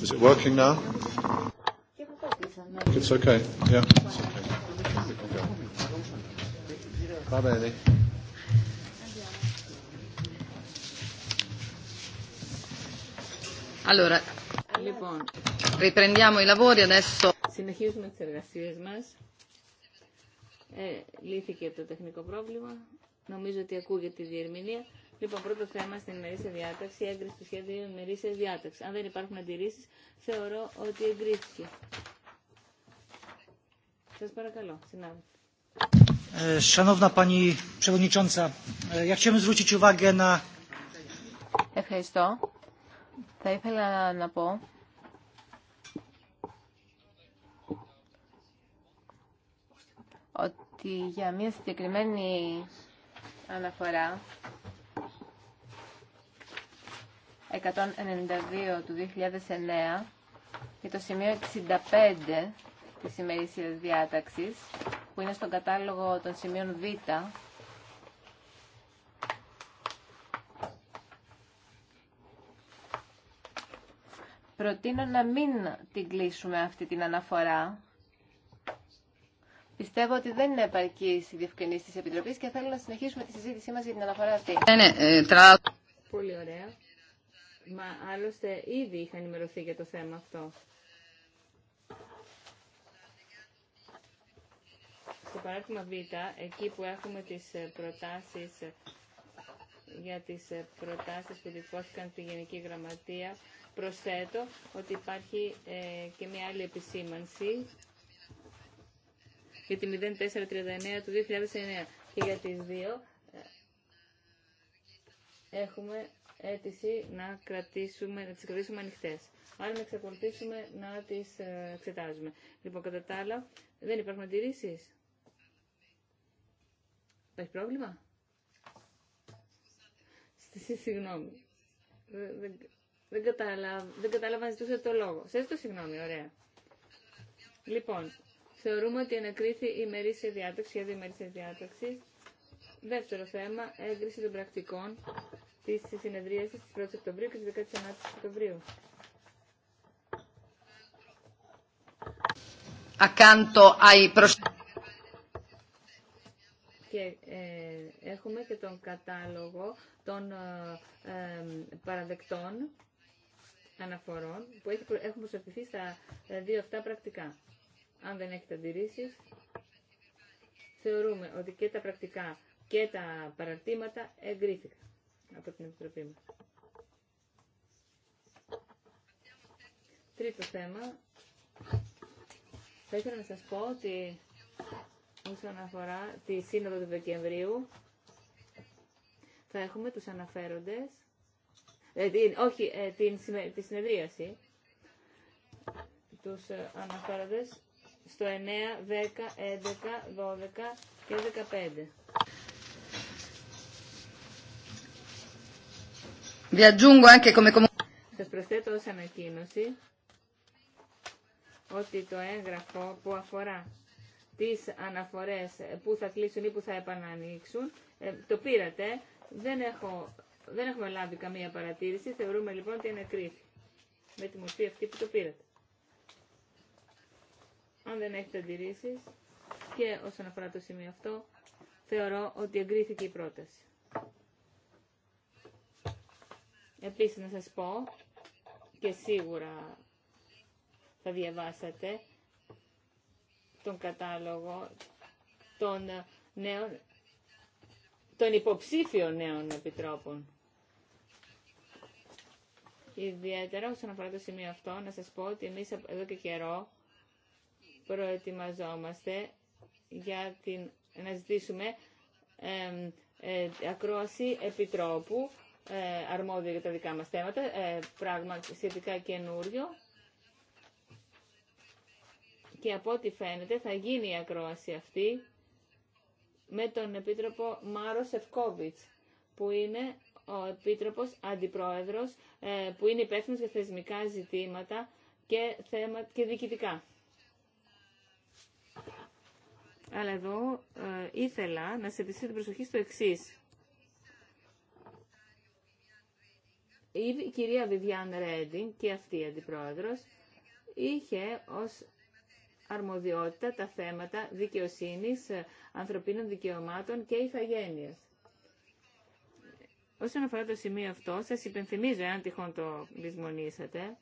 Is it working now? It's okay. Yeah. It's okay. Va bene. Allora, λοιπόν. riprendiamo i lavori adesso. Συνεχίζουμε τις εργασίες μας. Ε, λύθηκε το τεχνικό πρόβλημα. Νομίζω ότι ακούγεται η διερμηνία. Λοιπόν, πρώτο θέμα στην ημερήσια διάταξη, έγκριση του σχέδιου ημερήσια διάταξη. Αν δεν υπάρχουν αντιρρήσει, θεωρώ ότι εγκρίθηκε. Σα παρακαλώ, συνάδελφοι. Ε, Szanowna Pani Przewodnicząca, e, ja zwrócić uwagę na... Ευχαριστώ. Θα ήθελα να πω ότι για μια συγκεκριμένη αναφορά 192 του 2009 και το σημείο 65 της ημερήσιας διάταξης που είναι στον κατάλογο των σημείων Β προτείνω να μην την κλείσουμε αυτή την αναφορά Πιστεύω ότι δεν είναι επαρκή η διευκρινή τη Επιτροπή και θέλω να συνεχίσουμε τη συζήτησή μα για την αναφορά αυτή. Ναι, ναι, ε, Πολύ ωραία. Μα άλλωστε ήδη είχα ενημερωθεί για το θέμα αυτό. Στο παράδειγμα Β, εκεί που έχουμε τις ε, προτάσεις ε, για τις ε, προτάσεις που διπώθηκαν στη Γενική Γραμματεία, προσθέτω ότι υπάρχει και μια άλλη επισήμανση για τη 0439 του 2009 και για τις δύο έχουμε αίτηση να, κρατήσουμε, να τις κρατήσουμε ανοιχτές. Άρα να εξακολουθήσουμε να τις ε, εξετάζουμε. Λοιπόν, κατά τα άλλα, δεν υπάρχουν αντιρρήσει. Υπάρχει πρόβλημα. Συγγνώμη. Δεν, δεν, καταλάβα, δεν κατάλαβα, το λόγο. Σε το συγγνώμη, ωραία. Λοιπόν, θεωρούμε ότι ανακρίθη η μερίσια διάταξη, η ημερήσια διάταξη. Δεύτερο θέμα, έγκριση των πρακτικών Τη συνεδρίες τη 1 Οκτωβρίου και τη 19 Οκτωβρίου. Και ε, έχουμε και τον κατάλογο των ε, παραδεκτών αναφορών που έχει, έχουν προσαρτηθεί στα ε, δύο αυτά πρακτικά. Αν δεν έχετε αντιρρήσει, θεωρούμε ότι και τα πρακτικά και τα παραρτήματα εγκρίθηκαν από την Επιτροπή μας. Τρίτο θέμα. Θα ήθελα να σας πω ότι όσον αφορά τη Σύνοδο του Δεκεμβρίου θα έχουμε τους αναφέροντες, ε, όχι, ε, την, τη συνεδρίαση, τους ε, αναφέροντες στο 9, 10, 11, 12 και 15. Σα προσθέτω ω ανακοίνωση ότι το έγγραφο που αφορά τις αναφορές που θα κλείσουν ή που θα επανανοίξουν, ε, το πήρατε. Δεν, έχω, δεν έχουμε λάβει καμία παρατήρηση. Θεωρούμε λοιπόν ότι είναι κρίση Με τη μορφή αυτή που το πήρατε. Αν δεν έχετε αντιρρήσει και όσον αφορά το σημείο αυτό, θεωρώ ότι εγκρίθηκε η πρόταση. Επίσης να σας πω και σίγουρα θα διαβάσατε τον κατάλογο των νέων των υποψήφιων νέων επιτρόπων. Ιδιαίτερα όσον αφορά το σημείο αυτό, να σας πω ότι εμείς εδώ και καιρό προετοιμαζόμαστε για την, να ζητήσουμε ε, ακρόαση επιτρόπου ε, αρμόδιο για τα δικά μας θέματα, ε, πράγμα σχετικά καινούριο. Και από ό,τι φαίνεται θα γίνει η ακρόαση αυτή με τον Επίτροπο Μάρο Σεφκόβιτς, που είναι ο Επίτροπος Αντιπρόεδρος, ε, που είναι υπεύθυνο για θεσμικά ζητήματα και, θέματα, και διοικητικά. Αλλά εδώ ήθελα να σε επιστήσω την προσοχή στο εξής. Η κυρία Βιβιάν Ρέντιν και αυτή η αντιπρόεδρος είχε ως αρμοδιότητα τα θέματα δικαιοσύνης, ανθρωπίνων δικαιωμάτων και ηθαγένειας. Όσον αφορά το σημείο αυτό, σας υπενθυμίζω, αν τυχόν το δυσμονήσατε,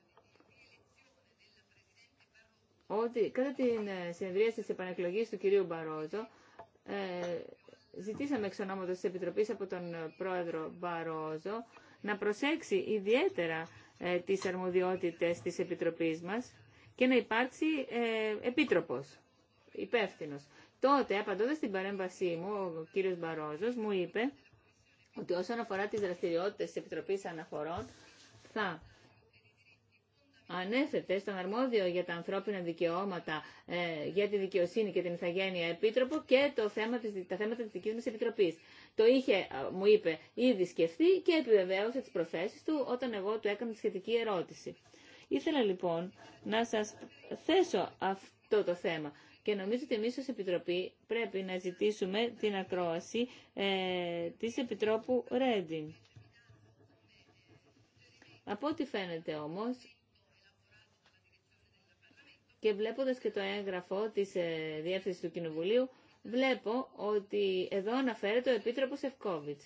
ότι κατά την ε, συνεδρία της επανεκλογής του κυρίου Μπαρόζο, ε, ζητήσαμε εξ ονόματος της Επιτροπής από τον ε, πρόεδρο Μπαρόζο να προσέξει ιδιαίτερα ε, τις αρμοδιότητες της Επιτροπής μας και να υπάρξει ε, επίτροπος, υπεύθυνος. Τότε, απαντώντας στην παρέμβασή μου, ο κύριος Μπαρόζος μου είπε ότι όσον αφορά τις δραστηριότητες της Επιτροπής Αναφορών, θα ανέθετε στον αρμόδιο για τα ανθρώπινα δικαιώματα, ε, για τη δικαιοσύνη και την ηθαγένεια επίτροπο και τα θέματα της δικής μας Επιτροπής. Το είχε, μου είπε, ήδη σκεφτεί και επιβεβαίωσε τις προθέσεις του όταν εγώ του έκανα τη σχετική ερώτηση. Ήθελα λοιπόν να σας θέσω αυτό το θέμα και νομίζω ότι εμείς ως Επιτροπή πρέπει να ζητήσουμε την ακρόαση ε, της Επιτρόπου Ρέντιν. Από ό,τι φαίνεται όμως και βλέποντας και το έγγραφο της ε, Διεύθυνσης του Κοινοβουλίου βλέπω ότι εδώ αναφέρεται ο Επίτροπος Ευκόβιτς.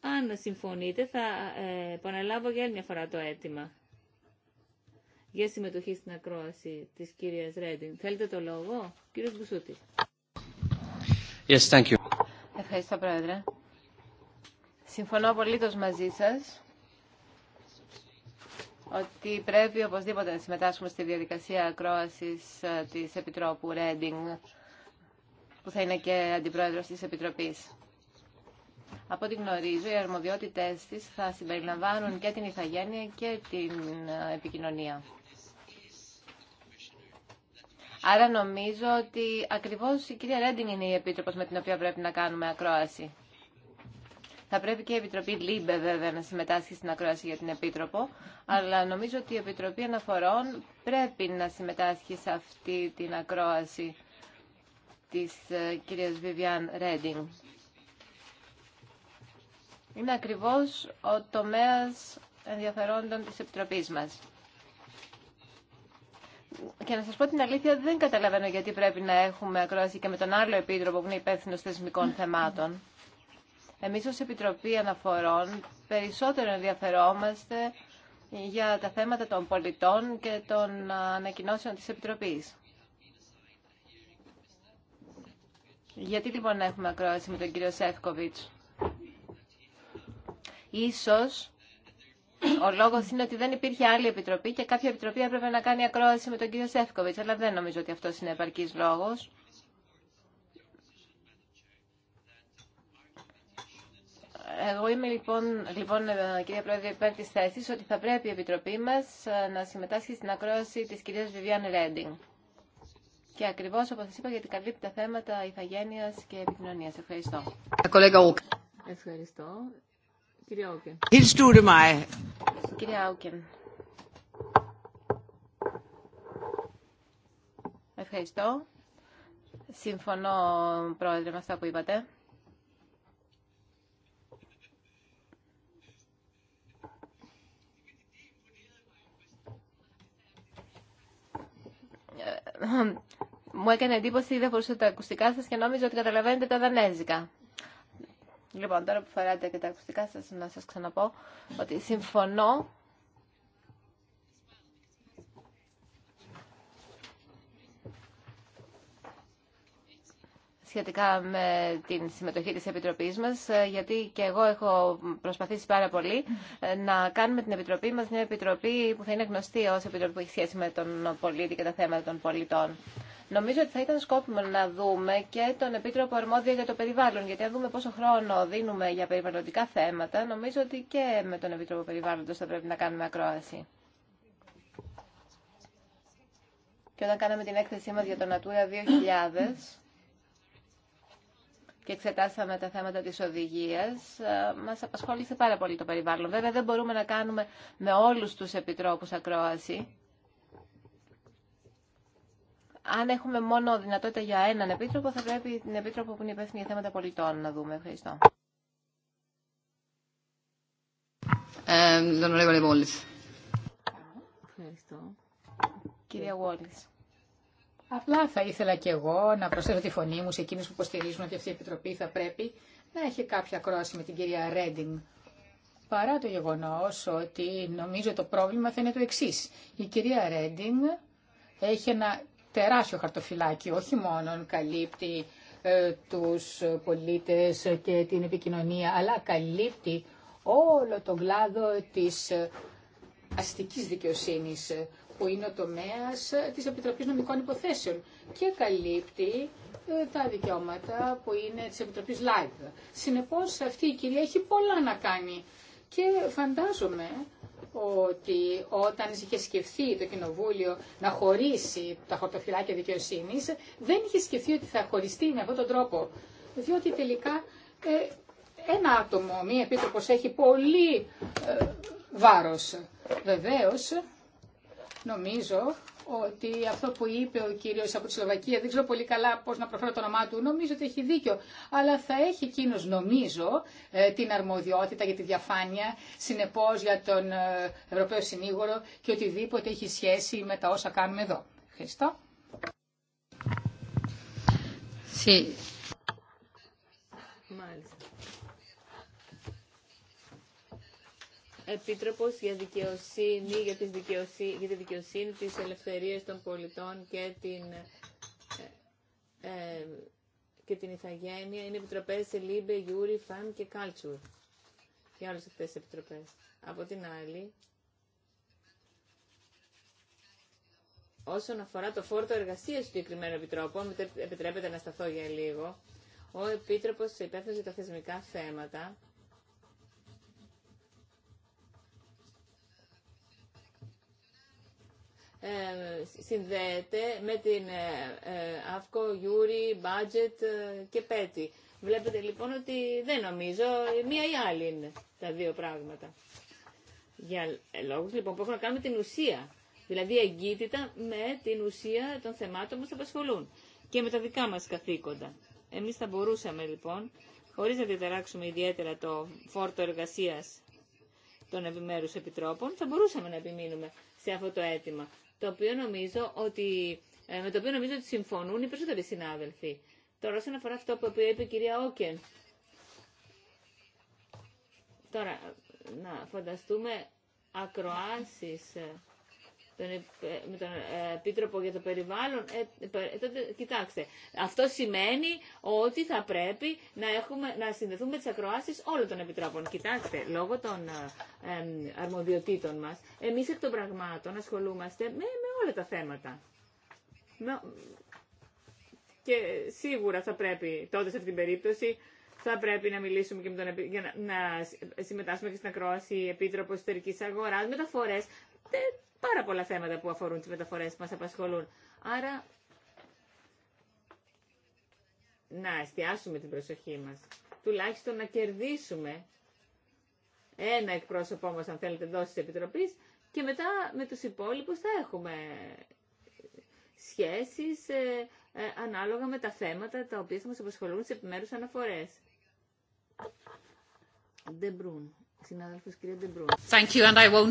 Αν συμφωνείτε θα ε, επαναλάβω για άλλη μια φορά το αίτημα για συμμετοχή στην ακρόαση της κυρίας Ρέντιν. Θέλετε το λόγο, κύριος Μπουσούτη. Yes, thank you. Ευχαριστώ, Πρόεδρε. Συμφωνώ απολύτως μαζί σας ότι πρέπει οπωσδήποτε να συμμετάσχουμε στη διαδικασία ακρόασης ε, της Επιτρόπου Ρέντινγκ που θα είναι και αντιπρόεδρος της Επιτροπής. Από ό,τι γνωρίζω, οι αρμοδιότητες της θα συμπεριλαμβάνουν και την ηθαγένεια και την ε, επικοινωνία. Άρα νομίζω ότι ακριβώς η κυρία Ρέντινγκ είναι η επίτροπος με την οποία πρέπει να κάνουμε ακρόαση. Θα πρέπει και η Επιτροπή ΛΥΜΠΕ βέβαια να συμμετάσχει στην ακρόαση για την Επίτροπο, αλλά νομίζω ότι η Επιτροπή Αναφορών πρέπει να συμμετάσχει σε αυτή την ακρόαση της ε, κυρίας Βιβιάν Ρέντινγκ. Είναι ακριβώς ο τομέας ενδιαφερόντων της Επιτροπής μας. Και να σας πω την αλήθεια, δεν καταλαβαίνω γιατί πρέπει να έχουμε ακρόαση και με τον άλλο επίτροπο που είναι υπεύθυνο θεσμικών θεμάτων. Εμείς ως Επιτροπή Αναφορών περισσότερο ενδιαφερόμαστε για τα θέματα των πολιτών και των ε, ανακοινώσεων της Επιτροπής. Γιατί λοιπόν έχουμε ακρόαση με τον κύριο Σεύκοβιτς. Ίσως ο λόγο είναι ότι δεν υπήρχε άλλη επιτροπή και κάποια επιτροπή έπρεπε να κάνει ακρόαση με τον κύριο Σεύκοβιτ. Αλλά δεν νομίζω ότι αυτό είναι επαρκή λόγο. Εγώ είμαι λοιπόν, λοιπόν κυρία Πρόεδρε, υπέρ τη θέση ότι θα πρέπει η επιτροπή μα να συμμετάσχει στην ακρόαση τη κυρία Βιβιάν Ρέντινγκ και ακριβώ όπω σα είπα γιατί καλύπτει τα θέματα ηθαγένεια και επικοινωνία. Ευχαριστώ. Ευχαριστώ. Κυρία Όκεν. Κυρία Όκεν. Ευχαριστώ. Συμφωνώ, Πρόεδρε, με αυτά που είπατε μου έκανε εντύπωση, δεν φορούσατε τα ακουστικά σα και νόμιζα ότι καταλαβαίνετε τα δανέζικα. Λοιπόν, τώρα που φοράτε και τα ακουστικά σας, να σας ξαναπώ ότι συμφωνώ σχετικά με την συμμετοχή της Επιτροπής μας, ε, γιατί και εγώ έχω προσπαθήσει πάρα πολύ ε, να κάνουμε την Επιτροπή μας μια Επιτροπή που θα είναι γνωστή ως Επιτροπή που έχει σχέση με τον πολίτη και τα θέματα των πολιτών. Νομίζω ότι θα ήταν σκόπιμο να δούμε και τον Επίτροπο Αρμόδιο για το Περιβάλλον, γιατί αν δούμε πόσο χρόνο δίνουμε για περιβαλλοντικά θέματα, νομίζω ότι και με τον Επίτροπο Περιβάλλοντος θα πρέπει να κάνουμε ακρόαση. Και όταν κάναμε την έκθεσή μας για το Natura 2000 και εξετάσαμε τα θέματα της οδηγίας, ε, μας απασχόλησε πάρα πολύ το περιβάλλον. Βέβαια δεν μπορούμε να κάνουμε με όλους τους επιτρόπους ακρόαση, αν έχουμε μόνο δυνατότητα για έναν επίτροπο, θα πρέπει την επίτροπο που είναι υπεύθυνη για θέματα πολιτών να δούμε. Ευχαριστώ. Ε, Ευχαριστώ. Κυρία Βόλης. Απλά θα ήθελα και εγώ να προσθέσω τη φωνή μου σε εκείνους που υποστηρίζουν ότι αυτή η Επιτροπή θα πρέπει να έχει κάποια κρόση με την κυρία Ρέντινγκ. Παρά το γεγονός ότι νομίζω το πρόβλημα θα είναι το εξής. Η κυρία Ρέντινγκ έχει ένα τεράστιο χαρτοφυλάκι, όχι μόνο καλύπτει ε, τους πολίτες και την επικοινωνία, αλλά καλύπτει όλο τον κλάδο της ε, αστικής δικαιοσύνης, ε, που είναι ο τομέας της Επιτροπής Νομικών Υποθέσεων και καλύπτει τα δικαιώματα που είναι της Επιτροπής Live. Συνεπώς αυτή η κυρία έχει πολλά να κάνει και φαντάζομαι ότι όταν είχε σκεφτεί το Κοινοβούλιο να χωρίσει τα χορτοφυλάκια δικαιοσύνη, δεν είχε σκεφτεί ότι θα χωριστεί με αυτόν τον τρόπο. Διότι τελικά ε, ένα άτομο, μία επίτροπο έχει πολύ ε, βάρος. Βεβαίως, νομίζω ότι αυτό που είπε ο κύριος από τη Σλοβακία, δεν ξέρω πολύ καλά πώς να προφέρω το όνομά του, νομίζω ότι έχει δίκιο, αλλά θα έχει εκείνο νομίζω ε, την αρμοδιότητα για τη διαφάνεια, συνεπώς για τον ε, Ευρωπαίο Συνήγορο και οτιδήποτε έχει σχέση με τα όσα κάνουμε εδώ. Ευχαριστώ. Sí. Επίτροπος για, δικαιοσύνη, για, τις δικαιοσύνη, για τη δικαιοσύνη της ελευθερίας των πολιτών και την, ε, ε και την Ιθαγένεια είναι επιτροπές σε Λίμπε, Γιούρι, Φαμ και Κάλτσουρ για όλες αυτές τις επιτροπές. Από την άλλη, όσον αφορά το φόρτο εργασίας του συγκεκριμένου επιτρόπου, αν επιτρέπετε να σταθώ για λίγο, ο Επίτροπος υπεύθυνος για τα θεσμικά θέματα Ε, συνδέεται με την ε, ε, ΑΦΚΟ, Γιούρι, Budget και Πέτη. Βλέπετε λοιπόν ότι δεν νομίζω, μία ή άλλη είναι τα δύο πράγματα. Για λόγους λοιπόν που έχουν να κάνουν την ουσία. Δηλαδή εγκύτητα με την ουσία των θεμάτων που μας απασχολούν και με τα δικά μας καθήκοντα. Εμείς θα μπορούσαμε λοιπόν, χωρίς να διαταράξουμε ιδιαίτερα το φόρτο εργασίας των επιμέρους επιτρόπων, θα μπορούσαμε να επιμείνουμε σε αυτό το αίτημα το οποίο νομίζω ότι, ε, με το οποίο νομίζω ότι συμφωνούν οι περισσότεροι συνάδελφοι. Τώρα, όσον αφορά αυτό που είπε η κυρία Όκεν, τώρα, να φανταστούμε ακροάσεις ε, τον, ε, με τον ε, Επίτροπο για το Περιβάλλον, ε, ε κοιτάξτε, αυτό σημαίνει ότι θα πρέπει να, έχουμε, να συνδεθούμε με τις ακροάσεις όλων των Επιτρόπων. Κοιτάξτε, λόγω των ε, αρμοδιοτήτων μας, εμείς εκ των πραγμάτων ασχολούμαστε με, με όλα τα θέματα. Με, και σίγουρα θα πρέπει τότε σε αυτή την περίπτωση θα πρέπει να μιλήσουμε και για να, να συμμετάσχουμε και στην ακρόαση Επίτροπο Εσωτερική Αγορά, μεταφορέ πάρα πολλά θέματα που αφορούν τις μεταφορές που μας απασχολούν. Άρα, να εστιάσουμε την προσοχή μας. Τουλάχιστον να κερδίσουμε ένα εκπρόσωπό μας, αν θέλετε, δόση τη Επιτροπής και μετά με τους υπόλοιπους θα έχουμε σχέσεις ε, ε, ανάλογα με τα θέματα τα οποία θα μας απασχολούν σε επιμέρους αναφορές. Ντεμπρούν. Συνάδελφος κυρία Ντεμπρούν.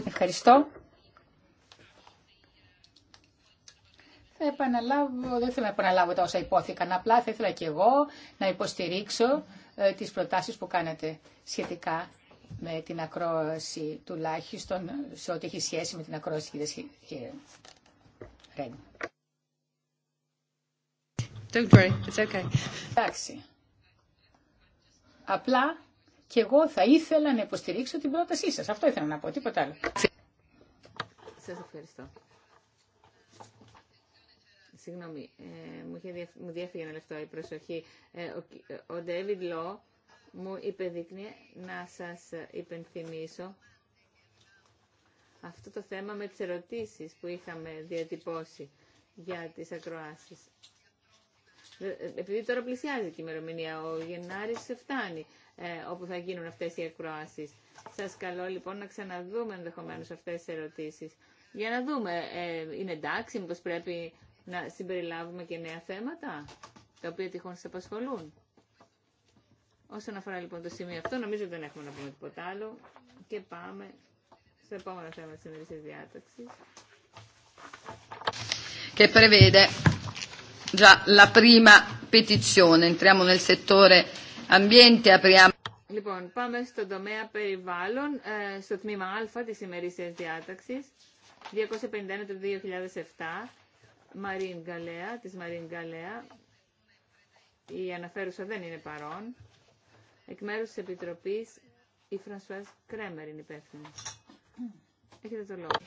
Ευχαριστώ. Θα επαναλάβω, δεν θέλω να επαναλάβω τα όσα υπόθηκαν, απλά θα ήθελα και εγώ να υποστηρίξω ε, τις προτάσεις που κάνατε σχετικά με την ακρόαση τουλάχιστον σε ό,τι έχει σχέση με την ακρόαση κύριε Ρέν. Εντάξει. Απλά και εγώ θα ήθελα να υποστηρίξω την πρότασή σας. Αυτό ήθελα να πω, τίποτα άλλο. Σας ευχαριστώ. Συγγνώμη, ε, μου διέφυγε ένα λεπτό η προσοχή. Ε, ο Ντέβιντ Λό μου υπεδείκνυε να σας υπενθυμίσω αυτό το θέμα με τις ερωτήσεις που είχαμε διατυπώσει για τις ακροάσεις. Ε, επειδή τώρα πλησιάζει η ημερομηνία, ο Γενάρης φτάνει όπου θα γίνουν αυτές οι ακροάσεις. Σας καλώ λοιπόν να ξαναδούμε ενδεχομένως αυτές τις ερωτήσεις. Για να δούμε, είναι εντάξει, μήπως πρέπει να συμπεριλάβουμε και νέα θέματα, τα οποία τυχόν σε απασχολούν. Όσον αφορά λοιπόν το σημείο αυτό, νομίζω ότι δεν έχουμε να πούμε τίποτα άλλο και πάμε στο επόμενο θέμα της ημερήσια διάταξης. Και prevede già la prima petizione, entriamo nel settore ambiente, apriamo... Λοιπόν, πάμε στον τομέα περιβάλλον, ε, στο τμήμα Α της ημερήσιας διάταξης, 251 του 2007, Μαρίν Γκαλέα, της Μαρίν Γκαλέα. Η αναφέρουσα δεν είναι παρόν. Εκ μέρους της Επιτροπής, η Φρανσουάς Κρέμερ είναι υπεύθυνη. Έχετε το λόγο.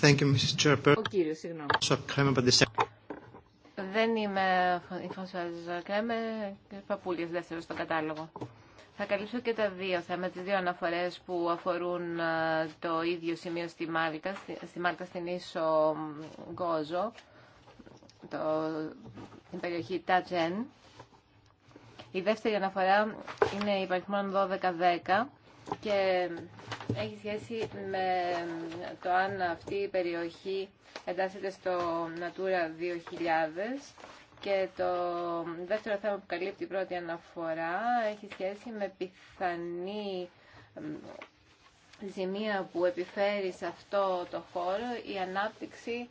thank you, Mrs. Ο κύριος, συγγνώμη. Δεν είμαι η Φρανσουάζ Κρέμερ, και δεύτερος στον κατάλογο. Θα καλύψω και τα δύο θέματα, τις δύο αναφορές που αφορούν ε, το ίδιο σημείο στη Μάλτα, στη Μάλτα στην Ίσο Γκόζο, το, την περιοχή Τατζέν. Η δεύτερη αναφορά είναι η παριθμόν 10-10 και έχει σχέση με το αν αυτή η περιοχή εντάσσεται στο Natura 2000 και το δεύτερο θέμα που καλύπτει η πρώτη αναφορά έχει σχέση με πιθανή ζημία που επιφέρει σε αυτό το χώρο η ανάπτυξη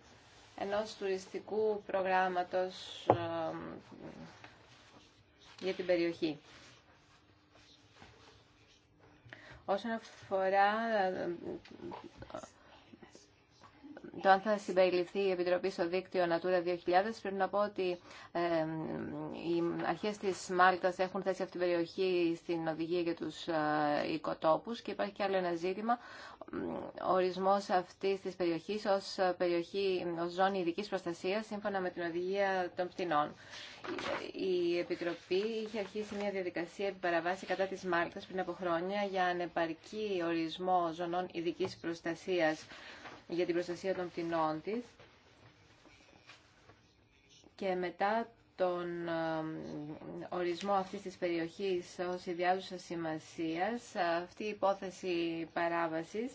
ενός τουριστικού προγράμματος για την περιοχή. Όσον αφορά το αν θα συμπεριληφθεί η Επιτροπή στο δίκτυο Natura 2000, πρέπει να πω ότι οι αρχές της Μάλτας έχουν θέσει αυτή την περιοχή στην οδηγία για τους οικοτόπους και υπάρχει και άλλο ένα ζήτημα, ορισμός αυτής της περιοχής ως, περιοχή, ως ζώνη ειδικής προστασίας σύμφωνα με την οδηγία των πτηνών. Η Επιτροπή είχε αρχίσει μια διαδικασία παραβάση κατά της Μάλτας πριν από χρόνια για ανεπαρκή ορισμό ζωνών ειδικής προστασίας για την προστασία των πτηνών τη. και μετά τον ε, ορισμό αυτής της περιοχής ως ιδιάζουσα σημασίας, αυτή η υπόθεση παράβασης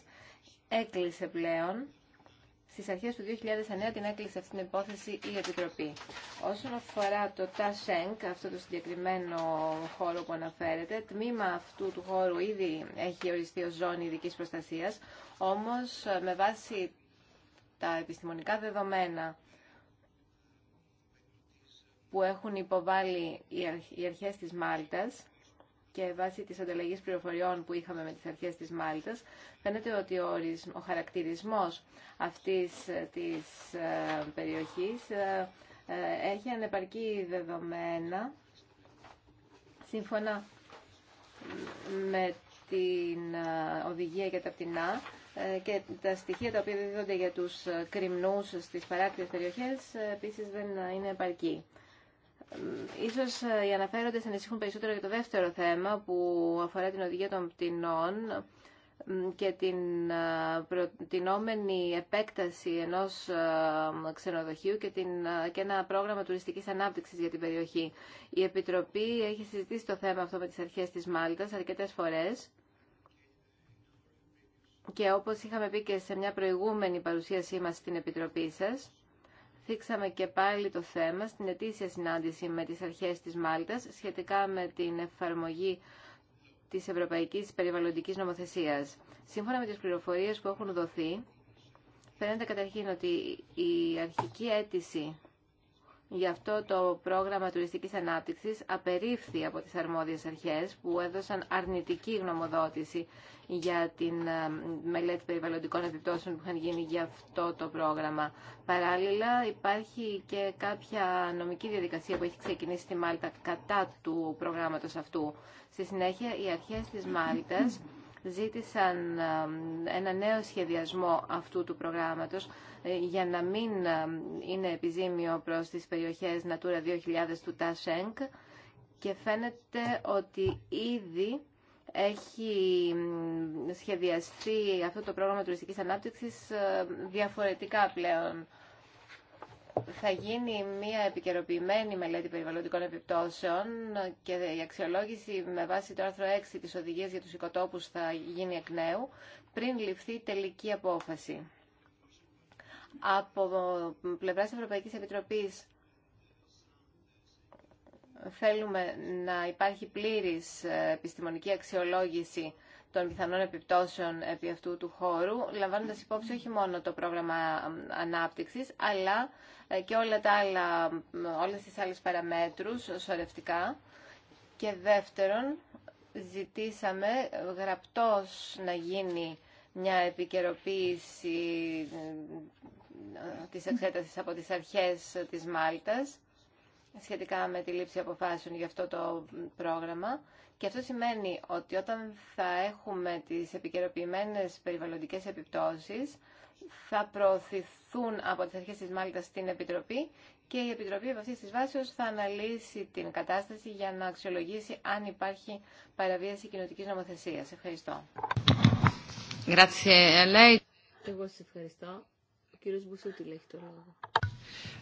έκλεισε πλέον Στι αρχέ του 2009 την έκλεισε αυτή την υπόθεση η Επιτροπή. Όσον αφορά το ΤΑΣΕΝΚ, αυτό το συγκεκριμένο χώρο που αναφέρεται, τμήμα αυτού του χώρου ήδη έχει οριστεί ω ζώνη ειδική προστασία, όμω ε, με βάση τα επιστημονικά δεδομένα που έχουν υποβάλει οι αρχές της Μάλτας, και βάσει της ανταλλαγής πληροφοριών που είχαμε με τις αρχές της Μάλτας, φαίνεται ότι ο, ο χαρακτηρισμός αυτής ε, της ε, περιοχής ε, έχει ανεπαρκή δεδομένα σύμφωνα με την οδηγία για τα πτηνά και τα στοιχεία τα οποία δίδονται για τους κρυμνούς στις παράκτιες περιοχές επίσης δεν είναι επαρκή. Ίσως ε, οι αναφέροντες ανησυχούν περισσότερο για το δεύτερο θέμα που αφορά την οδηγία των πτηνών και την ε, προτινόμενη επέκταση ενός ε, ξενοδοχείου και, την, και ένα πρόγραμμα τουριστικής ανάπτυξης για την περιοχή. Η Επιτροπή έχει συζητήσει το θέμα αυτό με τις αρχές της Μάλτας αρκετές φορές και όπως είχαμε πει και σε μια προηγούμενη παρουσίασή μας στην Επιτροπή σας, Θίξαμε και πάλι το θέμα στην ετήσια συνάντηση με τις αρχές της Μάλτας σχετικά με την εφαρμογή της Ευρωπαϊκής Περιβαλλοντικής Νομοθεσίας. Σύμφωνα με τις πληροφορίες που έχουν δοθεί, φαίνεται καταρχήν ότι η αρχική αίτηση Γι' αυτό το πρόγραμμα τουριστικής ανάπτυξης απερίφθη από τις αρμόδιες αρχές που έδωσαν αρνητική γνωμοδότηση για την ε, μελέτη περιβαλλοντικών επιπτώσεων που είχαν γίνει για αυτό το πρόγραμμα. Παράλληλα υπάρχει και κάποια νομική διαδικασία που έχει ξεκινήσει στη Μάλτα κατά του προγράμματος αυτού. Στη συνέχεια οι αρχές της Μάλτας ζήτησαν ε, ένα νέο σχεδιασμό αυτού του προγράμματος ε, για να μην ε, είναι επιζήμιο προς τις περιοχές Natura 2000 του Τασέγκ και φαίνεται ότι ήδη έχει σχεδιαστεί αυτό το πρόγραμμα τουριστικής ανάπτυξης διαφορετικά πλέον θα γίνει μια επικαιροποιημένη μελέτη περιβαλλοντικών επιπτώσεων και η αξιολόγηση με βάση το άρθρο 6 της οδηγίας για τους οικοτόπους θα γίνει εκ νέου πριν ληφθεί τελική απόφαση. Από πλευράς Ευρωπαϊκής Επιτροπής θέλουμε να υπάρχει πλήρης επιστημονική αξιολόγηση των πιθανών επιπτώσεων επί αυτού του χώρου, λαμβάνοντας υπόψη όχι μόνο το πρόγραμμα ανάπτυξης, αλλά ε, και όλα τα άλλα, όλες τις άλλες παραμέτρους σωρευτικά. Και δεύτερον, ζητήσαμε γραπτός να γίνει μια επικαιροποίηση της εξέτασης από τις αρχές της Μάλτας σχετικά με τη λήψη αποφάσεων για αυτό το πρόγραμμα. Και αυτό σημαίνει ότι όταν θα έχουμε τις επικαιροποιημένε περιβαλλοντικές επιπτώσεις, θα προωθηθούν από τις αρχές της μάλτα στην Επιτροπή και η Επιτροπή από αυτής της θα αναλύσει την κατάσταση για να αξιολογήσει αν υπάρχει παραβίαση κοινωτικής νομοθεσίας. Ευχαριστώ.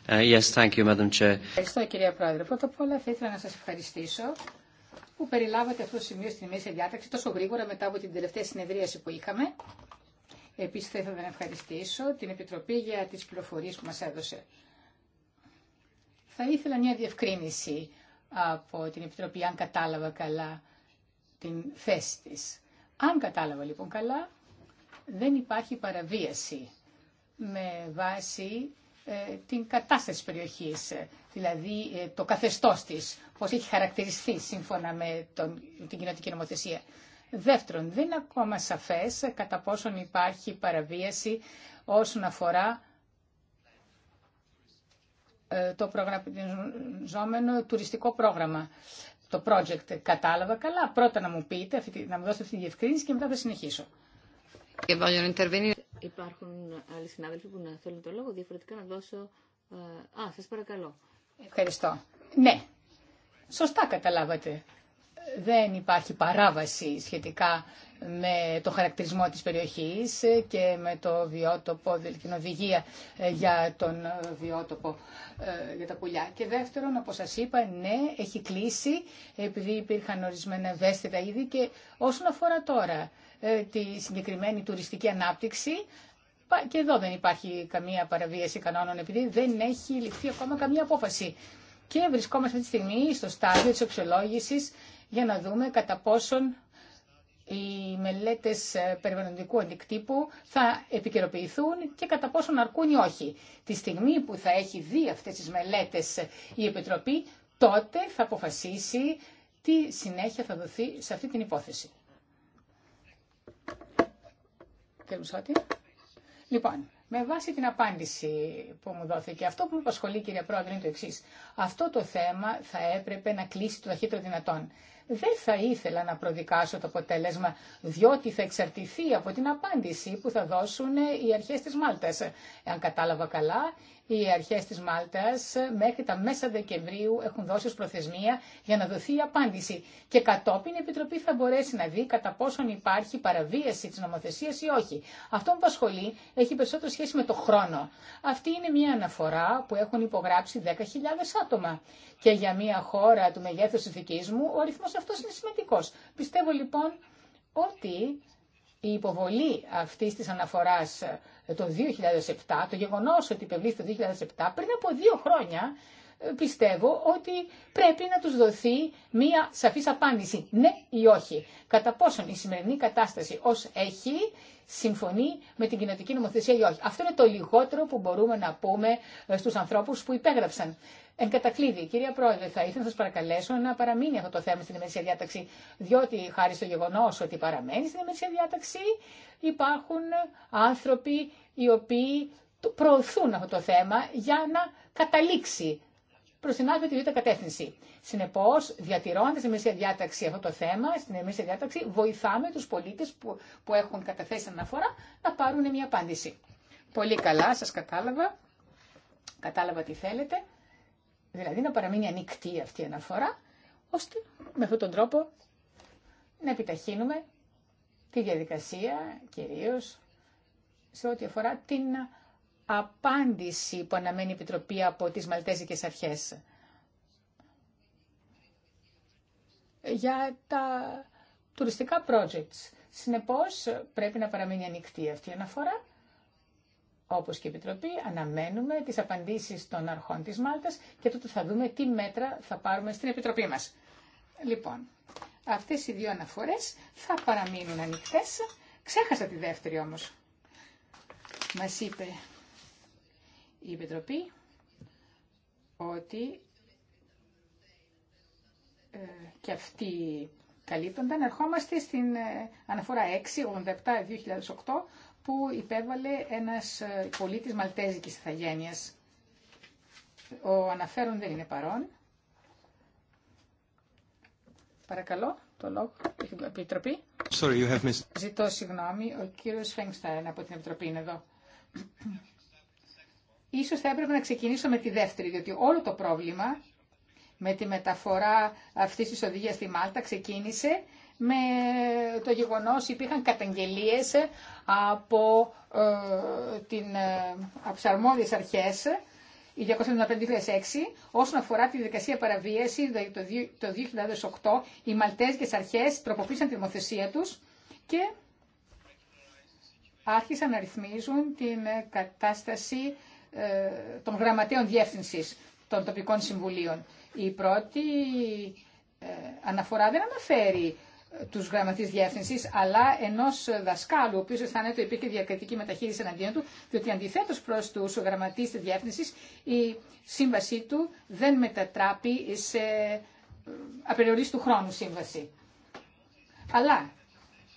Uh, yes, Ευχαριστώ κυρία Πρόεδρε. Πρώτα απ' όλα θα ήθελα να σα ευχαριστήσω που περιλάβατε αυτό το σημείο στην ημέρα διάταξη τόσο γρήγορα μετά από την τελευταία συνεδρίαση που είχαμε. Επίση, θα ήθελα να ευχαριστήσω την Επιτροπή για τι πληροφορίε που μα έδωσε. Θα ήθελα μια διευκρίνηση από την Επιτροπή, αν κατάλαβα καλά την θέση τη. Αν κατάλαβα λοιπόν καλά, δεν υπάρχει παραβίαση με βάση ε, την κατάσταση της περιοχής, ε, δηλαδή ε, το καθεστώς της, πώς έχει χαρακτηριστεί σύμφωνα με τον, την κοινωτική νομοθεσία. Δεύτερον, δεν είναι ακόμα σαφές κατά πόσον υπάρχει παραβίαση όσον αφορά το προγραμματιζόμενο τουριστικό πρόγραμμα, το project. Κατάλαβα καλά. Πρώτα να μου πείτε, να μου δώσετε αυτή τη διευκρίνηση και μετά θα συνεχίσω. Υπάρχουν άλλοι συνάδελφοι που να θέλουν το λόγο, διαφορετικά να δώσω... Ε, α, σας παρακαλώ. Ευχαριστώ. Ναι, σωστά καταλάβατε. Δεν υπάρχει παράβαση σχετικά με το χαρακτηρισμό της περιοχής και με το βιότοπο, δηλαδή την οδηγία ε, για τον ε, βιότοπο για τα πουλιά. Και δεύτερον, όπως σας είπα, ναι, έχει κλείσει επειδή υπήρχαν ορισμένα ευαίσθητα είδη και όσον αφορά τώρα ε, τη συγκεκριμένη τουριστική ανάπτυξη. Και εδώ δεν υπάρχει καμία παραβίαση κανόνων επειδή δεν έχει ληφθεί ακόμα καμία απόφαση. Και βρισκόμαστε αυτή τη στιγμή στο στάδιο της αξιολόγησης για να δούμε κατά πόσον οι μελέτες ε, περιβαλλοντικού αντικτύπου θα επικαιροποιηθούν και κατά πόσον αρκούν ή όχι. Τη στιγμή που θα έχει δει αυτές τις μελέτες ε, η Επιτροπή, τότε θα αποφασίσει τι συνέχεια θα δοθεί σε αυτή την υπόθεση. ό,τι. Λοιπόν, με βάση την απάντηση που μου δόθηκε, αυτό που με απασχολεί, κυρία Πρόεδρε, είναι το εξή. Αυτό το θέμα θα έπρεπε να κλείσει το ταχύτερο δυνατόν. Δεν θα ήθελα να προδικάσω το αποτέλεσμα, διότι θα εξαρτηθεί από την απάντηση που θα δώσουν οι αρχές της Μάλτας. Αν κατάλαβα καλά, οι αρχέ τη Μάλτας μέχρι τα μέσα Δεκεμβρίου έχουν δώσει ως προθεσμία για να δοθεί η απάντηση και κατόπιν η Επιτροπή θα μπορέσει να δει κατά πόσον υπάρχει παραβίαση της νομοθεσίας ή όχι. Αυτό που ασχολεί έχει περισσότερο σχέση με το χρόνο. Αυτή είναι μια αναφορά που έχουν υπογράψει 10.000 άτομα και για μια χώρα του μεγέθους ηθικής μου ο αριθμός αυτός είναι σημαντικό. Πιστεύω λοιπόν ότι η υποβολή αυτή τη αναφορά ε, το 2007, το γεγονό ότι υπευλήθη το 2007, πριν από δύο χρόνια, ε, πιστεύω ότι πρέπει να τους δοθεί μία σαφής απάντηση, ναι ή όχι. Κατά πόσον η σημερινή κατάσταση ως έχει συμφωνεί με την κοινοτική νομοθεσία ή όχι. Αυτό είναι το λιγότερο που μπορούμε να πούμε ε, στους ανθρώπους που υπέγραψαν Εν κατακλείδη, κυρία Πρόεδρε, θα ήθελα να σα παρακαλέσω να παραμείνει αυτό το θέμα στην ημερήσια διάταξη, διότι χάρη στο γεγονό ότι παραμένει στην ημερήσια διάταξη, υπάρχουν άνθρωποι οι οποίοι προωθούν αυτό το θέμα για να καταλήξει προ την άκρη τη δίτα κατεύθυνση. Συνεπώ, διατηρώντα την ημερήσια διάταξη αυτό το θέμα, στην ημερήσια διάταξη βοηθάμε του πολίτε που, που έχουν καταθέσει αναφορά να πάρουν μια απάντηση. Πολύ καλά, σα κατάλαβα. Κατάλαβα τι θέλετε. Δηλαδή να παραμείνει ανοιχτή αυτή η αναφορά, ώστε με αυτόν τον τρόπο να επιταχύνουμε τη διαδικασία, κυρίως σε ό,τι αφορά την απάντηση που αναμένει η Επιτροπή από τις Μαλτέζικες Αρχές. Για τα τουριστικά projects. Συνεπώς πρέπει να παραμείνει ανοιχτή αυτή η αναφορά όπως και η Επιτροπή, αναμένουμε τις απαντήσεις των αρχών της Μάλτας και τότε θα δούμε τι μέτρα θα πάρουμε στην Επιτροπή μας. Λοιπόν, αυτές οι δύο αναφορές θα παραμείνουν ανοιχτές. Ξέχασα τη δεύτερη όμως. Μας είπε η Επιτροπή ότι ε, και αυτή καλύπτονταν. Ερχόμαστε στην αναφορα 87, 687-2008 που υπέβαλε ένας ε, πολίτης μαλτέζικης ηθαγένειας. Ο αναφέρον δεν είναι παρόν. Παρακαλώ, το λόγο Επιτροπή. Sorry, you have missed. Ζητώ συγγνώμη, ο κύριος Φέγγσταρεν από την Επιτροπή είναι εδώ. Ίσως θα έπρεπε να ξεκινήσω με τη δεύτερη, διότι όλο το πρόβλημα με τη μεταφορά αυτής της οδηγίας στη Μάλτα ξεκίνησε με το γεγονός υπήρχαν καταγγελίες από ε, την ε, αρχές η 275-2006 όσον αφορά τη δικασία παραβίαση το 2008 οι Μαλτέζικες αρχές τροποποίησαν τη δημοθεσία τους και άρχισαν να ρυθμίζουν την ε, κατάσταση ε, των γραμματέων διεύθυνσης των τοπικών συμβουλίων. Η πρώτη ε, αναφορά δεν αναφέρει τους γραμματεί διεύθυνση, αλλά ενός δασκάλου, ο οποίος αισθάνεται ότι υπήρχε διακριτική μεταχείριση εναντίον του, διότι αντιθέτω προς τους γραμματεί τη διεύθυνση, η σύμβασή του δεν μετατράπει σε ε, απεριορίστου χρόνου σύμβαση. Αλλά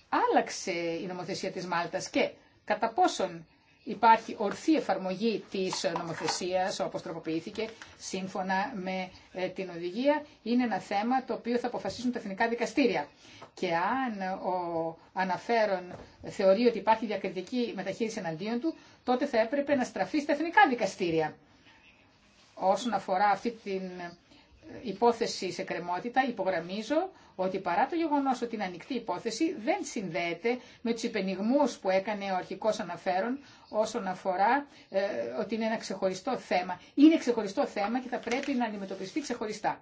άλλαξε η νομοθεσία της Μάλτας και κατά πόσον υπάρχει ορθή εφαρμογή της νομοθεσίας όπως τροποποιήθηκε σύμφωνα με ε, την οδηγία είναι ένα θέμα το οποίο θα αποφασίσουν τα εθνικά δικαστήρια. Και αν ο αναφέρον θεωρεί ότι υπάρχει διακριτική μεταχείριση εναντίον του, τότε θα έπρεπε να στραφεί στα εθνικά δικαστήρια. Όσον αφορά αυτή την υπόθεση σε κρεμότητα, υπογραμμίζω ότι παρά το γεγονό ότι είναι ανοιχτή υπόθεση, δεν συνδέεται με του υπενιγμούς που έκανε ο αρχικό αναφέρον όσον αφορά ε, ότι είναι ένα ξεχωριστό θέμα. Είναι ξεχωριστό θέμα και θα πρέπει να αντιμετωπιστεί ξεχωριστά.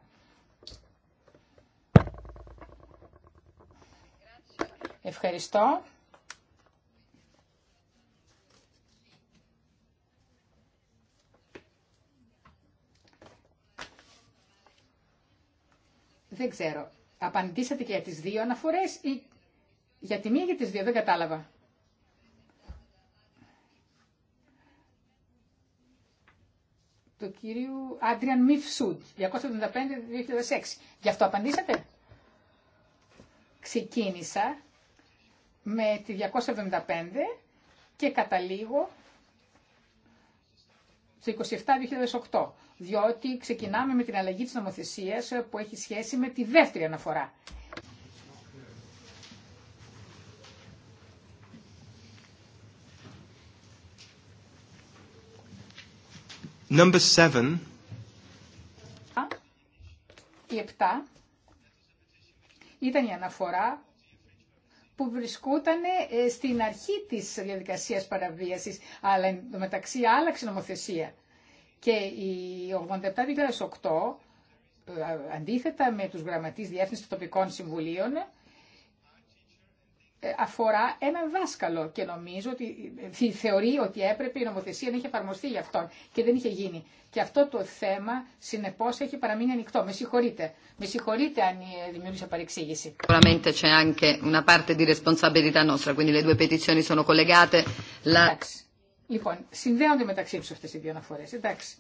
Ευχαριστώ. Δεν ξέρω. Απαντήσατε και για τις δύο αναφορές ή για τη μία για τις δύο. Δεν κατάλαβα. Το κύριο Άντριαν Μιφσούντ, 275-2006. Γι' αυτό απαντήσατε. Ξεκίνησα με τη 275 και καταλήγω στο 27-2008 διότι ξεκινάμε με την αλλαγή της νομοθεσίας που έχει σχέση με τη δεύτερη αναφορά. Number seven. Η επτά ήταν η αναφορά που βρισκόταν ε, στην αρχή της διαδικασίας παραβίασης, αλλά μεταξύ άλλαξε νομοθεσία. Και η 87 ε, αντίθετα με τους γραμματείς διεύθυνση των τοπικών συμβουλίων, ε, αφορά έναν δάσκαλο και νομίζω ότι ε, θεωρεί ότι έπρεπε η νομοθεσία να είχε εφαρμοστεί για αυτόν και δεν είχε γίνει. Και αυτό το θέμα συνεπώ έχει παραμείνει ανοιχτό. Με συγχωρείτε. Με συγχωρείτε αν δημιούργησα παρεξήγηση. c'è anche una parte di responsabilità nostra, quindi le due petizioni sono collegate. Λοιπόν, συνδέονται μεταξύ τους αυτές οι δύο αναφορές, εντάξει.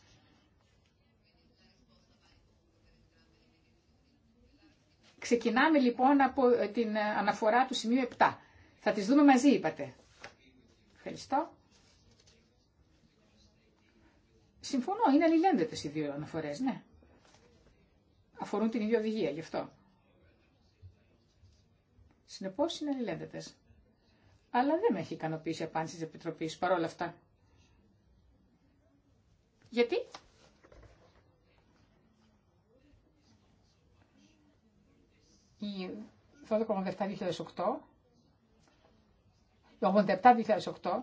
Ξεκινάμε λοιπόν από ε, την ε, αναφορά του σημείου 7. Θα τις δούμε μαζί, είπατε. Ευχαριστώ. Συμφωνώ, είναι αλληλένδετες οι δύο αναφορές, ναι. Αφορούν την ίδια οδηγία, γι' αυτό. Συνεπώς είναι αλληλένδετες αλλά δεν με έχει ικανοποιήσει η απάντηση της Επιτροπής παρόλα αυτά. Γιατί? Η 12.87.2008 η 87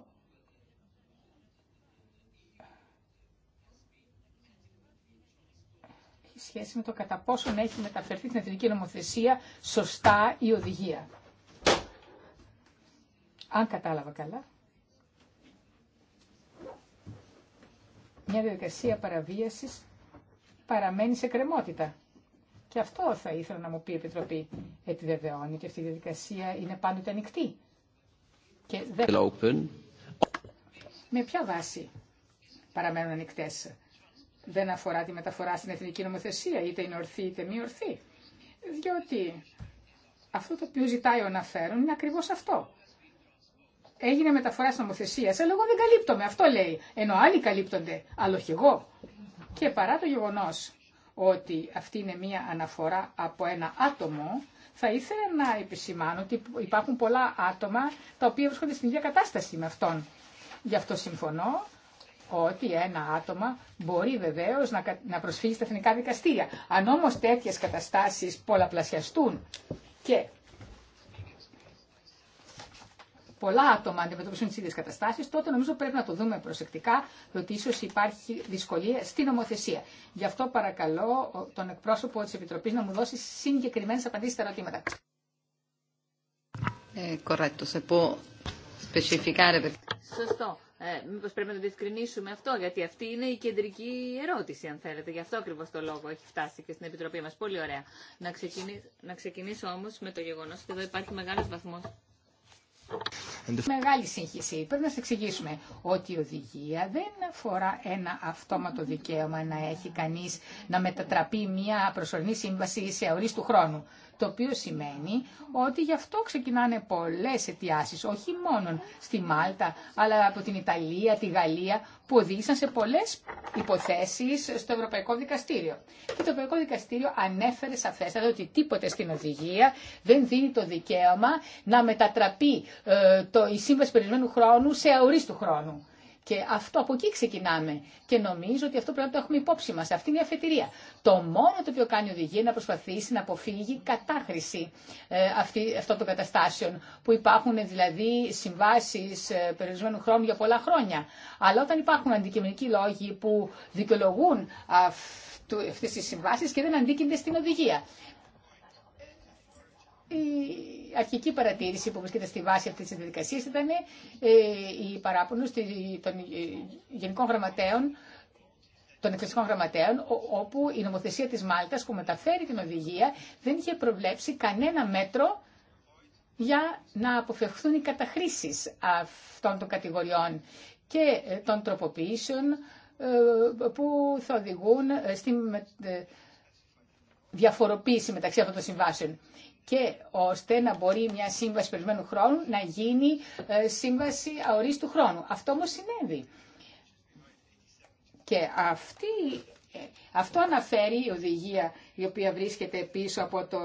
Η σχέση με το κατά πόσον έχει μεταφερθεί την εθνική νομοθεσία σωστά η οδηγία αν κατάλαβα καλά, μια διαδικασία παραβίασης παραμένει σε κρεμότητα. Και αυτό θα ήθελα να μου πει η Επιτροπή. Επιβεβαιώνει και αυτή η διαδικασία είναι πάντοτε ανοιχτή. Και δεν... Με ποια βάση παραμένουν ανοιχτέ. Δεν αφορά τη μεταφορά στην εθνική νομοθεσία, είτε είναι ορθή είτε μη ορθή. Διότι αυτό το οποίο ζητάει ο αναφέρον είναι ακριβώς αυτό έγινε μεταφορά νομοθεσία, αλλά εγώ δεν καλύπτομαι. Αυτό λέει. Ενώ άλλοι καλύπτονται, άλλο και εγώ. Και παρά το γεγονό ότι αυτή είναι μία αναφορά από ένα άτομο, θα ήθελα να επισημάνω ότι υπάρχουν πολλά άτομα τα οποία βρίσκονται στην ίδια κατάσταση με αυτόν. Γι' αυτό συμφωνώ ότι ένα άτομο μπορεί βεβαίως να προσφύγει στα εθνικά δικαστήρια. Αν όμως τέτοιες καταστάσεις πολλαπλασιαστούν και πολλά άτομα αντιμετωπίζουν τι ίδιε καταστάσει, τότε νομίζω πρέπει να το δούμε προσεκτικά, διότι ίσω υπάρχει δυσκολία στην ομοθεσία. Γι' αυτό παρακαλώ τον εκπρόσωπο τη Επιτροπή να μου δώσει συγκεκριμένε απαντήσει στα ερωτήματα. Ε, Σωστό. Ε, Μήπω πρέπει να το διευκρινίσουμε αυτό, γιατί αυτή είναι η κεντρική ερώτηση, αν θέλετε. Γι' αυτό ακριβώ το λόγο έχει φτάσει και στην Επιτροπή μα. Πολύ ωραία. Να, ξεκινήσω, να ξεκινήσω όμω με το γεγονό ότι εδώ υπάρχει μεγάλο βαθμό Μεγάλη σύγχυση. Πρέπει να σα εξηγήσουμε ότι η οδηγία δεν αφορά ένα αυτόματο δικαίωμα να έχει κανεί να μετατραπεί μια προσωρινή σύμβαση σε αορίστου χρόνου. Το οποίο σημαίνει ότι γι' αυτό ξεκινάνε πολλές αιτιάσεις, όχι μόνο στη Μάλτα, αλλά από την Ιταλία, τη Γαλλία, που οδήγησαν σε πολλές υποθέσεις στο Ευρωπαϊκό Δικαστήριο. Και το Ευρωπαϊκό Δικαστήριο ανέφερε σαφέστατα ότι τίποτε στην οδηγία δεν δίνει το δικαίωμα να μετατραπεί ε, το, η σύμβαση περιορισμένου χρόνου σε αορίστου χρόνου. Και αυτό από εκεί ξεκινάμε. Και νομίζω ότι αυτό πρέπει να το έχουμε υπόψη μα. Αυτή είναι η αφετηρία. Το μόνο το οποίο κάνει η οδηγία είναι να προσπαθήσει να αποφύγει κατάχρηση ε, αυτή, αυτών των καταστάσεων. Που υπάρχουν δηλαδή συμβάσει ε, περιορισμένου χρόνου για πολλά χρόνια. Αλλά όταν υπάρχουν αντικειμενικοί λόγοι που δικαιολογούν αυτέ τι συμβάσει και δεν αντίκεινται στην οδηγία η αρχική παρατήρηση που βρίσκεται στη βάση αυτή τη διαδικασία ήταν η ε, παράπονο των γενικών γραμματέων των γραμματέων, όπου η νομοθεσία της Μάλτας που μεταφέρει την οδηγία δεν είχε προβλέψει κανένα μέτρο για να αποφευχθούν οι καταχρήσεις αυτών των κατηγοριών και ε, των τροποποιήσεων ε, που θα οδηγούν στη διαφοροποίηση μεταξύ αυτών των συμβάσεων και ώστε να μπορεί μια σύμβαση περισμένου χρόνου να γίνει ε, σύμβαση αορίστου χρόνου. Αυτό όμως συνέβη. Και αυτή, ε, αυτό αναφέρει η οδηγία η οποία βρίσκεται πίσω από το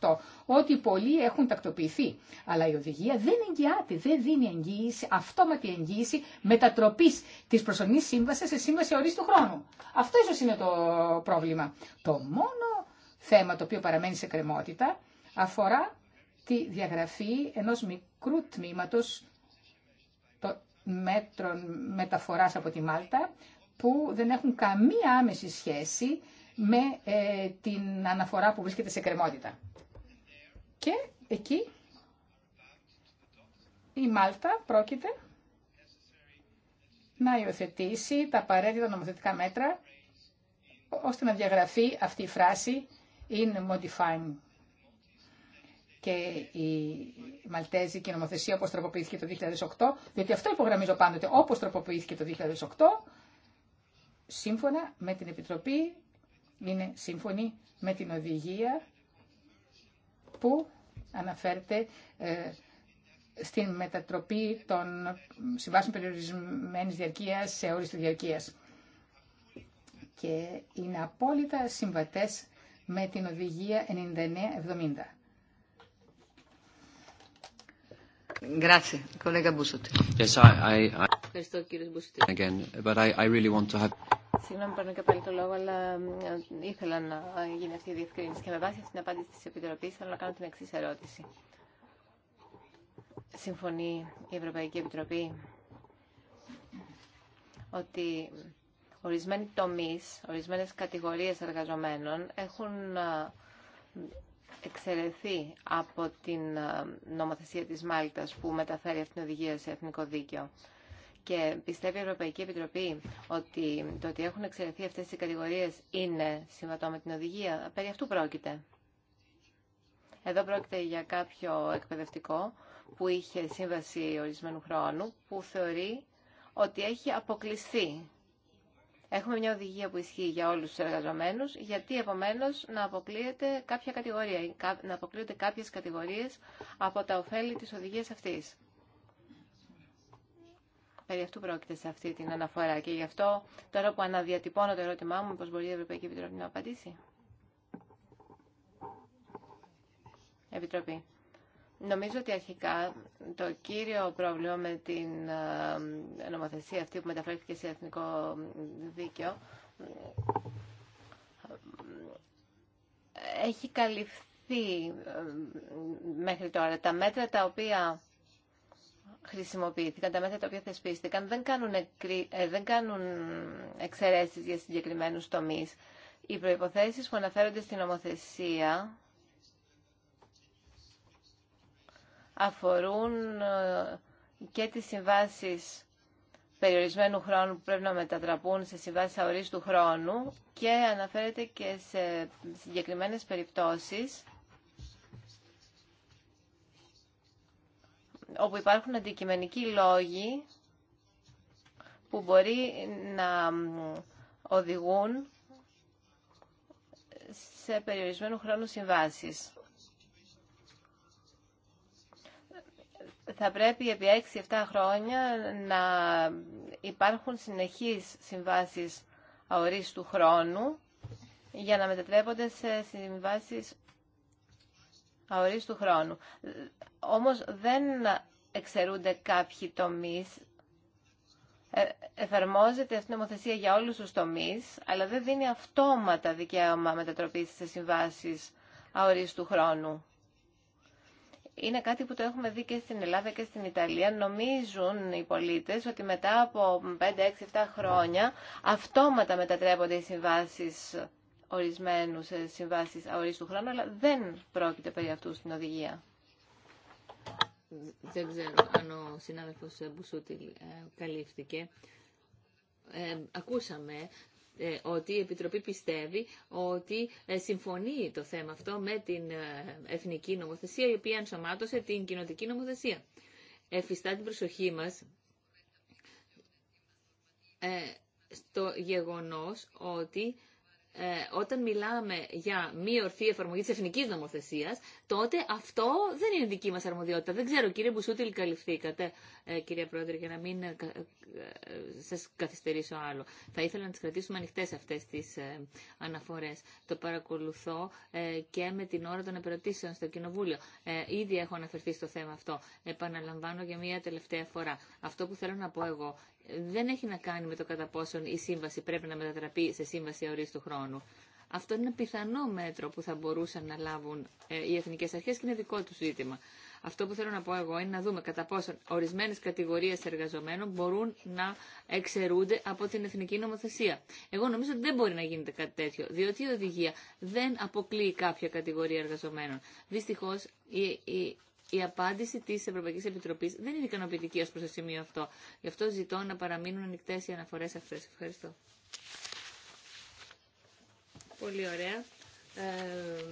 2008, ότι πολλοί έχουν τακτοποιηθεί. Αλλά η οδηγία δεν εγγυάται, δεν δίνει εγγύηση, αυτόματη εγγύηση μετατροπής της προσωρινής σύμβασης σε σύμβαση αορίστου χρόνου. Αυτό ίσως είναι το πρόβλημα. Το μόνο θέμα το οποίο παραμένει σε κρεμότητα αφορά τη διαγραφή ενός μικρού τμήματος των μέτρων μεταφοράς από τη Μάλτα που δεν έχουν καμία άμεση σχέση με ε, την αναφορά που βρίσκεται σε κρεμότητα. Και εκεί η Μάλτα πρόκειται να υιοθετήσει τα απαραίτητα νομοθετικά μέτρα ώστε να διαγραφεί αυτή η φράση in modifying. Και η Μαλτέζικη νομοθεσία όπως τροποποιήθηκε το 2008, διότι αυτό υπογραμμίζω πάντοτε, όπως τροποποιήθηκε το 2008, σύμφωνα με την Επιτροπή, είναι σύμφωνη με την οδηγία που αναφέρεται ε, στην μετατροπή των συμβάσεων περιορισμένης διαρκείας σε όριστη διαρκείας. Και είναι απόλυτα συμβατές με την οδηγία 9970. Ευχαριστώ κύριε have... Συγγνώμη, παίρνω και πάλι το λόγο, αλλά ε, ήθελα να γίνει αυτή η διευκρίνηση. Και με βάση αυτή την απάντηση τη Επιτροπή, θέλω να κάνω την εξή ερώτηση. Συμφωνεί η Ευρωπαϊκή Επιτροπή ότι Ορισμένοι τομείς, ορισμένες κατηγορίες εργαζομένων έχουν εξαιρεθεί από την νομοθεσία της Μάλτας που μεταφέρει αυτήν την οδηγία σε εθνικό δίκαιο. Και πιστεύει η Ευρωπαϊκή Επιτροπή ότι το ότι έχουν εξαιρεθεί αυτές οι κατηγορίες είναι συμβατό με την οδηγία. Περί αυτού πρόκειται. Εδώ πρόκειται για κάποιο εκπαιδευτικό που είχε σύμβαση ορισμένου χρόνου που θεωρεί ότι έχει αποκλειστεί Έχουμε μια οδηγία που ισχύει για όλους τους εργαζομένους, γιατί επομένως να αποκλείεται κάποια κατηγορία, να αποκλείονται κάποιες κατηγορίες από τα ωφέλη της οδηγίας αυτής. Περί αυτού πρόκειται σε αυτή την αναφορά και γι' αυτό τώρα που αναδιατυπώνω το ερώτημά μου, πώς μπορεί η Ευρωπαϊκή Επιτροπή να απαντήσει. Επιτροπή. Νομίζω ότι αρχικά το κύριο πρόβλημα με την ε, νομοθεσία αυτή που μεταφέρθηκε σε εθνικό δίκαιο ε, έχει καλυφθεί ε, μέχρι τώρα. Τα μέτρα τα οποία χρησιμοποιήθηκαν, τα μέτρα τα οποία θεσπίστηκαν δεν κάνουν, δεν κάνουν εξαιρέσεις για συγκεκριμένους τομείς. Οι προϋποθέσεις που αναφέρονται στην νομοθεσία αφορούν ε, και τις συμβάσεις περιορισμένου χρόνου που πρέπει να μετατραπούν σε συμβάσεις αορίστου χρόνου και αναφέρεται και σε συγκεκριμένες περιπτώσεις όπου υπάρχουν αντικειμενικοί λόγοι που μπορεί να οδηγούν σε περιορισμένου χρόνου συμβάσεις. θα πρέπει επί 6-7 χρόνια να υπάρχουν συνεχείς συμβάσεις αορίστου χρόνου για να μετατρέπονται σε συμβάσεις αορίστου χρόνου. Όμως δεν εξαιρούνται κάποιοι τομείς. Ε, εφαρμόζεται αυτή η νομοθεσία για όλους τους τομείς, αλλά δεν δίνει αυτόματα δικαίωμα μετατροπής σε συμβάσεις αορίστου χρόνου είναι κάτι που το έχουμε δει και στην Ελλάδα και στην Ιταλία. Νομίζουν οι πολίτες ότι μετά από 5, 6, 7 χρόνια αυτόματα μετατρέπονται οι συμβάσει ορισμένου σε συμβάσεις αορίστου χρόνου, αλλά δεν πρόκειται περί αυτού στην οδηγία. Δεν ξέρω αν ο συνάδελφος Μπουσούτη ε, καλύφθηκε. Ε, ακούσαμε ε, ότι η Επιτροπή πιστεύει ότι ε, συμφωνεί το θέμα αυτό με την ε, εθνική νομοθεσία η οποία ενσωμάτωσε την κοινοτική νομοθεσία. Εφιστά την προσοχή μας στο γεγονός ότι ε, όταν μιλάμε για μη ορθή εφαρμογή τη εθνική νομοθεσία, τότε αυτό δεν είναι δική μα αρμοδιότητα. Δεν ξέρω, κύριε Μπουσούτιλ, καλυφθήκατε, ε, κυρία Πρόεδρε, για να μην ε, σα καθυστερήσω άλλο. Θα ήθελα να τι κρατήσουμε ανοιχτές αυτές τις αναφορέ. Το παρακολουθώ και με την ώρα των επερωτήσεων στο Κοινοβούλιο. ήδη έχω αναφερθεί στο θέμα αυτό. Επαναλαμβάνω για μία τελευταία φορά. Αυτό που θέλω να πω εγώ δεν έχει να κάνει με το κατά πόσον η σύμβαση πρέπει να μετατραπεί σε σύμβαση αορίστου χρόνου. Αυτό είναι ένα πιθανό μέτρο που θα μπορούσαν να λάβουν ε, οι εθνικές αρχές και είναι δικό του ζήτημα. Αυτό που θέλω να πω εγώ είναι να δούμε κατά πόσον ορισμένες κατηγορίες εργαζομένων μπορούν να εξαιρούνται από την εθνική νομοθεσία. Εγώ νομίζω ότι δεν μπορεί να γίνεται κάτι τέτοιο, διότι η οδηγία δεν αποκλείει κάποια κατηγορία εργαζομένων. Δυστυχώς η, η, η απάντηση τη Ευρωπαϊκή Επιτροπή δεν είναι ικανοποιητική ω προ το σημείο αυτό. Γι' αυτό ζητώ να παραμείνουν ανοιχτέ οι αναφορέ αυτέ. Ευχαριστώ. Πολύ ωραία. Ε,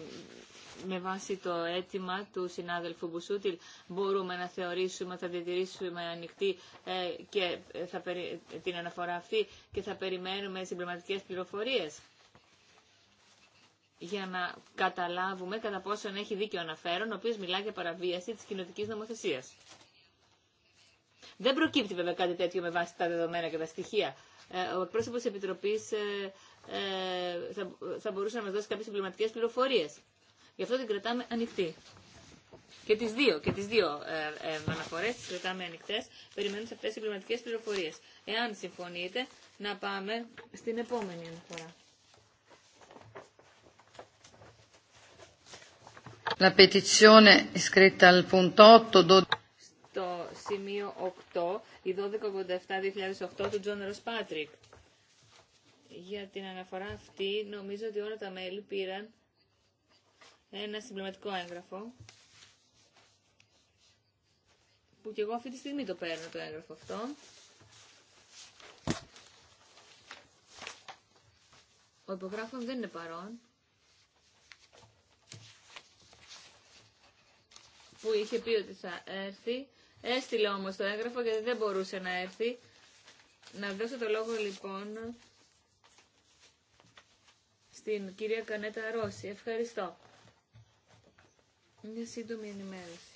με βάση το αίτημα του συνάδελφου Μπουσούτιλ μπορούμε να θεωρήσουμε, θα διατηρήσουμε ανοιχτή ε, και θα, την αναφορά αυτή και θα περιμένουμε συμπληρωματικές πληροφορίες για να καταλάβουμε κατά πόσον έχει δίκιο αναφέρον, ο οποίος μιλά για παραβίαση της κοινοτική νομοθεσίας. Δεν προκύπτει βέβαια κάτι τέτοιο με βάση τα δεδομένα και τα στοιχεία. Ε, ο εκπρόσωπο τη Επιτροπή ε, ε, θα μπορούσε να μα δώσει κάποιε συμπληρωματικέ πληροφορίε. Γι' αυτό την κρατάμε ανοιχτή. Και τι δύο, και τις δύο ε, αναφορέ τι κρατάμε ανοιχτέ, περιμένουμε αυτέ τι συμπληρωματικέ πληροφορίε. Εάν συμφωνείτε, να πάμε στην επόμενη αναφορά. Στο σημείο 8, η 1287-2008 του Τζον Πάτρικ Για την αναφορά αυτή, νομίζω ότι όλα τα μέλη πήραν ένα συμπληρωματικό έγγραφο. Που και εγώ αυτή τη στιγμή το παίρνω το έγγραφο αυτό. Ο υπογράφων δεν είναι παρόν. που είχε πει ότι θα έρθει. Έστειλε όμως το έγγραφο γιατί δεν μπορούσε να έρθει. Να δώσω το λόγο λοιπόν στην κυρία Κανέτα Ρώση. Ευχαριστώ. Μια σύντομη ενημέρωση.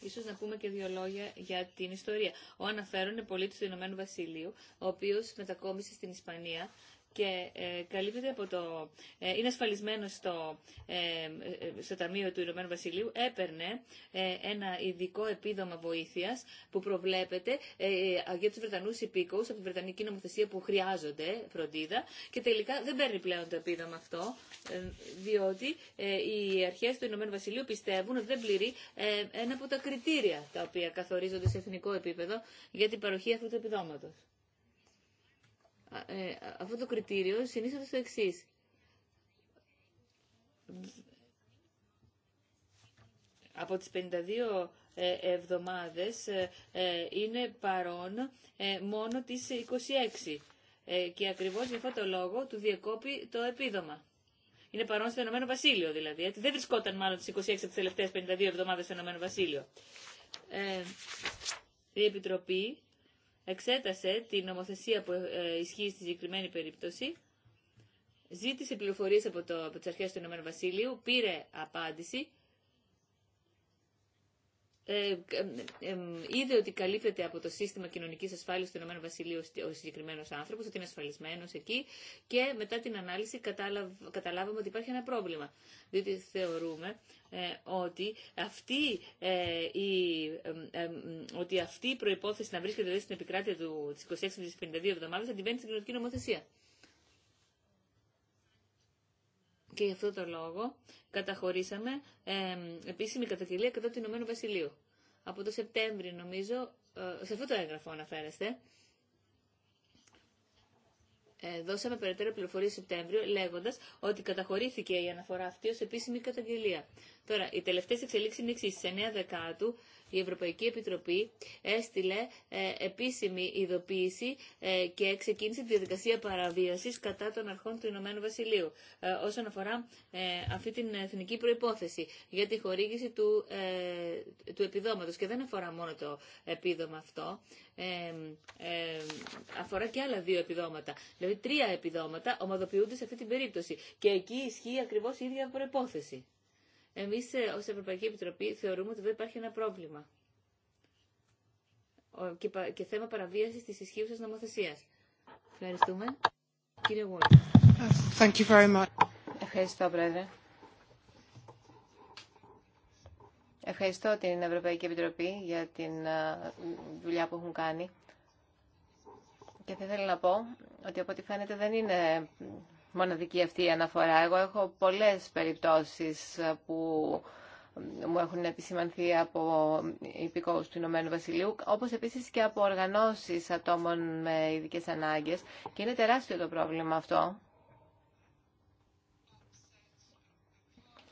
Ίσως να πούμε και δύο λόγια για την ιστορία. Ο αναφέρον είναι πολίτης του Ηνωμένου Βασιλείου, ο οποίος μετακόμισε στην Ισπανία και ε, καλύπτεται από το, ε, είναι ασφαλισμένο στο, ε, στο Ταμείο του Ηνωμένου Βασιλείου, έπαιρνε ένα ειδικό επίδομα βοήθεια που προβλέπεται για του Βρετανού υπήκοου από την Βρετανική νομοθεσία που χρειάζονται φροντίδα και τελικά δεν παίρνει πλέον το επίδομα αυτό, διότι οι αρχέ του Ηνωμένου Βασιλείου πιστεύουν ότι δεν πληρεί ένα από τα κριτήρια τα οποία καθορίζονται σε εθνικό επίπεδο για την παροχή αυτού του επιδόματος. Ε, αυτό το κριτήριο συνήθως το εξή. Από τις 52 ε, εβδομάδες ε, είναι παρόν μόνο τις 26 και ακριβώς για αυτό το λόγο του διεκόπη το επίδομα. Είναι παρόν στο Ηνωμένο Βασίλειο δηλαδή. Δεν βρισκόταν μάλλον τις 26 από τις τελευταίες 52 εβδομάδες στο Ηνωμένο Βασίλειο. η Επιτροπή εξέτασε την νομοθεσία που ε, ισχύει στη συγκεκριμένη περίπτωση, ζήτησε πληροφορίες από, το, από τις αρχές του Ηνωμένου Βασίλειου, πήρε απάντηση ε, είδε ότι καλύπτεται από το σύστημα κοινωνικής ασφάλισης του Ηνωμένου Βασιλείου ο συγκεκριμένος άνθρωπος, ότι είναι ασφαλισμένος εκεί και μετά την ανάλυση καταλάβαμε ότι υπάρχει ένα πρόβλημα. Διότι θεωρούμε ε, ε, ότι αυτή, η, ότι αυτή προϋπόθεση να βρίσκεται στην επικράτεια του, της 26 52 εβδομάδας αντιβαίνει στην κοινωνική νομοθεσία. Και γι' αυτό το λόγο καταχωρήσαμε επίσημη καταγγελία κατά του Ηνωμένου Βασιλείου. Από το Σεπτέμβριο νομίζω, ε, σε αυτό το έγγραφο αναφέρεστε, ε, δώσαμε περαιτέρω πληροφορίε Σεπτέμβριο, λέγοντα ότι καταχωρήθηκε η αναφορά αυτή ω επίσημη καταγγελία. Τώρα, οι τελευταίε εξελίξει είναι εξή. Στι 9 Δεκάτου η Ευρωπαϊκή Επιτροπή έστειλε ε, επίσημη ειδοποίηση ε, και ξεκίνησε τη διαδικασία παραβίασης κατά των αρχών του Ηνωμένου Βασιλείου ε, όσον αφορά αυτή την εθνική προϋπόθεση για τη χορήγηση του, του επιδόματος. Και δεν αφορά μόνο το επίδομα αυτό, αφορά και άλλα δύο επιδόματα. Δηλαδή τρία επιδόματα ομαδοποιούνται σε αυτή την περίπτωση και εκεί ισχύει ακριβώς η ίδια προϋπόθεση. Εμεί ε, ω Ευρωπαϊκή Επιτροπή θεωρούμε ότι εδώ υπάρχει ένα πρόβλημα και θέμα παραβίασης της ισχύουσας νομοθεσίας. Ευχαριστούμε. Κύριε Γουόλ. Ευχαριστώ, Πρόεδρε. Ευχαριστώ την Ευρωπαϊκή Επιτροπή για την ε, δουλειά που έχουν κάνει. Και θα ήθελα να πω ότι από ό,τι φαίνεται δεν είναι μοναδική αυτή η αναφορά. Εγώ έχω πολλές περιπτώσεις ε, που ε, μου έχουν επισημανθεί από υπηκόους του Ηνωμένου Βασιλείου, όπως επίσης και από οργανώσεις ατόμων με ειδικέ ανάγκες. Και είναι τεράστιο το πρόβλημα αυτό.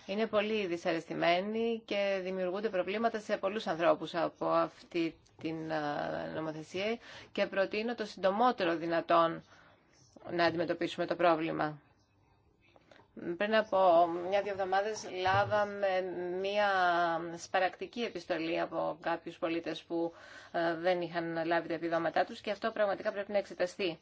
Είναι πολύ δυσαρεστημένοι και δημιουργούνται προβλήματα σε πολλούς ανθρώπους από αυτή την ε, νομοθεσία και προτείνω το συντομότερο δυνατόν να αντιμετωπίσουμε το πρόβλημα. Πριν από μια-δύο εβδομάδες λάβαμε μια σπαρακτική επιστολή από κάποιους πολίτες που ε, δεν είχαν λάβει τα επιδόματά τους και αυτό πραγματικά πρέπει να εξεταστεί.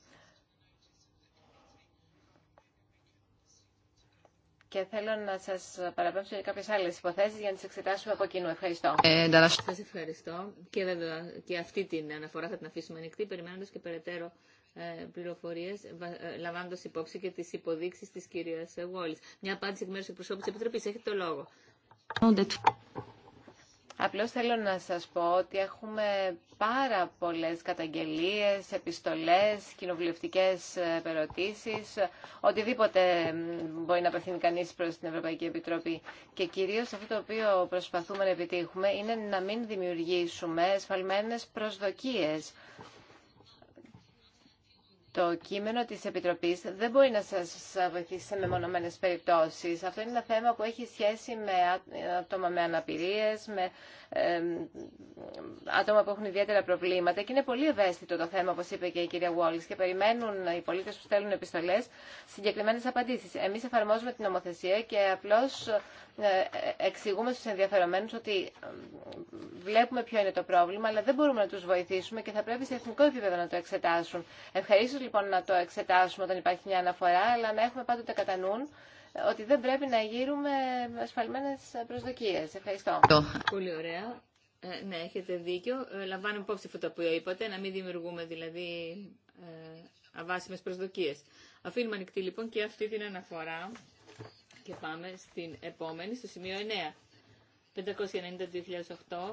Και θέλω να σας παραπέμψω για κάποιες άλλες υποθέσεις για να τις εξετάσουμε από κοινού. Ευχαριστώ. Ε, σας ευχαριστώ και, και αυτή την αναφορά θα την αφήσουμε ανοιχτή περιμένοντας και περαιτέρω ε, πληροφορίε, λαμβάνοντα υπόψη και τι υποδείξει τη κυρία Γόλη. Μια απάντηση εκ μέρου του προσώπου τη Επιτροπή. Έχετε το λόγο. Απλώς θέλω να σας πω ότι έχουμε πάρα πολλές καταγγελίες, επιστολές, κοινοβουλευτικές ερωτήσεις, οτιδήποτε μπορεί να απευθύνει κανείς προς την Ευρωπαϊκή Επιτροπή. Και κυρίως αυτό το οποίο προσπαθούμε να επιτύχουμε είναι να μην δημιουργήσουμε εσφαλμένες προσδοκίες το κείμενο της Επιτροπής δεν μπορεί να σας βοηθήσει σε μεμονωμένες περιπτώσεις. Αυτό είναι ένα θέμα που έχει σχέση με άτομα με αναπηρίες, με άτομα που έχουν ιδιαίτερα προβλήματα και είναι πολύ ευαίσθητο το θέμα, όπως είπε και η κυρία Wallis, και περιμένουν οι πολίτες που στέλνουν επιστολές συγκεκριμένες απαντήσεις. Εμείς εφαρμόζουμε την νομοθεσία και απλώς ε, εξηγούμε στους ενδιαφερομένους ότι βλέπουμε ποιο είναι το πρόβλημα, αλλά δεν μπορούμε να τους βοηθήσουμε και θα πρέπει σε εθνικό επίπεδο να το εξετάσουν. Ευχαρίστω λοιπόν να το εξετάσουμε όταν υπάρχει μια αναφορά, αλλά να έχουμε πάντοτε κατά νου ότι δεν πρέπει να γύρουμε ασφαλμένε προσδοκίε. Ευχαριστώ. Πολύ ωραία. Ε, ναι, έχετε δίκιο. Ε, λαμβάνω υπόψη αυτό που είπατε, να μην δημιουργούμε δηλαδή ε, αβάσιμες προσδοκίες. Αφήνουμε ανοιχτή λοιπόν και αυτή την αναφορά και πάμε στην επόμενη, στο σημείο 9. 590-2008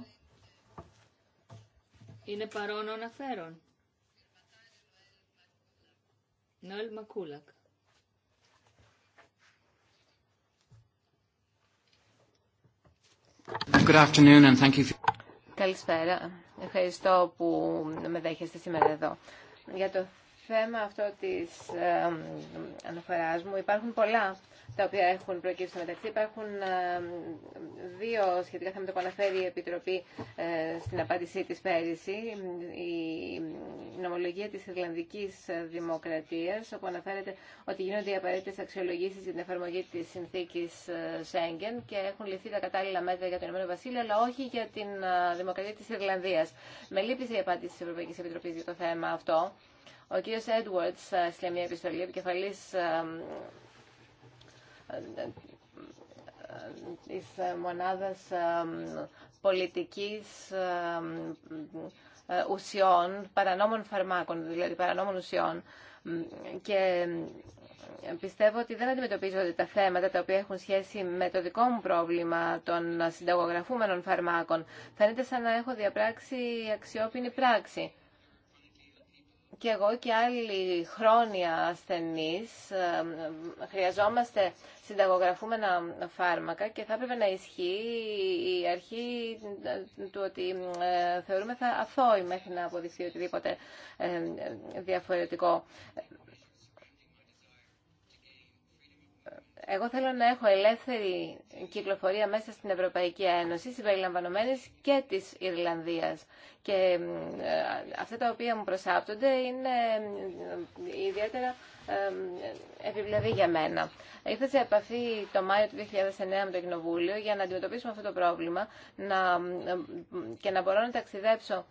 είναι παρόν αναφέρον. Noel Makulak. Καλησπέρα. Ευχαριστώ που με δέχεστε σήμερα εδώ. Για το θέμα αυτό της ε, αναφοράς μου υπάρχουν πολλά τα οποία έχουν προκύψει μεταξύ. Υπάρχουν ε, δύο σχετικά θέματα που αναφέρει η Επιτροπή ε, στην απάντησή της πέρυσι. Η νομολογία της Ιρλανδικής Δημοκρατίας, όπου αναφέρεται ότι γίνονται οι απαραίτητες αξιολογήσεις για την εφαρμογή της συνθήκης ε, Σέγγεν και έχουν ληφθεί τα κατάλληλα μέτρα για το Ηνωμένο Βασίλειο, αλλά όχι για την Δημοκρατία της Ιρλανδίας. Με λύπησε η απάντηση της Ευρωπαϊκής Επιτροπή για το θέμα αυτό. Ο κ. Έντουαρτ, σε μια επιστολή επικεφαλή της ε, μονάδας ε, πολιτικής ε, ουσιών, παρανόμων φαρμάκων, δηλαδή παρανόμων ουσιών και πιστεύω ότι δεν αντιμετωπίζονται τα θέματα τα οποία έχουν σχέση με το δικό μου πρόβλημα των συνταγογραφούμενων φαρμάκων. Φαίνεται σαν να έχω διαπράξει αξιόπινη πράξη και εγώ και άλλοι χρόνια ασθενείς ε, χρειαζόμαστε συνταγογραφούμενα φάρμακα και θα έπρεπε να ισχύει η αρχή ε, του ότι ε, θεωρούμε θα αθώοι μέχρι να αποδειχθεί οτιδήποτε διαφορετικό. Εγώ θέλω να έχω ελεύθερη κυκλοφορία μέσα στην Ευρωπαϊκή Ένωση, συμπεριλαμβανομένη και τη Ιρλανδία. Και ε, αυτά τα οποία μου προσάπτονται είναι ε, ιδιαίτερα ε, επιβλαβή για μένα. Ήρθα σε επαφή το Μάιο του 2009 με το Κοινοβούλιο για να αντιμετωπίσουμε αυτό το πρόβλημα να, και να μπορώ να ταξιδέψω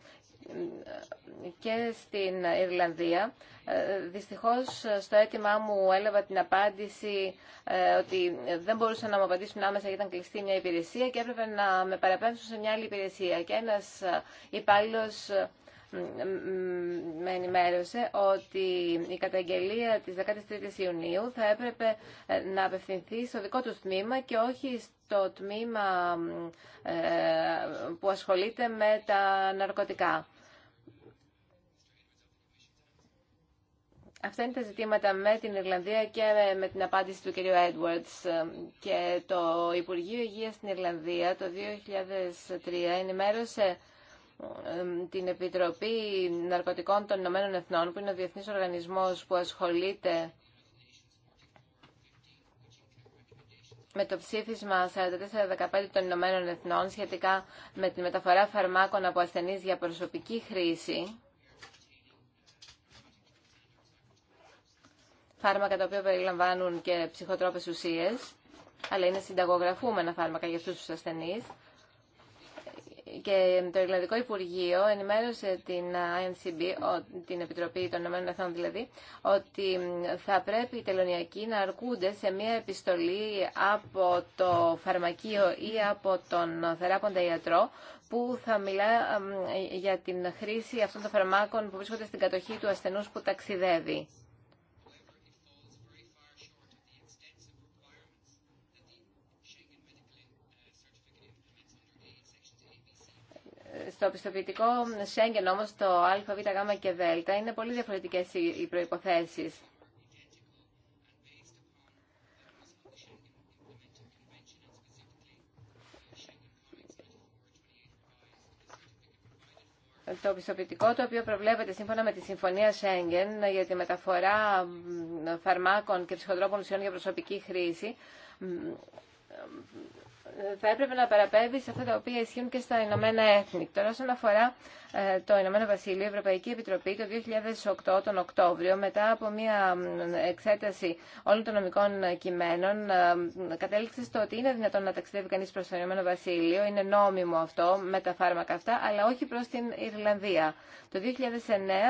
και στην Ιρλανδία. Ε, δυστυχώς στο αίτημά μου έλαβα την απάντηση ε, ότι δεν μπορούσαν να μου απαντήσουν άμεσα γιατί ήταν κλειστή μια υπηρεσία και έπρεπε να με παραπέμψουν σε μια άλλη υπηρεσία. Και ένας ε, υπάλληλος με ενημέρωσε ότι η καταγγελία της 13ης Ιουνίου θα έπρεπε ε, να απευθυνθεί στο δικό του τμήμα και όχι στο τμήμα ε, που ασχολείται με τα ναρκωτικά. Αυτά είναι τα ζητήματα με την Ιρλανδία και με την απάντηση του κ. Edwards. Και το Υπουργείο Υγείας στην Ιρλανδία το 2003 ενημέρωσε την Επιτροπή Ναρκωτικών των Ηνωμένων Εθνών, που είναι ο διεθνής οργανισμός που ασχολείται με το ψήφισμα 4415 των Ηνωμένων Εθνών σχετικά με τη μεταφορά φαρμάκων από ασθενείς για προσωπική χρήση, φάρμακα τα οποία περιλαμβάνουν και ψυχοτρόπες ουσίες, αλλά είναι συνταγογραφούμενα φάρμακα για αυτούς τους ασθενείς, και το Ιρλανδικό Υπουργείο ενημέρωσε την INCB, την Επιτροπή των Ηνωμένων Εθνών δηλαδή, ότι θα πρέπει οι τελωνιακοί να αρκούνται σε μια επιστολή από το φαρμακείο ή από τον θεράποντα ιατρό που θα μιλά για την χρήση αυτών των φαρμάκων που βρίσκονται στην κατοχή του ασθενούς που ταξιδεύει. Στο πιστοποιητικό Σέγγεν όμως το Α, Β, Γ και Δ είναι πολύ διαφορετικές οι προποθέσει. Το πιστοποιητικό το οποίο προβλέπεται σύμφωνα με τη Συμφωνία Σέγγεν για τη μεταφορά φαρμάκων και ψυχοτρόπων ουσιών για προσωπική χρήση θα έπρεπε να παραπέμπει σε αυτά τα οποία ισχύουν και στα Ηνωμένα Έθνη. Τώρα, όσον αφορά ε, το Ηνωμένο Βασίλειο, η Ευρωπαϊκή Επιτροπή το 2008, τον Οκτώβριο, μετά από μια εξέταση όλων των νομικών κειμένων, ε, κατέληξε στο ότι είναι δυνατόν να ταξιδεύει κανεί προ το Ηνωμένο Βασίλειο, είναι νόμιμο αυτό με τα φάρμακα αυτά, αλλά όχι προ την Ιρλανδία. Το 2009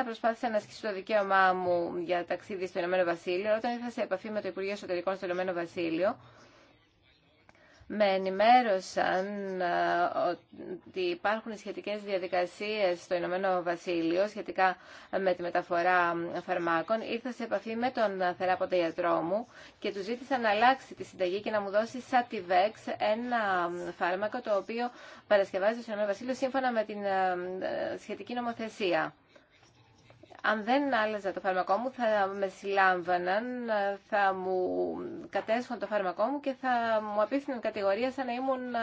προσπάθησα να ασκήσω το δικαίωμά μου για ταξίδι στο Ηνωμένο Βασίλειο, όταν ήρθα σε επαφή με το Υπουργείο Εσωτερικών στο Ηνωμένο Βασίλειο με ενημέρωσαν ε, ότι υπάρχουν σχετικές διαδικασίες στο Ηνωμένο Βασίλειο σχετικά με τη μεταφορά φαρμάκων. Ήρθα σε επαφή με τον θεράποντα ιατρό μου και του ζήτησα να αλλάξει τη συνταγή και να μου δώσει Sativex, ένα φάρμακο το οποίο παρασκευάζεται στο Ηνωμένο Βασίλειο σύμφωνα με την ε, σχετική νομοθεσία αν δεν άλλαζα το φάρμακό μου θα με συλλάμβαναν, θα μου κατέσχουν το φάρμακό μου και θα μου απίθυναν κατηγορία σαν να ήμουν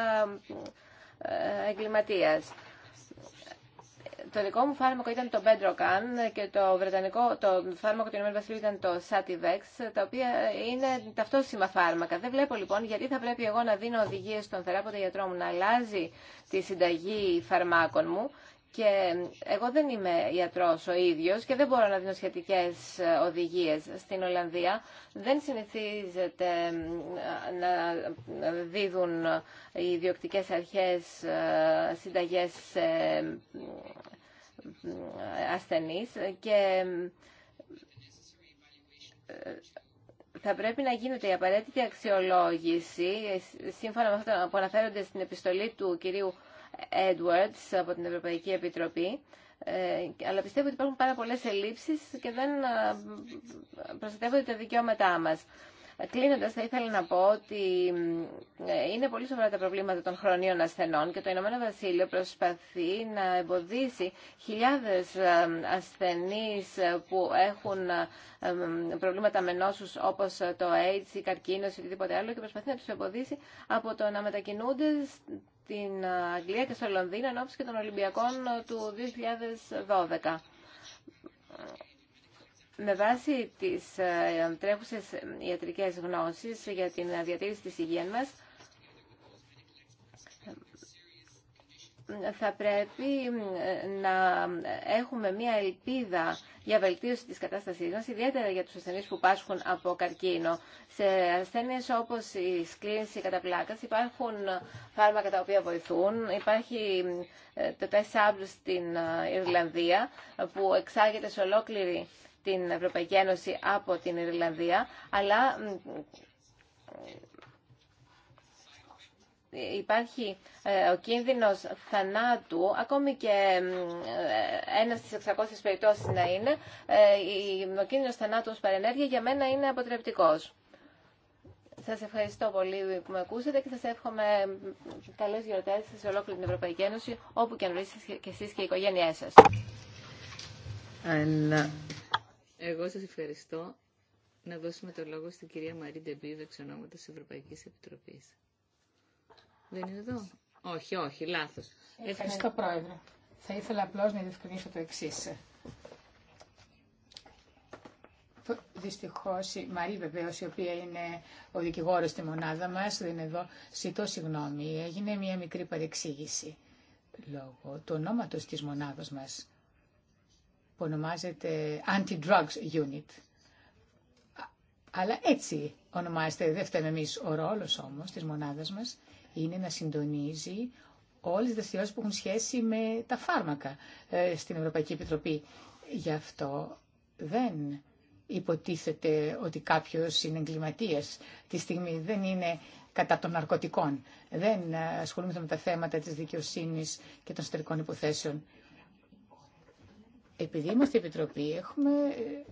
ε, εγκληματίας. Το δικό μου φάρμακο ήταν το Bedrocan και το, βρετανικό, το φάρμακο του Ηνωμένου Βασιλείου ήταν το Sativex, τα οποία είναι ταυτόσημα φάρμακα. Δεν βλέπω λοιπόν γιατί θα πρέπει εγώ να δίνω οδηγίες στον θεράποντα γιατρό μου να αλλάζει τη συνταγή φαρμάκων μου και εγώ δεν είμαι ιατρός ο ίδιος και δεν μπορώ να δίνω σχετικές ε, οδηγίες στην Ολλανδία. Δεν συνηθίζεται να δίδουν οι ιδιοκτικές αρχές ε, συνταγές ε, ασθενείς και θα πρέπει να γίνεται η απαραίτητη αξιολόγηση σύμφωνα με αυτά που αναφέρονται στην επιστολή του κυρίου Edwards από την Ευρωπαϊκή Επιτροπή. Ε, αλλά πιστεύω ότι υπάρχουν πάρα πολλές ελλείψεις και δεν ε, προστατεύονται τα δικαιώματά μας. Κλείνοντα, θα ήθελα να πω ότι ε, είναι πολύ σοβαρά τα προβλήματα των χρονίων ασθενών και το Ηνωμένο Βασίλειο προσπαθεί να εμποδίσει χιλιάδες ε, ασθενείς ε, που έχουν προβλήματα με νόσους όπως το AIDS, η ή οτιδήποτε άλλο και προσπαθεί να του εμποδίσει από το να μετακινούνται στην Αγγλία και στο Λονδίνο ενώπιση και των Ολυμπιακών του 2012. Με βάση τις ε, τρέχουσες ιατρικές γνώσεις για την διατήρηση της υγείας μας, θα πρέπει ε, να έχουμε μια ελπίδα για βελτίωση της κατάστασής μας, ιδιαίτερα για τους ασθενείς που πάσχουν από καρκίνο. Σε ασθένειες όπως η σκλήνση κατά πλάκας υπάρχουν φάρμακα τα οποία βοηθούν. Υπάρχει ε, το τεσάμπλ στην Ιρλανδία που εξάγεται σε ολόκληρη την Ευρωπαϊκή Ένωση από την Ιρλανδία, αλλά υπάρχει ε, ο κίνδυνος θανάτου, ακόμη και ε, ένα στις 600 περιπτώσεις να είναι, ε, ο κίνδυνος θανάτου ως παρενέργεια για μένα είναι αποτρεπτικός. Σας ευχαριστώ πολύ που με ακούσατε και σας εύχομαι καλές γιορτές σε ολόκληρη την Ευρωπαϊκή Ένωση, όπου και αν βρίσκεστε και εσείς και η οικογένεια σας. Εγώ σας ευχαριστώ να δώσουμε το λόγο στην κυρία Μαρή Ντεμπίβ εξ της Ευρωπαϊκής Επιτροπής. Δεν είναι εδώ. Όχι, όχι, λάθος. Ευχαριστώ, Πρόεδρε. Θα ήθελα απλώς να διευκρινίσω το εξή. Δυστυχώ η Μαρή βεβαίω, η οποία είναι ο δικηγόρο στη μονάδα μας, δεν είναι εδώ, ζητώ συγγνώμη, έγινε μια μικρή παρεξήγηση λόγω του ονόματο τη μονάδα μα που ονομάζεται Anti-Drugs Unit. Αλλά έτσι ονομάζεται, δεν φταίμε εμείς, ο ρόλος όμως της μονάδας μας είναι να συντονίζει όλες τις δραστηριότητες που έχουν σχέση με τα φάρμακα ε, στην Ευρωπαϊκή Επιτροπή. Γι' αυτό δεν υποτίθεται ότι κάποιος είναι εγκληματίας τη στιγμή, δεν είναι κατά των ναρκωτικών. Δεν ε, ασχολούμαστε με τα θέματα της δικαιοσύνης και των εσωτερικών υποθέσεων. Επειδή είμαστε Επιτροπή, έχουμε ε,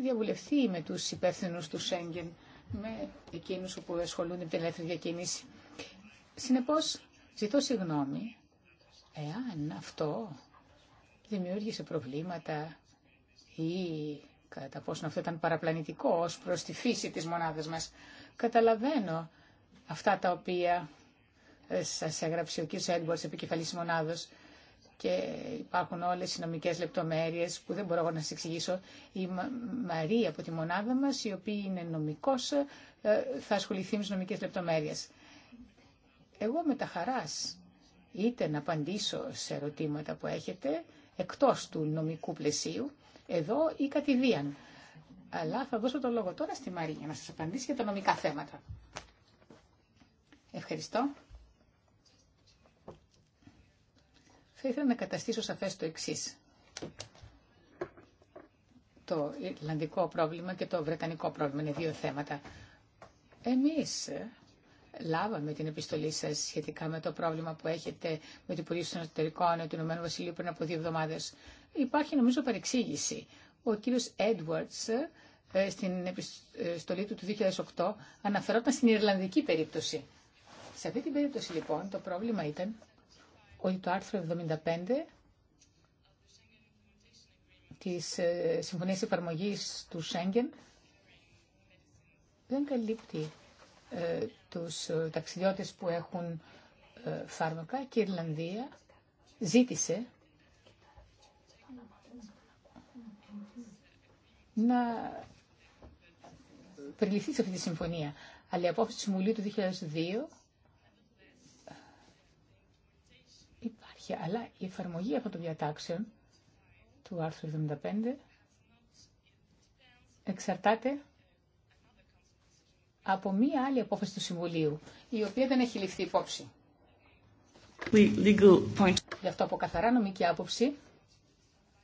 διαβουλευτεί με τους υπεύθυνου του Σέγγεν, με εκείνους που ασχολούνται με την ελεύθερη διακίνηση. Συνεπώς, ζητώ συγγνώμη, εάν αυτό δημιούργησε προβλήματα ή κατά πόσο αυτό ήταν παραπλανητικό ως προς τη φύση της μονάδας μας. Καταλαβαίνω αυτά τα οποία ε, σας έγραψε ο κ. επικεφαλής μονάδος και υπάρχουν όλες οι νομικές λεπτομέρειες που δεν μπορώ να σας εξηγήσω. Η Μαρία από τη μονάδα μας, η οποία είναι νομικός, ε, θα ασχοληθεί με τις νομικές λεπτομέρειες. Εγώ με τα χαράς είτε να απαντήσω σε ερωτήματα που έχετε εκτός του νομικού πλαισίου, εδώ ή κατηδίαν. Αλλά θα δώσω το λόγο τώρα στη Μαρία να σας απαντήσει για τα νομικά θέματα. Ευχαριστώ. Θα ήθελα να καταστήσω σαφές το εξής. Το Ιρλανδικό πρόβλημα και το Βρετανικό πρόβλημα είναι δύο θέματα. Εμείς ε, λάβαμε την επιστολή σας σχετικά με το πρόβλημα που έχετε με την πωλήση των εσωτερικών του Ηνωμένου Βασιλείου πριν από δύο εβδομάδες. Υπάρχει νομίζω παρεξήγηση. Ο κύριος Έντουαρτς ε, στην επιστολή του του 2008 αναφερόταν στην Ιρλανδική περίπτωση. Σε αυτή την περίπτωση λοιπόν το πρόβλημα ήταν ότι το άρθρο 75 της ε, Συμφωνίας Εφαρμογής του Σέγγεν δεν καλύπτει ε, τους ε, ταξιδιώτες που έχουν ε, φάρμακα και η Ιρλανδία ζήτησε να περιληφθεί σε αυτή τη συμφωνία. Αλλά η απόφαση του Συμβουλίου του 2002 Και αλλά η εφαρμογή αυτών των διατάξεων του άρθρου 75 εξαρτάται από μία άλλη απόφαση του Συμβουλίου, η οποία δεν έχει ληφθεί υπόψη. Legal point. Γι' αυτό από καθαρά νομική άποψη,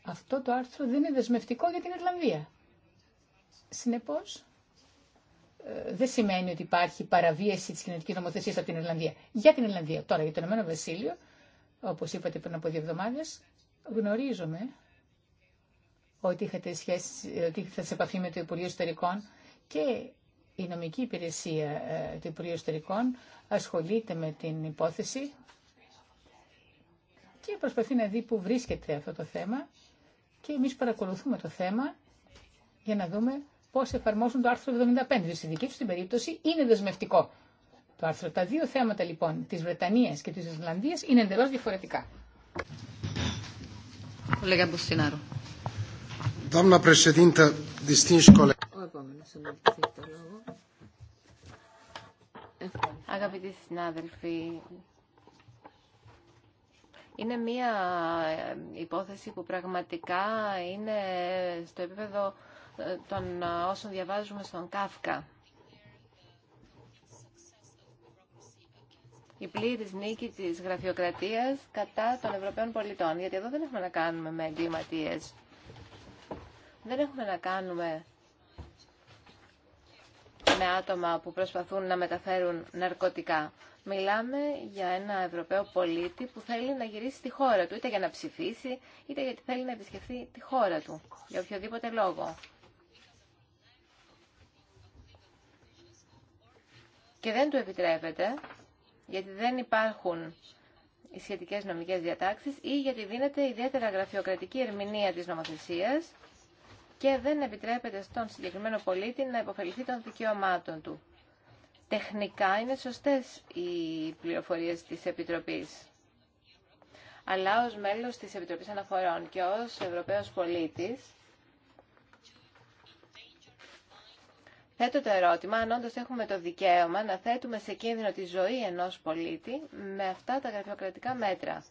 αυτό το άρθρο δεν είναι δεσμευτικό για την Ιρλανδία. Συνεπώς, ε, δεν σημαίνει ότι υπάρχει παραβίαση της κοινωνικής νομοθεσίας από την Ιρλανδία. Για την Ιρλανδία, τώρα για το Ηνωμένο Βασίλειο, όπως είπατε πριν από δύο εβδομάδες, γνωρίζομαι ότι είχατε, σχέση, ότι είχατε σε επαφή με το Υπουργείο Ιστορικών και η νομική υπηρεσία ε, του Υπουργείου Ιστορικών ασχολείται με την υπόθεση και προσπαθεί να δει πού βρίσκεται αυτό το θέμα και εμείς παρακολουθούμε το θέμα για να δούμε πώς εφαρμόζουν το άρθρο 75. Στη δική του την περίπτωση είναι δεσμευτικό τα δύο θέματα λοιπόν της Βρετανίας και της Ισλανδίας είναι εντελώς διαφορετικά. Αγαπητοί συνάδελφοι, είναι μία ε, υπόθεση που πραγματικά είναι στο επίπεδο ε, των ε, όσων διαβάζουμε στον Κάφκα. η πλήρη νίκη τη γραφειοκρατίας κατά των Ευρωπαίων πολιτών. Γιατί εδώ δεν έχουμε να κάνουμε με εγκληματίε. Δεν έχουμε να κάνουμε με άτομα που προσπαθούν να μεταφέρουν ναρκωτικά. Μιλάμε για ένα Ευρωπαίο πολίτη που θέλει να γυρίσει στη χώρα του, είτε για να ψηφίσει, είτε γιατί θέλει να επισκεφθεί τη χώρα του, για οποιοδήποτε λόγο. Και δεν του επιτρέπεται γιατί δεν υπάρχουν οι σχετικέ νομικές διατάξεις ή γιατί δίνεται ιδιαίτερα γραφειοκρατική ερμηνεία της νομοθεσία και δεν επιτρέπεται στον συγκεκριμένο πολίτη να υποφεληθεί των δικαιωμάτων του. Τεχνικά είναι σωστές οι πληροφορίε της Επιτροπής. Αλλά ω μέλος της επιτροπή Αναφορών και ως Ευρωπαίος πολίτη. Θέτω το ερώτημα αν όντω έχουμε το δικαίωμα να θέτουμε σε κίνδυνο τη ζωή ενός πολίτη με αυτά τα γραφειοκρατικά μέτρα.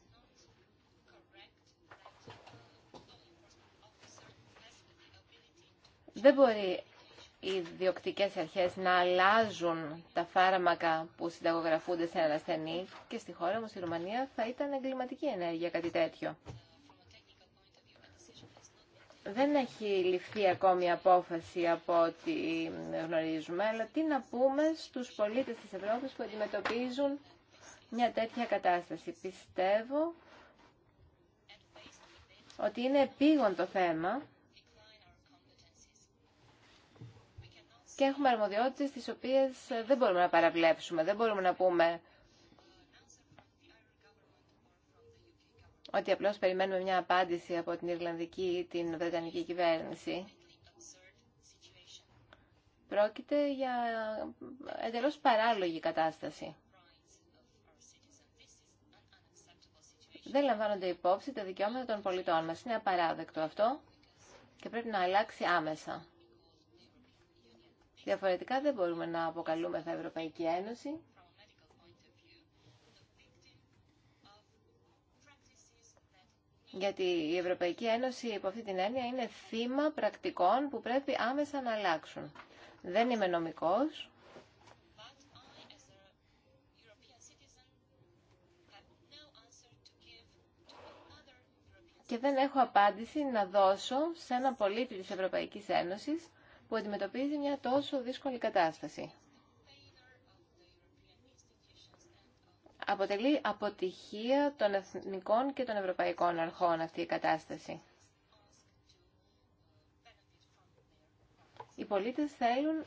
Δεν μπορεί οι διοκτικέ αρχές να αλλάζουν τα φάρμακα που συνταγογραφούνται σε έναν ασθενή και στη χώρα μου, στη Ρουμανία, θα ήταν εγκληματική ενέργεια κάτι τέτοιο δεν έχει ληφθεί ακόμη απόφαση από ό,τι γνωρίζουμε, αλλά τι να πούμε στους πολίτες της Ευρώπης που αντιμετωπίζουν μια τέτοια κατάσταση. Πιστεύω ότι είναι επίγον το θέμα και έχουμε αρμοδιότητες τις οποίες δεν μπορούμε να παραβλέψουμε. Δεν μπορούμε να πούμε ότι απλώς περιμένουμε μια απάντηση από την Ιρλανδική ή την Βρετανική κυβέρνηση. Πρόκειται για εντελώς παράλογη κατάσταση. Δεν λαμβάνονται υπόψη τα δικαιώματα των πολιτών μας. Είναι απαράδεκτο αυτό και πρέπει να αλλάξει άμεσα. Διαφορετικά δεν μπορούμε να αποκαλούμε θα Ευρωπαϊκή Ένωση Γιατί η Ευρωπαϊκή Ένωση υπό αυτή την έννοια είναι θύμα πρακτικών που πρέπει άμεσα να αλλάξουν. Δεν είμαι νομικός. Και δεν έχω απάντηση να δώσω σε έναν πολίτη της Ευρωπαϊκής Ένωσης που αντιμετωπίζει μια τόσο δύσκολη κατάσταση. αποτελεί αποτυχία των εθνικών και των ευρωπαϊκών αρχών αυτή η κατάσταση. Οι πολίτες θέλουν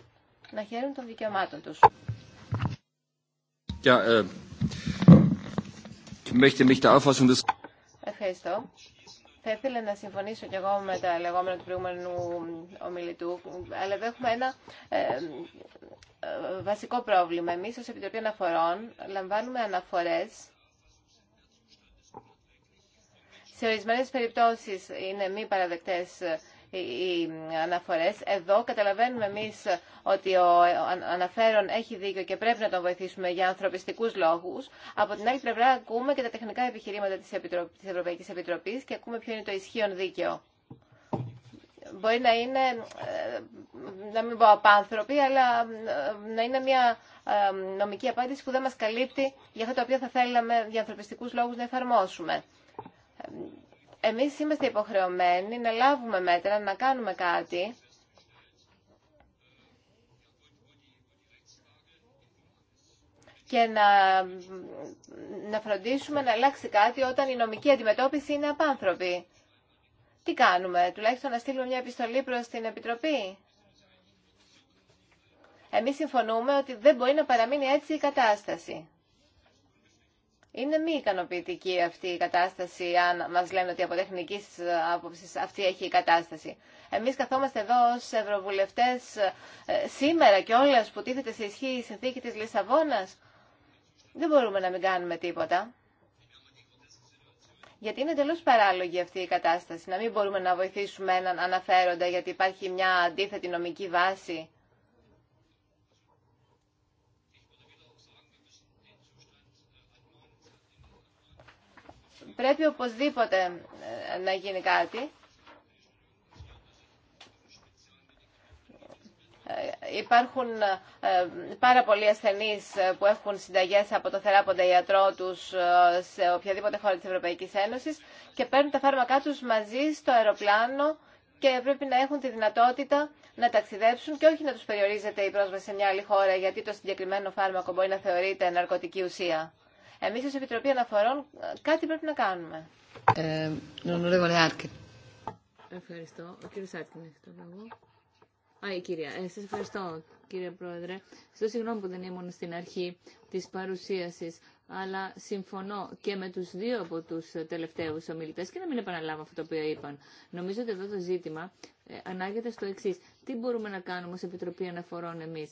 να χαίρουν των δικαιωμάτων τους. Äh, Ευχαριστώ. Θα ήθελα να συμφωνήσω κι εγώ με τα λεγόμενα του προηγούμενου ομιλητού, αλλά εδώ έχουμε ένα ε, ε, βασικό πρόβλημα. Εμείς ως Επιτροπή Αναφορών λαμβάνουμε αναφορές σε ορισμένες περιπτώσεις είναι μη παραδεκτές ε, οι αναφορές. Εδώ καταλαβαίνουμε εμείς ότι ο αναφέρον έχει δίκιο και πρέπει να τον βοηθήσουμε για ανθρωπιστικούς λόγους. Από την άλλη πλευρά ακούμε και τα τεχνικά επιχειρήματα της, Επιτρο... της Ευρωπαϊκής Επιτροπής και ακούμε ποιο είναι το ισχύον δίκαιο. Μπορεί να είναι, ε, να μην πω απάνθρωποι, αλλά ε, να είναι μια ε, νομική απάντηση που δεν μας καλύπτει για αυτό το οποίο θα θέλαμε για ανθρωπιστικούς λόγους να εφαρμόσουμε εμείς είμαστε υποχρεωμένοι να λάβουμε μέτρα, να κάνουμε κάτι και να, να φροντίσουμε να αλλάξει κάτι όταν η νομική αντιμετώπιση είναι απάνθρωπη. Τι κάνουμε, τουλάχιστον να στείλουμε μια επιστολή προς την Επιτροπή. Εμείς συμφωνούμε ότι δεν μπορεί να παραμείνει έτσι η κατάσταση. Είναι μη ικανοποιητική αυτή η κατάσταση, αν μα λένε ότι από τεχνική ε, άποψη αυτή έχει η κατάσταση. Εμεί καθόμαστε εδώ ω ευρωβουλευτέ ε, σήμερα και όλε που τίθεται σε ισχύ η συνθήκη τη Λισαβόνα. Δεν μπορούμε να μην κάνουμε τίποτα. Γιατί είναι τελώς παράλογη αυτή η κατάσταση. Να μην μπορούμε να βοηθήσουμε έναν αναφέροντα γιατί υπάρχει μια αντίθετη νομική βάση. Πρέπει οπωσδήποτε ε, να γίνει κάτι. Ε, υπάρχουν ε, πάρα πολλοί ασθενείς που έχουν συνταγές από το θεράποντα ιατρό τους σε οποιαδήποτε χώρα της Ευρωπαϊκής Ένωσης και παίρνουν τα φάρμακά τους μαζί στο αεροπλάνο και πρέπει να έχουν τη δυνατότητα να ταξιδέψουν και όχι να τους περιορίζεται η πρόσβαση σε μια άλλη χώρα γιατί το συγκεκριμένο φάρμακο μπορεί να θεωρείται ναρκωτική ουσία. Εμεί ω Επιτροπή Αναφορών ε, κάτι πρέπει να κάνουμε. Ε, Ευχαριστώ. Ο κύριο Άτκιν έχει το λόγο. Α, η κυρία. Ε, σας ευχαριστώ, κύριε Πρόεδρε. Στο συγγνώμη που δεν ήμουν στην αρχή τη παρουσίαση, αλλά συμφωνώ και με του δύο από του τελευταίου ομιλητέ και να μην επαναλάβω αυτό το οποίο είπαν. Νομίζω ότι εδώ το ζήτημα ε, ανάγεται στο εξή. Τι μπορούμε να κάνουμε ω Επιτροπή Αναφορών εμεί.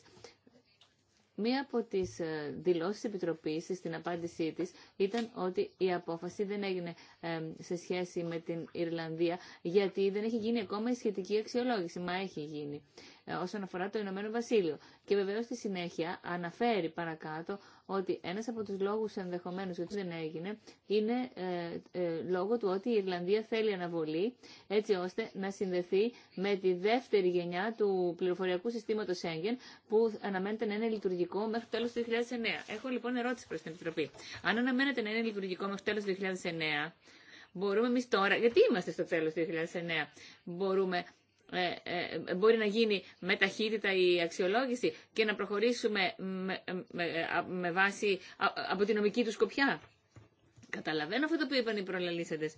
Μία από τις ε, δηλώσει τη Επιτροπής στην απάντησή τη ήταν ότι η απόφαση δεν έγινε σε σχέση με την Ιρλανδία γιατί δεν έχει γίνει ακόμα η σχετική αξιολόγηση, μα έχει γίνει. Ε, όσον αφορά το Ηνωμένο Βασίλειο. Και βεβαίω στη συνέχεια αναφέρει παρακάτω ότι ένα από του λόγου ενδεχομένως γιατί δεν έγινε είναι ε, ε, λόγω του ότι η Ιρλανδία θέλει αναβολή έτσι ώστε να συνδεθεί με τη δεύτερη γενιά του πληροφοριακού συστήματο Σέγγεν που αναμένεται να είναι λειτουργικό μέχρι το τέλο του 2009. Έχω λοιπόν ερώτηση προ την Επιτροπή. Αν αναμένεται να είναι λειτουργικό μέχρι το τέλο του 2009 Μπορούμε εμεί τώρα, γιατί είμαστε στο τέλο του 2009, μπορούμε ε, ε, μπορεί να γίνει με ταχύτητα η αξιολόγηση και να προχωρήσουμε με, βάση από τη νομική του σκοπιά. Καταλαβαίνω αυτό που είπαν οι προλαλήσαντες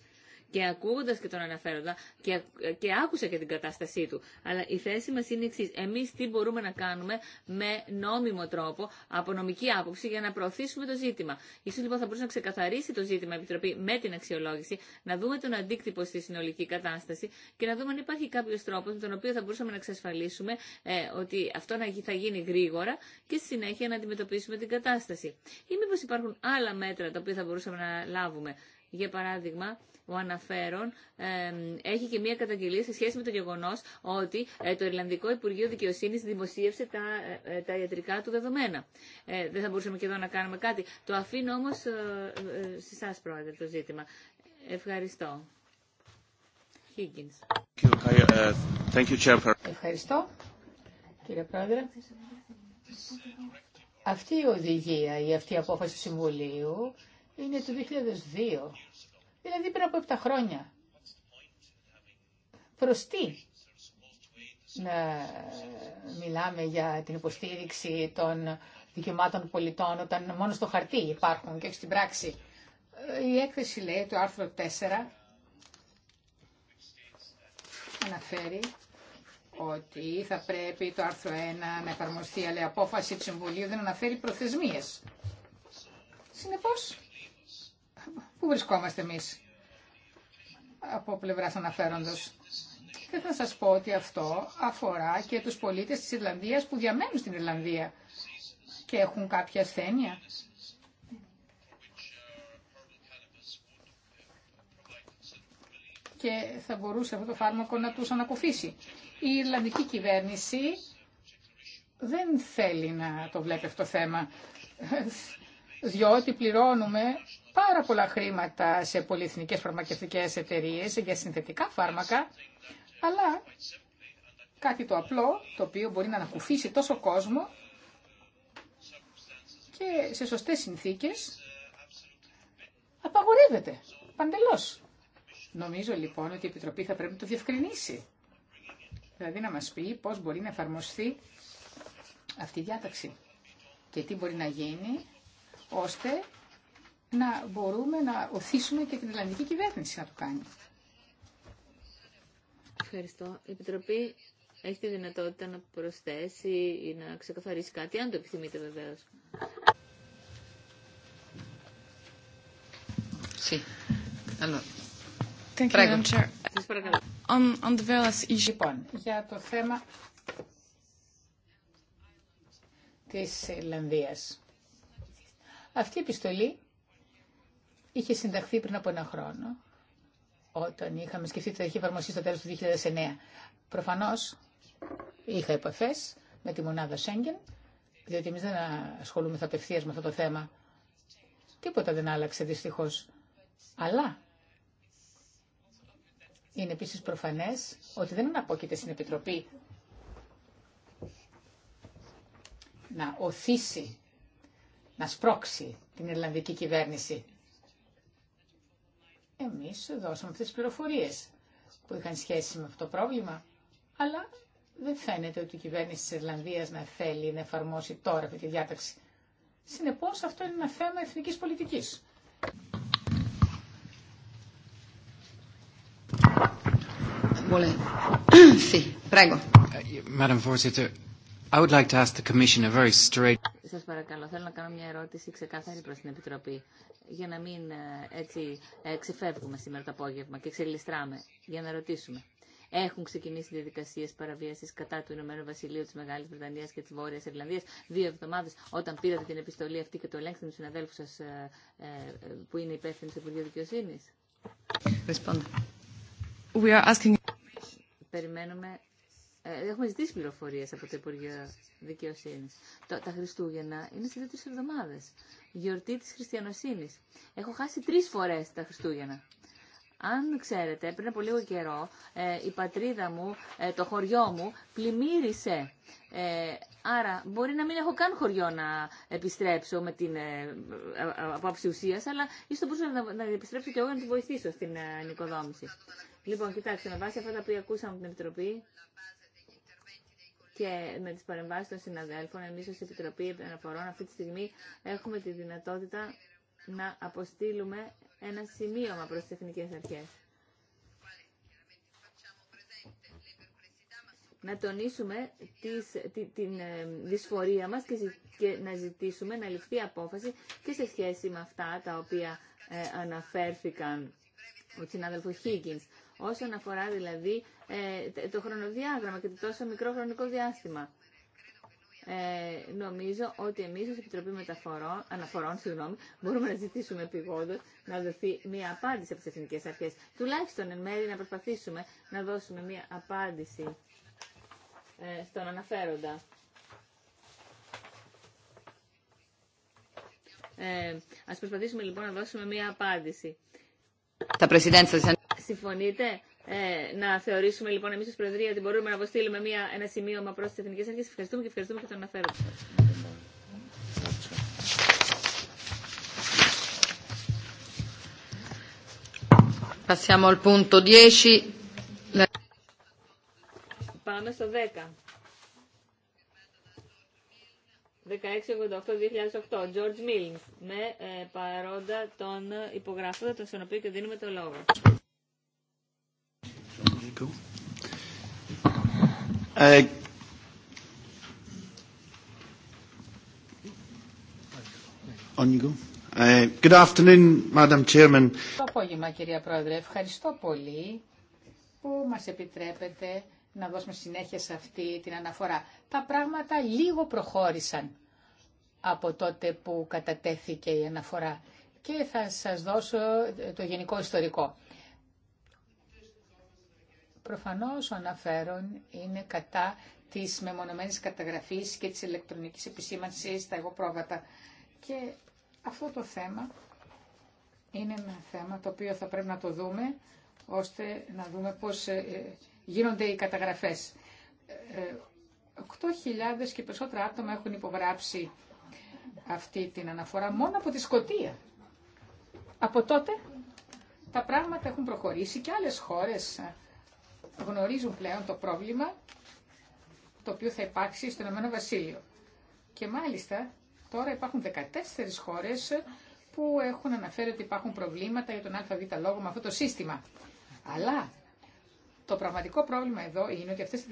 και ακούγοντα και τον αναφέροντα και, και άκουσα και την κατάστασή του. Αλλά η θέση μα είναι εξή. εμεί τι μπορούμε να κάνουμε με νόμιμο τρόπο, από νομική άποψη, για να προωθήσουμε το ζήτημα. Ίσως λοιπόν θα μπορούσε να ξεκαθαρίσει το ζήτημα η Επιτροπή με την αξιολόγηση, να δούμε τον αντίκτυπο στη συνολική κατάσταση και να δούμε αν υπάρχει κάποιο τρόπο με τον οποίο θα μπορούσαμε να εξασφαλίσουμε ε, ότι αυτό θα γίνει γρήγορα και στη συνέχεια να αντιμετωπίσουμε την κατάσταση. Ή μήπω υπάρχουν άλλα μέτρα τα οποία θα μπορούσαμε να λάβουμε για παράδειγμα, ο αναφέρον ε, έχει και μία καταγγελία σε σχέση με το γεγονό ότι ε, το Ιρλανδικό Υπουργείο Δικαιοσύνη δημοσίευσε τα, ε, τα ιατρικά του δεδομένα. δεν θα μπορούσαμε και εδώ να κάνουμε κάτι. Το αφήνω όμω σε εσά, Πρόεδρε, το ζήτημα. Ευχαριστώ. Higgins. Ευχαριστώ, κύριε Πρόεδρε. Αυτή η οδηγία ή αυτή η απόφαση του Συμβουλίου είναι το 2002, δηλαδή πριν από 7 χρόνια. Προς τι να μιλάμε για την υποστήριξη των δικαιωμάτων πολιτών όταν μόνο στο χαρτί υπάρχουν και όχι στην πράξη. Η έκθεση λέει το άρθρο 4 αναφέρει ότι θα πρέπει το άρθρο 1 να εφαρμοστεί, αλλά η απόφαση του Συμβουλίου δεν αναφέρει προθεσμίες. Συνεπώς, Πού βρισκόμαστε εμείς από πλευρά αναφέροντος. Και θα σας πω ότι αυτό αφορά και τους πολίτες της Ιρλανδίας που διαμένουν στην Ιρλανδία και έχουν κάποια ασθένεια. και θα μπορούσε αυτό το φάρμακο να τους ανακουφίσει. Η Ιρλανδική κυβέρνηση δεν θέλει να το βλέπει αυτό το θέμα διότι πληρώνουμε πάρα πολλά χρήματα σε πολυεθνικές φαρμακευτικές εταιρείες για συνθετικά φάρμακα, αλλά κάτι το απλό, το οποίο μπορεί να ανακουφίσει τόσο κόσμο και σε σωστές συνθήκες απαγορεύεται παντελώς. Νομίζω λοιπόν ότι η Επιτροπή θα πρέπει να το διευκρινίσει. Δηλαδή να μας πει πώς μπορεί να εφαρμοστεί αυτή η διάταξη και τι μπορεί να γίνει ώστε να μπορούμε να οθήσουμε και την ελληνική κυβέρνηση να το κάνει. Ευχαριστώ. Η Επιτροπή έχει τη δυνατότητα να προσθέσει ή να ξεκαθαρίσει κάτι, αν το επιθυμείτε βεβαίως. Sí. On, on the λοιπόν, για το θέμα της Ιρλανδίας. Αυτή η επιστολή είχε συνταχθεί πριν από ένα χρόνο, όταν είχαμε σκεφτεί ότι θα είχε εφαρμοστεί στο τέλος του 2009. Προφανώς είχα επαφές με τη μονάδα Σέγγεν, διότι εμεί δεν ασχολούμεθα απευθεία με αυτό το θέμα. Τίποτα δεν άλλαξε δυστυχώς. Αλλά είναι επίσης προφανές ότι δεν αναπόκειται στην Επιτροπή να οθήσει να σπρώξει την Ιρλανδική κυβέρνηση. Εμείς δώσαμε αυτές τις πληροφορίες που είχαν σχέση με αυτό το πρόβλημα, αλλά δεν φαίνεται ότι η κυβέρνηση της Ιρλανδίας να θέλει να εφαρμόσει τώρα αυτή τη διάταξη. Συνεπώς αυτό είναι ένα θέμα εθνικής πολιτικής. I would like to ask the Commission a very straight... Σας παρακαλώ, θέλω να κάνω μια ερώτηση ξεκάθαρη προς την Επιτροπή, για να μην ε, έτσι ε, ξεφεύγουμε σήμερα το απόγευμα και ξελιστράμε, για να ρωτήσουμε. Έχουν ξεκινήσει διαδικασίε παραβίαση κατά του Ηνωμένου Βασιλείου, τη Μεγάλη Βρετανία και τη Βόρεια Ιρλανδία. Δύο εβδομάδε όταν πήρατε την επιστολή αυτή και το ελέγξατε του συναδέλφου σα ε, που είναι υπεύθυνοι στο Υπουργείο Δικαιοσύνη. Περιμένουμε ε, έχουμε ζητήσει πληροφορίε από το Υπουργείο Δικαιοσύνη. Τα Χριστούγεννα είναι στι δύο-τρει εβδομάδε. Γιορτή τη Χριστιανοσύνη. Έχω χάσει τρει φορέ τα Χριστούγεννα. Αν ξέρετε, πριν από λίγο καιρό ε, η πατρίδα μου, ε, το χωριό μου, πλημμύρισε. Άρα μπορεί να μην έχω καν χωριό να επιστρέψω με την, από αψιουσία, αλλά ίσω μπορούσα να, να επιστρέψω και εγώ να τη βοηθήσω στην νοικοδόμηση. Λοιπόν, κοιτάξτε, με βάση αυτά τα οποία ακούσαμε από την Επιτροπή, και με τις παρεμβάσεις των συναδέλφων, εμείς ως Επιτροπή Αναφορών αυτή τη στιγμή έχουμε τη δυνατότητα να αποστείλουμε ένα σημείωμα προς τις Εθνικές αρχές. να τονίσουμε τη, την ε, δυσφορία μας και, να ζητήσουμε να ληφθεί απόφαση και σε σχέση με αυτά τα οποία ε, αναφέρθηκαν ο συναδέλφος Χίγκινς. Όσον αφορά δηλαδή ε, το χρονοδιάγραμμα και το τόσο μικρό χρονικό διάστημα. Ε, νομίζω ότι εμείς ως Επιτροπή Μεταφορών, Αναφορών συγγνώμη, μπορούμε να ζητήσουμε επιγόντως να δοθεί μια απάντηση από τις εθνικές αρχές. Τουλάχιστον εν μέρη να προσπαθήσουμε να δώσουμε μια απάντηση ε, στον αναφέροντα. Ε, ας προσπαθήσουμε λοιπόν να δώσουμε μια απάντηση. Τα Συμφωνείτε ε, να θεωρήσουμε λοιπόν εμεί ω Προεδρία ότι μπορούμε να αποστείλουμε μια, ένα σημείωμα προ τι Εθνικέ Αρχέ. Ευχαριστούμε και ευχαριστούμε και τον αναφέρω. Πάμε στο 10. 1688-2008, George Mills, με ε, παρόντα των υπογραφών, τον οποίο και δίνουμε το λόγο. Uh, Το απόγευμα, κυρία Πρόεδρε. Ευχαριστώ πολύ που μας επιτρέπετε να δώσουμε συνέχεια σε αυτή την αναφορά. Τα πράγματα λίγο προχώρησαν από τότε που κατατέθηκε η αναφορά και θα σας δώσω το γενικό ιστορικό. Προφανώς ο αναφέρον είναι κατά της μεμονωμένης καταγραφής και της ηλεκτρονικής επισήμανσης στα εγώ πρόβατα. Και αυτό το θέμα είναι ένα θέμα το οποίο θα πρέπει να το δούμε, ώστε να δούμε πώς ε, γίνονται οι καταγραφές. 8.000 ε, και περισσότερα άτομα έχουν υπογράψει αυτή την αναφορά μόνο από τη Σκοτία. Από τότε τα πράγματα έχουν προχωρήσει και άλλες χώρες γνωρίζουν πλέον το πρόβλημα το οποίο θα υπάρξει στο Ηνωμένο Βασίλειο. Και μάλιστα τώρα υπάρχουν 14 χώρες που έχουν αναφέρει ότι υπάρχουν προβλήματα για τον ΑΒ λόγο με αυτό το σύστημα. Αλλά το πραγματικό πρόβλημα εδώ είναι ότι αυτές οι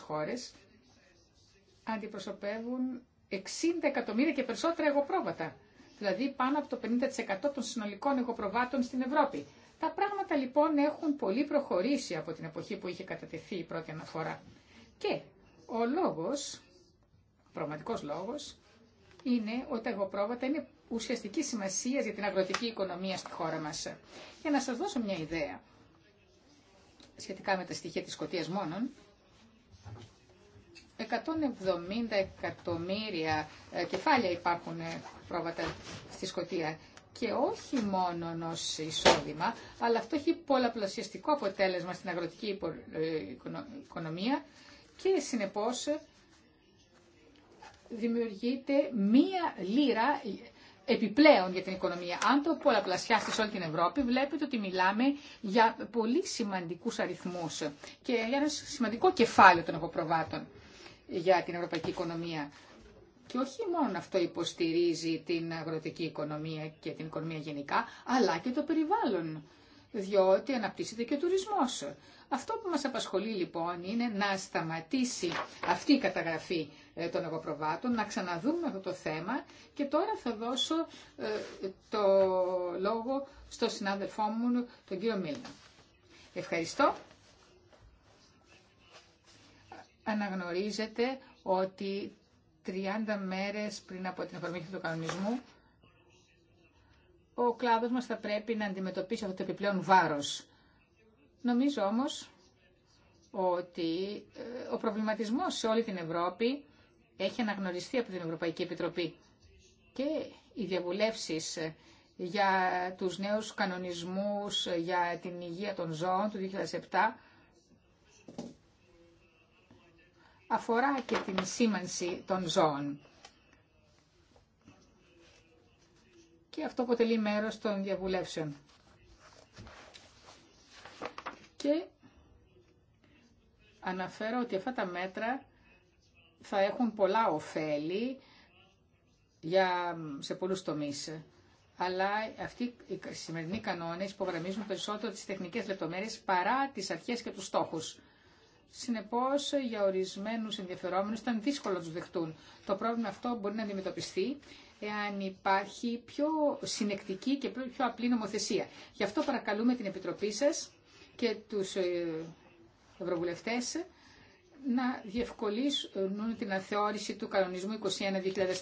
14 χώρες αντιπροσωπεύουν 60 εκατομμύρια και περισσότερα εγωπρόβατα. Δηλαδή πάνω από το 50% των συνολικών εγωπροβάτων στην Ευρώπη. Τα πράγματα λοιπόν έχουν πολύ προχωρήσει από την εποχή που είχε κατατεθεί η πρώτη αναφορά. Και ο λόγος, ο πραγματικός λόγος, είναι ότι τα εγωπρόβατα είναι ουσιαστική σημασία για την αγροτική οικονομία στη χώρα μας. Για να σας δώσω μια ιδέα σχετικά με τα στοιχεία της σκοτίας μόνον, 170 εκατομμύρια ε, κεφάλια υπάρχουν ε, πρόβατα στη σκοτία και όχι μόνο ω εισόδημα, αλλά αυτό έχει πολλαπλασιαστικό αποτέλεσμα στην αγροτική ε, οικονομία και συνεπώς δημιουργείται μία λίρα ε, επιπλέον για την οικονομία. Αν το πολλαπλασιάσετε σε όλη την Ευρώπη, βλέπετε ότι μιλάμε για πολύ σημαντικούς αριθμούς και για ένα σημαντικό κεφάλαιο των αποπροβάτων για την ευρωπαϊκή οικονομία. Και όχι μόνο αυτό υποστηρίζει την αγροτική οικονομία και την οικονομία γενικά, αλλά και το περιβάλλον, διότι αναπτύσσεται και ο τουρισμός. Αυτό που μας απασχολεί λοιπόν είναι να σταματήσει αυτή η καταγραφή ε, των εγωπροβάτων, να ξαναδούμε αυτό το θέμα και τώρα θα δώσω ε, το λόγο στο συνάδελφό μου, τον κύριο Μίλνα. Ευχαριστώ. Αναγνωρίζετε ότι 30 μέρες πριν από την εφαρμογή του κανονισμού, ο κλάδος μας θα πρέπει να αντιμετωπίσει αυτό το επιπλέον βάρος. Νομίζω όμως ότι ε, ο προβληματισμός σε όλη την Ευρώπη έχει αναγνωριστεί από την Ευρωπαϊκή Επιτροπή και οι διαβουλεύσεις ε, για τους νέους κανονισμούς ε, για την υγεία των ζώων του 2007 αφορά και την σήμανση των ζώων. Και αυτό αποτελεί μέρος των διαβουλεύσεων. Και αναφέρω ότι αυτά τα μέτρα θα έχουν πολλά ωφέλη για, σε πολλούς τομείς. Αλλά αυτοί οι σημερινοί κανόνες υπογραμμίζουν περισσότερο τις τεχνικές λεπτομέρειες παρά τις αρχές και τους στόχους. Συνεπώς, για ορισμένους ενδιαφερόμενους ήταν δύσκολο να του δεχτούν. Το πρόβλημα αυτό μπορεί να αντιμετωπιστεί εάν υπάρχει πιο συνεκτική και πιο απλή νομοθεσία. Γι' αυτό παρακαλούμε την Επιτροπή σας και τους ε, ευρωβουλευτές να διευκολύνουν την αθεώρηση του κανονισμού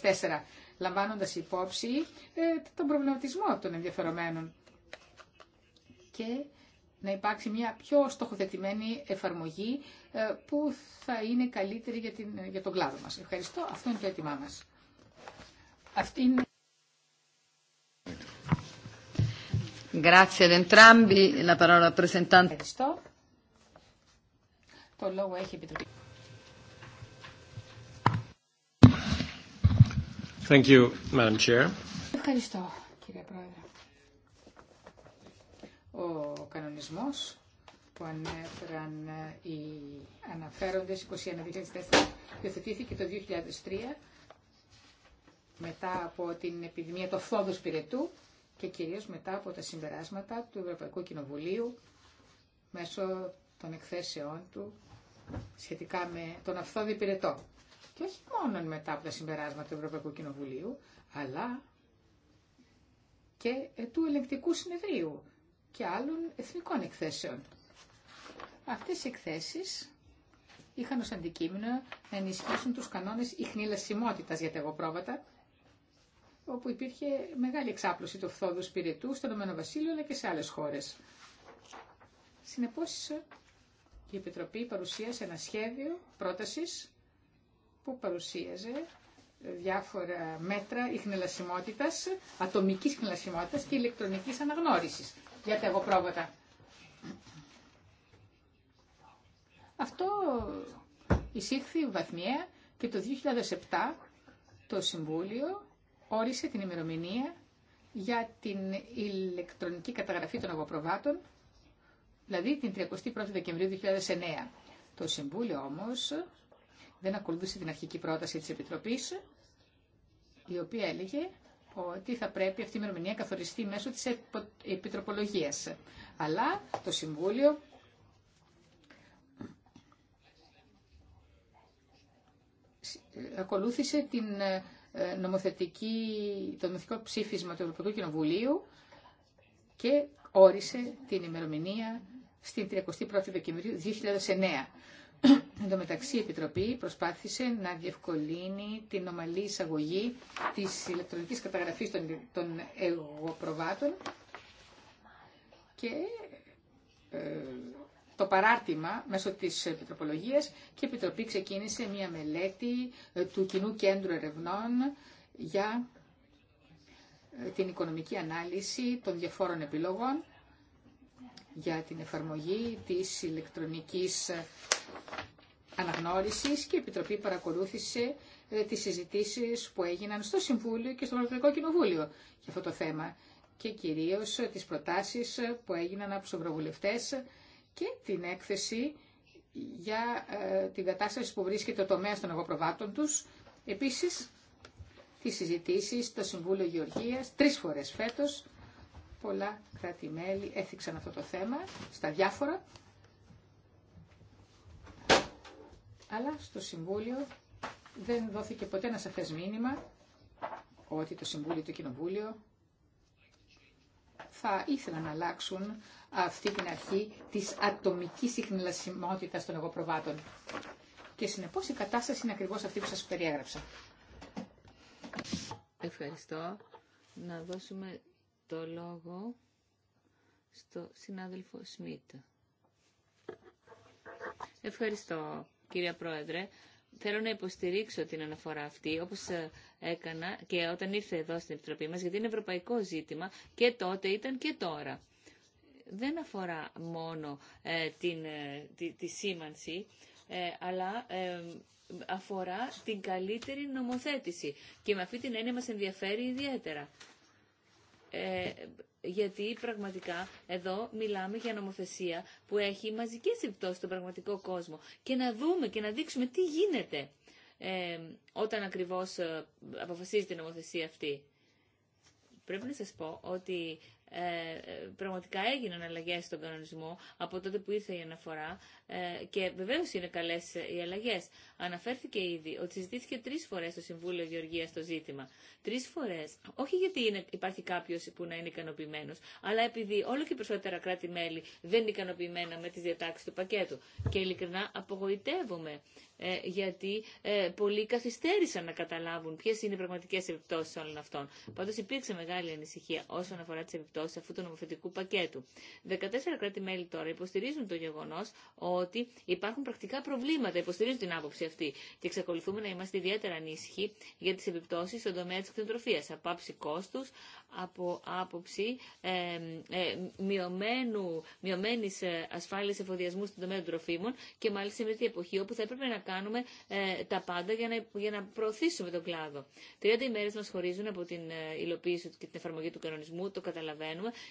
21-2004, λαμβάνοντας υπόψη ε, τον προβληματισμό των ενδιαφερομένων. Και να υπάρξει μια πιο στοχοθετημένη εφαρμογή ε, που θα είναι καλύτερη για, την, για τον κλάδο μας. Ευχαριστώ. Αυτό είναι το έτοιμά μας. Αυτή είναι... Ευχαριστώ. Το λόγο έχει Επιτροπή. Thank you, Madam Chair. Ευχαριστώ, κύριε Πρόεδρε. Ο κανονισμός που ανέφεραν οι αναφέροντες 21-2004 υιοθετήθηκε το 2003 μετά από την επιδημία του φόδου πυρετού και κυρίως μετά από τα συμπεράσματα του Ευρωπαϊκού Κοινοβουλίου μέσω των εκθέσεών του σχετικά με τον αυθόδη πυρετό. Και όχι μόνο μετά από τα συμπεράσματα του Ευρωπαϊκού Κοινοβουλίου, αλλά και του ελεγκτικού συνεδρίου και άλλων εθνικών εκθέσεων. Αυτές οι εκθέσεις είχαν ως αντικείμενο να ενισχύσουν τους κανόνες ιχνηλασιμότητας για τα εγωπρόβατα, όπου υπήρχε μεγάλη εξάπλωση του φθόδου σπυρετού στον Ηνωμένο Βασίλειο αλλά και σε άλλες χώρες. Συνεπώς, η Επιτροπή παρουσίασε ένα σχέδιο πρότασης που παρουσίαζε διάφορα μέτρα ιχνηλασιμότητας, ατομικής ιχνηλασιμότητας και ηλεκτρονικής αναγνώρισης για τα εγωπρόβατα. Αυτό εισήχθη βαθμιαία και το 2007 το Συμβούλιο όρισε την ημερομηνία για την ηλεκτρονική καταγραφή των αγοπροβάτων, δηλαδή την 31η Δεκεμβρίου 2009. Το Συμβούλιο όμως δεν ακολούθησε την αρχική πρόταση της Επιτροπής η οποία έλεγε ότι θα πρέπει αυτή η ημερομηνία να καθοριστεί μέσω της επιτροπολογίας. Αλλά το Συμβούλιο ακολούθησε την ε, νομοθετική, το νομοθετικό ψήφισμα του Ευρωπαϊκού Κοινοβουλίου και όρισε την ημερομηνία στην 31η Δεκεμβρίου 2009. Εν τω μεταξύ, η Επιτροπή προσπάθησε να διευκολύνει την ομαλή εισαγωγή της ηλεκτρονικής καταγραφής των εγωπροβάτων και ε, το παράρτημα μέσω της Επιτροπολογίας και η Επιτροπή ξεκίνησε μία μελέτη ε, του Κοινού Κέντρου Ερευνών για ε, την οικονομική ανάλυση των διαφόρων επιλογών για την εφαρμογή της ηλεκτρονικής αναγνώρισης και η Επιτροπή παρακολούθησε ε, τις συζητήσεις που έγιναν στο Συμβούλιο και στο Ευρωπαϊκό Κοινοβούλιο για αυτό το θέμα και κυρίως ε, τις προτάσεις ε, που έγιναν από τους ευρωβουλευτές και την έκθεση για την κατάσταση που βρίσκεται το τομέα των εγωπροβάτων τους. Επίσης, τις συζητήσεις στο Συμβούλιο Γεωργίας τρεις φορές φέτος πολλά κράτη-μέλη έθιξαν αυτό το θέμα στα διάφορα. Αλλά στο Συμβούλιο δεν δόθηκε ποτέ ένα σαφές μήνυμα ότι το Συμβούλιο και το Κοινοβούλιο θα ήθελαν να αλλάξουν αυτή την αρχή της ατομικής συχνηλασιμότητας των εγωπροβάτων. Και συνεπώς η κατάσταση είναι ακριβώς αυτή που σας περιέγραψα. Ευχαριστώ. Να δώσουμε το λόγο στο συνάδελφο Σμιτ. Ευχαριστώ, κυρία Πρόεδρε. Θέλω να υποστηρίξω την αναφορά αυτή, όπως ε, έκανα και όταν ήρθε εδώ στην Επιτροπή μας, γιατί είναι ευρωπαϊκό ζήτημα και τότε ήταν και τώρα. Δεν αφορά μόνο ε, την, ε, τη, σήμανση, αλλά αφορά την καλύτερη νομοθέτηση. Και με αυτή την έννοια μας ενδιαφέρει ιδιαίτερα. Ε, γιατί πραγματικά εδώ μιλάμε για νομοθεσία που έχει μαζικές επιπτώσεις στον πραγματικό κόσμο και να δούμε και να δείξουμε τι γίνεται ε, όταν ακριβώς ε, αποφασίζει την νομοθεσία αυτή. Πρέπει να σας πω ότι ε, πραγματικά έγιναν αλλαγές στον κανονισμό από τότε που ήρθε η αναφορά ε, και βεβαίω είναι καλέ οι αλλαγέ. Αναφέρθηκε ήδη ότι συζητήθηκε τρει φορέ στο Συμβούλιο Γεωργία το ζήτημα. Τρει φορέ, Όχι γιατί είναι, υπάρχει κάποιο που να είναι ικανοποιημένο, αλλά επειδή όλο και περισσότερα κράτη-μέλη δεν είναι ικανοποιημένα με τι διατάξει του πακέτου. Και ειλικρινά απογοητεύομαι ε, γιατί ε, πολλοί καθυστέρησαν να καταλάβουν ποιε είναι οι πραγματικέ επιπτώσει όλων αυτών. Πάντω υπήρξε μεγάλη ανησυχία όσον αφορά τι επιπτώσει. Σε αυτού του νομοθετικού πακέτου. 14 κράτη-μέλη τώρα υποστηρίζουν το γεγονό ότι υπάρχουν πρακτικά προβλήματα, υποστηρίζουν την άποψη αυτή και εξακολουθούμε να είμαστε ιδιαίτερα ανήσυχοι για τι επιπτώσει στον τομέα τη κτηνοτροφία. Από άψη κόστου, από άποψη ε, ε, μειωμένη ε, ασφάλεια εφοδιασμού στον τομέα των τροφίμων και μάλιστα σε μια εποχή όπου θα έπρεπε να κάνουμε ε, τα πάντα για να, για να προωθήσουμε τον κλάδο. 30 ημέρε μα χωρίζουν από την ε, υλοποίηση και την εφαρμογή του κανονισμού, το καταλαβαίνουμε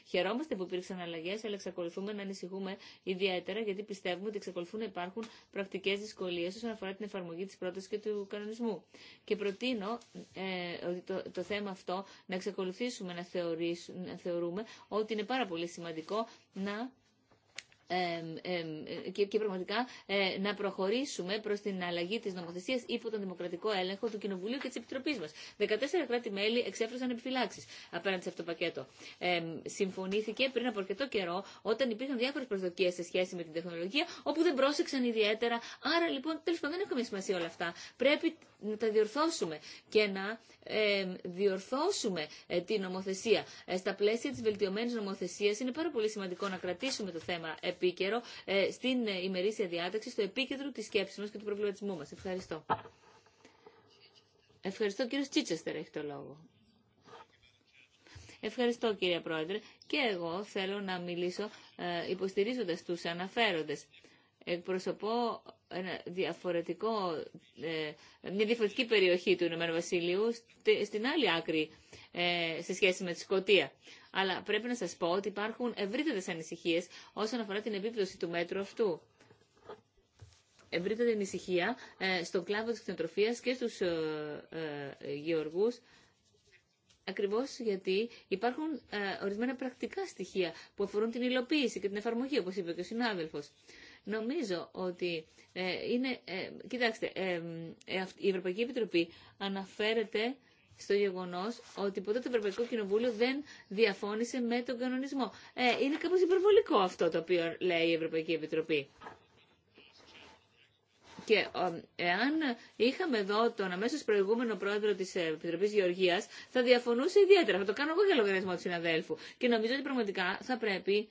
Χαιρόμαστε που υπήρξαν αλλαγέ, αλλά εξακολουθούμε να ανησυχούμε ιδιαίτερα γιατί πιστεύουμε ότι εξακολουθούν να υπάρχουν πρακτικέ δυσκολίε όσον αφορά την εφαρμογή τη πρόταση και του κανονισμού. Και προτείνω ε, το, θέμα αυτό να εξακολουθήσουμε να, να θεωρούμε ότι είναι πάρα πολύ σημαντικό να και, πραγματικά ε, να προχωρήσουμε προς την αλλαγή της νομοθεσίας υπό τον δημοκρατικό έλεγχο του Κοινοβουλίου και της Επιτροπής μας. 14 κράτη-μέλη εξέφρασαν επιφυλάξεις απέναντι σε αυτό το πακέτο. Ε, συμφωνήθηκε πριν από αρκετό καιρό όταν υπήρχαν διάφορες προσδοκίες σε σχέση με την τεχνολογία όπου δεν πρόσεξαν ιδιαίτερα. Άρα λοιπόν τέλος πάντων δεν έχουμε σημασία όλα αυτά. Πρέπει να τα διορθώσουμε και να διορθώσουμε ε, την νομοθεσία. Ε, στα πλαίσια της βελτιωμένης νομοθεσίας είναι πάρα πολύ σημαντικό να κρατήσουμε το θέμα επίκαιρο ε, στην ε, ημερήσια διάταξη, στο επίκεντρο τη σκέψη μα και του προβληματισμού μα. Ευχαριστώ. Ευχαριστώ κύριο Τσίτσεστερ, έχει το λόγο. Ευχαριστώ κύριε Πρόεδρε. Και εγώ θέλω να μιλήσω ε, υποστηρίζοντας τους αναφέροντες. Εκπροσωπώ ένα διαφορετικό, ε, μια διαφορετική περιοχή του Ηνωμένου Βασιλείου στην άλλη άκρη ε, σε σχέση με τη Σκωτία. Αλλά πρέπει να σας πω ότι υπάρχουν ευρύτερες ανησυχίες όσον αφορά την επίπτωση του μέτρου αυτού. Ευρύτερη ανησυχία ε, στον κλάδο της κτηνοτροφίας και στους γεωργούς Ακριβώς γιατί υπάρχουν ορισμένα πρακτικά στοιχεία που αφορούν την υλοποίηση και την εφαρμογή, όπως είπε και ο συνάδελφος. Νομίζω ότι ε, είναι... Ε, κοιτάξτε, ε, η Ευρωπαϊκή Επιτροπή αναφέρεται στο γεγονό ότι ποτέ το Ευρωπαϊκό Κοινοβούλιο δεν διαφώνησε με τον κανονισμό. είναι κάπω υπερβολικό αυτό το οποίο λέει η Ευρωπαϊκή Επιτροπή. Και εάν είχαμε εδώ τον αμέσω προηγούμενο πρόεδρο τη Επιτροπή Γεωργίας, θα διαφωνούσε ιδιαίτερα. Θα το κάνω εγώ για λογαριασμό του συναδέλφου. Και νομίζω ότι πραγματικά θα πρέπει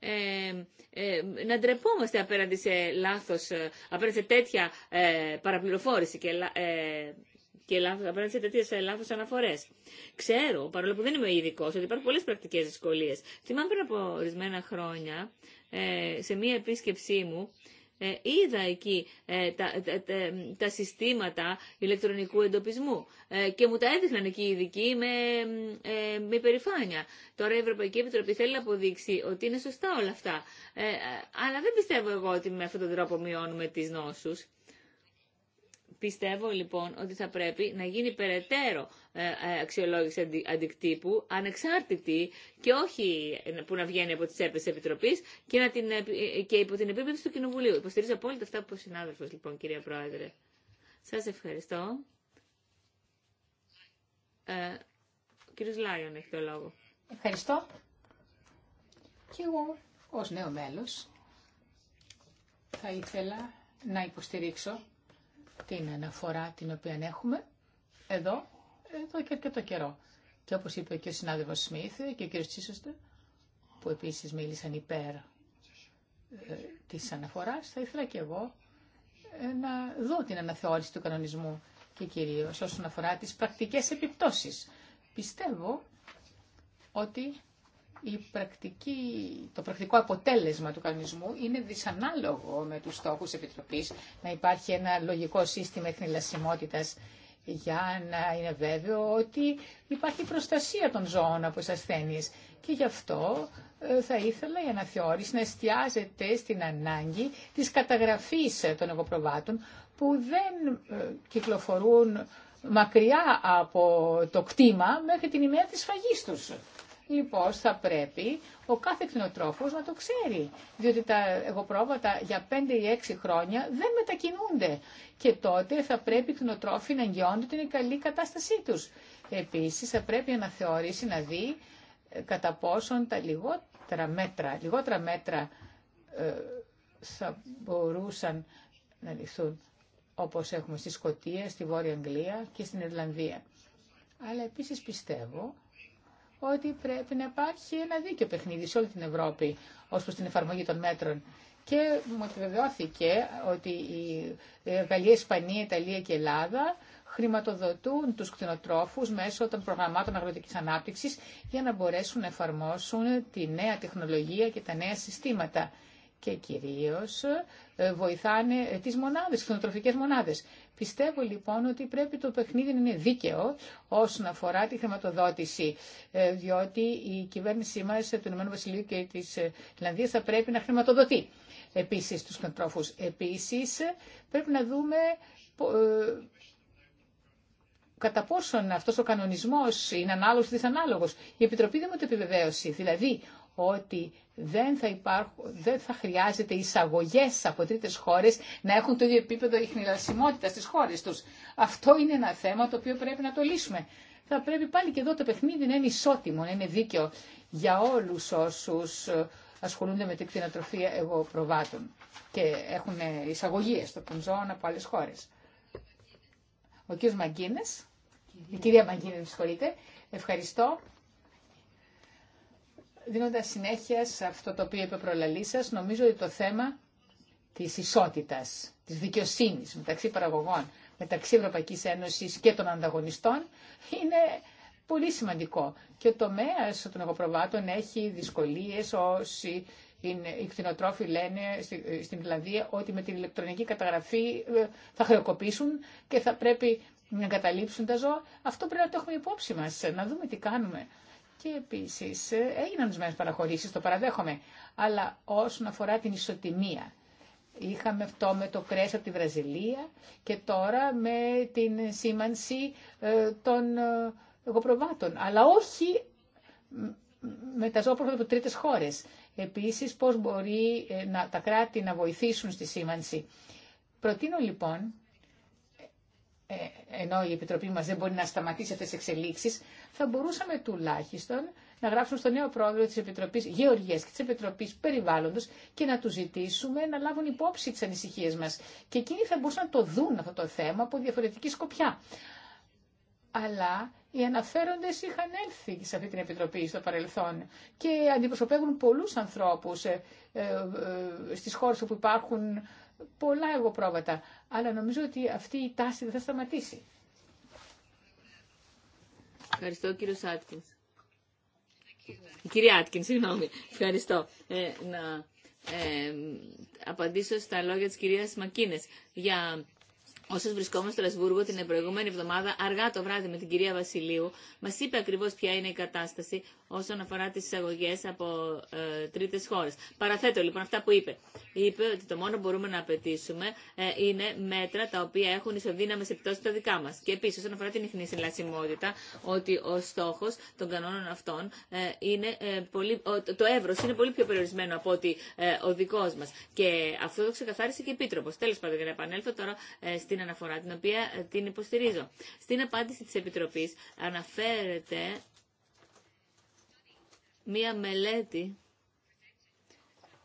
ε, ε, να ντρεπόμαστε απέναντι σε λάθος, ε, απέναντι σε τέτοια ε, παραπληροφόρηση και, ε, λάθος, απέναντι σε τέτοιε ε, λάθος αναφορές. Ξέρω, παρόλο που δεν είμαι ειδικό, ότι υπάρχουν πολλέ πρακτικέ δυσκολίε. Θυμάμαι πριν από ορισμένα χρόνια, σε μία επίσκεψή μου, ε, είδα εκεί ε, τα, τα συστήματα ηλεκτρονικού εντοπισμού ε, και μου τα έδειχναν εκεί οι ειδικοί με, με υπερηφάνεια. Τώρα η Ευρωπαϊκή Επιτροπή θέλει να αποδείξει ότι είναι σωστά όλα αυτά. Αλλά δεν πιστεύω εγώ ότι με αυτόν τον τρόπο μειώνουμε τις νόσους. Πιστεύω λοιπόν ότι θα πρέπει να γίνει περαιτέρω ε, ε, αξιολόγηση αντικτύπου, ανεξάρτητη και όχι που να βγαίνει από τις έπες της και, να την, και υπό την επίβλεψη του Κοινοβουλίου. Υποστηρίζω απόλυτα αυτά που ο συνάδελφο, λοιπόν κυρία Πρόεδρε. Σας ευχαριστώ. Ε, ο κύριος Λάιον έχει το λόγο. Ευχαριστώ. Και εγώ ως νέο μέλος θα ήθελα να υποστηρίξω την αναφορά την οποία έχουμε εδώ, εδώ και το καιρό. Και όπως είπε και ο συνάδελφος Σμίθ και ο κύριος Τσίσοστε, που επίσης μίλησαν υπέρ ε, της αναφοράς, θα ήθελα και εγώ ε, να δω την αναθεώρηση του κανονισμού και κυρίως όσον αφορά τις πρακτικές επιπτώσεις. Πιστεύω ότι η πρακτική, το πρακτικό αποτέλεσμα του κανονισμού είναι δυσανάλογο με τους στόχους Επιτροπής να υπάρχει ένα λογικό σύστημα εθνηλασιμότητας για να είναι βέβαιο ότι υπάρχει προστασία των ζώων από τις ασθένειες. Και γι' αυτό ε, θα ήθελα η αναθεώρηση να εστιάζεται στην ανάγκη της καταγραφής των εγωπροβάτων που δεν ε, κυκλοφορούν μακριά από το κτήμα μέχρι την ημέρα της φαγής τους. Λοιπόν, θα πρέπει ο κάθε κτηνοτρόφος να το ξέρει, διότι τα εγωπρόβατα για 5 ή 6 χρόνια δεν μετακινούνται και τότε θα πρέπει οι κτηνοτρόφοι να εγγυώνται την καλή κατάστασή τους. Επίσης, θα πρέπει να θεωρήσει να δει ε, κατά πόσον τα λιγότερα μέτρα, λιγότερα μέτρα ε, θα μπορούσαν να ληφθούν όπως έχουμε στη Σκωτία, στη Βόρεια Αγγλία και στην Ιρλανδία. Αλλά επίσης πιστεύω ότι πρέπει να υπάρχει ένα δίκαιο παιχνίδι σε όλη την Ευρώπη ω προ την εφαρμογή των μέτρων. Και μου επιβεβαιώθηκε ότι η Γαλλία, Ισπανία, Ιταλία και Ελλάδα χρηματοδοτούν τους κτηνοτρόφους μέσω των προγραμμάτων αγροτικής ανάπτυξης για να μπορέσουν να εφαρμόσουν τη νέα τεχνολογία και τα νέα συστήματα και κυρίως ε, βοηθάνε τις μονάδες, τις χρονοτροφικές μονάδες. Πιστεύω λοιπόν ότι πρέπει το παιχνίδι να είναι δίκαιο όσον αφορά τη χρηματοδότηση, ε, διότι η κυβέρνησή μας του Ηνωμένου Βασιλείου και της ε, Ιρλανδίας θα πρέπει να χρηματοδοτεί επίσης τους χρονοτρόφους. Επίσης πρέπει να δούμε κατά πόσον αυτός ο κανονισμός είναι ανάλογος ή δυσανάλογος. Η Επιτροπή δεν μου Δηλαδή ότι δεν θα, υπάρχουν, δεν θα χρειάζεται εισαγωγέ από τρίτες χώρες να έχουν το ίδιο επίπεδο ειχνηλασιμότητα στι χώρες τους. Αυτό είναι ένα θέμα το οποίο πρέπει να το λύσουμε. Θα πρέπει πάλι και εδώ το παιχνίδι να είναι ισότιμο, να είναι δίκαιο για όλους όσους ε, ασχολούνται με την κτηνοτροφία εγώ προβάτων και έχουν ε, εισαγωγές των ζώων από άλλε χώρε. Ο κ. Μαγκίνε, η κυρία Μαγκίνε, με συγχωρείτε, ευχαριστώ δίνοντας συνέχεια σε αυτό το οποίο είπε ο σα, νομίζω ότι το θέμα της ισότητας, της δικαιοσύνης μεταξύ παραγωγών, μεταξύ Ευρωπαϊκής Ένωσης και των ανταγωνιστών είναι πολύ σημαντικό. Και ο τομέας των εγωπροβάτων έχει δυσκολίες όσοι είναι, οι κτηνοτρόφοι λένε στην Ιρλανδία ότι με την ηλεκτρονική καταγραφή ε, θα χρεοκοπήσουν και θα πρέπει να εγκαταλείψουν τα ζώα. Αυτό πρέπει να το έχουμε υπόψη μας, να δούμε τι κάνουμε. Και επίση ε, έγιναν ορισμένε παραχωρήσεις, το παραδέχομαι, αλλά όσον αφορά την ισοτιμία. Είχαμε αυτό με το κρέσο από τη Βραζιλία και τώρα με την σήμανση ε, των εγωπροβάτων, αλλά όχι με τα ζώα από τρίτε χώρε. Επίση, πώς μπορεί ε, να, τα κράτη να βοηθήσουν στη σήμανση. Προτείνω λοιπόν ε, ενώ η Επιτροπή μας δεν μπορεί να σταματήσει αυτές τις εξελίξεις, θα μπορούσαμε τουλάχιστον να γράψουμε στο νέο πρόεδρο της Επιτροπής Γεωργίας και της Επιτροπής Περιβάλλοντος και να του ζητήσουμε να λάβουν υπόψη τις ανησυχίες μας. Και εκείνοι θα μπορούσαν να το δουν αυτό το θέμα από διαφορετική σκοπιά. Αλλά οι αναφέροντες είχαν έλθει σε αυτή την Επιτροπή στο παρελθόν και αντιπροσωπεύουν πολλούς ανθρώπους ε, ε, στις χώρες όπου υπάρχουν πολλά εγώ πρόβατα, αλλά νομίζω ότι αυτή η τάση δεν θα σταματήσει. Ευχαριστώ κύριο Άτκινς. κυρία Άτκιν, συγγνώμη. Ευχαριστώ. Ε, να ε, απαντήσω στα λόγια της κυρίας Μακίνες για Όσες βρισκόμαστε στο Λασβούργο την προηγούμενη εβδομάδα, αργά το βράδυ με την κυρία Βασιλείου, μας είπε ακριβώς ποια είναι η κατάσταση όσον αφορά τις εισαγωγέ από ε, τρίτες χώρες. Παραθέτω λοιπόν αυτά που είπε. Είπε ότι το μόνο που μπορούμε να απαιτήσουμε ε, είναι μέτρα τα οποία έχουν ισοδύναμες επιπτώσεις τα δικά μας. Και επίσης όσον αφορά την ειχνή συλλασιμότητα, ότι ο στόχος των κανόνων αυτών ε, είναι ε, πολύ, το εύρος είναι πολύ πιο περιορισμένο από ότι ο δικός μας. Και αυτό το ξεκαθάρισε και η Επίτροπος. Τέλος πάντων, για να επανέλθω τώρα στην την αναφορά, την οποία ε, την υποστηρίζω. Στην απάντηση της Επιτροπής αναφέρεται μία μελέτη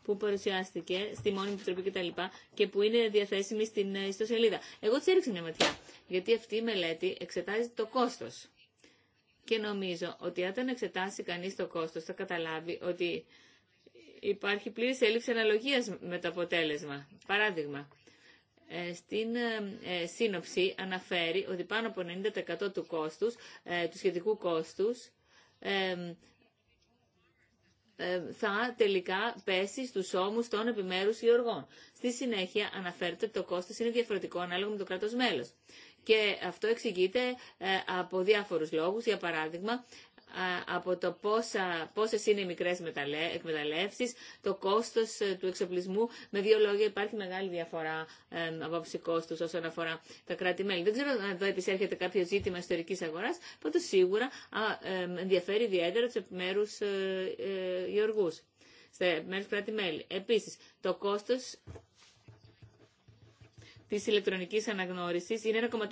που παρουσιάστηκε στη μόνιμη επιτροπή Και, τα λοιπά, και που είναι διαθέσιμη στην ε, ιστοσελίδα. Εγώ τη έριξα μια ματιά. Γιατί αυτή η μελέτη εξετάζει το κόστος Και νομίζω ότι όταν εξετάσει κανείς το κόστος θα καταλάβει ότι υπάρχει πλήρης έλλειψη αναλογίας με το αποτέλεσμα. Παράδειγμα, ε, στην ε, ε, σύνοψη αναφέρει ότι πάνω από 90% του κόστους, του σχετικού κόστους, θα τελικά πέσει στους ώμους των επιμέρους γεωργών. Στη συνέχεια αναφέρεται ότι το κόστος είναι διαφορετικό ανάλογα με το κράτος μέλος. Και αυτό εξηγείται από διάφορους λόγους. Για παράδειγμα, από το πόσα, πόσες είναι οι μικρές εκμεταλλεύσεις, το κόστος ε, του εξοπλισμού. Με δύο λόγια υπάρχει μεγάλη διαφορά ε, από τους κόστους όσον αφορά τα κράτη-μέλη. Δεν ξέρω αν εδώ επισέρχεται κάποιο ζήτημα ιστορικής αγοράς, πάντως σίγουρα ενδιαφέρει ιδιαίτερα του επιμέρους ε, ε, γεωργούς σε μέρους κράτη-μέλη. Επίσης, το κόστος τη ηλεκτρονική αναγνώριση είναι 1,4 1,6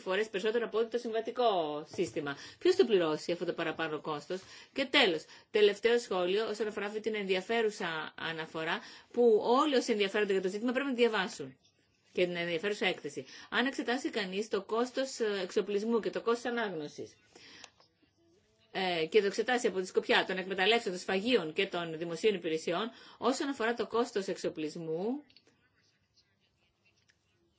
φορέ περισσότερο από ό,τι το συμβατικό σύστημα. Ποιο το πληρώσει αυτό το παραπάνω κόστο. Και τέλο, τελευταίο σχόλιο όσον αφορά αυτή την ενδιαφέρουσα αναφορά που όλοι όσοι ενδιαφέρονται για το ζήτημα πρέπει να διαβάσουν και την ενδιαφέρουσα έκθεση. Αν εξετάσει κανεί το κόστο ε, εξοπλισμού και το κόστο ανάγνωση ε, και το εξετάσει από τη σκοπιά των εκμεταλλεύσεων, των σφαγείων και των δημοσίων υπηρεσιών, όσον αφορά το κόστο εξοπλισμού,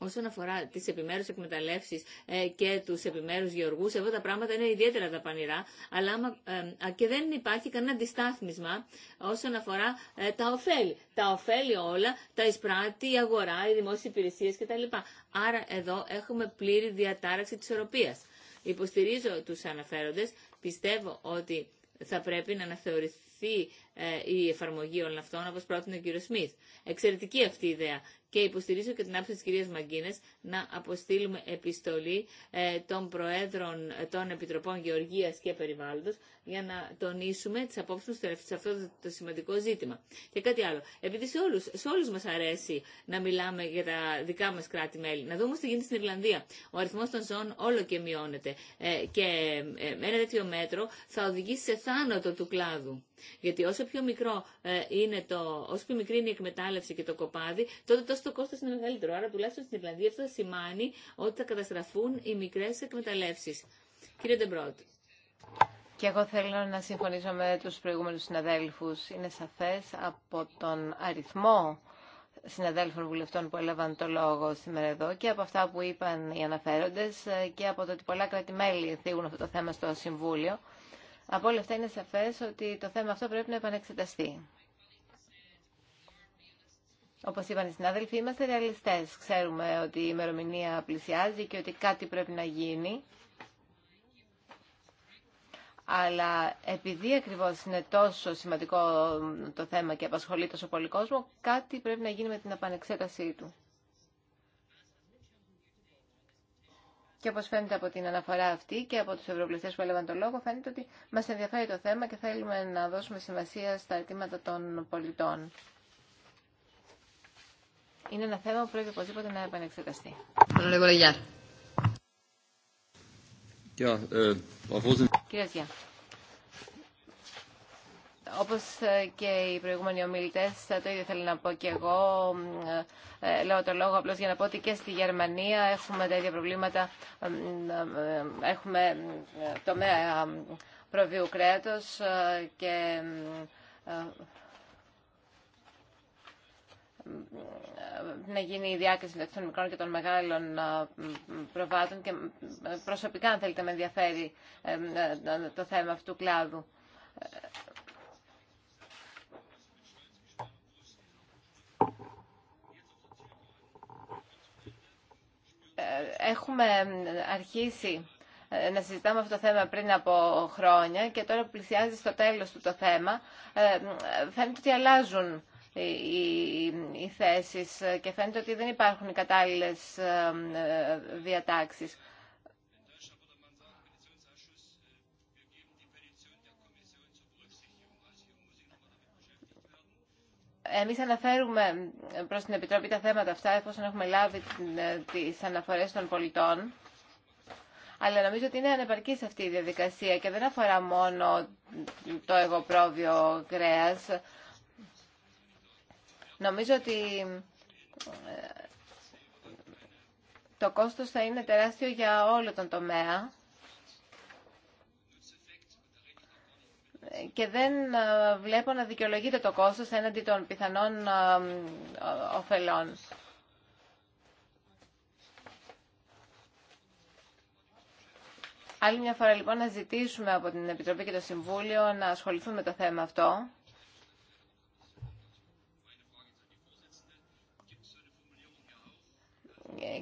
Όσον αφορά τι επιμέρου εκμεταλλεύσει ε, και του επιμέρου γεωργού, εδώ τα πράγματα είναι ιδιαίτερα τα πανηρά, αλλά, ε, και δεν υπάρχει κανένα αντιστάθμισμα όσον αφορά ε, τα ωφέλη. Τα ωφέλη όλα τα εισπράττει η αγορά, οι δημόσιε υπηρεσίε κτλ. Άρα εδώ έχουμε πλήρη διατάραξη τη οροπία. Υποστηρίζω του αναφέροντε. Πιστεύω ότι θα πρέπει να αναθεωρηθεί η εφαρμογή όλων αυτών, όπω πρότεινε ο κύριο Σμιθ. Εξαιρετική αυτή η ιδέα και υποστηρίζω και την άποψη της κυρίας Μαγκίνες να αποστείλουμε επιστολή ε, των Προέδρων ε, των Επιτροπών Γεωργίας και Περιβάλλοντος για να τονίσουμε τις απόψεις τους σε αυτό το σημαντικό ζήτημα. Και κάτι άλλο. Επειδή σε όλους, σε όλους μας αρέσει να μιλάμε για τα δικά μας κράτη-μέλη, να δούμε τι γίνεται στην Ιρλανδία. Ο αριθμός των ζώων όλο και μειώνεται ε, και ένα τέτοιο μέτρο θα οδηγήσει σε θάνατο του κλάδου. Γιατί όσο πιο μικρό είναι το, όσο πιο μικρή είναι η εκμετάλλευση και το κοπάδι, τότε το το κόστο είναι μεγαλύτερο. Άρα τουλάχιστον στην Ιρλανδία αυτό θα σημάνει ότι θα καταστραφούν οι μικρέ εκμεταλλεύσει. Κύριε Ντεμπρότ. Και εγώ θέλω να συμφωνήσω με τους προηγούμενους συναδέλφους. Είναι σαφές από τον αριθμό συναδέλφων βουλευτών που έλαβαν το λόγο σήμερα εδώ και από αυτά που είπαν οι αναφέροντες και από το ότι πολλά κράτη-μέλη θίγουν αυτό το θέμα στο Συμβούλιο. Από όλα αυτά είναι σαφές ότι το θέμα αυτό πρέπει να επανεξεταστεί. Όπως είπαν οι συνάδελφοι, είμαστε ρεαλιστές. Ξέρουμε ότι η ημερομηνία πλησιάζει και ότι κάτι πρέπει να γίνει. Αλλά επειδή ακριβώς είναι τόσο σημαντικό το θέμα και απασχολεί τόσο πολύ κόσμο, κάτι πρέπει να γίνει με την επανεξέτασή του. Και όπως φαίνεται από την αναφορά αυτή και από τους ευρωβουλευτές που έλαβαν τον λόγο, φαίνεται ότι μας ενδιαφέρει το θέμα και θέλουμε να δώσουμε σημασία στα αιτήματα των πολιτών είναι ένα θέμα που πρέπει οπωσδήποτε να επανεξεταστεί. Κύριε Ζιά, ε, όπως ε, και οι προηγούμενοι ομιλητέ, ε, το ίδιο θέλω να πω και εγώ. Λέω το λόγο απλώς για να πω ότι και στη Γερμανία έχουμε τα ίδια προβλήματα. Έχουμε τομέα προβίου κρέατο και να γίνει η διάκριση μεταξύ των μικρών και των μεγάλων ε, προβάτων και ε, προσωπικά αν θέλετε με ενδιαφέρει ε, το θέμα αυτού του κλάδου. Έχουμε αρχίσει να συζητάμε αυτό το θέμα πριν από χρόνια και τώρα που πλησιάζει στο τέλος του το θέμα φαίνεται ότι αλλάζουν ε, οι θέσεις ε, και φαίνεται ότι δεν υπάρχουν οι κατάλληλες ε, διατάξεις. Εμείς αναφέρουμε προς την Επιτροπή τα θέματα αυτά εφόσον έχουμε λάβει τις αναφορές των πολιτών. Αλλά νομίζω ότι είναι ανεπαρκής αυτή η διαδικασία και δεν αφορά μόνο το εγωπρόβιο κρέας. Νομίζω ότι ε, το κόστος θα είναι τεράστιο για όλο τον τομέα. και δεν ε, βλέπω να δικαιολογείται το κόστος έναντι των πιθανών ε, ωφελών. Άλλη μια φορά λοιπόν να ζητήσουμε από την Επιτροπή και το Συμβούλιο να ασχοληθούν με το θέμα αυτό.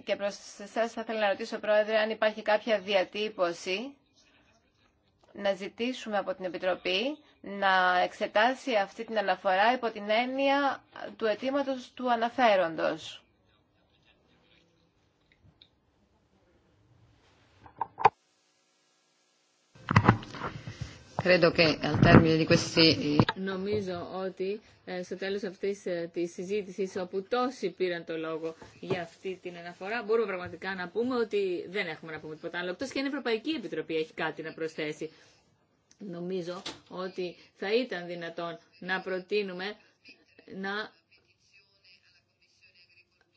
και προς εσάς θα ήθελα να ρωτήσω, Πρόεδρε, αν υπάρχει κάποια διατύπωση να ζητήσουμε από την Επιτροπή να εξετάσει αυτή την αναφορά υπό την έννοια του αιτήματο του αναφέροντος. Νομίζω ότι ε, στο τέλος αυτής ε, της συζήτησης, όπου τόσοι πήραν το λόγο για αυτή την αναφορά, μπορούμε πραγματικά να πούμε ότι δεν έχουμε να πούμε τίποτα άλλο. Εκτός και η Ευρωπαϊκή Επιτροπή έχει κάτι να προσθέσει. Νομίζω ότι θα ήταν δυνατόν να προτείνουμε να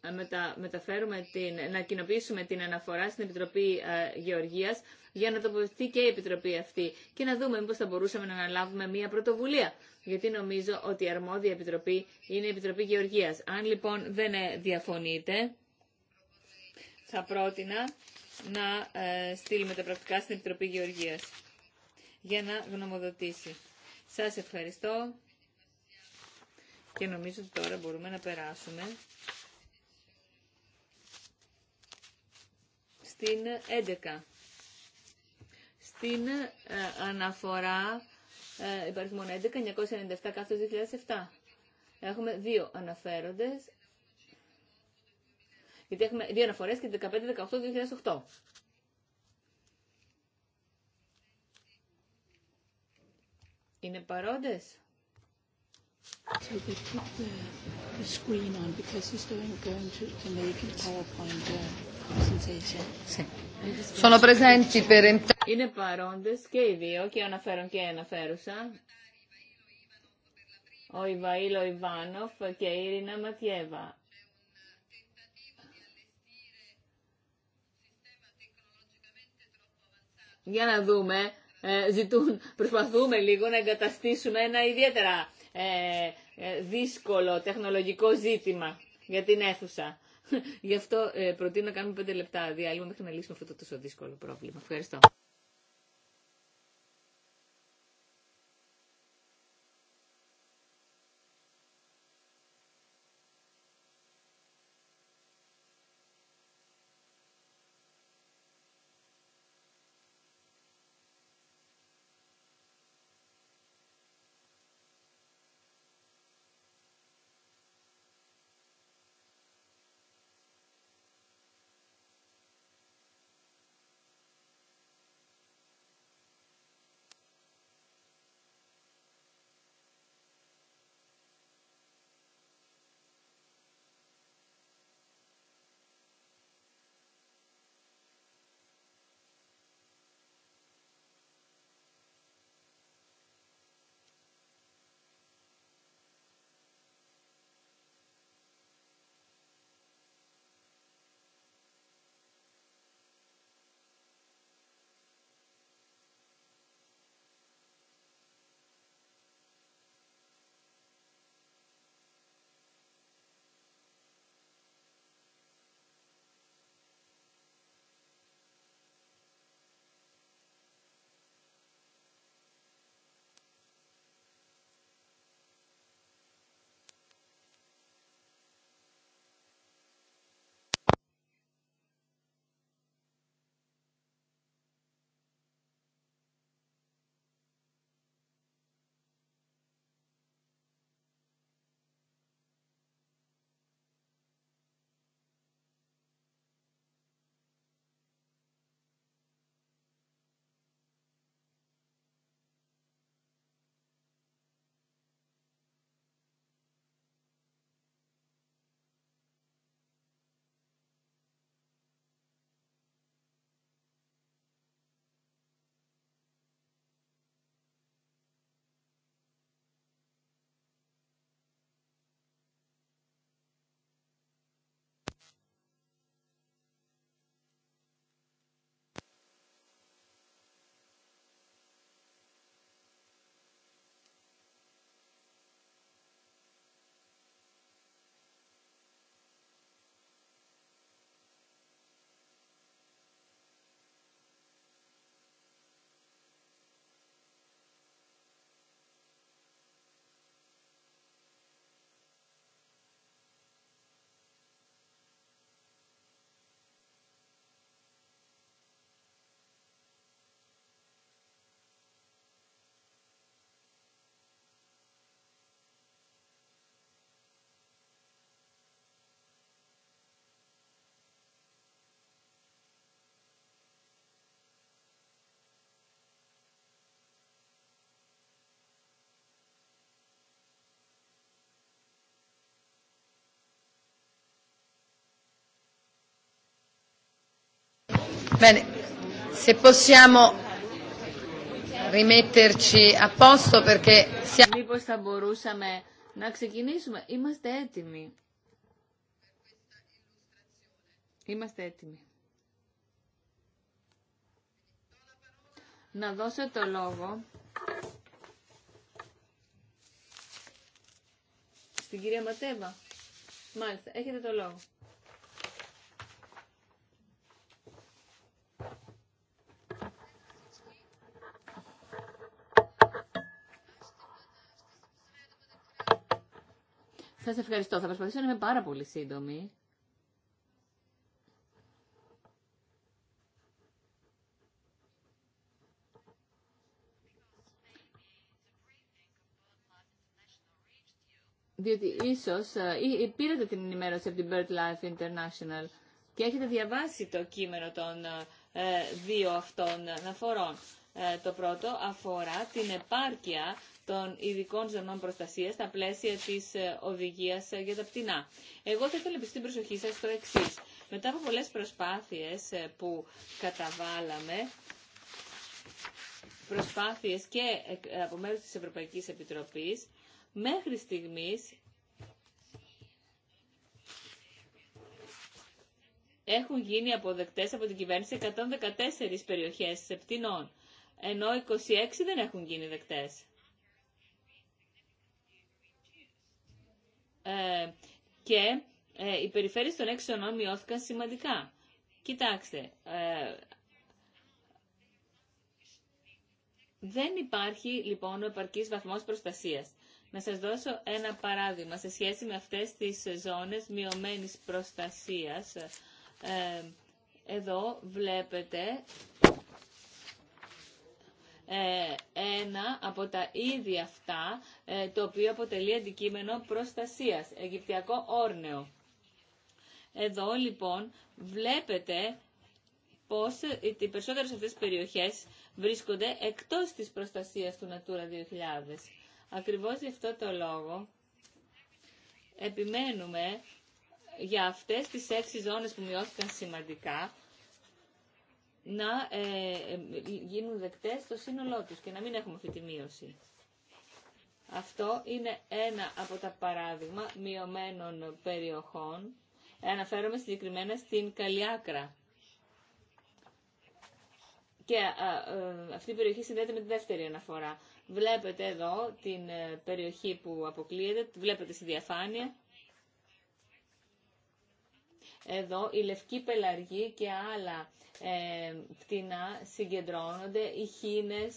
ε, μεταφέρουμε την, να κοινοποιήσουμε την αναφορά στην Επιτροπή Γεωργίας για να τοποθετηθεί και η Επιτροπή αυτή και να δούμε μήπως θα μπορούσαμε να αναλάβουμε μία πρωτοβουλία. Γιατί νομίζω ότι η αρμόδια Επιτροπή είναι η Επιτροπή Γεωργίας. Αν λοιπόν δεν ε, διαφωνείτε, θα πρότεινα να ε, στείλουμε τα πρακτικά στην Επιτροπή Γεωργίας για να γνωμοδοτήσει. Σας ευχαριστώ και νομίζω ότι τώρα μπορούμε να περάσουμε στην 11 την ε, αναφορά ε, υπαριθμών 11-997 2007. Έχουμε δύο αναφέροντες, γιατί έχουμε δύο αναφορές και 15-18-2008. Είναι παρόντες. So the, screen on because he's going to, make a PowerPoint uh, presentation. Είναι παρόντες και οι δύο, και αναφέρον και αναφέρουσα. Ο Ιβαήλο Ιβάνοφ και η Ειρήνα Ματιέβα. Για να δούμε, ε, ζητούν, προσπαθούμε λίγο να εγκαταστήσουμε ένα ιδιαίτερα ε, ε, δύσκολο τεχνολογικό ζήτημα για την αίθουσα. Γι' αυτό ε, προτείνω να κάνουμε πέντε λεπτά διάλειμμα μέχρι να λύσουμε αυτό το τόσο δύσκολο πρόβλημα. Ευχαριστώ. Bene, se possiamo rimetterci a posto perché siamo... Μήπως θα μπορούσαμε να ξεκινήσουμε. Είμαστε έτοιμοι. Είμαστε έτοιμοι. Να δώσω το λόγο στην κυρία Ματέβα. Μάλιστα, έχετε το λόγο. Σας ευχαριστώ. Θα προσπαθήσω να είμαι πάρα πολύ σύντομη. διότι ίσως ε, ή, πήρατε την ενημέρωση από την BirdLife International και έχετε διαβάσει το κείμενο των ε, δύο αυτών αναφορών. Ε, το πρώτο αφορά την επάρκεια των ειδικών ζωνών προστασία στα πλαίσια τη ε, οδηγία ε, για τα πτηνά. Εγώ θα ήθελα επίση την προσοχή σα στο εξή. Μετά από πολλέ προσπάθειε που καταβάλαμε, προσπάθειες και από μέρους της Ευρωπαϊκής Επιτροπής, μέχρι στιγμής έχουν γίνει αποδεκτές από την κυβέρνηση 114 περιοχές πτηνών ενώ 26 δεν έχουν γίνει δεκτές. Ε, και ε, οι περιφέρειες των έξι ονών μειώθηκαν σημαντικά. Κοιτάξτε, ε, δεν υπάρχει λοιπόν ο επαρκής βαθμός προστασίας. Να σας δώσω ένα παράδειγμα σε σχέση με αυτές τις ζώνες μειωμένης προστασίας. Ε, εδώ βλέπετε ε, ένα από τα είδη αυτά, ε, το οποίο αποτελεί αντικείμενο προστασίας, Αιγυπτιακό όρνεο. Εδώ λοιπόν βλέπετε πως οι περισσότερες αυτές τις περιοχές βρίσκονται εκτός της προστασίας του Natura 2000. Ακριβώς γι' αυτό το λόγο επιμένουμε για αυτές τις έξι ζώνες που μειώθηκαν σημαντικά να ε, ε, γίνουν δεκτές στο σύνολό τους και να μην έχουμε αυτή τη μείωση. Αυτό είναι ένα από τα παράδειγμα μειωμένων περιοχών. Αναφέρομαι συγκεκριμένα στην Καλιάκρα. Και ε, αυτή η περιοχή συνδέεται με τη δεύτερη αναφορά. Βλέπετε εδώ την περιοχή που αποκλείεται, βλέπετε στη διαφάνεια. Εδώ η λευκή πελαργή και άλλα ε, πτηνά συγκεντρώνονται, οι χήνες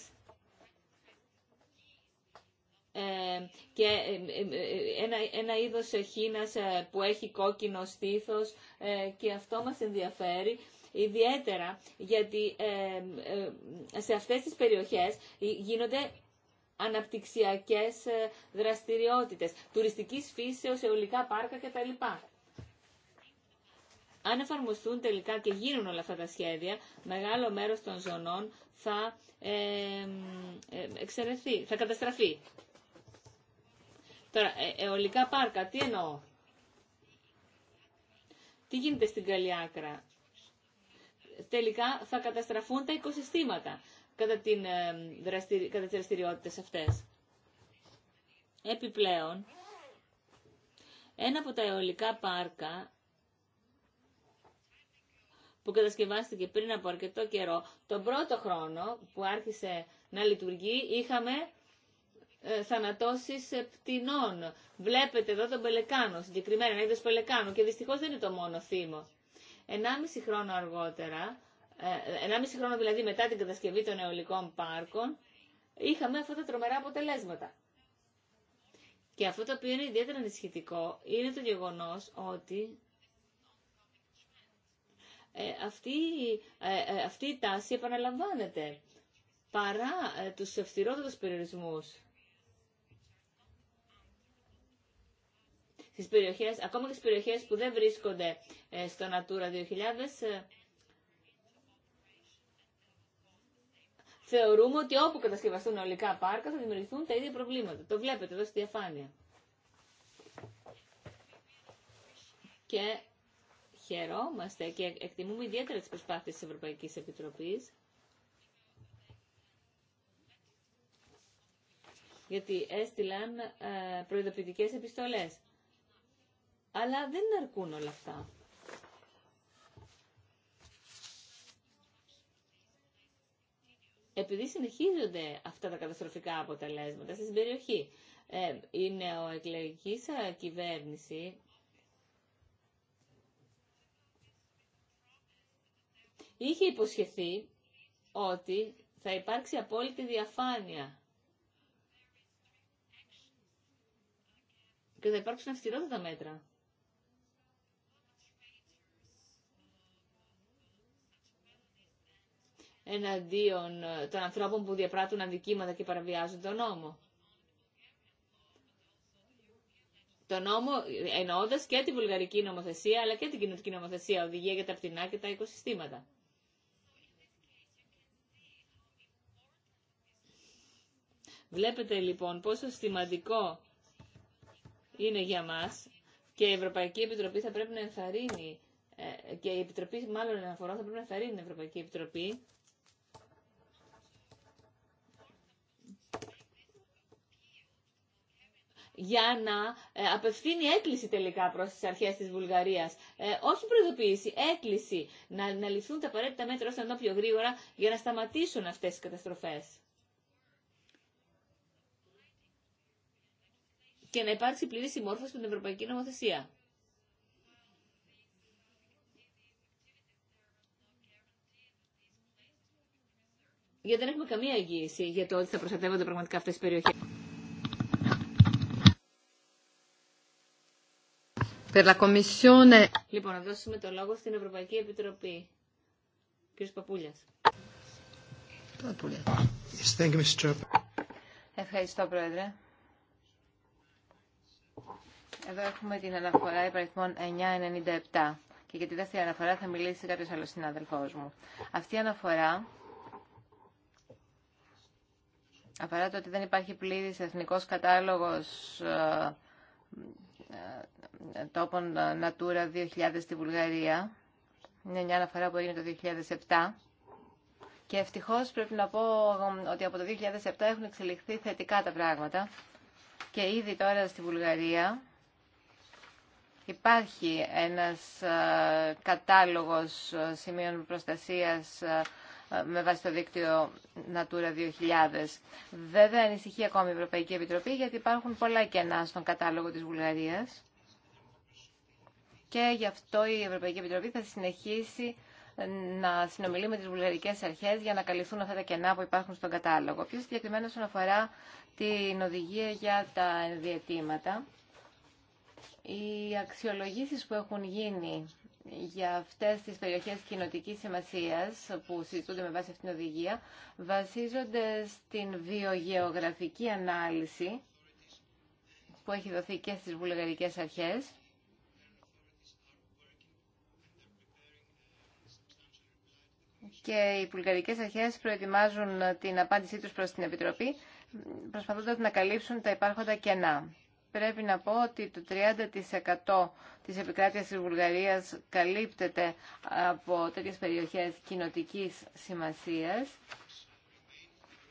ε, και ε, ε, ένα, ένα είδος χήνας που έχει κόκκινο στήθος και αυτό μας ενδιαφέρει ιδιαίτερα γιατί σε αυτές τις περιοχές γίνονται αναπτυξιακές δραστηριότητες, τουριστικής φύσεως, αιωλικά πάρκα κτλ. Αν εφαρμοστούν τελικά και γίνουν όλα αυτά τα σχέδια, μεγάλο μέρος των ζωνών θα ε, εξαιρεθεί, θα καταστραφεί. Τώρα, ε, πάρκα, τι εννοώ. Τι γίνεται στην Καλλιάκρα. Τελικά θα καταστραφούν τα οικοσυστήματα κατά, την, δραστηρι... κατά τις δραστηριότητες αυτές. Επιπλέον, ένα από τα αιωλικά πάρκα που κατασκευάστηκε πριν από αρκετό καιρό. Τον πρώτο χρόνο που άρχισε να λειτουργεί είχαμε ε, θανατώσεις πτηνών. Βλέπετε εδώ τον πελεκάνο, συγκεκριμένα ένα είδος πελεκάνου και δυστυχώς δεν είναι το μόνο θύμο. Ενάμιση χρόνο αργότερα, ε, ενάμιση χρόνο δηλαδή μετά την κατασκευή των αιωλικών πάρκων, είχαμε αυτά τα τρομερά αποτελέσματα. Και αυτό το οποίο είναι ιδιαίτερα ανησυχητικό είναι το γεγονός ότι ε, αυτή, ε, ε, αυτή η τάση επαναλαμβάνεται παρά τους ευθυρότατους περιορισμούς. Στις περιοχές, ακόμα και στις περιοχές που δεν βρίσκονται στο Natura 2000, θεωρούμε ότι όπου κατασκευαστούν ολικά πάρκα θα δημιουργηθούν τα ίδια προβλήματα. Το βλέπετε εδώ στη διαφάνεια. Και χαιρόμαστε και εκτιμούμε ιδιαίτερα τις προσπάθειες της Ευρωπαϊκής Επιτροπής γιατί έστειλαν ε, προειδοποιητικές επιστολές. Αλλά δεν αρκούν όλα αυτά. Επειδή συνεχίζονται αυτά τα καταστροφικά αποτελέσματα στην περιοχή, ε, η νεοεκλεγική ε, κυβέρνηση είχε υποσχεθεί ότι θα υπάρξει απόλυτη διαφάνεια και θα υπάρξουν αυστηρότατα μέτρα. εναντίον ε, των ανθρώπων που διαπράττουν αντικείμενα και παραβιάζουν τον νόμο. το νόμο ε, εννοώντα και τη βουλγαρική νομοθεσία αλλά και την κοινωτική νομοθεσία, οδηγία για τα πτηνά και τα οικοσυστήματα. Βλέπετε λοιπόν πόσο σημαντικό είναι για μας και η Ευρωπαϊκή Επιτροπή θα πρέπει να ενθαρρύνει ε, και η Επιτροπή μάλλον αναφορά θα πρέπει να ενθαρρύνει την Ευρωπαϊκή Επιτροπή για να ε, απευθύνει έκκληση τελικά προς τις αρχές της Βουλγαρίας. Ε, όχι προειδοποίηση, έκκληση να, να ληφθούν τα απαραίτητα μέτρα όσο να πιο γρήγορα για να σταματήσουν αυτές οι καταστροφές. και να υπάρξει πλήρη συμμόρφωση με την Ευρωπαϊκή Νομοθεσία. Γιατί δεν έχουμε καμία εγγύηση για το ότι θα προστατεύονται πραγματικά αυτές οι περιοχές. Λοιπόν, να δώσουμε το λόγο στην Ευρωπαϊκή Επιτροπή. Κύριος Παπούλιας. Παπούλια. Ευχαριστώ, Πρόεδρε. Εδώ έχουμε την αναφορά υπαριθμών 997 και για τη δεύτερη αναφορά θα μιλήσει κάποιος άλλος συνάδελφός μου. Αυτή η αναφορά, αφορά το ότι δεν υπάρχει πλήρης εθνικός κατάλογος ε, ε, ε, τόπων Natura 2000 στη Βουλγαρία, είναι μια αναφορά που έγινε το 2007, και ευτυχώς πρέπει να πω ότι από το 2007 έχουν εξελιχθεί θετικά τα πράγματα και ήδη τώρα στη Βουλγαρία Υπάρχει ένας ε, κατάλογος ε, σημείων προστασίας ε, με βάση το δίκτυο Natura 2000. Βέβαια ανησυχεί ακόμη η Ευρωπαϊκή Επιτροπή γιατί υπάρχουν πολλά κενά στον κατάλογο της Βουλγαρίας και γι' αυτό η Ευρωπαϊκή Επιτροπή θα συνεχίσει να συνομιλεί με τις βουλγαρικές αρχές για να καλυφθούν αυτά τα κενά που υπάρχουν στον κατάλογο. Πιο συγκεκριμένα αφορά την οδηγία για τα ενδιατήματα. Οι αξιολογήσεις που έχουν γίνει για αυτές τις περιοχές κοινοτική σημασίας που συζητούνται με βάση αυτήν την οδηγία βασίζονται στην βιογεωγραφική ανάλυση που έχει δοθεί και στις βουλγαρικές αρχές και οι βουλγαρικές αρχές προετοιμάζουν την απάντησή τους προς την Επιτροπή προσπαθώντας να καλύψουν τα υπάρχοντα κενά. Πρέπει να πω ότι το 30% της επικράτειας της Βουλγαρίας καλύπτεται από τέτοιες περιοχές κοινοτικής σημασίας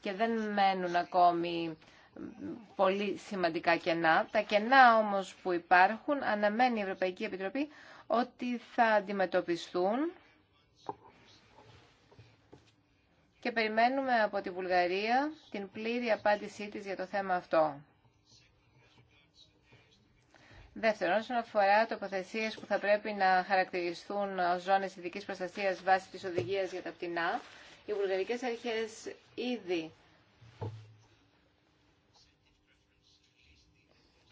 και δεν μένουν ακόμη πολύ σημαντικά κενά. Τα κενά όμως που υπάρχουν αναμένει η Ευρωπαϊκή Επιτροπή ότι θα αντιμετωπιστούν και περιμένουμε από τη Βουλγαρία την πλήρη απάντησή της για το θέμα αυτό. Δεύτερον, όσον αφορά τοποθεσίε που θα πρέπει να χαρακτηριστούν ω ζώνε ειδική προστασία βάσει τη οδηγία για τα πτηνά, οι βουλγαρικέ αρχέ ήδη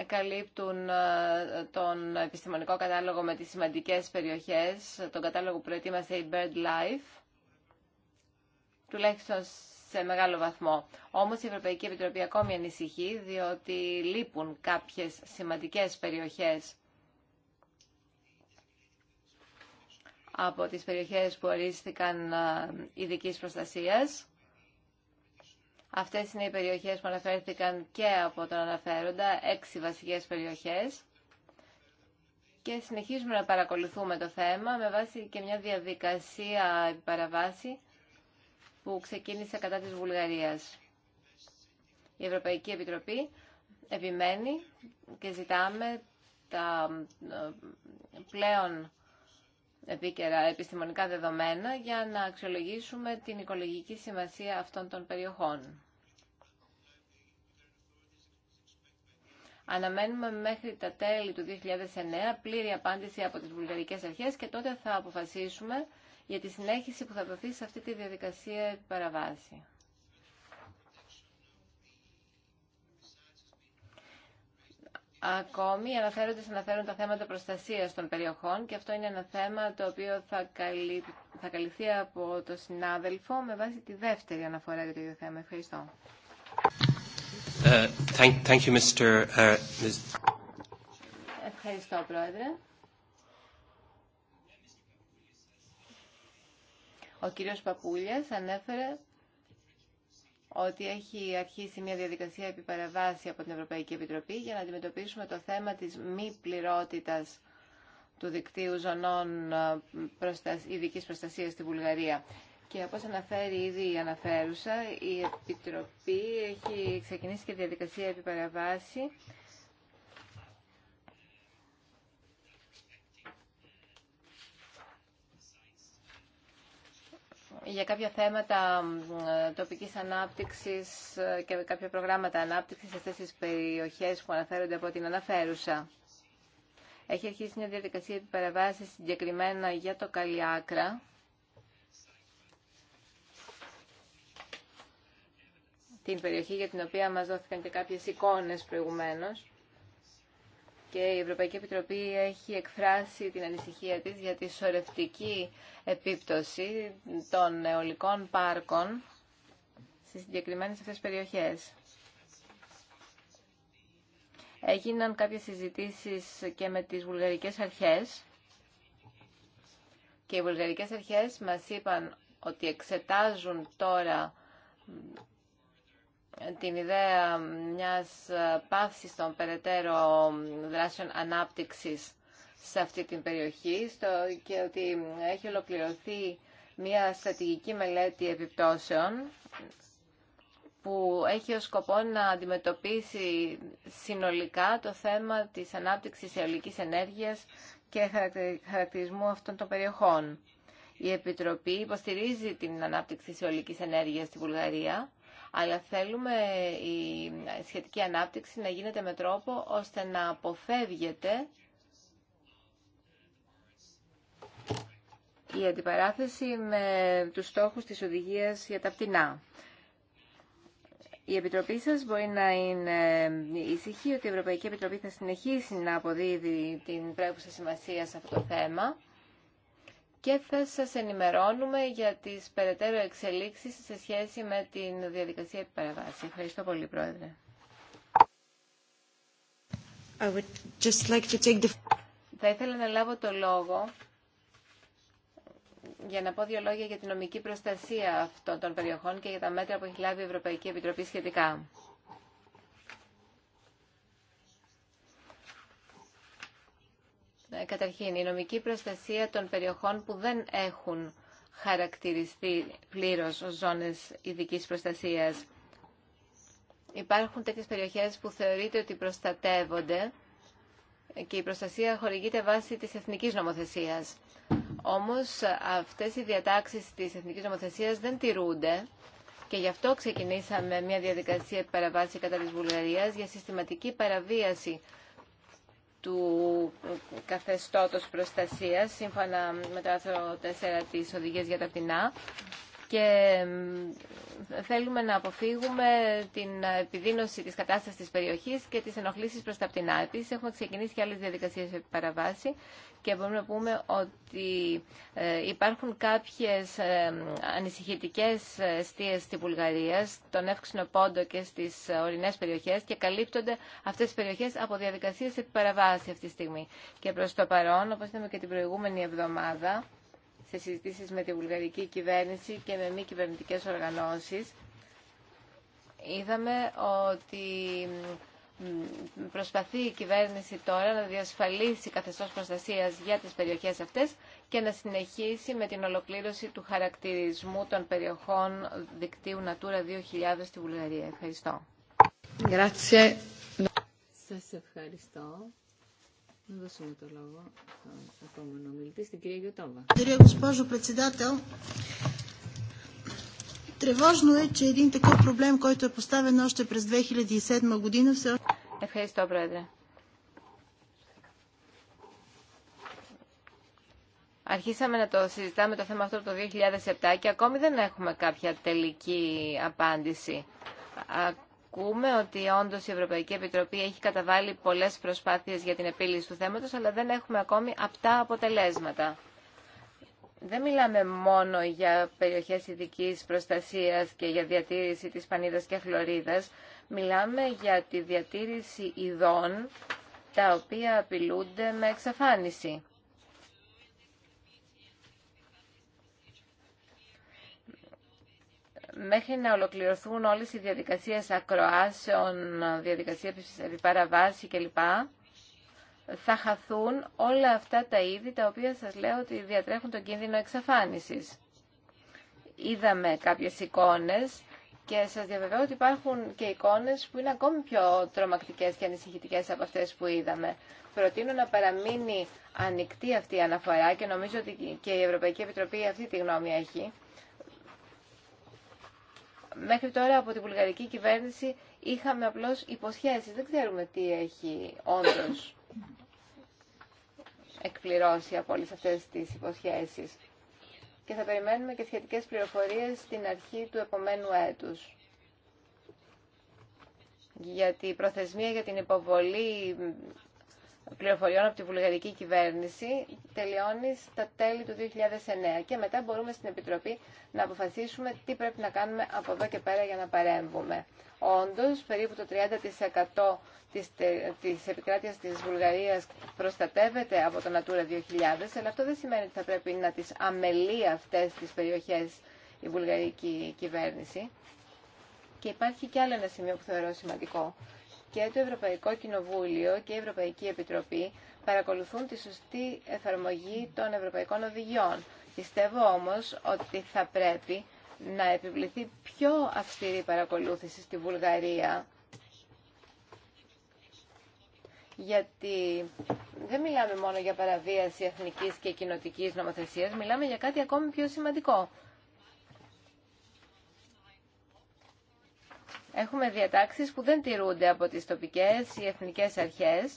καλύπτουν ε, τον επιστημονικό κατάλογο με τις σημαντικές περιοχές, τον κατάλογο που προετοίμασε η BirdLife, τουλάχιστον σε μεγάλο βαθμό. Όμως η Ευρωπαϊκή Επιτροπή ακόμη ανησυχεί διότι λείπουν κάποιες σημαντικές περιοχές από τις περιοχές που ορίστηκαν ε, ειδική προστασίας. Αυτές είναι οι περιοχές που αναφέρθηκαν και από τον αναφέροντα, έξι βασικές περιοχές. Και συνεχίζουμε να παρακολουθούμε το θέμα με βάση και μια διαδικασία παραβάση που ξεκίνησε κατά της Βουλγαρίας. Η Ευρωπαϊκή Επιτροπή επιμένει και ζητάμε τα ε, πλέον επίκαιρα επιστημονικά δεδομένα για να αξιολογήσουμε την οικολογική σημασία αυτών των περιοχών. Αναμένουμε μέχρι τα τέλη του 2009 πλήρη απάντηση από τις βουλγαρικές αρχές και τότε θα αποφασίσουμε για τη συνέχιση που θα δοθεί σε αυτή τη διαδικασία παραβάση. Ακόμη αναφέρονται, αναφέρουν τα θέματα προστασίας των περιοχών και αυτό είναι ένα θέμα το οποίο θα, καλυ... θα καλυφθεί από το συνάδελφο με βάση τη δεύτερη αναφορά για το ίδιο θέμα. Ευχαριστώ. Ε, thank, thank you, Mr. Ε, Ευχαριστώ, Πρόεδρε. Ο κύριος Παπούλιας ανέφερε ότι έχει αρχίσει μια διαδικασία επιπαραβάση από την Ευρωπαϊκή Επιτροπή για να αντιμετωπίσουμε το θέμα της μη πληρότητας του δικτύου ζωνών ε, ειδική προστασία στη Βουλγαρία. Και όπως αναφέρει ήδη η αναφέρουσα, η Επιτροπή έχει ξεκινήσει και διαδικασία επιπαραβάση για κάποια θέματα ε, τοπικής ανάπτυξης ε, και κάποια προγράμματα ανάπτυξης σε αυτές τις περιοχές που αναφέρονται από την αναφέρουσα. Έχει αρχίσει μια διαδικασία επιπεραβάσης συγκεκριμένα για το Καλλιάκρα. την περιοχή για την οποία μας δόθηκαν και κάποιες εικόνες προηγουμένως και η Ευρωπαϊκή Επιτροπή έχει εκφράσει την ανησυχία της για τη σωρευτική επίπτωση των αιωλικών πάρκων στις συγκεκριμένες αυτές περιοχές. Έγιναν κάποιες συζητήσεις και με τις βουλγαρικές αρχές και οι βουλγαρικές αρχές μας είπαν ότι εξετάζουν τώρα την ιδέα μιας ε, παύσης των περαιτέρω δράσεων ανάπτυξης σε αυτή την περιοχή στο, και ότι έχει ολοκληρωθεί μια στρατηγική μελέτη επιπτώσεων που έχει ως σκοπό να αντιμετωπίσει συνολικά το θέμα της ανάπτυξης αιωλικής ενέργειας και χαρακτηρισμού αυτών των περιοχών. Η Επιτροπή υποστηρίζει την ανάπτυξη αιωλικής ενέργειας στη Βουλγαρία αλλά θέλουμε η σχετική ανάπτυξη να γίνεται με τρόπο ώστε να αποφεύγεται η αντιπαράθεση με τους στόχους της οδηγίας για τα πτηνά. Η Επιτροπή σας μπορεί να είναι ησυχή ότι η Ευρωπαϊκή Επιτροπή θα συνεχίσει να αποδίδει την πρέπουσα σημασία σε αυτό το θέμα και θα σας ενημερώνουμε για τις περαιτέρω εξελίξεις σε σχέση με την διαδικασία επιπαραβάση. Ευχαριστώ πολύ, Πρόεδρε. Θα ήθελα να λάβω το λόγο για να πω δύο λόγια για την νομική προστασία αυτών των περιοχών και για τα μέτρα που έχει λάβει η Ευρωπαϊκή Επιτροπή σχετικά. Ε, καταρχήν, η νομική προστασία των περιοχών που δεν έχουν χαρακτηριστεί πλήρως ως ζώνες ειδικής προστασίας. Υπάρχουν τέτοιες περιοχές που θεωρείται ότι προστατεύονται και η προστασία χορηγείται βάσει της εθνικής νομοθεσίας. Όμως αυτές οι διατάξεις της εθνικής νομοθεσίας δεν τηρούνται και γι' αυτό ξεκινήσαμε μια διαδικασία παραβάση κατά της Βουλγαρίας για συστηματική παραβίαση του ε, καθεστώτος προστασίας σύμφωνα με το άρθρο 4 της Οδηγίας για τα Πτηνά και θέλουμε να αποφύγουμε την επιδείνωση της κατάστασης της περιοχής και τις ενοχλήσεις προς τα πτηνά. Επίσης, έχουμε ξεκινήσει και άλλες διαδικασίες επί παραβάση και μπορούμε να πούμε ότι ε, υπάρχουν κάποιες ε, ανησυχητικές εστίες στη Βουλγαρία, στον εύξηνο πόντο και στις ορεινές περιοχές και καλύπτονται αυτές τις περιοχές από διαδικασίες επί παραβάση αυτή τη στιγμή. Και προς το παρόν, όπως είδαμε και την προηγούμενη εβδομάδα, σε συζητήσεις με τη βουλγαρική κυβέρνηση και με μη κυβερνητικές οργανώσεις, είδαμε ότι προσπαθεί η κυβέρνηση τώρα να διασφαλίσει καθεστώς προστασίας για τις περιοχές αυτές και να συνεχίσει με την ολοκλήρωση του χαρακτηρισμού των περιοχών δικτύου Natura 2000 στη Βουλγαρία. Ευχαριστώ. Σας ευχαριστώ. Να δώσουμε το λόγο στον επόμενο μιλητή, στην κυρία Γιωτόβα. Тревожно е, че един такъв проблем, който е поставен още през 2007 година, все още... Ευχαριστώ, Πρόεδρε. Αρχίσαμε να το συζητάμε το θέμα αυτό το 2007 και ακόμη δεν έχουμε κάποια τελική απάντηση. Ακούμε ότι όντω η Ευρωπαϊκή Επιτροπή έχει καταβάλει πολλές προσπάθειες για την επίλυση του θέματος, αλλά δεν έχουμε ακόμη απτά αποτελέσματα δεν μιλάμε μόνο για περιοχές ειδική προστασίας και για διατήρηση της πανίδας και χλωρίδας. Μιλάμε για τη διατήρηση ειδών τα οποία απειλούνται με εξαφάνιση. Μέχρι να ολοκληρωθούν όλες οι διαδικασίες ακροάσεων, διαδικασία επιπαραβάση κλπ θα χαθούν όλα αυτά τα είδη τα οποία σας λέω ότι διατρέχουν τον κίνδυνο εξαφάνισης. Είδαμε κάποιες εικόνες και σας διαβεβαιώ ότι υπάρχουν και εικόνες που είναι ακόμη πιο τρομακτικές και ανησυχητικές από αυτές που είδαμε. Προτείνω να παραμείνει ανοιχτή αυτή η αναφορά και νομίζω ότι και η Ευρωπαϊκή Επιτροπή αυτή τη γνώμη έχει. Μέχρι τώρα από την βουλγαρική κυβέρνηση είχαμε απλώς υποσχέσεις. Δεν ξέρουμε τι έχει όντως εκπληρώσει από όλες αυτές τις υποσχέσεις. Και θα περιμένουμε και σχετικές πληροφορίες στην αρχή του επομένου έτους. Γιατί η προθεσμία για την υποβολή πληροφοριών από τη βουλγαρική κυβέρνηση τελειώνει στα τέλη του 2009 και μετά μπορούμε στην Επιτροπή να αποφασίσουμε τι πρέπει να κάνουμε από εδώ και πέρα για να παρέμβουμε. Όντω, περίπου το 30% της, της επικράτειας της Βουλγαρίας προστατεύεται από το Natura 2000, αλλά αυτό δεν σημαίνει ότι θα πρέπει να τις αμελεί αυτές τις περιοχές η βουλγαρική κυβέρνηση. Και υπάρχει και άλλο ένα σημείο που θεωρώ σημαντικό και το Ευρωπαϊκό Κοινοβούλιο και η Ευρωπαϊκή Επιτροπή παρακολουθούν τη σωστή εφαρμογή των ευρωπαϊκών οδηγιών. Πιστεύω όμως ότι θα πρέπει να επιβληθεί πιο αυστηρή παρακολούθηση στη Βουλγαρία γιατί δεν μιλάμε μόνο για παραβίαση εθνικής και κοινοτικής νομοθεσίας, μιλάμε για κάτι ακόμη πιο σημαντικό. έχουμε διατάξεις που δεν τηρούνται από τις τοπικές ή εθνικές αρχές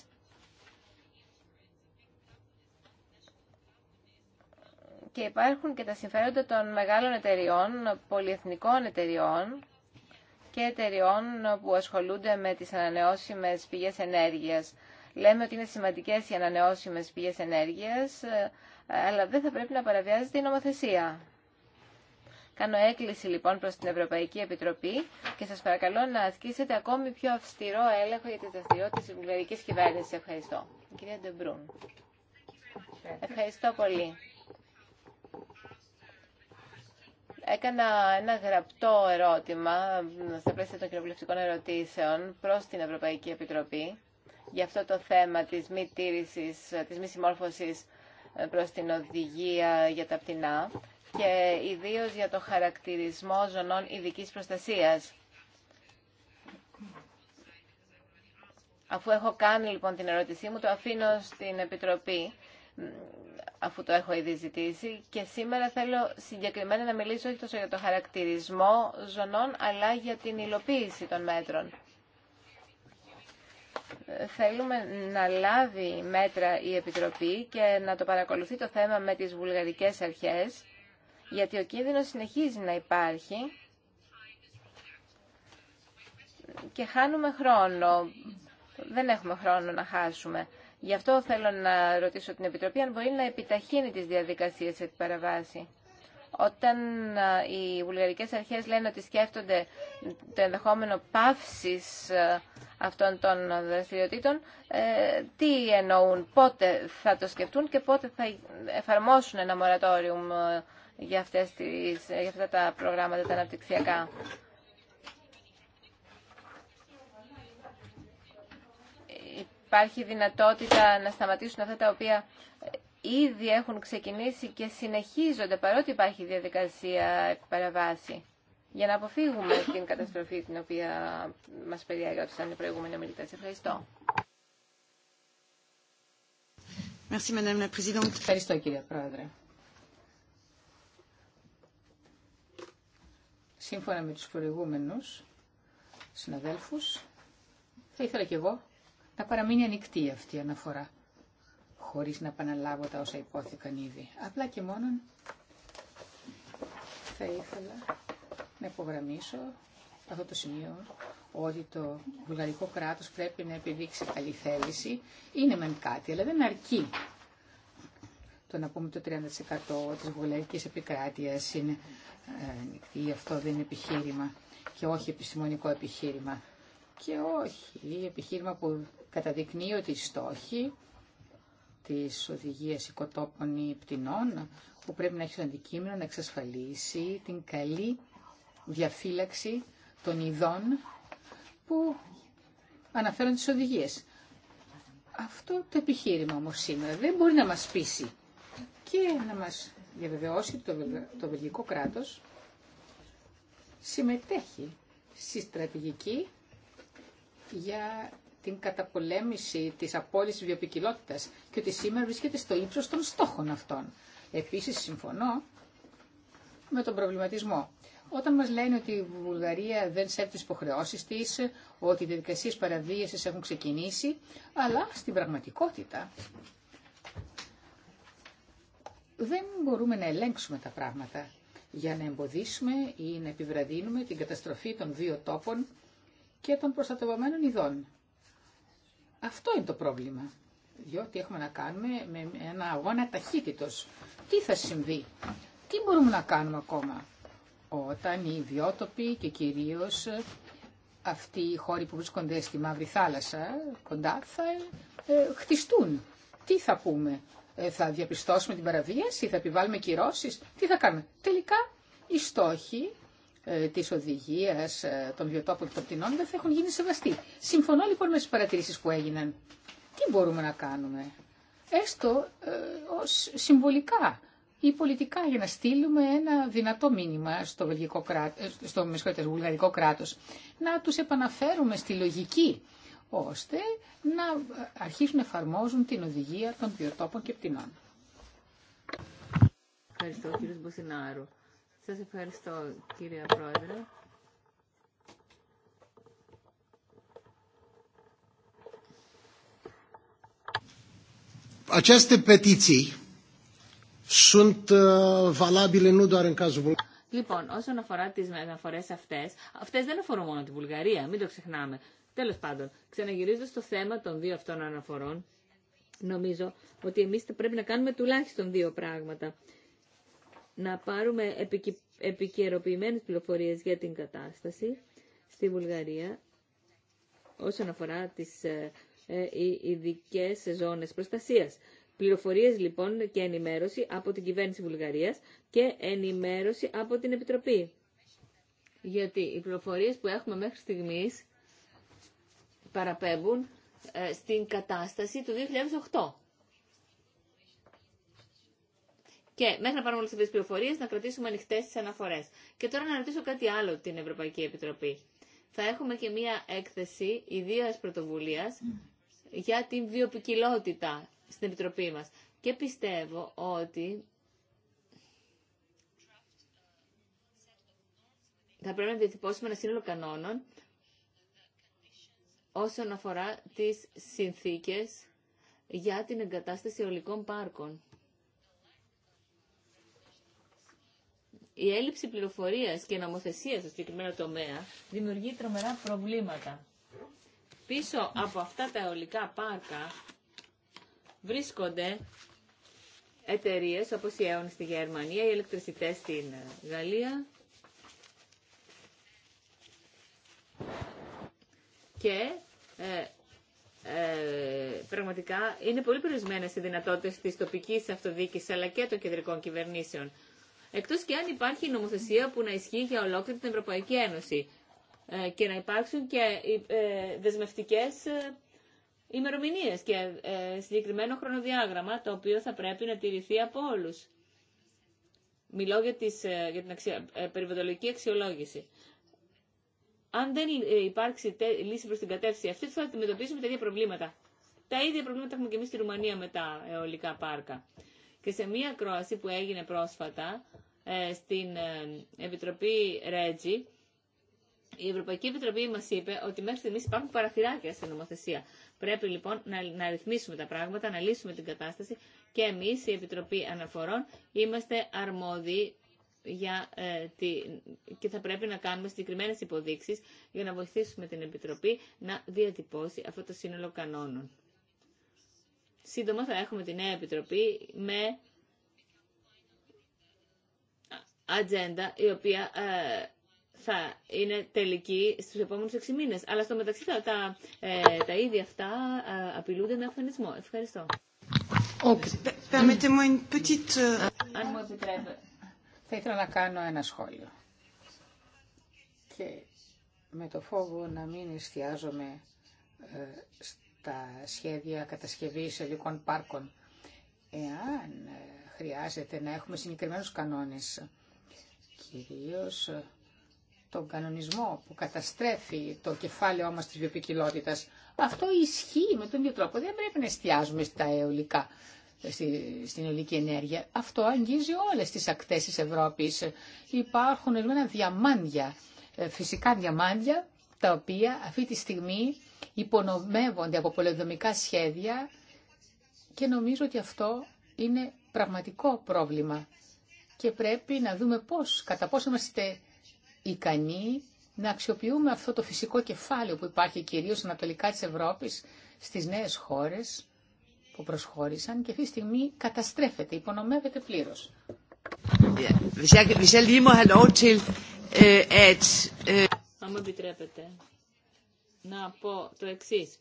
και υπάρχουν και τα συμφέροντα των μεγάλων εταιριών, πολυεθνικών εταιριών και εταιριών που ασχολούνται με τις ανανεώσιμες πηγές ενέργειας. Λέμε ότι είναι σημαντικές οι ανανεώσιμες πηγές ενέργειας, ε, αλλά δεν θα πρέπει να παραβιάζεται η νομοθεσία. Κάνω έκκληση λοιπόν προς την Ευρωπαϊκή Επιτροπή και σας παρακαλώ να ασκήσετε ακόμη πιο αυστηρό έλεγχο για τις δραστηριότητες της βουλγαρικής κυβέρνησης. Ευχαριστώ. κυρία Ντεμπρούν. Ευχαριστώ πολύ. Έκανα ένα γραπτό ερώτημα στα πλαίσια των κοινοβουλευτικών ερωτήσεων προς την Ευρωπαϊκή Επιτροπή για αυτό το θέμα της μη της μη προς την οδηγία για τα πτηνά και ιδίως για το χαρακτηρισμό ζωνών ειδικής προστασίας. Αφού έχω κάνει λοιπόν την ερώτησή μου, το αφήνω στην Επιτροπή, αφού το έχω ήδη ζητήσει. Και σήμερα θέλω συγκεκριμένα να μιλήσω όχι τόσο για το χαρακτηρισμό ζωνών, αλλά για την υλοποίηση των μέτρων. Θέλουμε να λάβει μέτρα η Επιτροπή και να το παρακολουθεί το θέμα με τις βουλγαρικές αρχές γιατί ο κίνδυνος συνεχίζει να υπάρχει και χάνουμε χρόνο. Δεν έχουμε χρόνο να χάσουμε. Γι' αυτό θέλω να ρωτήσω την Επιτροπή αν μπορεί να επιταχύνει τις διαδικασίες την παραβάση. Όταν οι βουλγαρικές αρχές λένε ότι σκέφτονται το ενδεχόμενο παύσης αυτών των δραστηριοτήτων, ε, τι εννοούν, πότε θα το σκεφτούν και πότε θα εφαρμόσουν ένα μορατόριο ε, για, αυτά τα προγράμματα τα αναπτυξιακά. Υπάρχει δυνατότητα να σταματήσουν αυτά τα οποία ήδη έχουν ξεκινήσει και συνεχίζονται παρότι υπάρχει διαδικασία παραβάση για να αποφύγουμε την καταστροφή την οποία μας περιέγραψαν οι προηγούμενοι ομιλητές. Ευχαριστώ. Merci, Madame la Présidente. Ευχαριστώ κύριε Πρόεδρε. σύμφωνα με τους προηγούμενους συναδέλφους, θα ήθελα και εγώ να παραμείνει ανοιχτή αυτή η αναφορά, χωρίς να επαναλάβω τα όσα υπόθηκαν ήδη. Απλά και μόνο θα ήθελα να υπογραμμίσω αυτό το σημείο ότι το βουλγαρικό κράτος πρέπει να επιδείξει καλή θέληση. Είναι μεν κάτι, αλλά δεν αρκεί το να πούμε το 30% της βουλευτικής επικράτειας είναι ανοιχτή, ε, αυτό δεν είναι επιχείρημα και όχι επιστημονικό επιχείρημα. Και όχι, επιχείρημα που καταδεικνύει ότι οι στόχοι της οδηγίας οικοτόπων ή πτηνών που πρέπει να έχει αντικείμενο να εξασφαλίσει την καλή διαφύλαξη των ειδών που αναφέρονται στις οδηγίες. Αυτό το επιχείρημα όμως σήμερα δεν μπορεί να μας πείσει και να μας διαβεβαιώσει ότι το βελγικό κράτος συμμετέχει στη στρατηγική για την καταπολέμηση της απόλυσης βιοπικιλότητας και ότι σήμερα βρίσκεται στο ύψος των στόχων αυτών. Επίσης συμφωνώ με τον προβληματισμό. Όταν μας λένε ότι η Βουλγαρία δεν σέβει τις υποχρεώσεις της, ότι οι διαδικασίες παραβίασης έχουν ξεκινήσει, αλλά στην πραγματικότητα δεν μπορούμε να ελέγξουμε τα πράγματα για να εμποδίσουμε ή να επιβραδύνουμε την καταστροφή των δύο τόπων και των προστατευμένων ειδών. Αυτό είναι το πρόβλημα. Διότι έχουμε να κάνουμε με ένα αγώνα ταχύτητος. Τι θα συμβεί, τι μπορούμε να κάνουμε ακόμα όταν οι ιδιότοποι και κυρίως αυτοί οι χώροι που βρίσκονται στη Μαύρη Θάλασσα κοντά θα ε, χτιστούν. Τι θα πούμε, ε, θα διαπιστώσουμε την παραβίαση, θα επιβάλλουμε κυρώσει, τι θα κάνουμε. Τελικά οι στόχοι ε, της οδηγίας ε, των βιοτόπων και των πτηνών δεν θα έχουν γίνει σεβαστοί. Συμφωνώ λοιπόν με τι παρατηρήσεις που έγιναν. Τι μπορούμε να κάνουμε, έστω ε, συμβολικά ή πολιτικά για να στείλουμε ένα δυνατό μήνυμα στο, βελγικό ε, στο βουλγαρικό κράτος, να τους επαναφέρουμε στη λογική ώστε να αρχίσουν να εφαρμόζουν την οδηγία των βιοτόπων και πτηνών. Ευχαριστώ κύριε Μπουσινάρου. Σας ευχαριστώ κύριε Πρόεδρε. Aceste petiții sunt uh, valabile nu doar în cazul Bulgariei. Λοιπόν, όσον αφορά τι μεταφορέ αυτέ, αυτέ δεν αφορούν μόνο τη Βουλγαρία, μην το ξεχνάμε. Τέλο πάντων, ξαναγυρίζω στο θέμα των δύο αυτών αναφορών. Νομίζω ότι εμείς θα πρέπει να κάνουμε τουλάχιστον δύο πράγματα. Να πάρουμε επικαιροποιημένε πληροφορίε πληροφορίες για την κατάσταση στη Βουλγαρία όσον αφορά τις ε, ε ειδικέ ζώνες προστασίας. Πληροφορίες λοιπόν και ενημέρωση από την κυβέρνηση Βουλγαρίας και ενημέρωση από την Επιτροπή. Γιατί οι πληροφορίες που έχουμε μέχρι στιγμής παραπέμπουν ε, στην κατάσταση του 2008. Και μέχρι να πάρουμε όλε αυτέ τι πληροφορίε, να κρατήσουμε ανοιχτέ τι αναφορέ. Και τώρα να ρωτήσω κάτι άλλο την Ευρωπαϊκή Επιτροπή. Θα έχουμε και μία έκθεση ιδία πρωτοβουλία για την βιοπικιλότητα στην Επιτροπή μας. Και πιστεύω ότι θα πρέπει να διατυπώσουμε ένα σύνολο κανόνων όσον αφορά τις συνθήκες για την εγκατάσταση ολικών πάρκων. Η έλλειψη πληροφορίας και νομοθεσίας στο συγκεκριμένο τομέα δημιουργεί τρομερά προβλήματα. Πίσω από αυτά τα ολικά πάρκα βρίσκονται εταιρείε όπως η ΕΟΝ στη Γερμανία, οι ηλεκτρισιτές στην Γαλλία και ε, ε, πραγματικά είναι πολύ περιορισμένε οι δυνατότητες της τοπικής αυτοδιοίκηση αλλά και των κεντρικών κυβερνήσεων. Εκτός και αν υπάρχει νομοθεσία που να ισχύει για ολόκληρη την Ευρωπαϊκή Ένωση ε, και να υπάρξουν και ε, δεσμευτικές ε, ημερομηνίες και συγκεκριμένο χρονοδιάγραμμα το οποίο θα πρέπει να τηρηθεί από όλου, Μιλώ για, τις, για την περιβαλλοντική αξιολόγηση αν δεν ε, υπάρξει λύση προ την κατεύθυνση αυτή, θα αντιμετωπίσουμε τα ίδια προβλήματα. Τα ίδια προβλήματα έχουμε και εμεί στη Ρουμανία με τα αεολικά πάρκα. Και σε μία κρόαση που έγινε πρόσφατα ε, στην ε, Επιτροπή Ρέτζι, η Ευρωπαϊκή Επιτροπή μα είπε ότι μέχρι στιγμή υπάρχουν παραθυράκια στην νομοθεσία. Πρέπει λοιπόν να, να ρυθμίσουμε τα πράγματα, να λύσουμε την κατάσταση και εμεί, η Επιτροπή Αναφορών, είμαστε αρμόδιοι για, ε, τη, και θα πρέπει να κάνουμε συγκεκριμένες υποδείξεις για να βοηθήσουμε την Επιτροπή να διατυπώσει αυτό το σύνολο κανόνων. Σύντομα θα έχουμε τη νέα Επιτροπή με ατζέντα η οποία ε, θα είναι τελική στους επόμενους 6 μήνες. Αλλά στο μεταξύ θα τα, ε, τα ίδια αυτά ε, απειλούνται με αφανισμό. Ευχαριστώ. Okay. Oh, ε, Αν μου επιτρέπετε. Θα ήθελα να κάνω ένα σχόλιο. Και με το φόβο να μην εστιάζομαι ε, στα σχέδια κατασκευής ελικών πάρκων. Εάν ε, χρειάζεται να έχουμε συγκεκριμένους κανόνες, κυρίως ε, τον κανονισμό που καταστρέφει το κεφάλαιό μας της βιοποικιλότητας, αυτό ισχύει με τον ίδιο τρόπο. Δεν πρέπει να εστιάζουμε στα αιωλικά στην ολική ενέργεια. Αυτό αγγίζει όλες τις ακτές της Ευρώπης. Υπάρχουν ορισμένα διαμάντια, ε, φυσικά διαμάντια, τα οποία αυτή τη στιγμή υπονομεύονται από πολεοδομικά σχέδια και νομίζω ότι αυτό είναι πραγματικό πρόβλημα και πρέπει να δούμε πώς, κατά πόσο είμαστε ικανοί να αξιοποιούμε αυτό το φυσικό κεφάλαιο που υπάρχει κυρίως ανατολικά της Ευρώπης στις νέες χώρες που προσχώρησαν και αυτή τη στιγμή καταστρέφεται, υπονομεύεται πλήρω. Øh, øh- Αν μου επιτρέπετε να πω το εξή.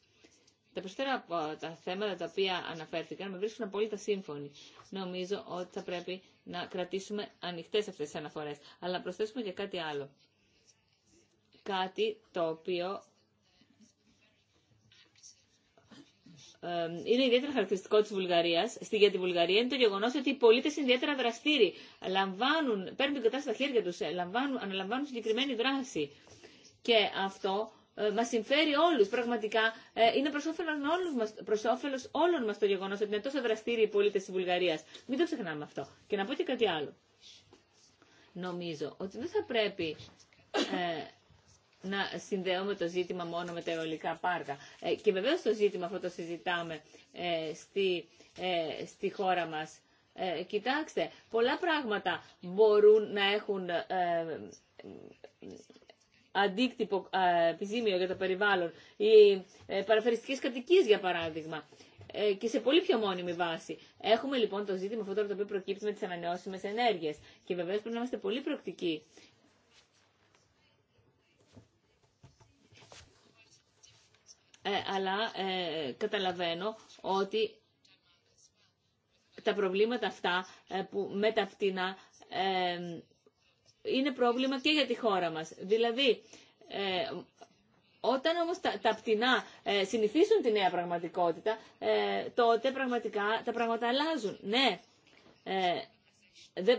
Τα περισσότερα από τα θέματα τα οποία αναφέρθηκαν με βρίσκουν απόλυτα σύμφωνοι. Νομίζω ότι θα πρέπει να κρατήσουμε ανοιχτέ αυτέ τι αναφορέ. Αλλά να προσθέσουμε και κάτι άλλο. Κάτι το οποίο είναι ιδιαίτερα χαρακτηριστικό της Βουλγαρίας, για τη Βουλγαρία είναι το γεγονό ότι οι πολίτε είναι ιδιαίτερα δραστήριοι, λαμβάνουν, παίρνουν την κατάσταση στα χέρια του. Ε, αναλαμβάνουν συγκεκριμένη δράση. Και αυτό ε, μα συμφέρει όλου. Πραγματικά ε, είναι προ όφελο όλων μα το γεγονό ότι είναι τόσο δραστήριοι οι πολίτε τη Βουλγαρία. Μην το ξεχνάμε αυτό. Και να πω και κάτι άλλο. Νομίζω ότι δεν θα πρέπει να συνδέουμε το ζήτημα μόνο με τα αιωλικά πάρκα. Ε, και βεβαίως το ζήτημα αυτό το συζητάμε ε, στη, ε, στη χώρα μας. Κοιτάξτε, πολλά πράγματα μπορούν να έχουν αντίκτυπο επιζήμιο για το περιβάλλον. Οι παραφεριστικές κατοικίες, για παράδειγμα και σε πολύ πιο μόνιμη βάση. Έχουμε λοιπόν το ζήτημα αυτό το οποίο προκύπτει με τι ανανεώσιμε ενέργειε. Και βεβαίω πρέπει να είμαστε πολύ προκτικοί Ε, αλλά ε, καταλαβαίνω ότι τα προβλήματα αυτά ε, που με τα φτηνά είναι πρόβλημα και για τη χώρα μας. Δηλαδή, όταν όμως τα, τα πτηνά ε, συνηθίσουν τη νέα πραγματικότητα, τότε πραγματικά τα πράγματα αλλάζουν. Ναι,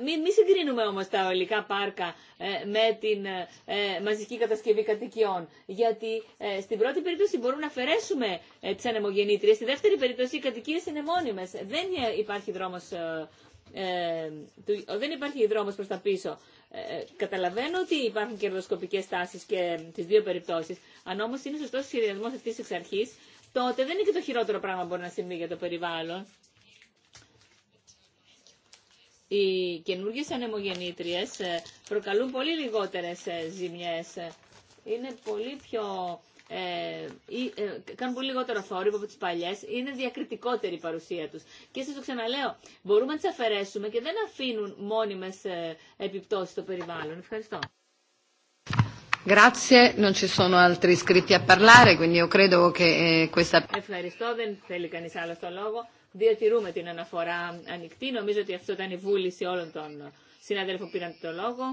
μην μη συγκρίνουμε όμως τα ολικά πάρκα ε, με την ε, ε, μαζική κατασκευή κατοικιών. Γιατί στην πρώτη περίπτωση μπορούμε να αφαιρέσουμε τις ανεμογεννήτριες, στη δεύτερη περίπτωση οι κατοικίες είναι μόνιμες. Δεν υπάρχει δρόμος, του, δεν υπάρχει δρόμος προς τα πίσω. Καταλαβαίνω ότι υπάρχουν κερδοσκοπικές τάσεις και τις δύο περιπτώσεις. Αν όμως είναι σωστός ο σχεδιασμός αυτής εξ αρχής, τότε δεν είναι και το χειρότερο πράγμα που μπορεί να συμβεί για το περιβάλλον οι καινούργιες ανεμογεννήτριες ε, προκαλούν πολύ λιγότερες ε, ζημιές. Ε, είναι πολύ πιο... κάνουν πολύ λιγότερο θόρυβο από τις παλιές, είναι διακριτικότερη η παρουσία τους. Και σας το ξαναλέω, μπορούμε να τις αφαιρέσουμε και δεν αφήνουν μόνιμες επιπτώσεις στο περιβάλλον. Ευχαριστώ. Ευχαριστώ, δεν θέλει κανείς άλλο το λόγο διατηρούμε την αναφορά ανοιχτή. Νομίζω ότι αυτό ήταν η βούληση όλων των συναδέλφων που πήραν το λόγο.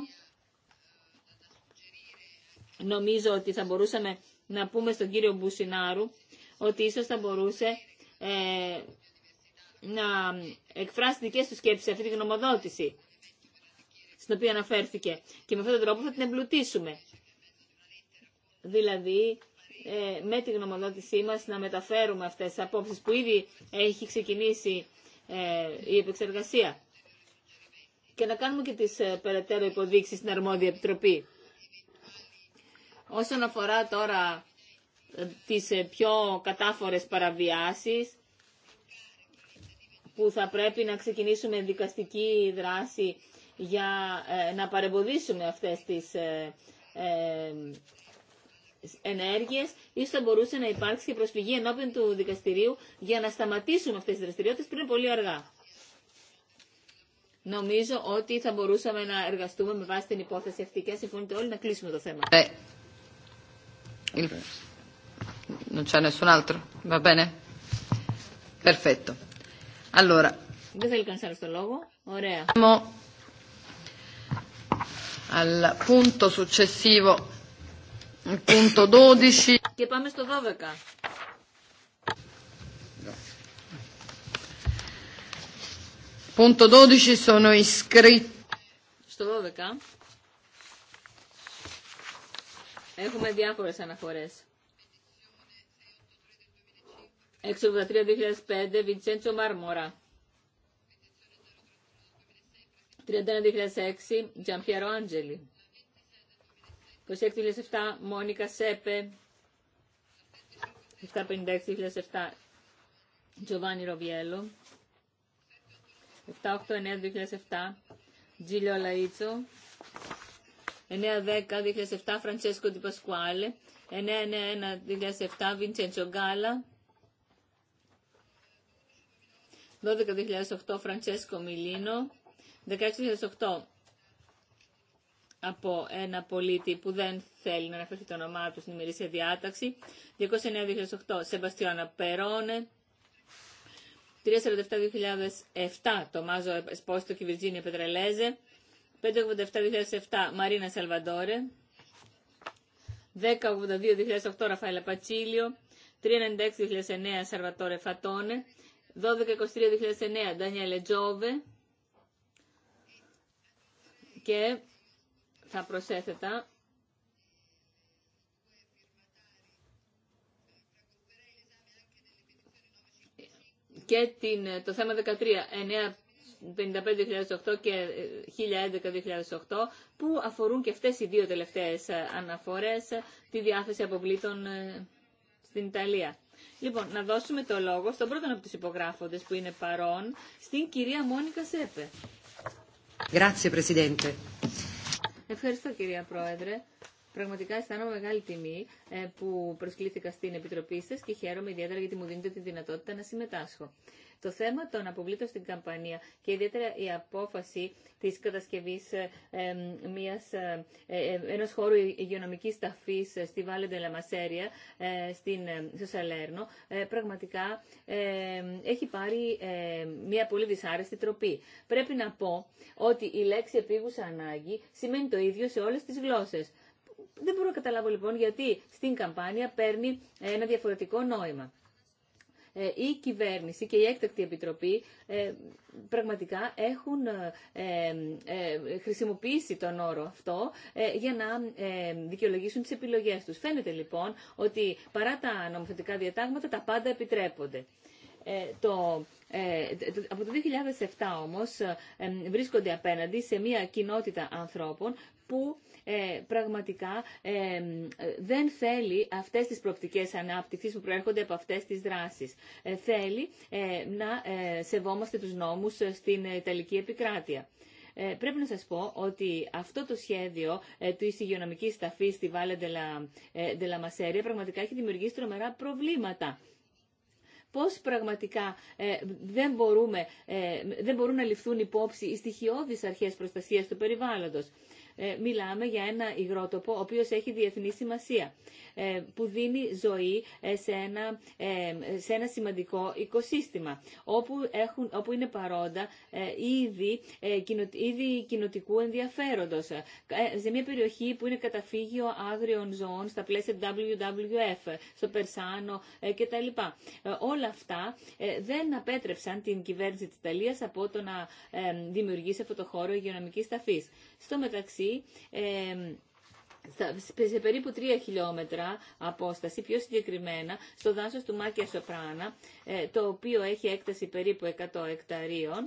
Νομίζω ότι θα μπορούσαμε να πούμε στον κύριο Μπουσινάρου ότι ίσως θα μπορούσε ε, να εκφράσει δικές του σκέψεις σε αυτή τη γνωμοδότηση στην οποία αναφέρθηκε. Και με αυτόν τον τρόπο θα την εμπλουτίσουμε. Δηλαδή, ε, με τη γνωμοδότησή μας να μεταφέρουμε αυτές τις απόψεις που ήδη έχει ξεκινήσει ε, η επεξεργασία και να κάνουμε και τις ε, περαιτέρω υποδείξεις στην αρμόδια επιτροπή. Όσον αφορά τώρα τις πιο κατάφορες παραβιάσεις που θα πρέπει να ξεκινήσουμε δικαστική δράση για να παρεμποδίσουμε αυτές τις ενέργειες, ίσως θα μπορούσε να υπάρξει και προσφυγή ενώπιον του δικαστηρίου για να σταματήσουμε αυτές τις δραστηριότητες πριν πολύ αργά. Νομίζω ότι θα μπορούσαμε να εργαστούμε με βάση την υπόθεση αυτή και αν συμφωνείτε όλοι να κλείσουμε το θέμα. Ε, non c'è nessun altro, va bene? Perfetto. Allora. Δεν θέλει κανείς άλλο το λόγο. Ωραία. Al punto successivo και πάμε στο 12. Punto 12 sono iscritti. Στο 12 έχουμε διάφορες αναφορές. 683-2005 Βιντσέντσο Μαρμόρα. 31-2006 Τζαμπιέρο Άντζελη. 26.007 Μόνικα Σέπε 756.007 Τζοβάνι 789.007 789-2007 Τζίλιο Λαΐτσο 910-2007 Φραντσέσκο Ντι Πασκουάλε 991-2007 Βιντσέντσο Γκάλα 12-2008 Φραντσέσκο Μιλίνο από ένα πολίτη που δεν θέλει να αναφέρει το όνομά του στην ημερήσια διάταξη. 209-2008 Σεμπαστιώνα Περόνε. 347-2007 Τομάζο Εσπόστο και Βιρτζίνια Πετρελέζε. 587-2007 Μαρίνα Σαλβαντόρε. 1082-2008 Ραφαέλα Πατσίλιο. 396-2009 φατωνε Φατόνε. 12-23-2009 Ντανιέλε Τζόβε. Και θα προσέθετα και την, το θέμα 13, 955 2008 και 1011-2008 που αφορούν και αυτές οι δύο τελευταίες ε, αναφορές ε, τη διάθεση αποβλήτων ε, στην Ιταλία. Λοιπόν, να δώσουμε το λόγο στον πρώτο από τους υπογράφοντες που είναι παρόν, στην κυρία Μόνικα Σέπε. Grazie, Ευχαριστώ κυρία Πρόεδρε. Πραγματικά αισθάνομαι μεγάλη τιμή ε, που προσκλήθηκα στην Επιτροπή σας και χαίρομαι ιδιαίτερα γιατί μου δίνετε τη δυνατότητα να συμμετάσχω. Το θέμα των αποβλήτων στην Καμπανία και ιδιαίτερα η απόφαση της κατασκευής ε, ε, ε ενός χώρου υγειονομικής ταφής ε, στη Βάλε Λαμασέρια, στην, στο Σαλέρνο, πραγματικά έχει πάρει μια πολύ δυσάρεστη τροπή. Πρέπει να πω ότι η λέξη επίγουσα ανάγκη σημαίνει το ίδιο σε όλες τις γλώσσες. Δεν μπορώ να καταλάβω λοιπόν γιατί στην καμπάνια παίρνει ένα διαφορετικό νόημα. Ε, η κυβέρνηση και η έκτακτη επιτροπή ε, πραγματικά έχουν ε, χρησιμοποιήσει τον όρο αυτό για να δικαιολογήσουν τις επιλογές τους. Φαίνεται λοιπόν ότι παρά τα νομοθετικά διατάγματα τα πάντα επιτρέπονται. Ε, ε, το, από το 2007 όμως ε, βρίσκονται απέναντι σε μια κοινότητα ανθρώπων που πραγματικά δεν θέλει αυτές τις προοπτικές ανάπτυξης που προέρχονται από αυτές τις δράσεις. θέλει να σεβόμαστε τους νόμους στην Ιταλική επικράτεια. Πρέπει να σας πω ότι αυτό το σχέδιο του υγειονομικής σταφής στη Βάλε Ντελαμασέρια πραγματικά έχει δημιουργήσει τρομερά προβλήματα πώς πραγματικά ε, δεν, μπορούμε, ε, δεν μπορούν να ληφθούν υπόψη οι στοιχειώδεις αρχές προστασίας του περιβάλλοντος. Ε, μιλάμε για ένα υγρότοπο ο οποίος έχει διεθνή σημασία. Ε, που δίνει ζωή ε, σε ένα, ε, σε ένα σημαντικό οικοσύστημα, όπου, έχουν, όπου είναι παρόντα είδη, κοινοτικού ενδιαφέροντος, σε μια περιοχή που είναι καταφύγιο άγριων ζώων στα πλαίσια WWF, στο Περσάνο κτλ. Όλα αυτά δεν απέτρεψαν την κυβέρνηση της Ιταλίας από το να δημιουργήσει αυτό το χώρο υγειονομικής ταφής. Στο μεταξύ, σε περίπου 3 χιλιόμετρα απόσταση, πιο συγκεκριμένα, στο δάσος του Μάκια Σοπράνα, ε, το οποίο έχει έκταση περίπου 100 εκταρίων,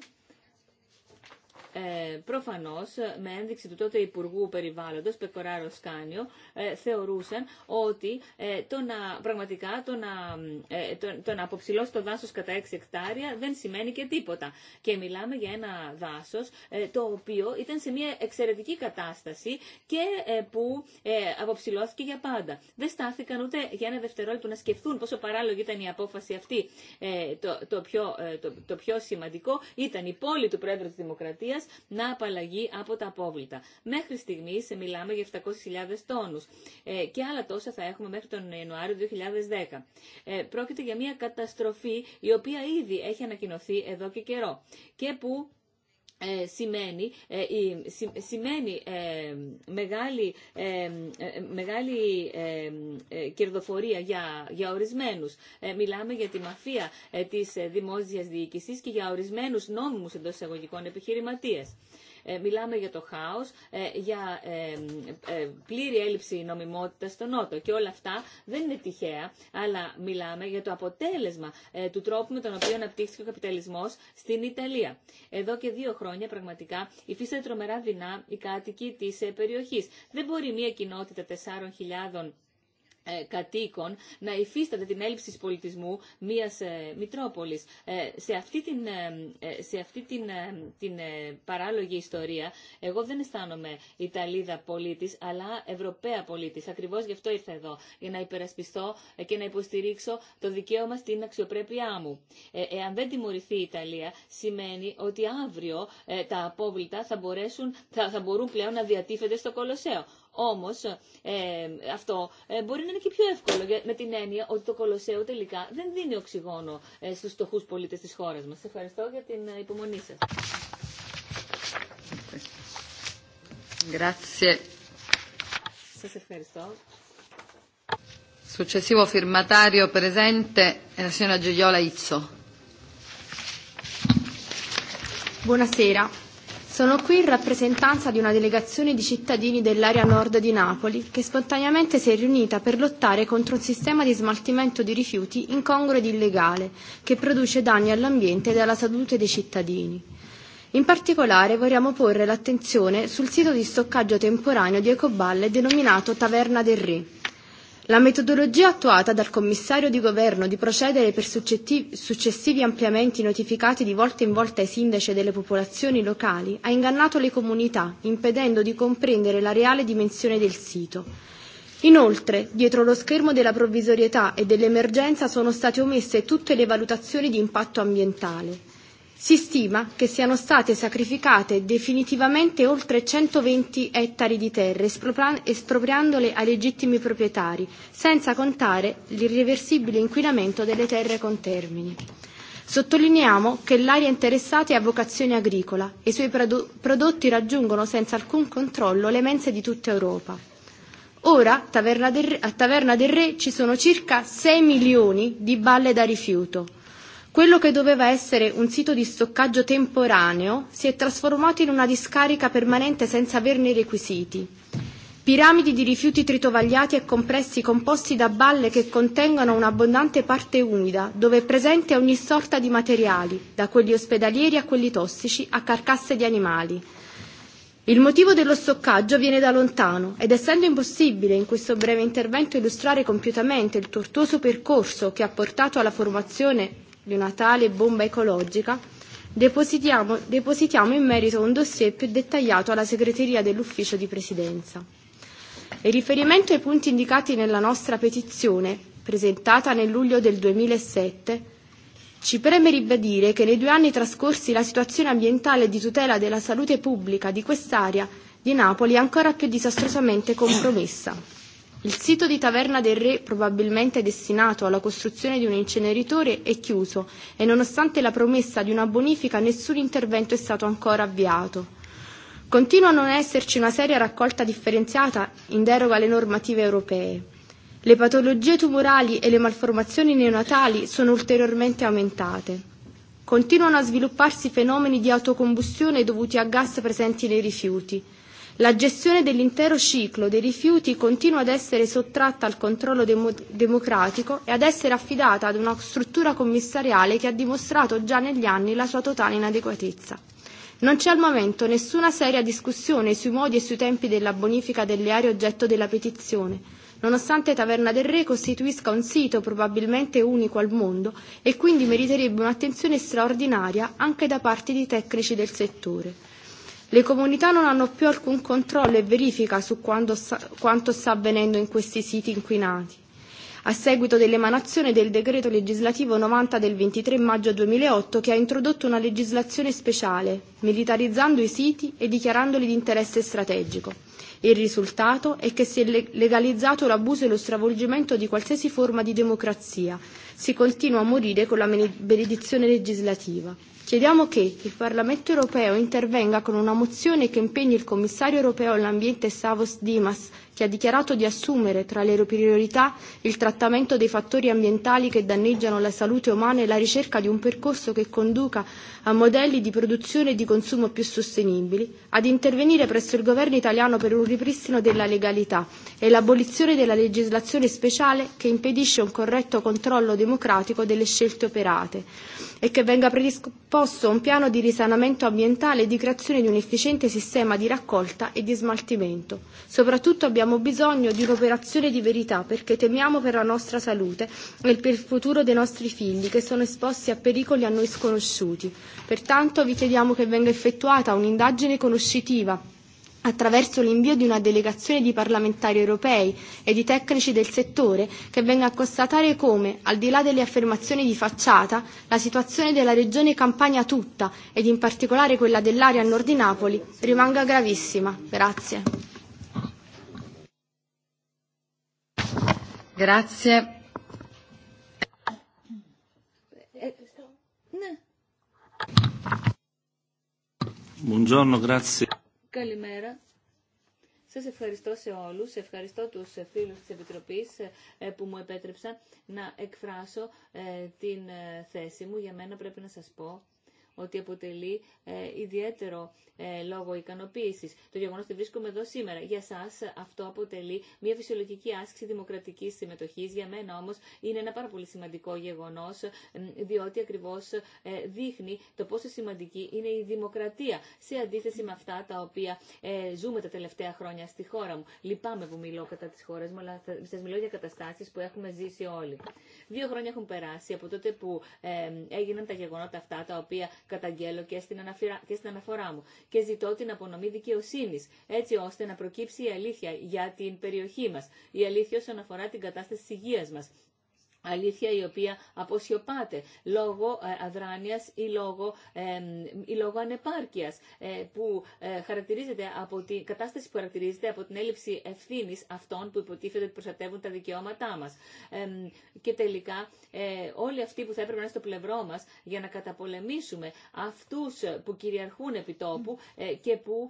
ε, προφανώς, με ένδειξη του τότε Υπουργού Περιβάλλοντος, Πεκοράρο Σκάνιο, ε, θεωρούσαν ότι ε, το να, πραγματικά το να, ε, το, να αποψηλώσει το δάσος κατά 6 εκτάρια δεν σημαίνει και τίποτα. Και μιλάμε για ένα δάσος το οποίο ήταν σε μια εξαιρετική κατάσταση και που αποψηλώθηκε για πάντα. Δεν στάθηκαν ούτε για ένα δευτερόλεπτο να σκεφτούν πόσο παράλογη ήταν η απόφαση αυτή. το, το, πιο, το, το πιο σημαντικό ήταν η πόλη του Πρόεδρου της Δημοκρατίας να απαλλαγεί από τα απόβλητα. Μέχρι στιγμή ε, μιλάμε για 700.000 τόνου ε, και άλλα τόσα θα έχουμε μέχρι τον Ιανουάριο 2010. Ε, πρόκειται για μια καταστροφή η οποία ήδη έχει ανακοινωθεί εδώ και καιρό και που ε, σημαίνει, ε, η, σημαίνει ε, μεγάλη, μεγάλη κερδοφορία για, για ορισμένους. μιλάμε για τη μαφία της δημόσιας διοίκησης και για ορισμένους νόμιμους εντός εισαγωγικών επιχειρηματίες. Ε, μιλάμε για το χάος, ε, για ε, πλήρη έλλειψη νομιμότητας στο Νότο και όλα αυτά δεν είναι τυχαία, αλλά μιλάμε για το αποτέλεσμα του τρόπου με τον οποίο αναπτύχθηκε ο καπιταλισμός στην Ιταλία. Εδώ και δύο χρόνια πραγματικά υφίσταται τρομερά δεινά οι κάτοικοι της περιοχής. Δεν μπορεί μια κοινότητα 4.000 ε, κατοίκων να υφίσταται την έλλειψη πολιτισμού μιας ε, Μητρόπολης. Ε, σε αυτή, την, ε, σε αυτή την, την παράλογη ιστορία, εγώ δεν αισθάνομαι Ιταλίδα πολίτης, αλλά Ευρωπαία πολίτης. Ακριβώς γι' αυτό ήρθα εδώ, για να υπερασπιστώ και να υποστηρίξω το δικαίωμα στην αξιοπρέπειά μου. εάν δεν τιμωρηθεί η Ιταλία, σημαίνει ότι αύριο τα απόβλητα θα, μπορέσουν, θα, θα μπορούν πλέον να διατίθενται στο Κολοσσέο. Όμως ε, αυτό ε, μπορεί να είναι και πιο εύκολο με την έννοια ότι το Κολοσσέο τελικά δεν δίνει οξυγόνο ε, στους φτωχού πολίτες της χώρας μας. ευχαριστώ για την ε, υπομονή σα. Grazie. Σας ευχαριστώ. Successivo firmatario presente è la signora Gioiola Izzo. Buonasera. Sono qui in rappresentanza di una delegazione di cittadini dell'area nord di Napoli che spontaneamente si è riunita per lottare contro un sistema di smaltimento di rifiuti incongruo ed illegale che produce danni all'ambiente e alla salute dei cittadini. In particolare vogliamo porre l'attenzione sul sito di stoccaggio temporaneo di ecoballe denominato Taverna del Re La metodologia attuata dal commissario di governo di procedere per successivi ampliamenti notificati di volta in volta ai sindaci delle popolazioni locali ha ingannato le comunità, impedendo di comprendere la reale dimensione del sito. Inoltre, dietro lo schermo della provvisorietà e dell'emergenza sono state omesse tutte le valutazioni di impatto ambientale. Si stima che siano state sacrificate definitivamente oltre 120 ettari di terre, espropriandole ai legittimi proprietari, senza contare l'irreversibile inquinamento delle terre con termini. Sottolineiamo che l'area interessata è a vocazione agricola e i suoi prodotti raggiungono senza alcun controllo le mense di tutta Europa. Ora a Taverna del Re ci sono circa 6 milioni di balle da rifiuto Quello che doveva essere un sito di stoccaggio temporaneo si è trasformato in una discarica permanente senza averne i requisiti. Piramidi di rifiuti tritovagliati e compressi composti da balle che contengono un'abbondante parte umida, dove è presente ogni sorta di materiali, da quelli ospedalieri a quelli tossici, a carcasse di animali. Il motivo dello stoccaggio viene da lontano ed essendo impossibile in questo breve intervento illustrare compiutamente il tortuoso percorso che ha portato alla formazione di una tale bomba ecologica, depositiamo, depositiamo in merito un dossier più dettagliato alla segreteria dell'ufficio di presidenza. In riferimento ai punti indicati nella nostra petizione, presentata nel luglio del 2007, Ci preme ribadire che nei due anni trascorsi la situazione ambientale di tutela della salute pubblica di quest'area di Napoli è ancora più disastrosamente compromessa. Il sito di Taverna del Re, probabilmente destinato alla costruzione di un inceneritore, è chiuso e nonostante la promessa di una bonifica nessun intervento è stato ancora avviato. Continua a non esserci una seria raccolta differenziata in deroga alle normative europee. Le patologie tumorali e le malformazioni neonatali sono ulteriormente aumentate. Continuano a svilupparsi fenomeni di autocombustione dovuti a gas presenti nei rifiuti La gestione dell'intero ciclo dei rifiuti continua ad essere sottratta al controllo democratico e ad essere affidata ad una struttura commissariale che ha dimostrato già negli anni la sua totale inadeguatezza. Non c'è al momento nessuna seria discussione sui modi e sui tempi della bonifica delle aree oggetto della petizione, nonostante Taverna del Re costituisca un sito probabilmente unico al mondo e quindi meriterebbe un'attenzione straordinaria anche da parte di tecnici del settore. Le comunità non hanno più alcun controllo e verifica su quanto sta avvenendo in questi siti inquinati. A seguito dell'emanazione del decreto legislativo 90 del 23 maggio 2008 che ha introdotto una legislazione speciale, militarizzando i siti e dichiarandoli di interesse strategico. Il risultato è che si è legalizzato l'abuso e lo stravolgimento di qualsiasi forma di democrazia. Si continua a morire con la benedizione legislativa. Chiediamo che il Parlamento europeo intervenga con una mozione che impegni il commissario europeo all'ambiente Savos Dimas che ha dichiarato di assumere tra le priorità il trattamento dei fattori ambientali che danneggiano la salute umana e la ricerca di un percorso che conduca a modelli di produzione e di consumo più sostenibili, ad intervenire presso il governo italiano per un ripristino della legalità e l'abolizione della legislazione speciale che impedisce un corretto controllo democratico delle scelte operate e che venga predisposto un piano di risanamento ambientale e di creazione di un efficiente sistema di raccolta e di smaltimento. Soprattutto abbiamo bisogno di un'operazione di verità perché temiamo per la nostra salute e per il futuro dei nostri figli che sono esposti a pericoli a noi sconosciuti. Pertanto vi chiediamo che venga effettuata un'indagine conoscitiva attraverso l'invio di una delegazione di parlamentari europei e di tecnici del settore che venga a constatare come, al di là delle affermazioni di facciata, la situazione della regione Campania tutta, ed in particolare quella dell'area a nord di Napoli, rimanga gravissima. Grazie. Grazie. Buongiorno, grazie Καλημέρα. Σας ευχαριστώ σε όλους, ευχαριστώ τους φίλους της Επιτροπής ε, ε, που μου επέτρεψαν να εκφράσω ε, την θέση μου. Για μένα πρέπει να σας πω ότι αποτελεί ε, ιδιαίτερο ε, λόγο ικανοποίηση. Το γεγονό ότι βρίσκομαι εδώ σήμερα. Για εσά αυτό αποτελεί μια φυσιολογική άσκηση δημοκρατική συμμετοχή. Για μένα όμω είναι ένα πάρα πολύ σημαντικό γεγονό, διότι ακριβώ ε, δείχνει το πόσο σημαντική είναι η δημοκρατία σε αντίθεση με αυτά τα οποία ε, ζούμε τα τελευταία χρόνια στη χώρα μου. Λυπάμαι που μιλώ κατά τη χώρα μου, αλλά σα μιλώ για καταστάσει που έχουμε ζήσει όλοι. Δύο χρόνια έχουν περάσει από τότε που ε, έγιναν τα γεγονότα αυτά τα οποία καταγγέλλω και στην, και στην αναφορά μου και ζητώ την απονομή δικαιοσύνη, έτσι ώστε να προκύψει η αλήθεια για την περιοχή μα, η αλήθεια όσον αφορά την κατάσταση τη υγεία μα αλήθεια η οποία αποσιωπάται λόγω ε, αδράνειας ή λόγω, ε, ή ανεπάρκειας που ε, χαρακτηρίζεται από την κατάσταση που χαρακτηρίζεται από την έλλειψη ευθύνης αυτών που υποτίθεται ότι προστατεύουν τα δικαιώματά μας. και τελικά ε, όλοι αυτοί που θα έπρεπε να είναι στο πλευρό μας για να καταπολεμήσουμε αυτούς που κυριαρχούν επί τόπου ε, και που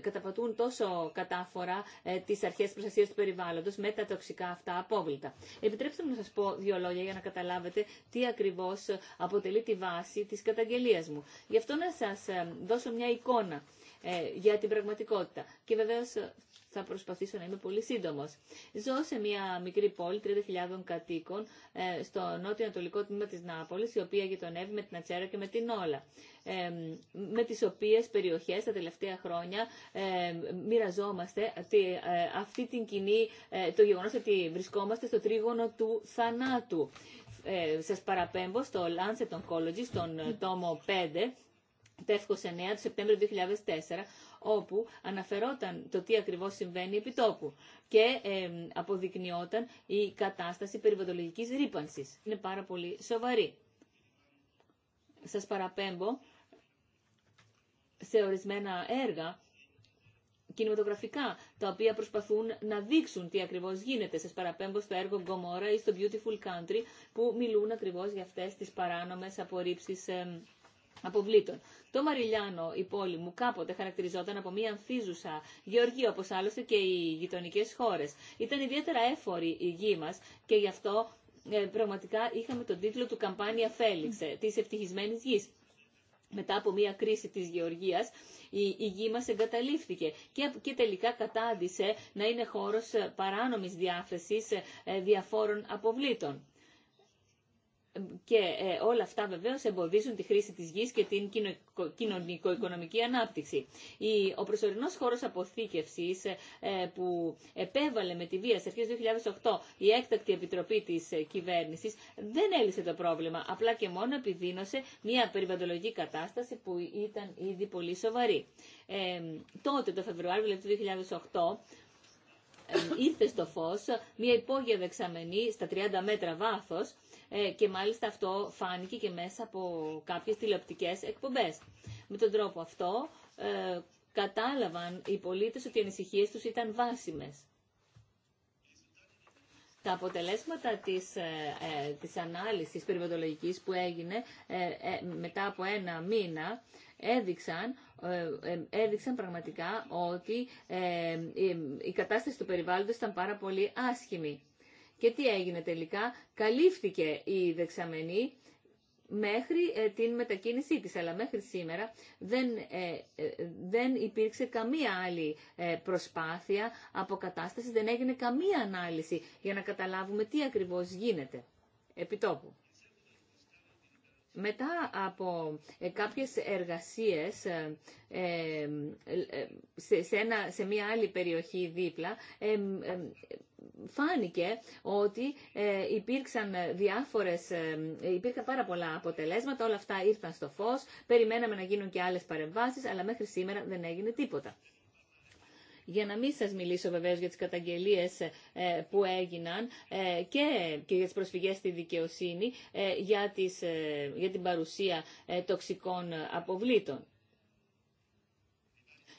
καταπατούν τόσο κατάφορα τις αρχές προστασίας του περιβάλλοντος με τα τοξικά αυτά απόβλητα. Επιτρέψτε μου να σας πω δύο λόγια για να καταλάβετε τι ακριβώς αποτελεί τη βάση της καταγγελίας μου. Γι' αυτό να σας ε, δώσω μια εικόνα ε, για την πραγματικότητα. Και βεβαίως θα προσπαθήσω να είμαι πολύ σύντομο. Ζω σε μια μικρή πόλη 30.000 κατοίκων ε, στο νότιο-ανατολικό τμήμα τη Νάπολη, η οποία γειτονεύει με την Ατσέρα και με την Όλα. Ε, με τι οποίε περιοχέ τα τελευταία χρόνια ε, μοιραζόμαστε αυτή την κοινή, το γεγονό ότι βρισκόμαστε στο τρίγωνο του θανάτου. Σα σας παραπέμπω στο Lancet Oncology, στον τόμο 5, Τεύχος 9 του Σεπτέμβριου 2004, όπου αναφερόταν το τι ακριβώς συμβαίνει επί τόπου και ε, αποδεικνυόταν η κατάσταση περιβατολογικής ρήπανσης. Είναι πάρα πολύ σοβαρή. Σας παραπέμπω σε ορισμένα έργα κινηματογραφικά, τα οποία προσπαθούν να δείξουν τι ακριβώς γίνεται. Σας παραπέμπω στο έργο Gomorrah ή στο Beautiful Country, που μιλούν ακριβώς για αυτές τις παράνομες απορρίψεις αποβλήτων. Το Μαριλιάνο, η πόλη μου, κάποτε χαρακτηριζόταν από μια ανθίζουσα γεωργία, όπω άλλωστε και οι γειτονικέ χώρε. Ήταν ιδιαίτερα έφορη η γη μα και γι' αυτό ε, πραγματικά είχαμε τον τίτλο του Καμπάνια Φέλιξε, τη ευτυχισμένη γη. Μετά από μια κρίση της γεωργίας, η γη μας εγκαταλείφθηκε και τελικά κατάντησε να είναι χώρος ε, παράνομης διάθεσης ε, διαφόρων αποβλήτων. Και ε, όλα αυτά βεβαίως εμποδίζουν τη χρήση της γης και την κοινωνικο-οικονομική ανάπτυξη. Ο προσωρινός χώρος αποθήκευσης ε, που επέβαλε με τη βία σε αρχές 2008 η έκτακτη επιτροπή της ε, κυβέρνησης δεν έλυσε το πρόβλημα, απλά και μόνο επιδίνωσε μια περιβαλλοντική κατάσταση που ήταν ήδη πολύ σοβαρή. Ε, τότε, το Φεβρουάριο του 2008, ήρθε στο φως μια υπόγεια δεξαμενή στα 30 μέτρα βάθος ε, και μάλιστα αυτό φάνηκε και μέσα από κάποιες τηλεοπτικές εκπομπές. Με τον τρόπο αυτό ε, κατάλαβαν οι πολίτες ότι οι ανησυχίες τους ήταν βάσιμες. Τα αποτελέσματα της, ε, ε της ανάλυσης περιβαλλοντολογικής που έγινε μετά από ένα μήνα έδειξαν, έδειξαν πραγματικά ότι η, η κατάσταση του περιβάλλοντος ήταν πάρα πολύ άσχημη. Και τι έγινε τελικά, καλύφθηκε η δεξαμενή μέχρι ε, την μετακίνησή της. Αλλά μέχρι σήμερα δεν, ε, ε, δεν υπήρξε καμία άλλη προσπάθεια αποκατάστασης, δεν έγινε καμία ανάλυση για να καταλάβουμε τι ακριβώς γίνεται επιτόπου. Μετά από ε, κάποιες εργασίες ε, ε, σε, σε μια άλλη περιοχή δίπλα, φάνηκε ότι υπήρξαν διάφορες, υπήρχαν πάρα πολλά αποτελέσματα, όλα αυτά ήρθαν στο φως, περιμέναμε να γίνουν και άλλες παρεμβάσεις, αλλά μέχρι σήμερα δεν έγινε τίποτα. Για να μην σας μιλήσω βεβαίως για τις καταγγελίες ε, που έγιναν ε, και, και για τις προσφυγές στη δικαιοσύνη ε, για, τις, για την παρουσία τοξικών αποβλήτων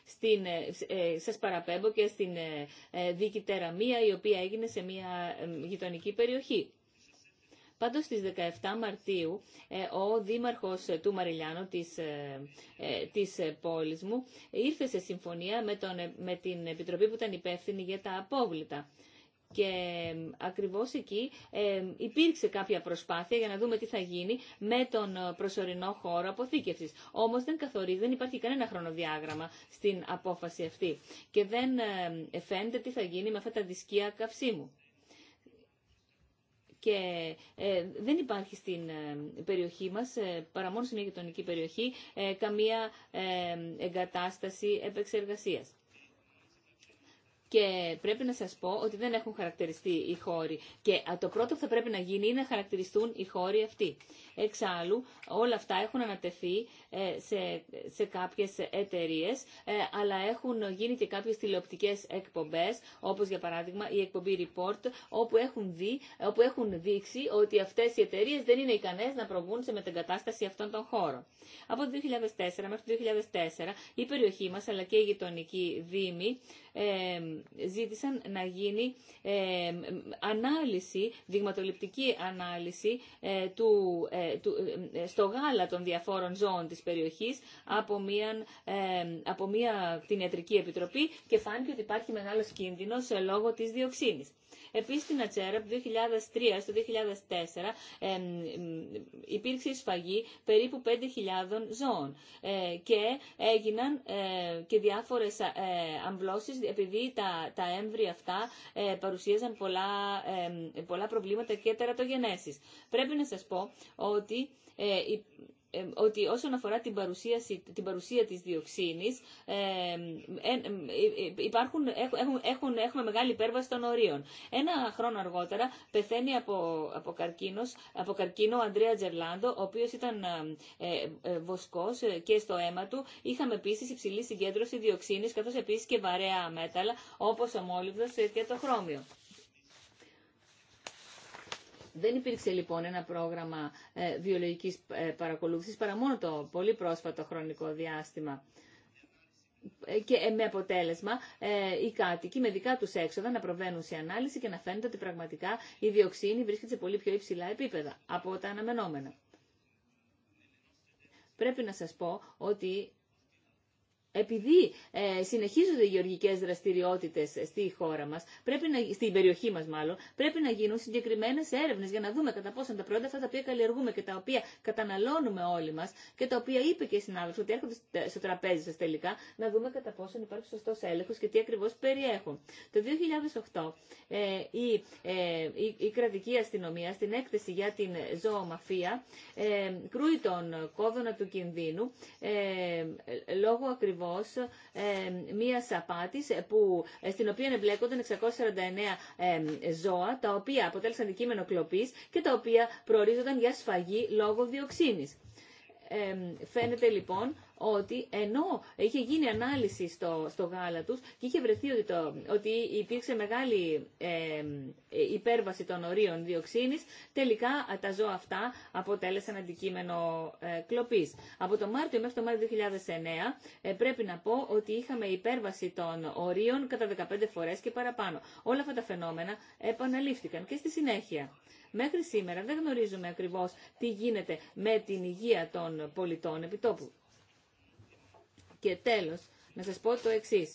στην, ε, σας παραπέμπω και στην ε, δίκη Τεραμία η οποία έγινε σε μια ε, γειτονική περιοχή. Πάντως στις 17 Μαρτίου ε, ο δήμαρχος ε, του Μαριλιάνο της, ε, της πόλης μου ήρθε σε συμφωνία με, τον, με την Επιτροπή που ήταν υπεύθυνη για τα απόβλητα. Και ακριβώς εκεί υπήρξε κάποια προσπάθεια για να δούμε τι θα γίνει με τον προσωρινό χώρο αποθήκευσης. Όμως δεν καθορίζει, δεν υπάρχει κανένα χρονοδιάγραμμα στην απόφαση αυτή. Και δεν φαίνεται τι θα γίνει με αυτά τα δισκία καυσίμου και ε, δεν υπάρχει στην ε, περιοχή μας, ε, παρά μόνο στην γειτονική περιοχή, καμία εγκατάσταση επεξεργασίας και πρέπει να σας πω ότι δεν έχουν χαρακτηριστεί οι χώροι. Και το πρώτο που θα πρέπει να γίνει είναι να χαρακτηριστούν οι χώροι αυτοί. Εξάλλου, όλα αυτά έχουν ανατεθεί ε, σε, σε κάποιες εταιρείε, ε, αλλά έχουν γίνει και κάποιες τηλεοπτικές εκπομπές, όπως για παράδειγμα η εκπομπή Report, όπου έχουν, δει, όπου έχουν δείξει ότι αυτές οι εταιρείε δεν είναι ικανές να προβούν σε μετεγκατάσταση αυτών των χώρων. Από το 2004 μέχρι το 2004, η περιοχή μας, αλλά και η γειτονική δήμη, ε, ζήτησαν να γίνει ε, ανάλυση, δειγματοληπτική ανάλυση ε, του, του, στο γάλα των διαφόρων ζώων της περιοχής από μια, από μια κτηνιατρική επιτροπή και φάνηκε ότι υπάρχει μεγάλος κίνδυνος λόγω της διοξίνης. Επίση, στην Ατσέρα από το 2003 στο 2004 ε, υπήρξε σφαγή περίπου 5.000 ζώων και έγιναν ε, και διάφορες ε, αμβλώσεις επειδή τα, τα έμβρια αυτά ε, παρουσίαζαν πολλά, πολλά προβλήματα και τερατογενέσεις. Πρέπει να σας πω ότι ότι όσον αφορά την, παρουσία της διοξίνης υπάρχουν, έχουν, έχουν, έχουμε μεγάλη υπέρβαση των ορίων. Ένα χρόνο αργότερα πεθαίνει από, από, καρκίνος, από καρκίνο ο Ανδρέα Τζερλάντο, ο οποίος ήταν ε, ε, ε βοσκός ε, και στο αίμα του. Είχαμε επίσης υψηλή συγκέντρωση διοξίνης καθώς επίσης και βαρέα μέταλλα όπως ο μόλιβδος και το χρώμιο. Δεν υπήρξε λοιπόν ένα πρόγραμμα ε, βιολογικής ε, παρακολούθησης παρά μόνο το πολύ πρόσφατο χρονικό διάστημα ε, και με αποτέλεσμα οι κάτοικοι με δικά τους έξοδα να προβαίνουν σε ανάλυση και να φαίνεται ότι πραγματικά η διοξίνη βρίσκεται σε πολύ πιο υψηλά επίπεδα από τα αναμενόμενα. Πρέπει να σας πω ότι επειδή ε, συνεχίζονται οι γεωργικές δραστηριότητες στη χώρα μα, στην περιοχή μα μάλλον, πρέπει να γίνουν συγκεκριμένε έρευνε για να δούμε κατά πόσο τα προϊόντα αυτά τα οποία καλλιεργούμε και τα οποία καταναλώνουμε όλοι μα και τα οποία είπε και η συνάδελφο ότι έρχονται στο τραπέζι σα τελικά, να δούμε κατά πόσο υπάρχει σωστό έλεγχο και τι ακριβώ περιέχουν. Το 2008 ε, η, ε, η, η, κρατική αστυνομία στην έκθεση για την ζωομαφία ε, κρούει τον κόδωνα του κινδύνου ε, λόγω ακριβώ. Ε, μία σαπάτη ε, που, ε, στην οποία εμπλέκονταν 649 ζώα, τα οποία αποτέλεσαν αντικείμενο κλοπής και τα οποία προορίζονταν για σφαγή λόγω διοξίνης. φαίνεται λοιπόν ότι ενώ είχε γίνει ανάλυση στο, στο γάλα τους και είχε βρεθεί ότι, το, ότι υπήρξε μεγάλη ε, υπέρβαση των ορίων διοξίνης, τελικά τα ζώα αυτά αποτέλεσαν αντικείμενο ε, κλοπής. Από το Μάρτιο μέχρι το Μάρτιο 2009 ε, πρέπει να πω ότι είχαμε υπέρβαση των ορίων κατά 15 φορές και παραπάνω. Όλα αυτά τα φαινόμενα επαναλήφθηκαν και στη συνέχεια. Μέχρι σήμερα δεν γνωρίζουμε ακριβώς τι γίνεται με την υγεία των πολιτών επιτόπου. Και τέλος, να σα πω το εξή.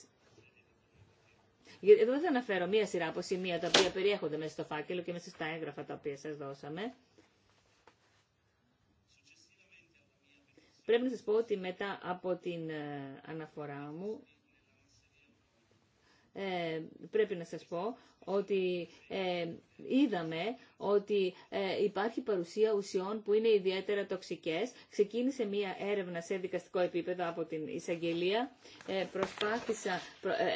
Εδώ δεν θα αναφέρω μία σειρά από σημεία τα οποία περιέχονται μέσα στο φάκελο και μέσα στα έγγραφα τα οποία σα δώσαμε. Πρέπει να σας πω ότι μετά από την ε, αναφορά μου, ε, πρέπει να σας πω ότι ε, είδαμε ότι ε, υπάρχει παρουσία ουσιών που είναι ιδιαίτερα τοξικές. Ξεκίνησε μία έρευνα σε δικαστικό επίπεδο από την εισαγγελία. Ε,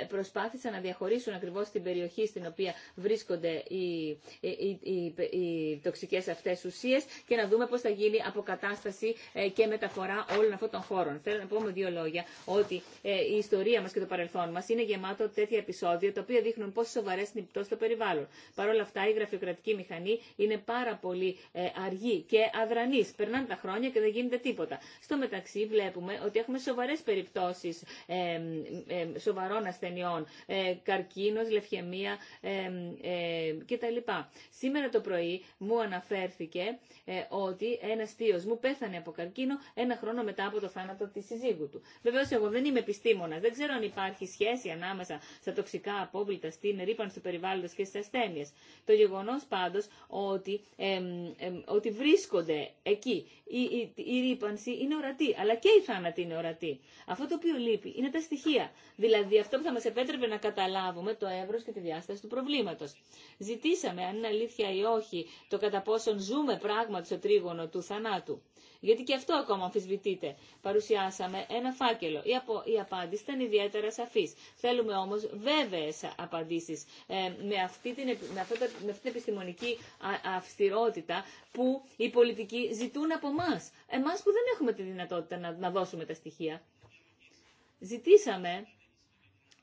προσπάθησα, προ, ε, να διαχωρίσουν ακριβώς την περιοχή στην οποία βρίσκονται οι, οι, οι, οι τοξικές αυτές ουσίες και να δούμε πώς θα γίνει αποκατάσταση και μεταφορά όλων αυτών των χώρων. Θέλω να πω με δύο λόγια ότι η ιστορία μας και το παρελθόν μας είναι γεμάτο τέτοια επεισόδια τα οποία δείχνουν πόσο σοβαρές είναι στο περιβάλλον. Παρ' όλα αυτά, η γραφειοκρατική μηχανή είναι πάρα πολύ ε, αργή και αδρανή. Περνάνε τα χρόνια και δεν γίνεται τίποτα. Στο μεταξύ, βλέπουμε ότι έχουμε σοβαρέ περιπτώσει σοβαρών ασθενειών. Ε, καρκίνο, λευχαιμία κτλ. Σήμερα το πρωί μου αναφέρθηκε ε, ότι ένα θείο μου πέθανε από καρκίνο ένα χρόνο μετά από το θάνατο τη συζύγου του. Βεβαίω, εγώ δεν είμαι επιστήμονα, δεν ξέρω αν υπάρχει σχέση ανάμεσα στα τοξικά απόβλητα, στην ρήπανση του περιβάλλοντο και Το γεγονό πάντω ότι, ότι βρίσκονται εκεί η, η, η, ρήπανση είναι ορατή, αλλά και η θάνατη είναι ορατή. Αυτό το οποίο λείπει είναι τα στοιχεία. Δηλαδή αυτό που θα μα επέτρεπε να καταλάβουμε το εύρο και τη διάσταση του προβλήματο. Ζητήσαμε αν είναι αλήθεια ή όχι το κατά πόσον ζούμε πράγματι στο τρίγωνο του θανάτου. Γιατί και αυτό ακόμα αμφισβητείται. Παρουσιάσαμε ένα φάκελο. Η, απο... η απάντηση ήταν ιδιαίτερα σαφή. Θέλουμε όμω βέβαιε απαντήσει ε, με, αυτή την... με, επιστημονική αυστηρότητα που οι πολιτικοί ζητούν από εμά. Εμά που δεν έχουμε τη δυνατότητα να, να δώσουμε τα στοιχεία. Ζητήσαμε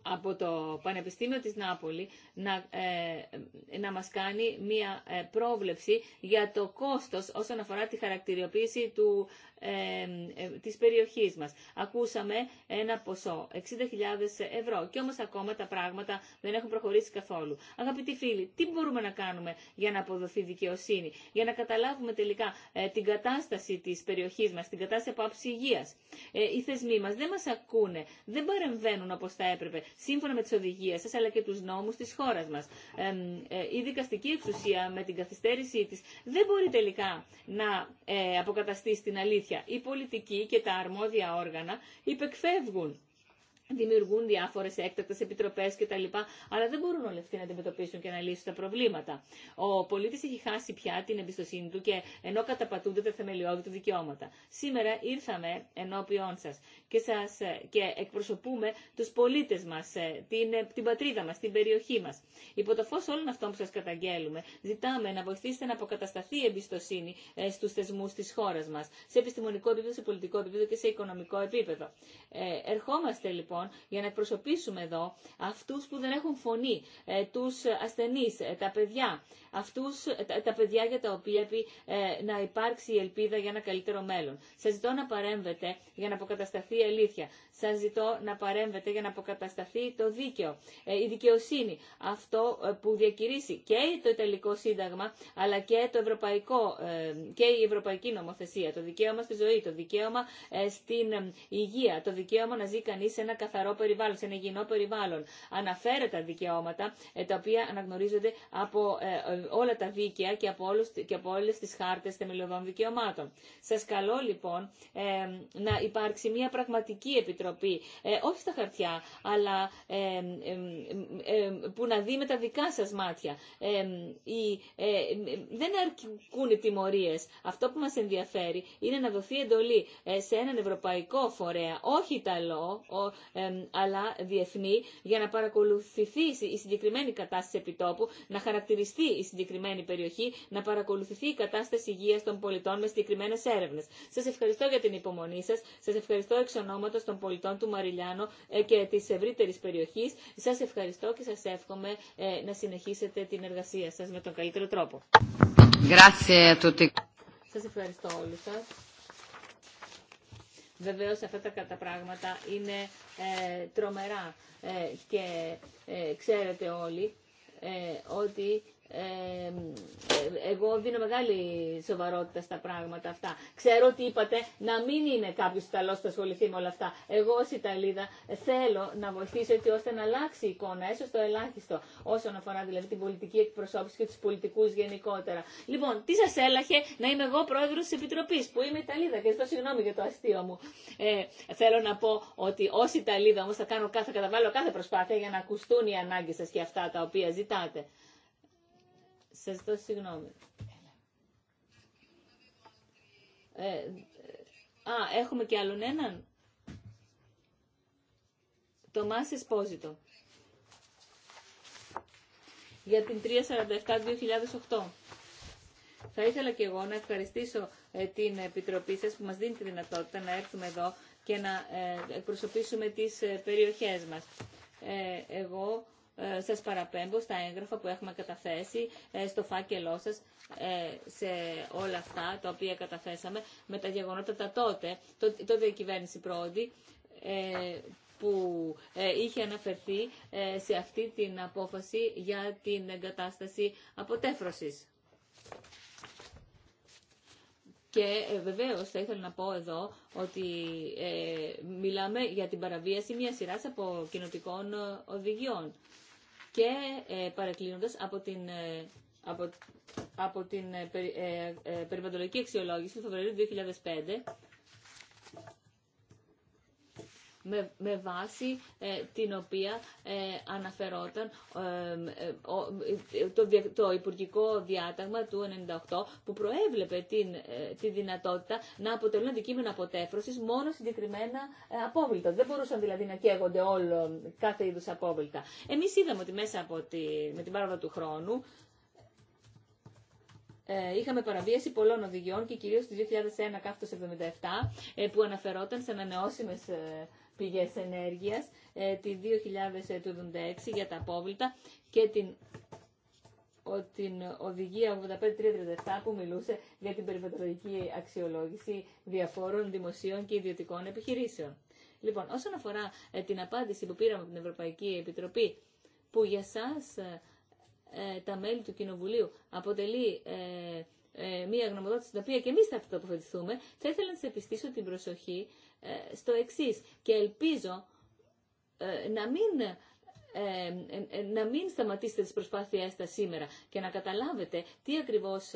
από το Πανεπιστήμιο της Νάπολη να, ε, να μας κάνει μία ε, πρόβλεψη για το κόστος όσον αφορά τη χαρακτηριοποίηση του ε, της περιοχής μας. Ακούσαμε ένα ποσό, 60.000 ευρώ. Και όμως ακόμα τα πράγματα δεν έχουν προχωρήσει καθόλου. Αγαπητοί φίλοι, τι μπορούμε να κάνουμε για να αποδοθεί δικαιοσύνη, για να καταλάβουμε τελικά ε, την κατάσταση της περιοχής μας, την κατάσταση από άψη υγείας. Ε, οι θεσμοί μας δεν μας ακούνε, δεν παρεμβαίνουν όπως θα έπρεπε, σύμφωνα με τις οδηγίες σας, αλλά και τους νόμους της χώρας μας. η δικαστική εξουσία με την καθυστέρησή της δεν μπορεί τελικά να αποκαταστήσει την αλήθεια οι πολιτικοί και τα αρμόδια όργανα υπεκφεύγουν δημιουργούν διάφορε έκτακτε επιτροπέ κτλ. Αλλά δεν μπορούν όλοι αυτοί να αντιμετωπίσουν και να λύσουν τα προβλήματα. Ο πολίτη έχει χάσει πια την εμπιστοσύνη του και ενώ καταπατούνται τα θεμελιώδη του δικαιώματα. Σήμερα ήρθαμε ενώπιον σα και, σας, ε, και εκπροσωπούμε τους πολίτες μας, ε, την, ε, την πατρίδα μας, την περιοχή μας. Υπό το φως όλων αυτών που σας καταγγέλουμε, ζητάμε να βοηθήσετε να αποκατασταθεί η εμπιστοσύνη στους θεσμούς της χώρας μας, σε επιστημονικό επίπεδο, σε πολιτικό επίπεδο και σε οικονομικό επίπεδο. ερχόμαστε λοιπόν για να εκπροσωπήσουμε εδώ αυτούς που δεν έχουν φωνή, τους ασθενείς, τα παιδιά, αυτούς, τα, παιδιά για τα οποία να υπάρξει η ελπίδα για ένα καλύτερο μέλλον. Σας ζητώ να παρέμβετε για να αποκατασταθεί η αλήθεια. Σας ζητώ να παρέμβετε για να αποκατασταθεί το δίκαιο, ε, η δικαιοσύνη. Αυτό ε, που διακηρύσει και το Ιταλικό Σύνταγμα, αλλά και, το Ευρωπαϊκό, ε, και η Ευρωπαϊκή Νομοθεσία. Το δικαίωμα στη ζωή, το δικαίωμα στην υγεία, το δικαίωμα να ζει κανεί σε ένα καθαρό περιβάλλον, σε ένα υγιεινό περιβάλλον. Αναφέρε τα δικαιώματα, τα οποία αναγνωρίζονται από όλα τα δίκαια και από, όλους, και από όλες τις χάρτες θεμελιωδών δικαιωμάτων. Σας καλώ λοιπόν να υπάρξει μια πραγματική επιτροπή, ε, όχι στα χαρτιά, αλλά ε, ε, που να δει με τα δικά σας μάτια. ε, δεν αρκούν οι τιμωρίες. Αυτό που μας ενδιαφέρει είναι να δοθεί εντολή σε έναν ευρωπαϊκό φορέα, όχι Ιταλό, αλλά διεθνή, για να παρακολουθηθεί η συγκεκριμένη κατάσταση επιτόπου, να χαρακτηριστεί η συγκεκριμένη περιοχή, να παρακολουθηθεί η κατάσταση υγείας των πολιτών με συγκεκριμένε έρευνε. Σα ευχαριστώ για την υπομονή σα. Σα ευχαριστώ εξ εξ των πολιτών του Μαριλιάνο ε, και τη ευρύτερη περιοχή. Σα ευχαριστώ και σα εύχομαι ε, να συνεχίσετε την εργασία σα με τον καλύτερο τρόπο. Σα ευχαριστώ όλους σα. Βεβαίω αυτά τα πράγματα είναι ε, τρομερά και ξέρετε όλοι ότι εγώ δίνω μεγάλη σοβαρότητα στα πράγματα αυτά. Ξέρω ότι είπατε να μην είναι κάποιο Ιταλό που θα ασχοληθεί με όλα αυτά. Εγώ ω Ιταλίδα θέλω να βοηθήσω έτσι ώστε να αλλάξει η εικόνα, έστω στο ελάχιστο, όσον αφορά δηλαδή την πολιτική εκπροσώπηση και του πολιτικού γενικότερα. Λοιπόν, τι σα έλαχε να είμαι εγώ πρόεδρο τη Επιτροπή, που είμαι Ιταλίδα και ζητώ συγγνώμη για το αστείο μου. Ε, θέλω να πω ότι ω Ιταλίδα όμω θα καταβάλω κάθε προσπάθεια για να ακουστούν οι ανάγκε σα και αυτά τα οποία ζητάτε σε ζητώ συγγνώμη. Ε, α, έχουμε και άλλον έναν. Το Μάση Εσπόζητο. Για την 347-2008. Θα ήθελα και εγώ να ευχαριστήσω ε, την Επιτροπή σας που μας δίνει τη δυνατότητα να έρθουμε εδώ και να ε, εκπροσωπήσουμε τις ε, περιοχές μας. Εγώ ε, σας παραπέμπω στα έγγραφα που έχουμε καταθέσει ε, στο φάκελό σας ε, σε όλα αυτά τα οποία καταθέσαμε με τα γεγονότα τα τότε, τότε η κυβέρνηση πρώτη, που είχε αναφερθεί σε αυτή την απόφαση για την εγκατάσταση αποτέφρωσης. Και ε, βεβαίω θα ήθελα να πω εδώ ότι ε, μιλάμε για την παραβίαση μια σειρά από κοινοτικών οδηγιών. Και ε, παρακλίνοντα από την από, από την περιβαλλοντική αξιολόγηση του Φεβρουαρίου 2005 με, με βάση ε, την οποία ε, αναφερόταν ε, το, το Υπουργικό Διάταγμα του 1998 που προέβλεπε την, τη δυνατότητα να αποτελούν αντικείμενα αποτέφρωσης μόνο συγκεκριμένα απόβλητα. Δεν μπορούσαν δηλαδή να καίγονται όλο κάθε είδους απόβλητα. Εμείς είδαμε ότι μέσα από τη, με την πάροδο του χρόνου είχαμε παραβίαση πολλών οδηγιών και κυρίως το 2001 77 που αναφερόταν σε ανανεώσιμες πηγές ενέργειας, ε, τη 2076 ε, για τα απόβλητα και την την οδηγία 85337 που μιλούσε για την περιβαλλοντική αξιολόγηση διαφόρων δημοσίων και ιδιωτικών επιχειρήσεων. Λοιπόν, όσον αφορά ε, την απάντηση που πήραμε από την Ευρωπαϊκή Επιτροπή, που για σας τα μέλη του Κοινοβουλίου αποτελεί μία γνωμοδότηση στην οποία και εμείς θα θα ήθελα να σας επιστήσω την προσοχή στο εξή. και ελπίζω ε, να μην ε, ε, να μην σταματήσετε τις προσπάθειές τα σήμερα και να καταλάβετε τι ακριβώς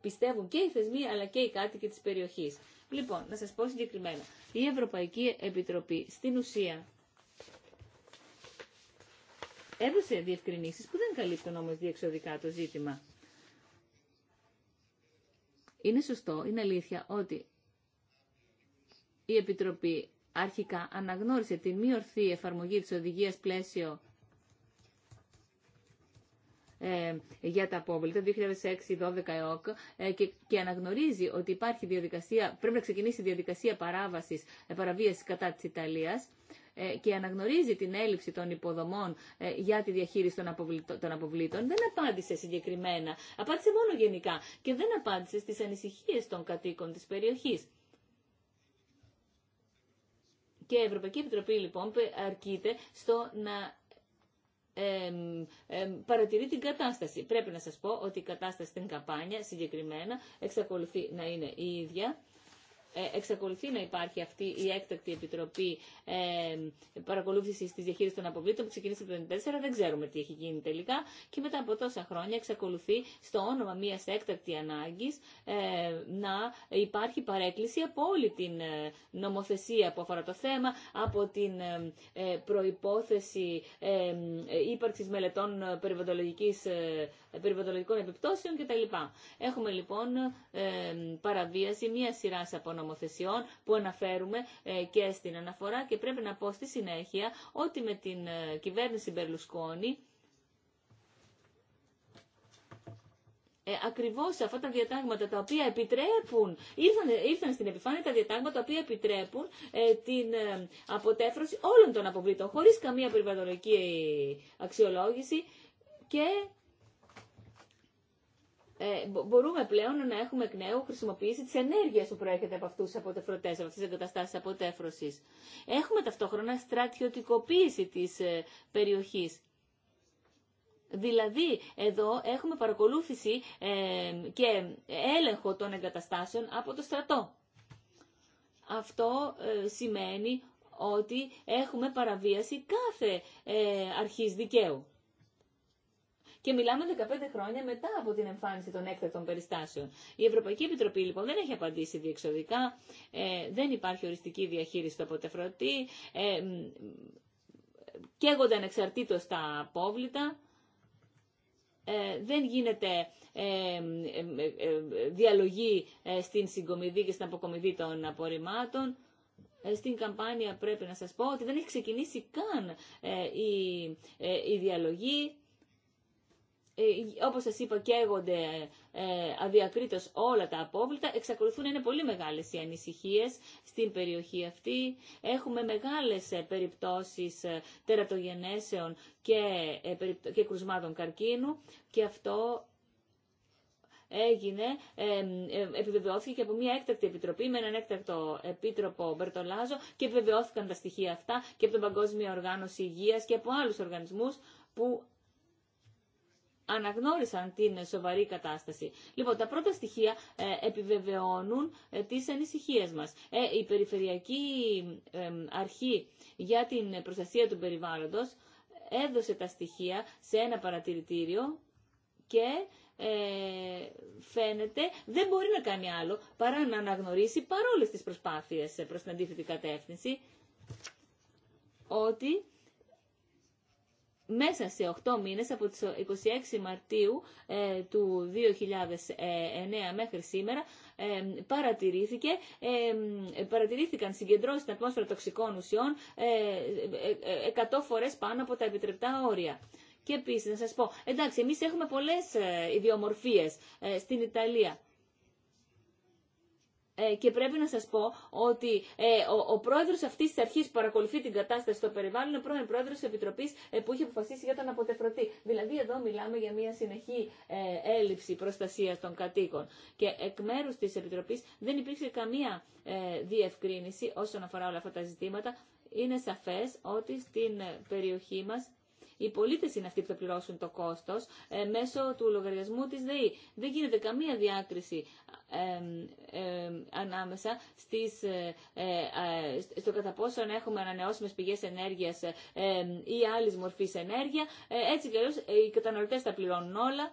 πιστεύουν και οι θεσμοί αλλά και οι κάτοικοι της περιοχής. Λοιπόν, να σας πω συγκεκριμένα. Η Ευρωπαϊκή Επιτροπή στην ουσία έδωσε διευκρινήσεις που δεν καλύπτουν όμως διεξοδικά το ζήτημα. Είναι σωστό, είναι αλήθεια ότι η Επιτροπή αρχικά αναγνώρισε την μη ορθή εφαρμογή της οδηγίας πλαίσιο ε, για τα απόβλητα 2006-12 ΕΟΚ ε, και, και αναγνωρίζει ότι υπάρχει διαδικασία, πρέπει να ξεκινήσει η διαδικασία παράβασης, ε, παραβίασης κατά της Ιταλίας ε, και αναγνωρίζει την έλλειψη των υποδομών για τη διαχείριση των, αποβλητών, των αποβλήτων, δεν απάντησε συγκεκριμένα. Απάντησε μόνο γενικά και δεν απάντησε στις ανησυχίες των κατοίκων της περιοχής. Και η Ευρωπαϊκή Επιτροπή λοιπόν αρκείται στο να παρατηρεί την κατάσταση. Πρέπει να σας πω ότι η κατάσταση στην καμπάνια συγκεκριμένα εξακολουθεί να είναι η ίδια ε, εξακολουθεί να υπάρχει αυτή η έκτακτη επιτροπή ε, παρακολούθηση τη διαχείριση των αποβλήτων που ξεκίνησε το 1994. Δεν ξέρουμε τι έχει γίνει τελικά και μετά από τόσα χρόνια εξακολουθεί στο όνομα μια έκτακτη ανάγκη ε, να υπάρχει παρέκκληση από όλη την ε, νομοθεσία που αφορά το θέμα, από την ε, προϋπόθεση ύπαρξης μελετών περιβαλλοντικών επιπτώσεων κτλ. Έχουμε λοιπόν παραβίαση μια σειρά από νομοθεσιών που αναφέρουμε ε, και στην αναφορά και πρέπει να πω στη συνέχεια ότι με την ε, κυβέρνηση Μπερλουσκόνη Ε, Ακριβώ αυτά τα διατάγματα τα οποία επιτρέπουν, ήρθαν, στην επιφάνεια τα διατάγματα τα οποία επιτρέπουν ε, την αποτέφρωση όλων των αποβλήτων χωρί καμία περιβαλλοντική αξιολόγηση και ε, μπορούμε πλέον να έχουμε εκ νέου χρησιμοποίηση τη ενέργεια που προέρχεται από αυτού του αποτεφρωτέ, από τι εγκαταστάσει αποτέφρωση. Έχουμε ταυτόχρονα στρατιωτικοποίηση τη ε, περιοχή. Δηλαδή, εδώ έχουμε παρακολούθηση ε, και έλεγχο των εγκαταστάσεων από το στρατό. Αυτό σημαίνει ότι έχουμε παραβίαση κάθε αρχής δικαίου και μιλάμε 15 χρόνια μετά από την εμφάνιση των έκτακτων περιστάσεων. Η Ευρωπαϊκή Επιτροπή λοιπόν δεν έχει απαντήσει διεξοδικά, ε, δεν υπάρχει οριστική διαχείριση του αποτεφρωτή, ε, καίγονται ανεξαρτήτως τα απόβλητα, ε, δεν γίνεται ε, ε, ε, ε διαλογή στην συγκομιδή και στην αποκομιδή των απορριμμάτων. Στην καμπάνια πρέπει να σας πω ότι δεν έχει ξεκινήσει καν η, η διαλογή ε, ε, όπως σας είπα καίγονται ε, αδιακρίτως όλα τα απόβλητα, εξακολουθούν να είναι πολύ μεγάλες οι ανησυχίες στην περιοχή αυτή. Έχουμε μεγάλες περιπτώσεις τερατογενέσεων και, και κρουσμάτων καρκίνου και αυτό έγινε, επιβεβαιώθηκε και από μια έκτακτη επιτροπή με έναν έκτακτο επίτροπο Μπερτολάζο και επιβεβαιώθηκαν τα στοιχεία αυτά και από την Παγκόσμιο Οργάνωση Υγείας και από άλλους οργανισμούς που αναγνώρισαν την σοβαρή κατάσταση. Λοιπόν, τα πρώτα στοιχεία ε, επιβεβαιώνουν ε, τις ανησυχίες μας. Ε, η Περιφερειακή Αρχή για την Προστασία του Περιβάλλοντος έδωσε τα στοιχεία σε ένα παρατηρητήριο και ε, φαίνεται δεν μπορεί να κάνει άλλο παρά να αναγνωρίσει παρόλες τις προσπάθειες προς την αντίθετη κατεύθυνση ότι μέσα σε 8 μήνες από τις 26 Μαρτίου ε, του 2009 μέχρι σήμερα ε, παρατηρήθηκε, ε, παρατηρήθηκαν συγκεντρώσεις στην ατμόσφαιρα τοξικών ουσιών 100 φορές πάνω από τα επιτρεπτά όρια. Και επίσης να σας πω, εντάξει εμείς έχουμε πολλές ιδιομορφίες στην Ιταλία ε, και πρέπει να σας πω ότι ε, ο, ο πρόεδρος αυτής της αρχής που παρακολουθεί την κατάσταση στο περιβάλλον είναι πρώην πρόεδρος της Επιτροπής ε, που είχε αποφασίσει για τον αποτεφρωτή. Δηλαδή εδώ μιλάμε για μια συνεχή έλλειψη προστασίας των κατοίκων. Και εκ μέρους της Επιτροπής δεν υπήρξε καμία διευκρίνηση όσον αφορά όλα αυτά τα ζητήματα. Είναι σαφές ότι στην περιοχή μας οι πολίτε είναι αυτοί που θα πληρώσουν το κόστο ε, μέσω του λογαριασμού τη ΔΕΗ. Δεν γίνεται καμία διάκριση ε, ε, ανάμεσα στις, στο κατά πόσο έχουμε ανανεώσιμε πηγέ ενέργεια ή άλλη μορφή ενέργεια. έτσι κι οι καταναλωτέ τα πληρώνουν όλα.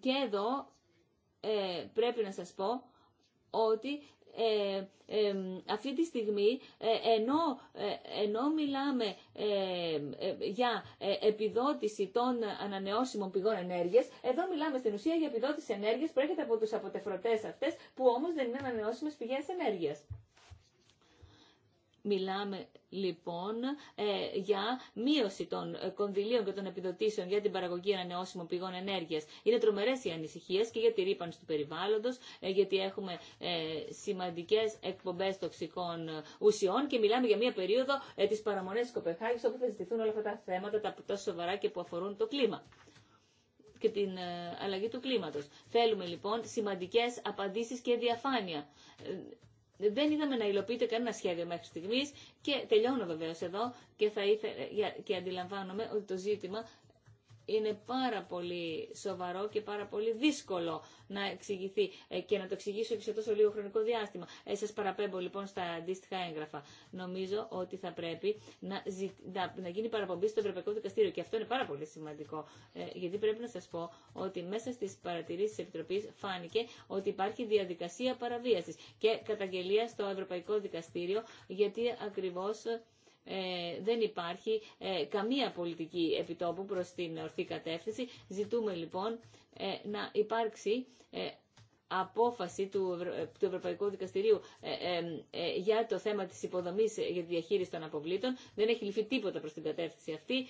Και εδώ πρέπει να σας πω ότι ε, αυτή τη στιγμή ε, ενώ, ε, ενώ μιλάμε ε, για επιδότηση των ανανεώσιμων πηγών ενέργειας, εδώ μιλάμε στην ουσία για επιδότηση ενέργειας που έρχεται από τους αποτεφρωτές αυτές που όμως δεν είναι ανανεώσιμες πηγές ενέργειας. Μιλάμε λοιπόν ε, για μείωση των ε, κονδυλίων και των επιδοτήσεων για την παραγωγή ανανεώσιμων πηγών ενέργεια. Είναι τρομερέ οι ανησυχίε και για τη ρήπανση του περιβάλλοντο, ε, γιατί έχουμε σημαντικέ εκπομπέ τοξικών ουσιών και μιλάμε για μια περίοδο τη παραμονή τη Κοπεχάγη όπου θα ζητηθούν όλα αυτά τα θέματα τα τόσο σοβαρά και που αφορούν το κλίμα και την αλλαγή του κλίματος. Θέλουμε λοιπόν σημαντικές απαντήσεις και διαφάνεια. Δεν είδαμε να υλοποιείται κανένα σχέδιο μέχρι στιγμή και τελειώνω βεβαίω εδώ και, θα ήθε... και αντιλαμβάνομαι ότι το ζήτημα είναι πάρα πολύ σοβαρό και πάρα πολύ δύσκολο να εξηγηθεί ε, και να το εξηγήσω και σε τόσο λίγο χρονικό διάστημα. Ε, σας παραπέμπω λοιπόν στα αντίστοιχα έγγραφα. Νομίζω ότι θα πρέπει να, να... γίνει παραπομπή στο Ευρωπαϊκό Δικαστήριο και αυτό είναι πάρα πολύ σημαντικό ε, γιατί πρέπει να σας πω ότι μέσα στις παρατηρήσεις της Επιτροπής φάνηκε ότι υπάρχει διαδικασία παραβίασης και καταγγελία στο Ευρωπαϊκό Δικαστήριο γιατί ακριβώς ε, δεν υπάρχει ε, καμία πολιτική επιτόπου προς την ορθή κατεύθυνση. Ζητούμε λοιπόν ε, να υπάρξει απόφαση του, του Ευρωπαϊκού Δικαστηρίου για το θέμα της υποδομής για τη διαχείριση των αποβλήτων. Δεν έχει λυθεί τίποτα προς την κατεύθυνση αυτή.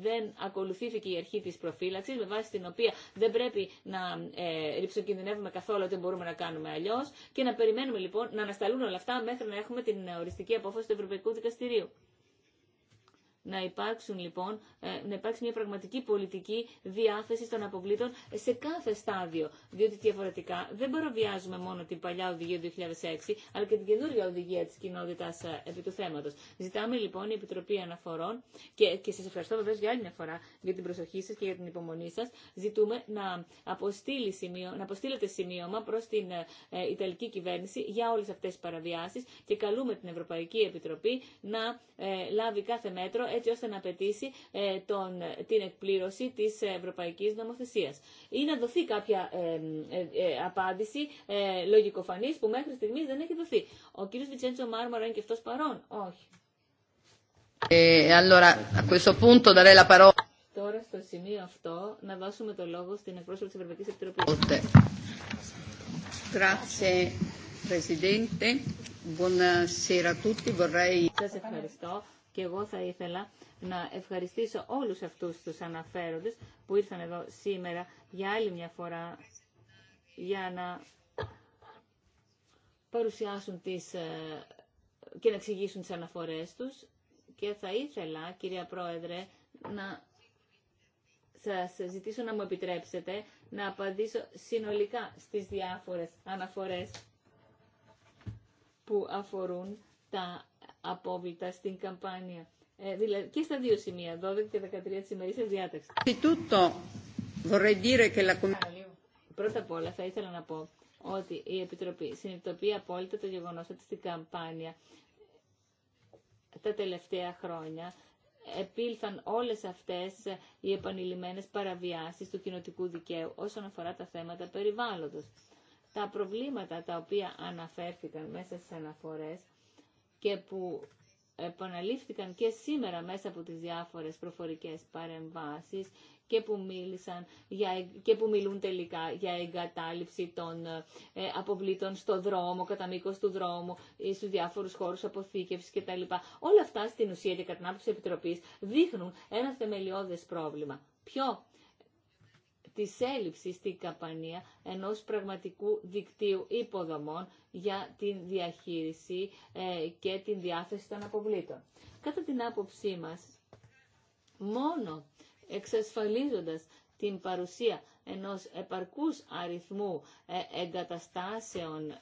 δεν ακολουθήθηκε η αρχή της προφύλαξης, με βάση την οποία δεν πρέπει να ε, ρηψοκινδυνεύουμε καθόλου ότι μπορούμε να κάνουμε αλλιώ και να περιμένουμε λοιπόν να ανασταλούν όλα αυτά μέχρι να έχουμε την οριστική απόφαση του Ευρωπαϊκού Δικαστηρίου. Να, υπάρξουν, λοιπόν, ε, να υπάρξει μια πραγματική πολιτική διάθεση των αποβλήτων σε κάθε στάδιο. Διότι διαφορετικά δεν παροβιάζουμε μόνο την παλιά οδηγία του 2006, αλλά και την καινούργια οδηγία τη κοινότητα ε, επί του θέματο. Ζητάμε λοιπόν η Επιτροπή Αναφορών και, και σα ευχαριστώ βεβαίω για άλλη μια φορά για την προσοχή σα και για την υπομονή σα. Ζητούμε να, να αποστείλετε σημείωμα προ την ε, Ιταλική κυβέρνηση για όλε αυτέ τι παραβιάσει και καλούμε την Ευρωπαϊκή Επιτροπή να λάβει κάθε μέτρο έτσι ώστε να απαιτήσει ε, τον, την εκπλήρωση της ευρωπαϊκής νομοθεσίας. Ή να δοθεί κάποια ε, ε, απάντηση λογικοφανής που μέχρι στιγμής δεν έχει δοθεί. Ο κύριος Βιτσέντσο Μάρμαρα είναι και αυτός παρόν. Όχι. Ε, allora, a questo punto darei la Τώρα στο σημείο αυτό να δώσουμε το λόγο στην εκπρόσωπο της Ευρωπαϊκής Επιτροπής. Grazie Σας ευχαριστώ. Και εγώ θα ήθελα να ευχαριστήσω όλους αυτούς τους αναφέροντες που ήρθαν εδώ σήμερα για άλλη μια φορά για να παρουσιάσουν τις, ε, και να εξηγήσουν τις αναφορές τους. Και θα ήθελα, κυρία Πρόεδρε, να σας ζητήσω να μου επιτρέψετε να απαντήσω συνολικά στις διάφορες αναφορές που αφορούν τα απόβλητα στην καμπάνια. Ε, δηλαδή και στα δύο σημεία, 12 και 13 της ημερήσιας διάταξης. Πρώτα απ' όλα θα ήθελα να πω ότι η Επιτροπή συνειδητοποιεί απόλυτα το γεγονός ότι στην καμπάνια τα τελευταία χρόνια επήλθαν όλες αυτές οι επανειλημμένες παραβιάσεις του κοινοτικού δικαίου όσον αφορά τα θέματα περιβάλλοντος. Τα προβλήματα τα οποία αναφέρθηκαν μέσα στις αναφορές και που επαναλήφθηκαν και σήμερα μέσα από τις διάφορες προφορικές παρεμβάσεις και που, μίλησαν για, και που μιλούν τελικά για εγκατάλειψη των ε, αποβλήτων στο δρόμο, κατά μήκο του δρόμου, ή ε, στους διάφορους χώρους αποθήκευσης κτλ. Όλα αυτά στην ουσία και κατά την άποψη Επιτροπής δείχνουν ένα θεμελιώδες πρόβλημα. Ποιο της έλλειψης στην Καπανία ενός πραγματικού δικτύου υποδομών για την διαχείριση ε, και την διάθεση των αποβλήτων. Κατά την άποψή μας, μόνο εξασφαλίζοντας την παρουσία ενός επαρκούς αριθμού ε, εγκαταστάσεων ε,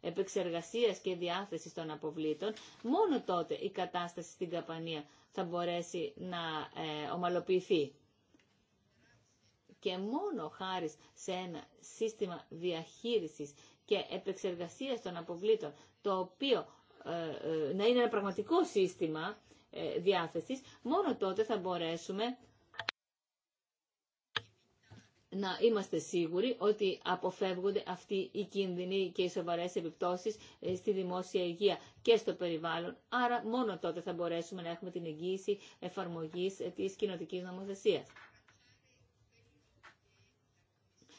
επεξεργασίας και διάθεσης των αποβλήτων, μόνο τότε η κατάσταση στην Καπανία θα μπορέσει να ομαλοποιηθεί και μόνο χάρη σε ένα σύστημα διαχείρισης και επεξεργασίας των αποβλήτων, το οποίο ε, ε, να είναι ένα πραγματικό σύστημα ε, διάθεσης, μόνο τότε θα μπορέσουμε να είμαστε σίγουροι ότι αποφεύγονται αυτοί οι κίνδυνοι και οι σοβαρές επιπτώσεις στη δημόσια υγεία και στο περιβάλλον. Άρα μόνο τότε θα μπορέσουμε να έχουμε την εγγύηση εφαρμογής της κοινοτικής νομοθεσίας.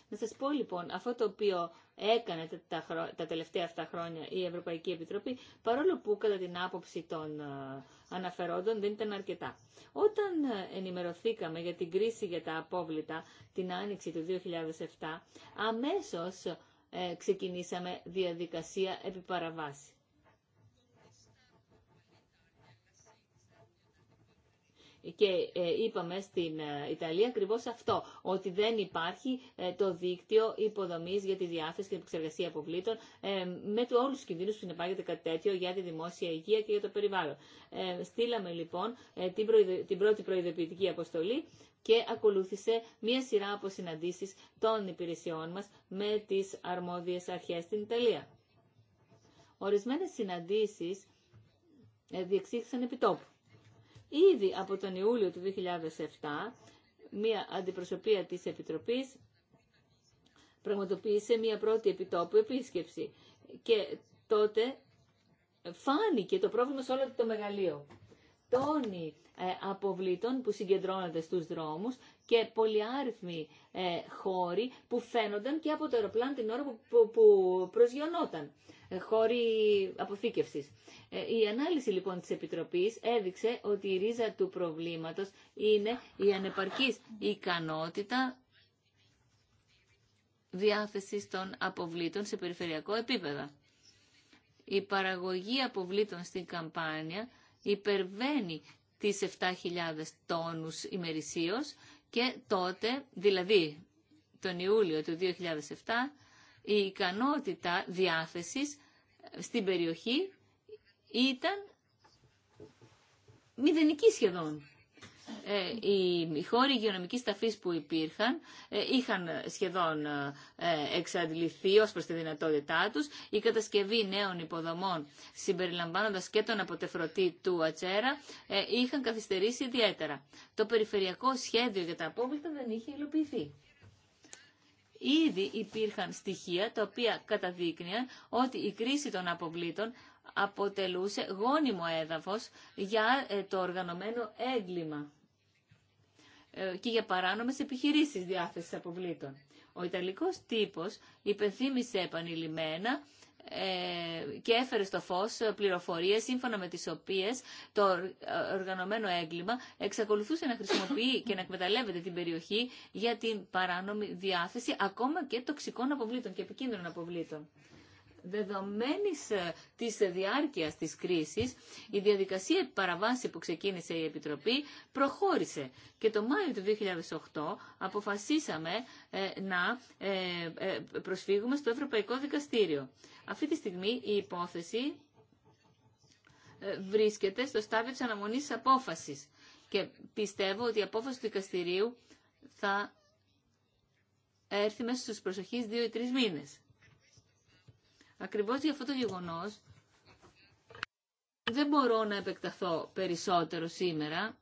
Να σας πω λοιπόν αυτό το οποίο έκανε τα, τα τελευταία αυτά χρόνια η Ευρωπαϊκή Επιτροπή, παρόλο που κατά την άποψη των ε, αναφερόντων δεν ήταν αρκετά. Όταν ε, ενημερωθήκαμε για την κρίση για τα απόβλητα την άνοιξη του 2007, αμέσως ε, ξεκινήσαμε διαδικασία επιπαραβάση. Και ε, είπαμε στην ε, Ιταλία ακριβώ αυτό, ότι δεν υπάρχει ε, το δίκτυο υποδομή για τη διάθεση και την επεξεργασία αποβλήτων με του όλου του κινδύνου που συνεπάγεται κάτι τέτοιο για τη δημόσια υγεία και για το περιβάλλον. Στείλαμε λοιπόν την πρώτη προειδοποιητική αποστολή και ακολούθησε μία σειρά από συναντήσεις των υπηρεσιών μας με τις αρμόδιες αρχές στην Ιταλία. Ορισμένες συναντήσεις διεξήχθησαν επιτόπου. Ήδη από τον Ιούλιο του 2007, μία αντιπροσωπεία της Επιτροπής πραγματοποίησε μία πρώτη επιτόπου επίσκεψη. Και τότε φάνηκε το πρόβλημα σε όλο το μεγαλείο. Ε, αποβλήτων που συγκεντρώνονται στους δρόμους και πολυάριθμοι ε, χώροι που φαίνονταν και από το αεροπλάνο την ώρα που προσγειωνόταν, ε, χώροι αποθήκευσης. Η ανάλυση λοιπόν της Επιτροπής έδειξε ότι η ρίζα του προβλήματος είναι η ανεπαρκής ικανότητα διάθεσης των αποβλήτων σε περιφερειακό επίπεδο. Η παραγωγή αποβλήτων στην καμπάνια υπερβαίνει τις 7.000 τόνους ημερησίως και τότε, δηλαδή τον Ιούλιο του 2007, η ικανότητα διάθεσης στην περιοχή ήταν μηδενική σχεδόν. Ε, οι χώροι υγειονομικής ταφής που υπήρχαν ε, είχαν σχεδόν ε, εξαντληθεί ως προς τη δυνατότητά τους. Η κατασκευή νέων υποδομών συμπεριλαμβάνοντας και τον αποτεφρωτή του Ατσέρα είχαν καθυστερήσει ιδιαίτερα. Το περιφερειακό σχέδιο για τα απόβλητα δεν είχε υλοποιηθεί. Ήδη υπήρχαν στοιχεία τα οποία καταδείκνυαν ότι η κρίση των αποβλήτων αποτελούσε γόνιμο έδαφος για το οργανωμένο έγκλημα. Ε, και για παράνομες επιχειρήσεις διάθεσης αποβλήτων. Ο Ιταλικός τύπος υπενθύμησε επανειλημμένα ε, και έφερε στο φως πληροφορίες σύμφωνα με τις οποίες το ε, οργανωμένο έγκλημα εξακολουθούσε να χρησιμοποιεί και να εκμεταλλεύεται την περιοχή για την παράνομη διάθεση ακόμα και τοξικών αποβλήτων και επικίνδυνων αποβλήτων δεδομένης ε, της διάρκειας της κρίσης, η διαδικασία παραβάση που ξεκίνησε η Επιτροπή προχώρησε. Και το Μάιο του 2008 αποφασίσαμε ε, να ε, προσφύγουμε στο Ευρωπαϊκό Δικαστήριο. Αυτή τη στιγμή η υπόθεση βρίσκεται στο στάδιο της αναμονής της απόφασης. Και πιστεύω ότι η απόφαση του δικαστηρίου θα έρθει μέσα στους προσοχείς δύο ή τρεις μήνες. Ακριβώς για αυτό το γεγονός δεν μπορώ να επεκταθώ περισσότερο σήμερα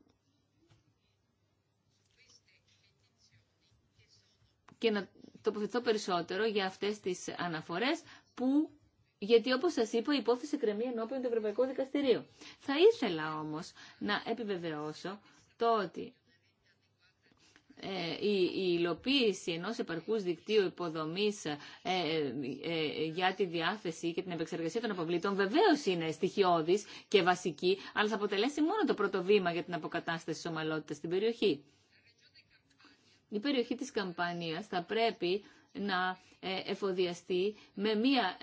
και να τοποθετώ περισσότερο για αυτές τις αναφορές που γιατί όπως σας είπα η υπόθεση κρεμεί ενώπιον του Ευρωπαϊκού Δικαστηρίου. Θα ήθελα όμως να επιβεβαιώσω το ότι ε, η υλοποίηση ενός επαρκού δικτύου υποδομής ε, ε, για τη διάθεση και την επεξεργασία των αποβλήτων βεβαίως είναι στοιχειώδης και βασική, αλλά θα αποτελέσει μόνο το πρώτο βήμα για την αποκατάσταση της ομαλότητας στην περιοχή. Η περιοχή της Καμπάνιας θα πρέπει να εφοδιαστεί με μια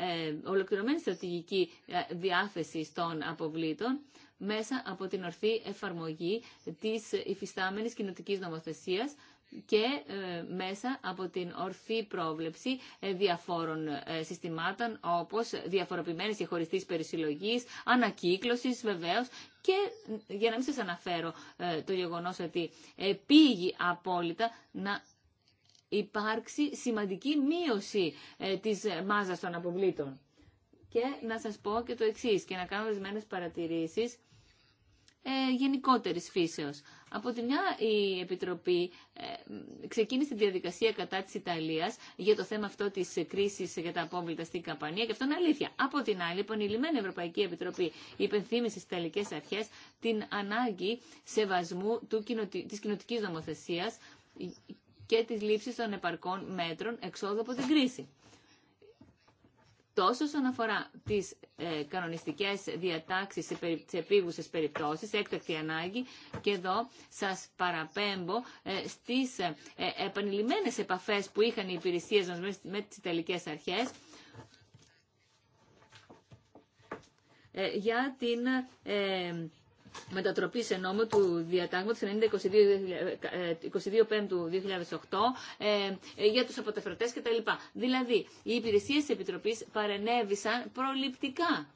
ολοκληρωμένη στρατηγική διάθεση των αποβλήτων μέσα από την ορθή εφαρμογή της υφιστάμενης κοινοτικής νομοθεσίας και ε, μέσα από την ορθή πρόβλεψη ε, διαφόρων ε, συστημάτων όπως διαφοροποιημένης και χωριστής περισυλλογής, ανακύκλωσης βεβαίως και για να μην σας αναφέρω το γεγονός ότι πήγει απόλυτα να υπάρξει σημαντική μείωση της μάζας των αποβλήτων. Και να σας πω και το εξής και να κάνω ορισμένε παρατηρήσεις ε, γενικότερης φύσεως. Από τη μια η Επιτροπή ε, ξεκίνησε τη διαδικασία κατά της Ιταλίας για το θέμα αυτό της κρίσης για τα απόβλητα στην Καμπανία και αυτό είναι αλήθεια. Από την άλλη, λοιπόν, η λιμένη Ευρωπαϊκή Επιτροπή υπενθύμησε στις Ιταλικές Αρχές την ανάγκη σεβασμού του, της κοινοτικής νομοθεσίας και της λήψης των επαρκών μέτρων εξόδου από την κρίση τόσο όσον αφορά τι ε, κανονιστικές διατάξεις σε, περι, σε περιπτώσεις, έκτακτη ανάγκη και εδώ σας παραπέμπω ε, στις ε, ε επανειλημμένες επαφές που είχαν οι υπηρεσίε μας με, με τις αρχέ Αρχές ε, για την ε, μετατροπή σε νόμο του διατάγματος 90-22 ε, ε, του 2008 ε, ε, για τους αποτεφρωτέ κτλ. Δηλαδή, οι υπηρεσίε τη Επιτροπής παρενέβησαν προληπτικά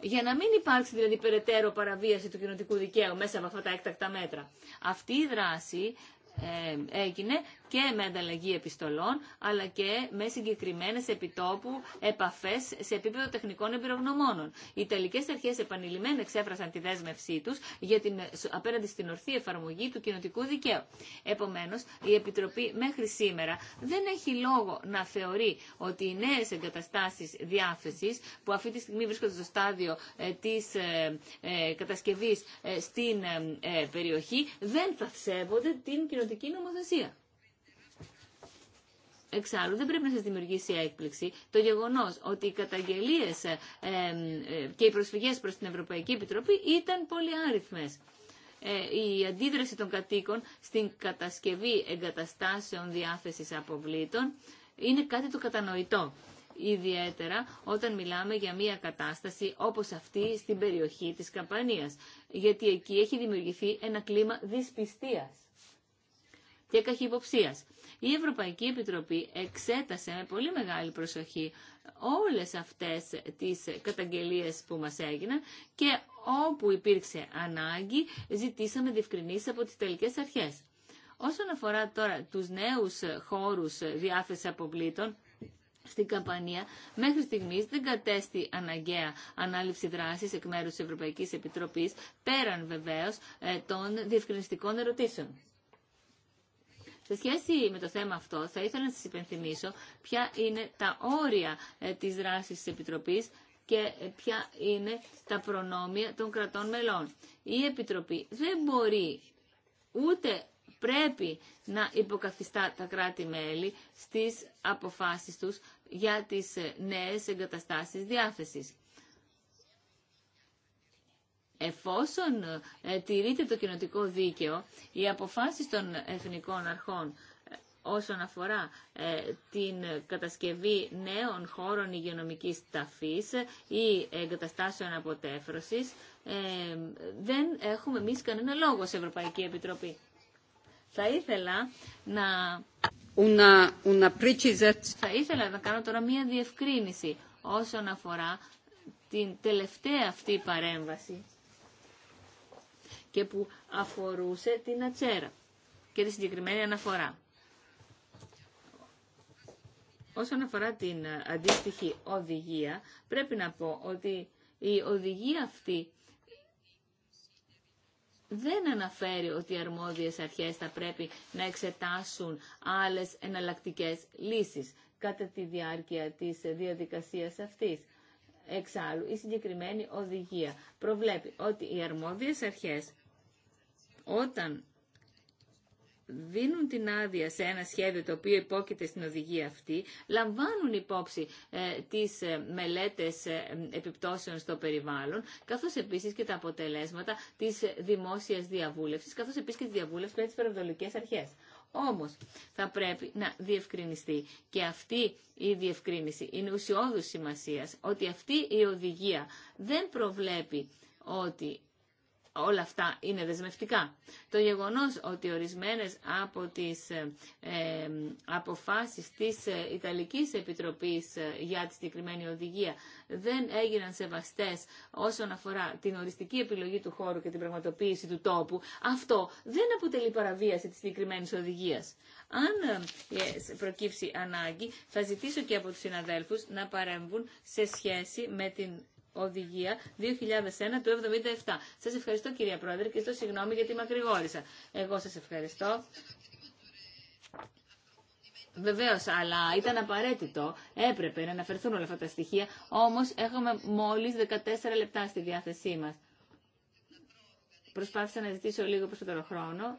για να μην υπάρξει δηλαδή περαιτέρω παραβίαση του κοινοτικού δικαίου μέσα από αυτά τα έκτακτα μέτρα. Αυτή η δράση ε, έγινε και με ανταλλαγή επιστολών, αλλά και με συγκεκριμένε επιτόπου επαφέ σε επίπεδο τεχνικών εμπειρογνωμόνων. Οι ιταλικέ αρχέ επανειλημμένα εξέφρασαν τη δέσμευσή του απέναντι στην ορθή εφαρμογή του κοινοτικού δικαίου. Επομένω, η Επιτροπή μέχρι σήμερα δεν έχει λόγο να θεωρεί ότι οι νέε εγκαταστάσει διάθεση, που αυτή τη στιγμή βρίσκονται στο στάδιο ε, τη ε, ε, κατασκευή στην περιοχή, δεν θα σέβονται την κοινοτική νομοθεσία. Εξάλλου, δεν πρέπει να σα δημιουργήσει έκπληξη το γεγονό ότι οι καταγγελίε ε, ε, και οι προσφυγέ προ την Ευρωπαϊκή Επιτροπή ήταν πολύ πολυάριθμες ε, η αντίδραση των κατοίκων στην κατασκευή εγκαταστάσεων διάθεσης αποβλήτων είναι κάτι το κατανοητό. Ιδιαίτερα όταν μιλάμε για μια κατάσταση όπως αυτή στην περιοχή της Καμπανίας. Γιατί εκεί έχει δημιουργηθεί ένα κλίμα δυσπιστίας. Η Ευρωπαϊκή Επιτροπή εξέτασε με πολύ μεγάλη προσοχή όλες αυτές τις καταγγελίες που μας έγιναν και όπου υπήρξε ανάγκη ζητήσαμε διευκρινήσεις από τις τελικές αρχές. Όσον αφορά τώρα τους νέους χώρους διάθεσης αποβλήτων, στην καμπανία, μέχρι στιγμής δεν κατέστη αναγκαία ανάληψη δράσης εκ μέρους της Ευρωπαϊκής Επιτροπής πέραν βεβαίως ε, των διευκρινιστικών ερωτήσεων. Σε σχέση με το θέμα αυτό, θα ήθελα να σας υπενθυμίσω ποια είναι τα όρια ε, της δράσης της Επιτροπής και ε, ποια είναι τα προνόμια των κρατών μελών. Η Επιτροπή δεν μπορεί ούτε πρέπει να υποκαθιστά τα κράτη-μέλη στις αποφάσεις τους για τις ε, νέες εγκαταστάσεις διάθεσης. Εφόσον ε, τηρείται το κοινοτικό δίκαιο, οι αποφάσεις των εθνικών αρχών ε, όσον αφορά ε, την κατασκευή νέων χώρων υγειονομικής ταφής ή εγκαταστάσεων αποτέφρωσης, δεν έχουμε εμεί κανένα λόγο σε Ευρωπαϊκή Επιτροπή. Θα ήθελα να... θα ήθελα να κάνω τώρα μία διευκρίνηση όσον αφορά την τελευταία αυτή παρέμβαση και που αφορούσε την ατσέρα και τη συγκεκριμένη αναφορά. Όσον αφορά την αντίστοιχη οδηγία, πρέπει να πω ότι η οδηγία αυτή δεν αναφέρει ότι οι αρμόδιες αρχές θα πρέπει να εξετάσουν άλλες εναλλακτικές λύσεις κατά τη διάρκεια της διαδικασίας αυτής. Εξάλλου, η συγκεκριμένη οδηγία προβλέπει ότι οι αρμόδιες αρχές όταν δίνουν την άδεια σε ένα σχέδιο το οποίο υπόκειται στην οδηγία αυτή, λαμβάνουν υπόψη ε, τις ε, μελέτες ε, επιπτώσεων στο περιβάλλον, καθώς επίσης και τα αποτελέσματα της δημόσιας διαβούλευσης, καθώς επίσης και τη διαβούλευση με τις περιοδολικές αρχές. Όμως θα πρέπει να διευκρινιστεί και αυτή η διευκρίνηση είναι ουσιώδους σημασίας ότι αυτή η οδηγία δεν προβλέπει ότι όλα αυτά είναι δεσμευτικά. Το γεγονός ότι ορισμένες από τις ε, ε αποφάσεις της ε, Ιταλικής Επιτροπής ε, για τη συγκεκριμένη οδηγία δεν έγιναν σεβαστές όσον αφορά την οριστική επιλογή του χώρου και την πραγματοποίηση του τόπου, αυτό δεν αποτελεί παραβίαση της συγκεκριμένη οδηγίας. Αν προκύψει ανάγκη, θα ζητήσω και από τους συναδέλφους να παρέμβουν σε σχέση με την Οδηγία 2001 του 77. Σας ευχαριστώ κυρία Πρόεδρε και στο συγγνώμη γιατί μακρηγόρησα. Εγώ σας ευχαριστώ. Βεβαίως, αλλά ήταν απαραίτητο. Έπρεπε να αναφερθούν όλα αυτά τα στοιχεία. Όμως έχουμε μόλις 14 λεπτά στη διάθεσή μας. Προσπάθησα να ζητήσω λίγο περισσότερο χρόνο.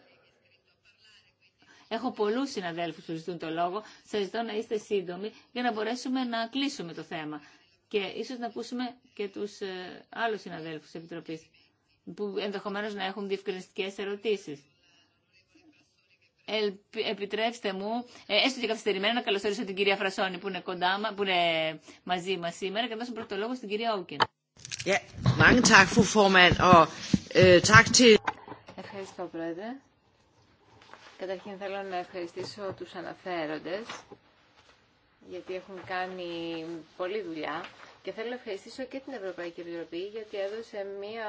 Έχω πολλούς συναδέλφου που ζητούν το λόγο. Σας ζητώ να είστε σύντομοι για να μπορέσουμε να κλείσουμε το θέμα. Και ίσως να ακούσουμε και τους ε, άλλους συναδέλφους της Επιτροπής που ενδεχομένως να έχουν διευκρινιστικές ερωτήσεις. Επιτρέψτε μου, ε, έστω και καθυστερημένα, να καλωσορίσω την κυρία Φρασόνη που είναι, κοντά, που είναι μαζί μας σήμερα και να δώσω πρώτο λόγο στην κυρία Όκεν. Øh, Ευχαριστώ, Πρόεδρε. Καταρχήν θέλω να ευχαριστήσω τους αναφέροντες γιατί έχουν κάνει πολλή δουλειά και θέλω να ευχαριστήσω και την Ευρωπαϊκή Επιτροπή γιατί έδωσε μία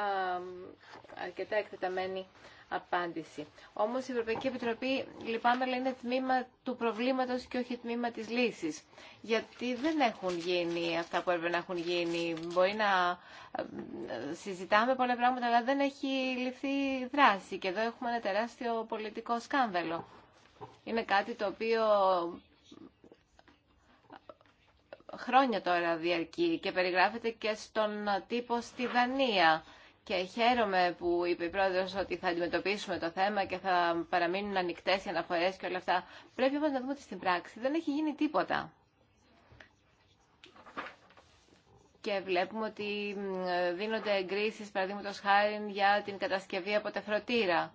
αρκετά εκτεταμένη απάντηση. Όμως η Ευρωπαϊκή Επιτροπή, λυπάμαι, αλλά είναι τμήμα του προβλήματος και όχι τμήμα της λύσης. Γιατί δεν έχουν γίνει αυτά που έπρεπε να έχουν γίνει. Μπορεί να ε, συζητάμε πολλά πράγματα, αλλά δεν έχει ληφθεί δράση. Και εδώ έχουμε ένα τεράστιο πολιτικό σκάνδαλο. Είναι κάτι το οποίο χρόνια τώρα διαρκεί και περιγράφεται και στον τύπο στη Δανία. Και χαίρομαι που είπε η πρόεδρο ότι θα αντιμετωπίσουμε το θέμα και θα παραμείνουν ανοιχτέ οι αναφορές και όλα αυτά. Πρέπει όμω να δούμε ότι στην πράξη δεν έχει γίνει τίποτα. και βλέπουμε ότι δίνονται εγκρίσει, παραδείγματο χάρη, για την κατασκευή από τεφροτήρα.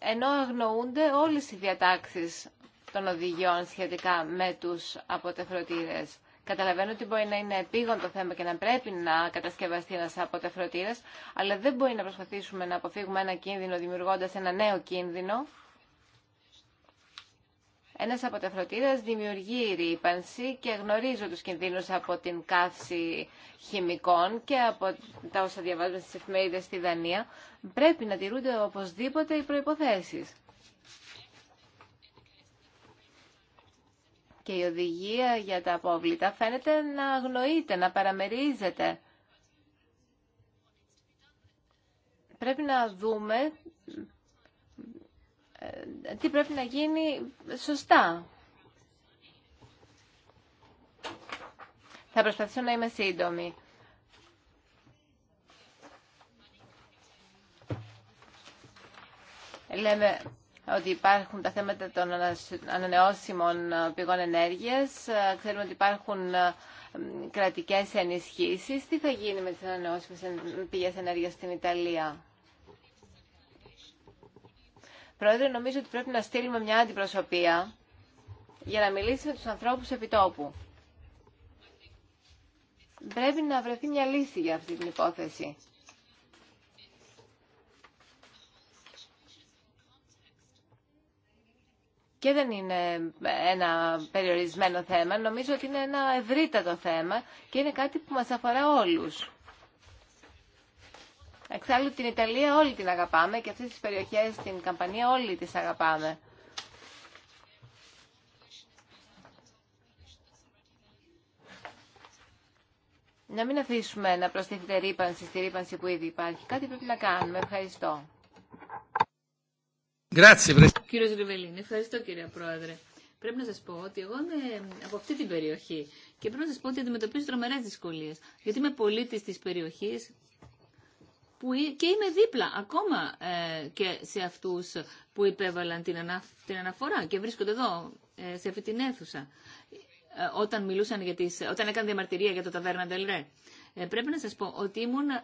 Ενώ αγνοούνται όλε οι διατάξει των οδηγιών σχετικά με τους αποτεφρωτήρες. Καταλαβαίνω ότι μπορεί να είναι επίγον το θέμα και να πρέπει να κατασκευαστεί ένα αποτεφρωτήρα, αλλά δεν μπορεί να προσπαθήσουμε να αποφύγουμε ένα κίνδυνο δημιουργώντα ένα νέο κίνδυνο. Ένας αποτεφρωτήρας δημιουργεί ρήπανση και γνωρίζω τους κίνδυνου από την καύση χημικών και από τα όσα διαβάζουμε στι εφημερίδε στη Δανία. Πρέπει να τηρούνται οπωσδήποτε οι προποθέσει. και η οδηγία για τα απόβλητα φαίνεται να αγνοείται, να παραμερίζεται. Πρέπει να δούμε ε, τι πρέπει να γίνει σωστά. Θα προσπαθήσω να είμαι σύντομη. Λέμε ότι υπάρχουν τα θέματα των ανανεώσιμων ε, πηγών ενέργειας, ε, ξέρουμε ότι υπάρχουν ε, κρατικές ενισχύσεις. Τι θα γίνει με τις ανανεώσιμες πηγές ενέργειας στην Ιταλία. Πρόεδρε, νομίζω ότι πρέπει να στείλουμε μια αντιπροσωπεία για να μιλήσει με τους ανθρώπους επιτόπου. Πρέπει να βρεθεί μια λύση για αυτή την υπόθεση. και δεν είναι ένα περιορισμένο θέμα, νομίζω ότι είναι ένα ευρύτατο θέμα και είναι κάτι που μας αφορά όλους. Εξάλλου την Ιταλία όλοι την αγαπάμε και αυτές τις περιοχές στην Καμπανία όλοι τις αγαπάμε. Να μην αφήσουμε να προσθέσετε ρήπανση στη ρήπανση που ήδη υπάρχει. Κάτι πρέπει να κάνουμε. Ευχαριστώ. Κύριε Ριβελίνη, ευχαριστώ κύριε Πρόεδρε. Πρέπει να σα πω ότι εγώ είμαι από αυτή την περιοχή και πρέπει να σα πω ότι αντιμετωπίζω τρομερέ δυσκολίε Γιατί είμαι πολίτη τη περιοχή και είμαι δίπλα ακόμα ε, και σε αυτού που υπέβαλαν την, ανα, την αναφορά και βρίσκονται εδώ, ε, σε αυτή την αίθουσα, ε, όταν, μιλούσαν έκανε διαμαρτυρία για το ταβέρνα Ντελρέ. Ε, πρέπει να σας πω ότι ήμουν ε,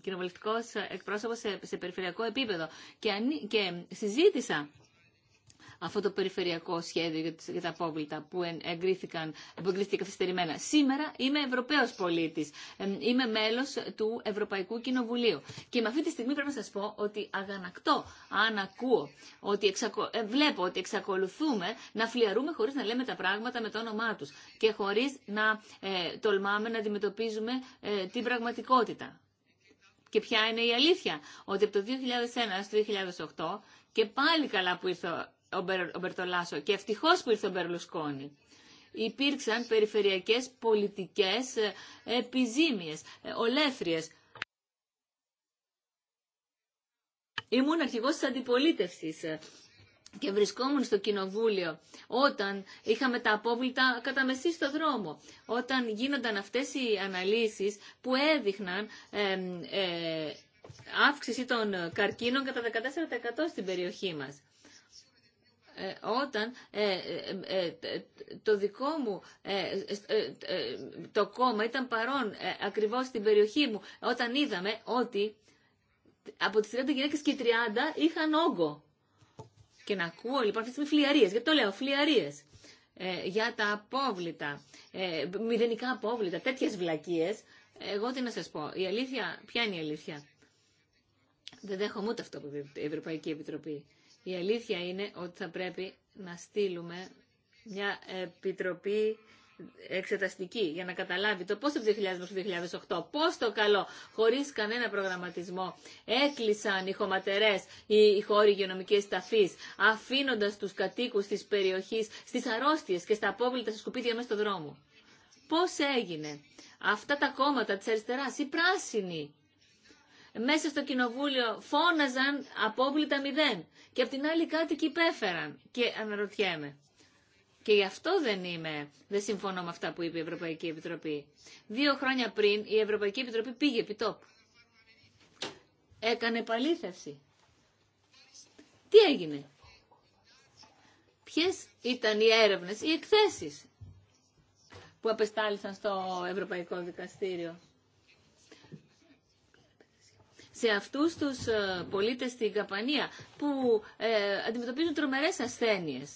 κοινοβουλευτικός εκπρόσωπος σε, περιφερειακό επίπεδο και, και συζήτησα αυτό το περιφερειακό σχέδιο για τα απόβλητα που εγκρίθηκαν, που εγκρίθηκε καθυστερημένα. Σήμερα είμαι Ευρωπαίο πολίτη, είμαι μέλο του Ευρωπαϊκού Κοινοβουλίου και με αυτή τη στιγμή πρέπει να σα πω ότι αγανακτώ αν ακούω ότι ε, βλέπω ότι εξακολουθούμε να φλιαρούμε χωρί να λέμε τα πράγματα με το όνομά του και χωρί να ε, τολμάμε να αντιμετωπίζουμε ε, την πραγματικότητα. Και ποια είναι η αλήθεια, ότι από το 2001 στο 2008 και πάλι καλά που ήρθε ο Μπερτολάσο και ευτυχώ που ήρθε ο Μπερλουσκόνη υπήρξαν περιφερειακές πολιτικές ε, επιζήμιες, ε, ολέθριε. Ήμουν αρχηγός της αντιπολίτευσης ε, και βρισκόμουν στο κοινοβούλιο όταν είχαμε τα απόβλητα κατά μεσή στο δρόμο, όταν γίνονταν αυτές οι αναλύσεις που έδειχναν ε, αύξηση των καρκίνων κατά 14% στην περιοχή μας. Ε, όταν ε, ε, το δικό μου το κόμμα ήταν παρόν ακριβώς στην περιοχή μου όταν είδαμε ότι από τις 30 γυναίκες και 30 είχαν όγκο. Και να ακούω λοιπόν αυτές τις φλιαρίες. Γιατί το λέω, φλιαρίες. για τα απόβλητα, μηδενικά απόβλητα, τέτοιες βλακίες. Εγώ τι να σας πω. Η αλήθεια, ποια είναι η αλήθεια. Δεν δέχομαι ούτε αυτό που είπε η Ευρωπαϊκή Επιτροπή. Η αλήθεια είναι ότι θα πρέπει να στείλουμε μια επιτροπή εξεταστική για να καταλάβει το πώς το 2008, πώς το καλό, χωρίς κανένα προγραμματισμό, έκλεισαν οι χωματερές, οι, χώροι υγειονομικής ταφής, αφήνοντας τους κατοίκους της περιοχής στις αρρώστιες και στα απόβλητα σκουπίδια μέσα στο δρόμο. Πώς έγινε αυτά τα κόμματα της αριστεράς, οι πράσινοι, μέσα στο κοινοβούλιο φώναζαν απόβλητα μηδέν και απ' την άλλη κάτι και υπέφεραν και αναρωτιέμαι. Και γι' αυτό δεν είμαι, δεν συμφωνώ με αυτά που είπε η Ευρωπαϊκή Επιτροπή. Δύο χρόνια πριν η Ευρωπαϊκή Επιτροπή πήγε επί Έκανε παλήθευση. Τι έγινε. Ποιες ήταν οι έρευνες, οι εκθέσεις που απεστάλησαν στο Ευρωπαϊκό Δικαστήριο σε αυτούς τους ε, πολίτες στην Καπανία που ε, αντιμετωπίζουν τρομερές ασθένειες.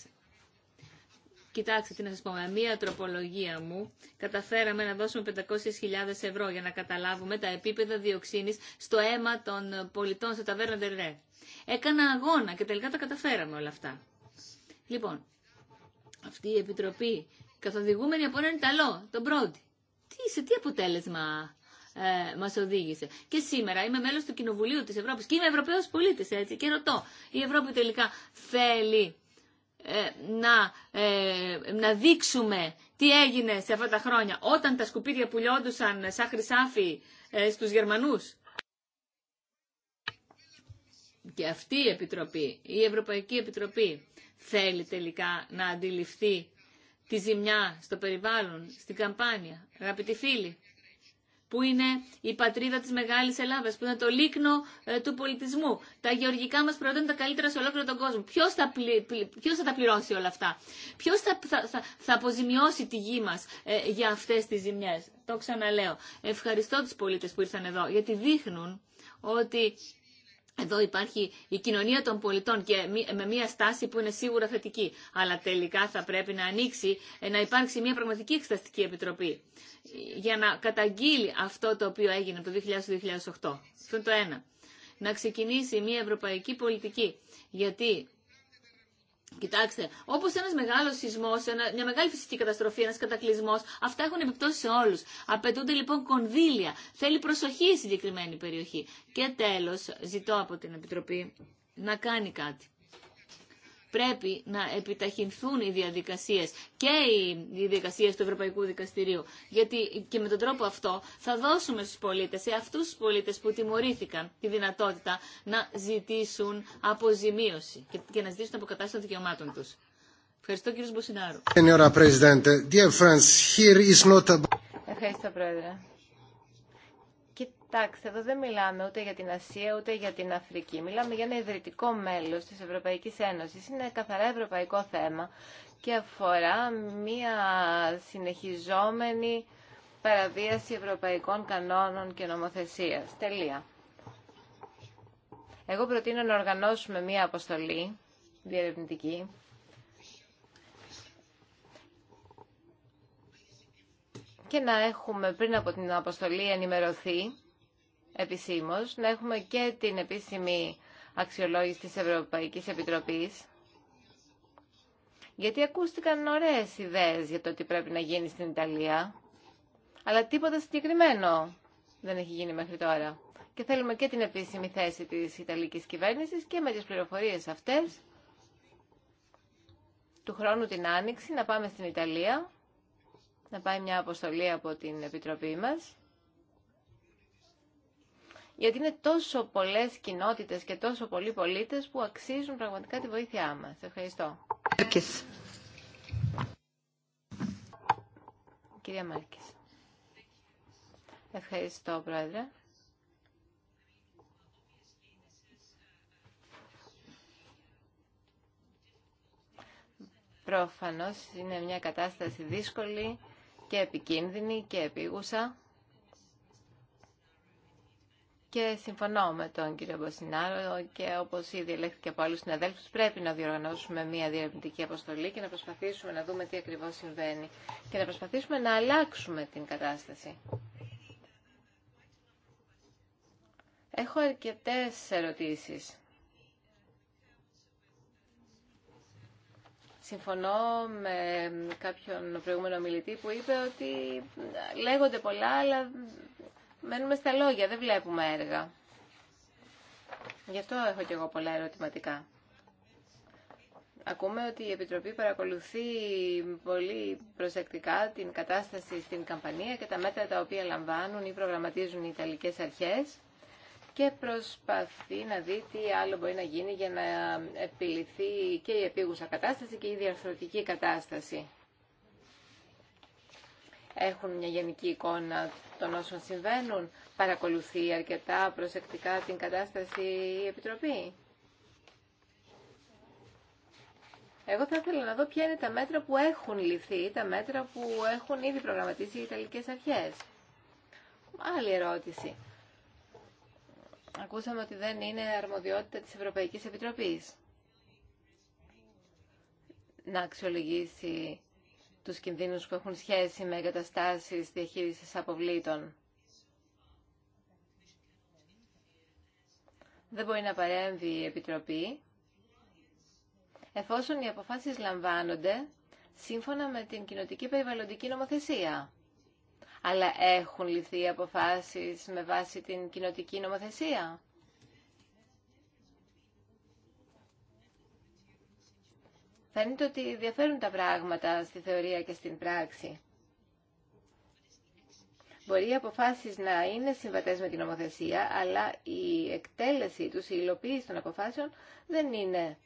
Κοιτάξτε τι να σας πω, με μία τροπολογία μου καταφέραμε να δώσουμε 500.000 ευρώ για να καταλάβουμε τα επίπεδα διοξίνης στο αίμα των πολιτών στο ταβέρνα Ντερρέ. Έκανα αγώνα και τελικά τα καταφέραμε όλα αυτά. Λοιπόν, αυτή η επιτροπή καθοδηγούμενη από έναν Ιταλό, τον Πρόντι. Τι, σε τι αποτέλεσμα ε, μας οδήγησε. Και σήμερα είμαι μέλο του Κοινοβουλίου τη Ευρώπη και είμαι Ευρωπαίος πολίτης έτσι και ρωτώ. Η Ευρώπη τελικά θέλει ε, να, ε, να δείξουμε τι έγινε σε αυτά τα χρόνια όταν τα σκουπίδια πουλιόντουσαν σαν χρυσάφι ε, στους Γερμανούς. Και αυτή η Επιτροπή, η Ευρωπαϊκή Επιτροπή θέλει τελικά να αντιληφθεί τη ζημιά στο περιβάλλον, στην καμπάνια. Αγαπητοί φίλοι, που είναι η πατρίδα της Μεγάλης Ελλάδας, που είναι το λίκνο ε, του πολιτισμού. Τα γεωργικά μας προϊόντα είναι τα καλύτερα σε ολόκληρο τον κόσμο. Ποιος θα, θα τα πληρώσει όλα αυτά. Ποιος θα, θα, θα αποζημιώσει τη γη μας ε, για αυτές τις ζημιές. Το ξαναλέω. Ευχαριστώ τους πολίτες που ήρθαν εδώ, γιατί δείχνουν ότι εδώ υπάρχει η κοινωνία των πολιτών και με μια στάση που είναι σίγουρα θετική. Αλλά τελικά θα πρέπει να ανοίξει, ε, να υπάρξει μια πραγματική εξεταστική επιτροπή ε, για να καταγγείλει αυτό το οποίο έγινε το 2000-2008. Αυτό είναι το ένα. Να ξεκινήσει μια ευρωπαϊκή πολιτική. Γιατί Κοιτάξτε, όπω ένα μεγάλο σεισμό, μια μεγάλη φυσική καταστροφή, ένα κατακλυσμό, αυτά έχουν επιπτώσει σε όλου. Απαιτούνται λοιπόν κονδύλια. Θέλει προσοχή η συγκεκριμένη περιοχή. Και τέλο, ζητώ από την Επιτροπή να κάνει κάτι πρέπει να επιταχυνθούν οι διαδικασίες και οι διαδικασίες του Ευρωπαϊκού Δικαστηρίου. Γιατί και με τον τρόπο αυτό θα δώσουμε στους πολίτες, σε αυτούς τους πολίτες που τιμωρήθηκαν, τη δυνατότητα να ζητήσουν αποζημίωση και να ζητήσουν αποκατάσταση των δικαιωμάτων τους. Ευχαριστώ κύριε Μποσινάρου. Ευχαριστώ πρόεδρε. Εντάξει, εδώ δεν μιλάμε ούτε για την Ασία ούτε για την Αφρική. Μιλάμε για ένα ιδρυτικό μέλο τη Ευρωπαϊκή Ένωση. Είναι καθαρά ευρωπαϊκό θέμα και αφορά μια συνεχιζόμενη παραβίαση ευρωπαϊκών κανόνων και νομοθεσίας. Τελεία. Εγώ προτείνω να οργανώσουμε μία αποστολή διερευνητική και να έχουμε πριν από την αποστολή ενημερωθεί επισήμως, να έχουμε και την επίσημη αξιολόγηση της Ευρωπαϊκής Επιτροπής, γιατί ακούστηκαν ωραίες ιδέες για το τι πρέπει να γίνει στην Ιταλία, αλλά τίποτα συγκεκριμένο δεν έχει γίνει μέχρι τώρα. Και θέλουμε και την επίσημη θέση της Ιταλικής κυβέρνησης και με τις πληροφορίες αυτές του χρόνου την Άνοιξη να πάμε στην Ιταλία, να πάει μια αποστολή από την Επιτροπή μας γιατί είναι τόσο πολλές κοινότητες και τόσο πολλοί πολίτες που αξίζουν πραγματικά τη βοήθειά μας. Ευχαριστώ. Μάρκες. Κυρία Μάρκες. Ευχαριστώ, Πρόεδρε. Προφανώς είναι μια κατάσταση δύσκολη και επικίνδυνη και επίγουσα. Και συμφωνώ με τον κύριο Μποσινάρο και όπως ήδη ελέγχθηκε από άλλου συναδέλφου, πρέπει να διοργανώσουμε μια διερευνητική αποστολή και να προσπαθήσουμε να δούμε τι ακριβώς συμβαίνει και να προσπαθήσουμε να αλλάξουμε την κατάσταση. Έχω αρκετέ ερωτήσεις. Συμφωνώ με κάποιον προηγούμενο μιλητή που είπε ότι λέγονται πολλά, αλλά μένουμε στα λόγια, δεν βλέπουμε έργα. Γι' αυτό έχω και εγώ πολλά ερωτηματικά. Ακούμε ότι η Επιτροπή παρακολουθεί πολύ προσεκτικά την κατάσταση στην Καμπανία και τα μέτρα τα οποία λαμβάνουν ή προγραμματίζουν οι Ιταλικές αρχές και προσπαθεί να δει τι άλλο μπορεί να γίνει για να επιληθεί και η επίγουσα κατάσταση και η διαρθρωτική κατάσταση έχουν μια γενική εικόνα των όσων συμβαίνουν. Παρακολουθεί αρκετά προσεκτικά την κατάσταση η Επιτροπή. Εγώ θα ήθελα να δω ποια είναι τα μέτρα που έχουν ληφθεί, τα μέτρα που έχουν ήδη προγραμματίσει οι Ιταλικές Αρχές. Άλλη ερώτηση. Ακούσαμε ότι δεν είναι αρμοδιότητα της Ευρωπαϊκής Επιτροπής να αξιολογήσει τους κινδύνους που έχουν σχέση με εγκαταστάσεις διαχείρισης αποβλήτων. Δεν μπορεί να παρέμβει η Επιτροπή εφόσον οι αποφάσεις λαμβάνονται σύμφωνα με την κοινοτική περιβαλλοντική νομοθεσία. Αλλά έχουν ληφθεί αποφάσεις με βάση την κοινοτική νομοθεσία. Φαίνεται ότι διαφέρουν τα πράγματα στη θεωρία και στην πράξη. Μπορεί οι αποφάσει να είναι συμβατέ με την νομοθεσία, αλλά η εκτέλεση του η υλοποίηση των αποφάσεων δεν είναι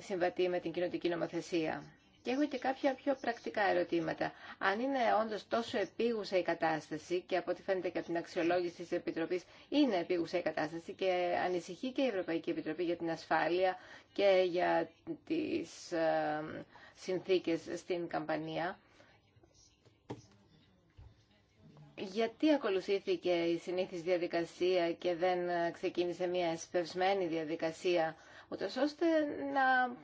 συμβατή με την κοινωτική νομοθεσία. Και έχω και κάποια πιο πρακτικά ερωτήματα. Αν είναι όντω τόσο επίγουσα η κατάσταση και από ό,τι φαίνεται και από την αξιολόγηση τη Επιτροπή είναι επίγουσα η κατάσταση και ανησυχεί και η Ευρωπαϊκή Επιτροπή για την ασφάλεια και για τι ε, συνθήκε στην καμπανία. Γιατί ακολουθήθηκε η συνήθις διαδικασία και δεν ξεκίνησε μια εσπευσμένη διαδικασία, ούτως ώστε να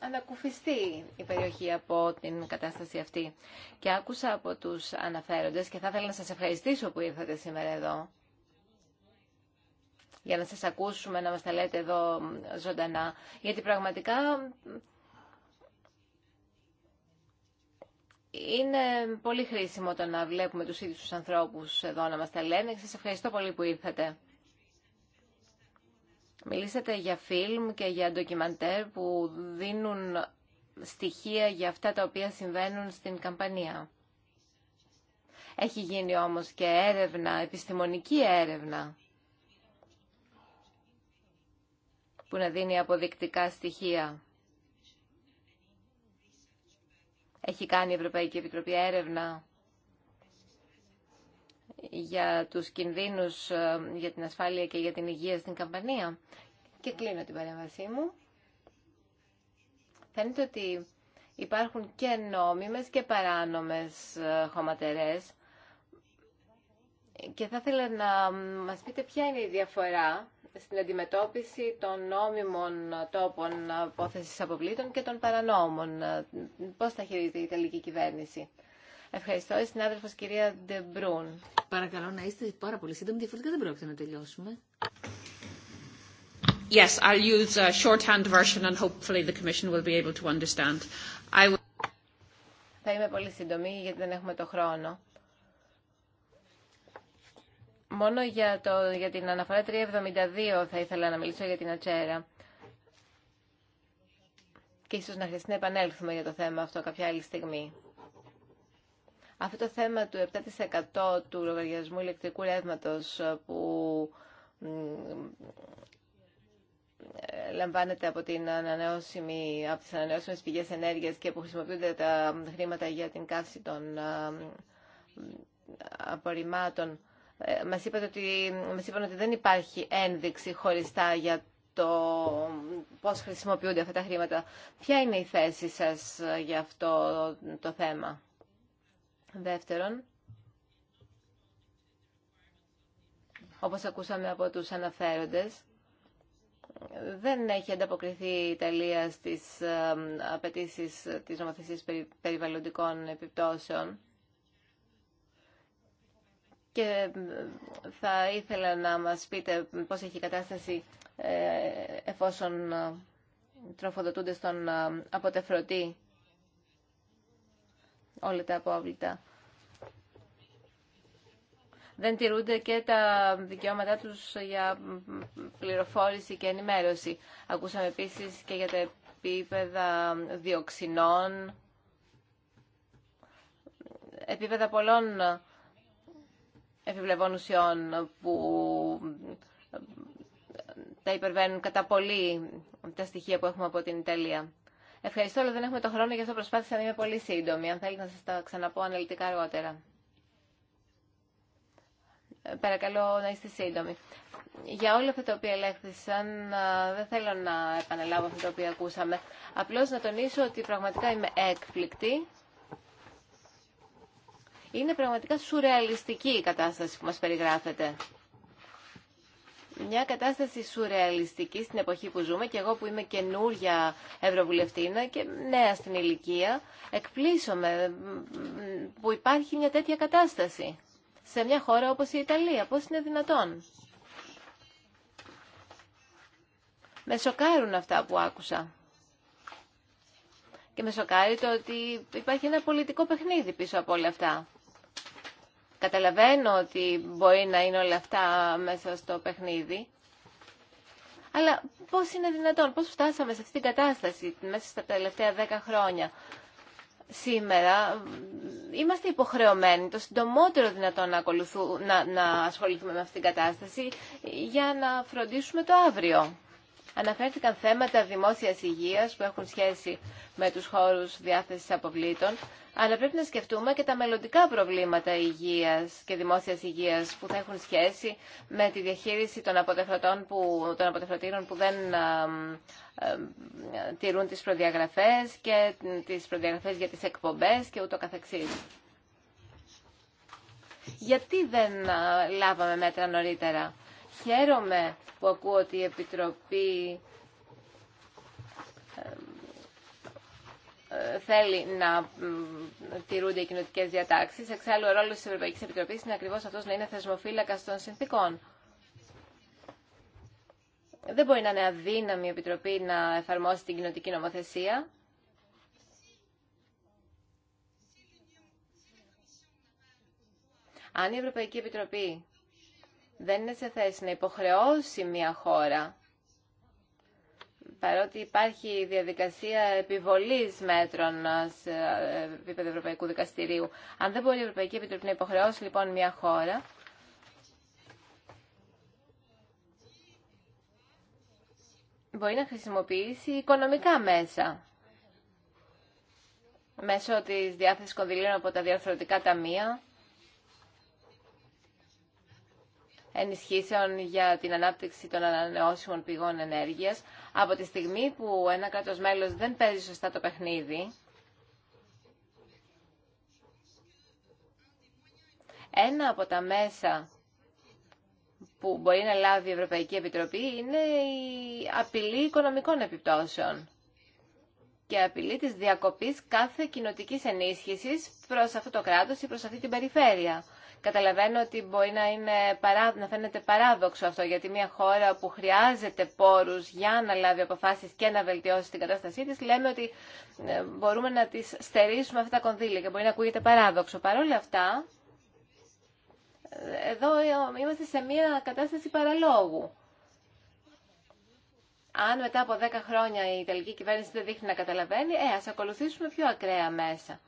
ανακουφιστεί η περιοχή από την κατάσταση αυτή. Και άκουσα από τους αναφέροντες και θα ήθελα να σας ευχαριστήσω που ήρθατε σήμερα εδώ για να σας ακούσουμε, να μας τα λέτε εδώ ζωντανά. Γιατί πραγματικά είναι πολύ χρήσιμο το να βλέπουμε τους ίδιους τους ανθρώπους εδώ να μας τα λένε. Σας ευχαριστώ πολύ που ήρθατε. Μιλήσατε για φιλμ και για ντοκιμαντέρ που δίνουν στοιχεία για αυτά τα οποία συμβαίνουν στην καμπανία. Έχει γίνει όμως και έρευνα, επιστημονική έρευνα, που να δίνει αποδεικτικά στοιχεία. Έχει κάνει η Ευρωπαϊκή Επιτροπή έρευνα για τους κινδύνους ε, για την ασφάλεια και για την υγεία στην καμπανία. Και κλείνω την παρέμβασή μου. Φαίνεται ότι υπάρχουν και νόμιμες και παράνομες ε, χωματερές και θα ήθελα να μας πείτε ποια είναι η διαφορά στην αντιμετώπιση των νόμιμων τόπων απόθεσης αποβλήτων και των παρανόμων. Πώς θα χειρίζεται η Ιταλική κυβέρνηση. Ευχαριστώ. Η συνάδελφος κυρία Ντεμπρούν. Παρακαλώ να είστε πάρα πολύ σύντομοι, διαφορετικά δεν πρόκειται να τελειώσουμε. Yes, I'll use a shorthand version and hopefully the Commission will be able to understand. Θα είμαι πολύ σύντομη γιατί δεν έχουμε το χρόνο. Μόνο για, το, για την αναφορά 372 θα ήθελα να μιλήσω για την ατσέρα. Και ίσως να χρειαστεί να επανέλθουμε για το θέμα αυτό κάποια άλλη στιγμή. Αυτό το θέμα του 7% του λογαριασμού ηλεκτρικού ρεύματος ε, που ε, λαμβάνεται από, την ανανεώσιμη, από τις ανανεώσιμες πηγές ενέργειας και που χρησιμοποιούνται τα χρήματα για την καύση των ε, απορριμμάτων. Μας, ότι, μας είπαν ότι δεν υπάρχει ένδειξη χωριστά για το πώς χρησιμοποιούνται αυτά τα χρήματα. Ποια είναι η θέση σας για αυτό το θέμα. Δεύτερον, όπως ακούσαμε από τους αναφέροντες, δεν έχει ανταποκριθεί η Ιταλία στις απαιτήσει της νομοθεσίας περιβαλλοντικών επιπτώσεων και θα ήθελα να μας πείτε πώς έχει η κατάσταση ε, εφόσον ε, τροφοδοτούνται στον ε, αποτεφρωτή όλα τα απόβλητα. Δεν τηρούνται και τα δικαιώματά τους για πληροφόρηση και ενημέρωση. Ακούσαμε επίσης και για τα επίπεδα διοξινών, επίπεδα πολλών επιβλεβών ουσιών που τα υπερβαίνουν κατά πολύ τα στοιχεία που έχουμε από την Ιταλία. Ευχαριστώ, αλλά δεν έχουμε το χρόνο, γι' αυτό προσπάθησα να είμαι πολύ σύντομη. Αν θέλετε να σας τα ξαναπώ αναλυτικά αργότερα. Ε, παρακαλώ να είστε σύντομοι. Για όλα αυτά τα οποία ελέγχθησαν, ε, δεν θέλω να επαναλάβω αυτά τα οποία ακούσαμε. Απλώς να τονίσω ότι πραγματικά είμαι έκπληκτη. Είναι πραγματικά σουρεαλιστική η κατάσταση που μας περιγράφεται μια κατάσταση σουρεαλιστική στην εποχή που ζούμε και εγώ που είμαι καινούρια ευρωβουλευτήνα και νέα στην ηλικία, εκπλήσωμαι που υπάρχει μια τέτοια κατάσταση σε μια χώρα όπως η Ιταλία. Πώς είναι δυνατόν. Με σοκάρουν αυτά που άκουσα. Και με σοκάρει το ότι υπάρχει ένα πολιτικό παιχνίδι πίσω από όλα αυτά. Καταλαβαίνω ότι μπορεί να είναι όλα αυτά μέσα στο παιχνίδι. Αλλά πώς είναι δυνατόν, πώς φτάσαμε σε αυτή την κατάσταση μέσα στα τελευταία δέκα χρόνια. Σήμερα είμαστε υποχρεωμένοι το συντομότερο δυνατόν να, να, να ασχοληθούμε με αυτή την κατάσταση για να φροντίσουμε το αύριο αναφέρθηκαν θέματα δημόσιας υγείας που έχουν σχέση με τους χώρους διάθεσης αποβλήτων, αλλά πρέπει να σκεφτούμε και τα μελλοντικά προβλήματα υγείας και δημόσια υγείας που θα έχουν σχέση με τη διαχείριση των, που, των αποτεφρωτήρων που δεν τηρούν τις προδιαγραφές και τις προδιαγραφές για τις εκπομπέ και ούτω καθεξής. Γιατί δεν λάβαμε μέτρα νωρίτερα. Χαίρομαι που ακούω ότι η Επιτροπή ε, θέλει να τηρούνται οι κοινωτικέ διατάξει. Εξάλλου, ο ρόλο τη Ευρωπαϊκή Επιτροπή είναι ακριβώ αυτό να είναι θεσμοφύλακα των συνθήκων. Δεν μπορεί να είναι αδύναμη η Επιτροπή να εφαρμόσει την κοινωτική νομοθεσία. Αν η Ευρωπαϊκή Επιτροπή δεν είναι σε θέση να υποχρεώσει μια χώρα παρότι υπάρχει διαδικασία επιβολής μέτρων σε επίπεδο Ευρωπαϊκού Δικαστηρίου. Αν δεν μπορεί η Ευρωπαϊκή Επιτροπή να υποχρεώσει λοιπόν μια χώρα, μπορεί να χρησιμοποιήσει οικονομικά μέσα. Μέσω της διάθεσης κονδυλίων από τα διαφορετικά ταμεία, ενισχύσεων για την ανάπτυξη των ανανεώσιμων πηγών ενέργειας. Από τη στιγμή που ένα κράτος μέλος δεν παίζει σωστά το παιχνίδι, ένα από τα μέσα που μπορεί να λάβει η Ευρωπαϊκή Επιτροπή είναι η απειλή οικονομικών επιπτώσεων και απειλή της διακοπής κάθε κοινοτικής ενίσχυσης προς αυτό το κράτος ή προς αυτή την περιφέρεια. Καταλαβαίνω ότι μπορεί να, είναι, να φαίνεται παράδοξο αυτό, γιατί μια χώρα που χρειάζεται πόρους για να λάβει αποφάσεις και να βελτιώσει την κατάστασή της, λέμε ότι ε, μπορούμε να τις στερήσουμε αυτά τα κονδύλια και μπορεί να ακούγεται παράδοξο. Παρ' όλα αυτά, ε, εδώ ε, είμαστε σε μια κατάσταση παραλόγου. Αν μετά από 10 χρόνια η Ιταλική κυβέρνηση δεν δείχνει να καταλαβαίνει, ε, ας ακολουθήσουμε πιο ακραία μέσα.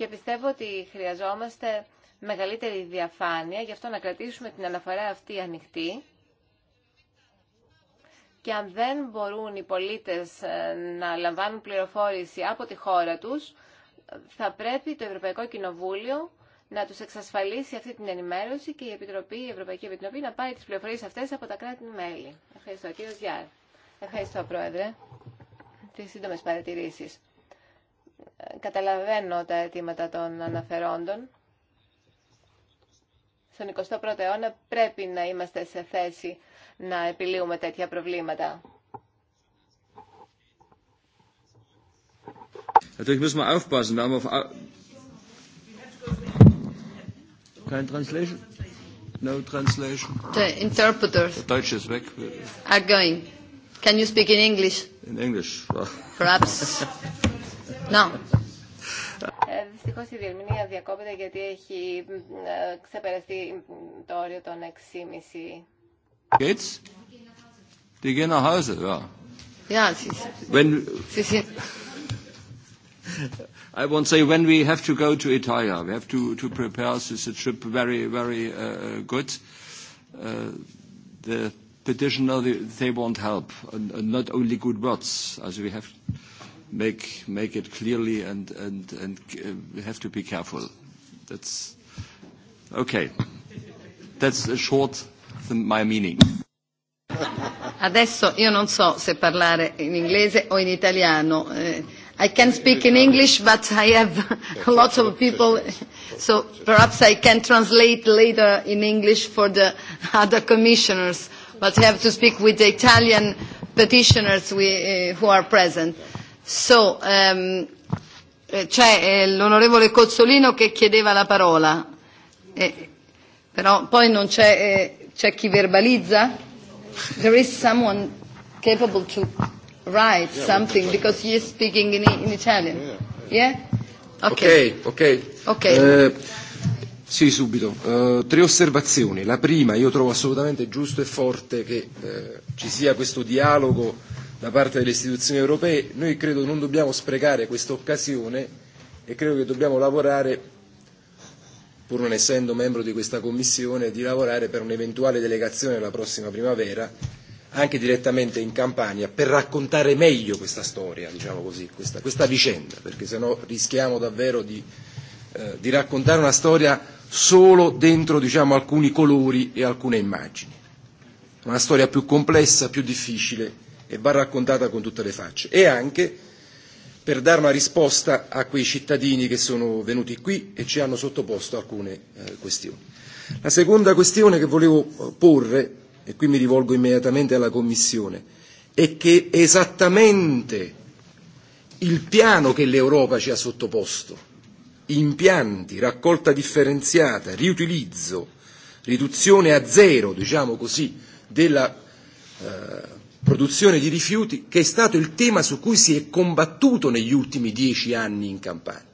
και πιστεύω ότι χρειαζόμαστε μεγαλύτερη διαφάνεια, γι' αυτό να κρατήσουμε την αναφορά αυτή ανοιχτή και αν δεν μπορούν οι πολίτες ε, να λαμβάνουν πληροφόρηση από τη χώρα τους, θα πρέπει το Ευρωπαϊκό Κοινοβούλιο να τους εξασφαλίσει αυτή την ενημέρωση και η, Επιτροπή, η Ευρωπαϊκή Επιτροπή να πάρει τις πληροφορίες αυτές από τα κράτη-μέλη. Ευχαριστώ, κύριος Γιάρ. Ευχαριστώ, Πρόεδρε, τις σύντομες παρατηρήσεις. Καταλαβαίνω τα αιτήματα των αναφερόντων. Στον 21ο αιώνα πρέπει να είμαστε σε θέση να επιλύουμε τέτοια προβλήματα. Natürlich müssen wir aufpassen. Wir haben auf Kein translation? No translation. The interpreters. Deutsch ist weg. Are going. Can you speak in English? In English. Perhaps. No. Ε, Δυστυχώ η διερμηνία διακόπτεται γιατί έχει ξεπεραστεί το όριο των 6,5. Geht's? Die gehen nach Hause, ja. Ja, sie, sie sind. I won't say when we have to go to Italia. We have to, to prepare this trip very, very uh, good. Uh, the petitioner, they won't help, and, and not only good words. As we have make make it clearly and and have to be careful. That's okay. That's a short my meaning. Adesso io non so se parlare in inglese o in italiano. I can speak in English, but I have lots of people, so perhaps I can translate later in English for the other commissioners, but I have to speak with the Italian petitioners who are present. So, c'è l'onorevole Cozzolino che chiedeva la parola, però poi non c'è c'è chi verbalizza. There is someone capable to write something because he is speaking in, in Italian. Yeah? Ok, ok. Ok. sì, subito. tre osservazioni. La prima, io trovo assolutamente giusto e forte che ci sia questo dialogo da parte delle istituzioni europee, noi credo non dobbiamo sprecare questa occasione e credo che dobbiamo lavorare, pur non essendo membro di questa Commissione, di lavorare per un'eventuale delegazione la prossima primavera, anche direttamente in Campania, per raccontare meglio questa storia, diciamo così, questa vicenda, perché sennò rischiamo davvero di di raccontare una storia solo dentro diciamo alcuni colori e alcune immagini una storia più complessa più difficile e va raccontata con tutte le facce e anche per dare una risposta a quei cittadini che sono venuti qui e ci hanno sottoposto alcune questioni. La seconda questione che volevo porre, e qui mi rivolgo immediatamente alla Commissione, è che esattamente il piano che l'Europa ci ha sottoposto, impianti, raccolta differenziata, riutilizzo, riduzione a zero, diciamo così, della produzione di rifiuti, che è stato il tema su cui si è combattuto negli ultimi dieci anni in Campania,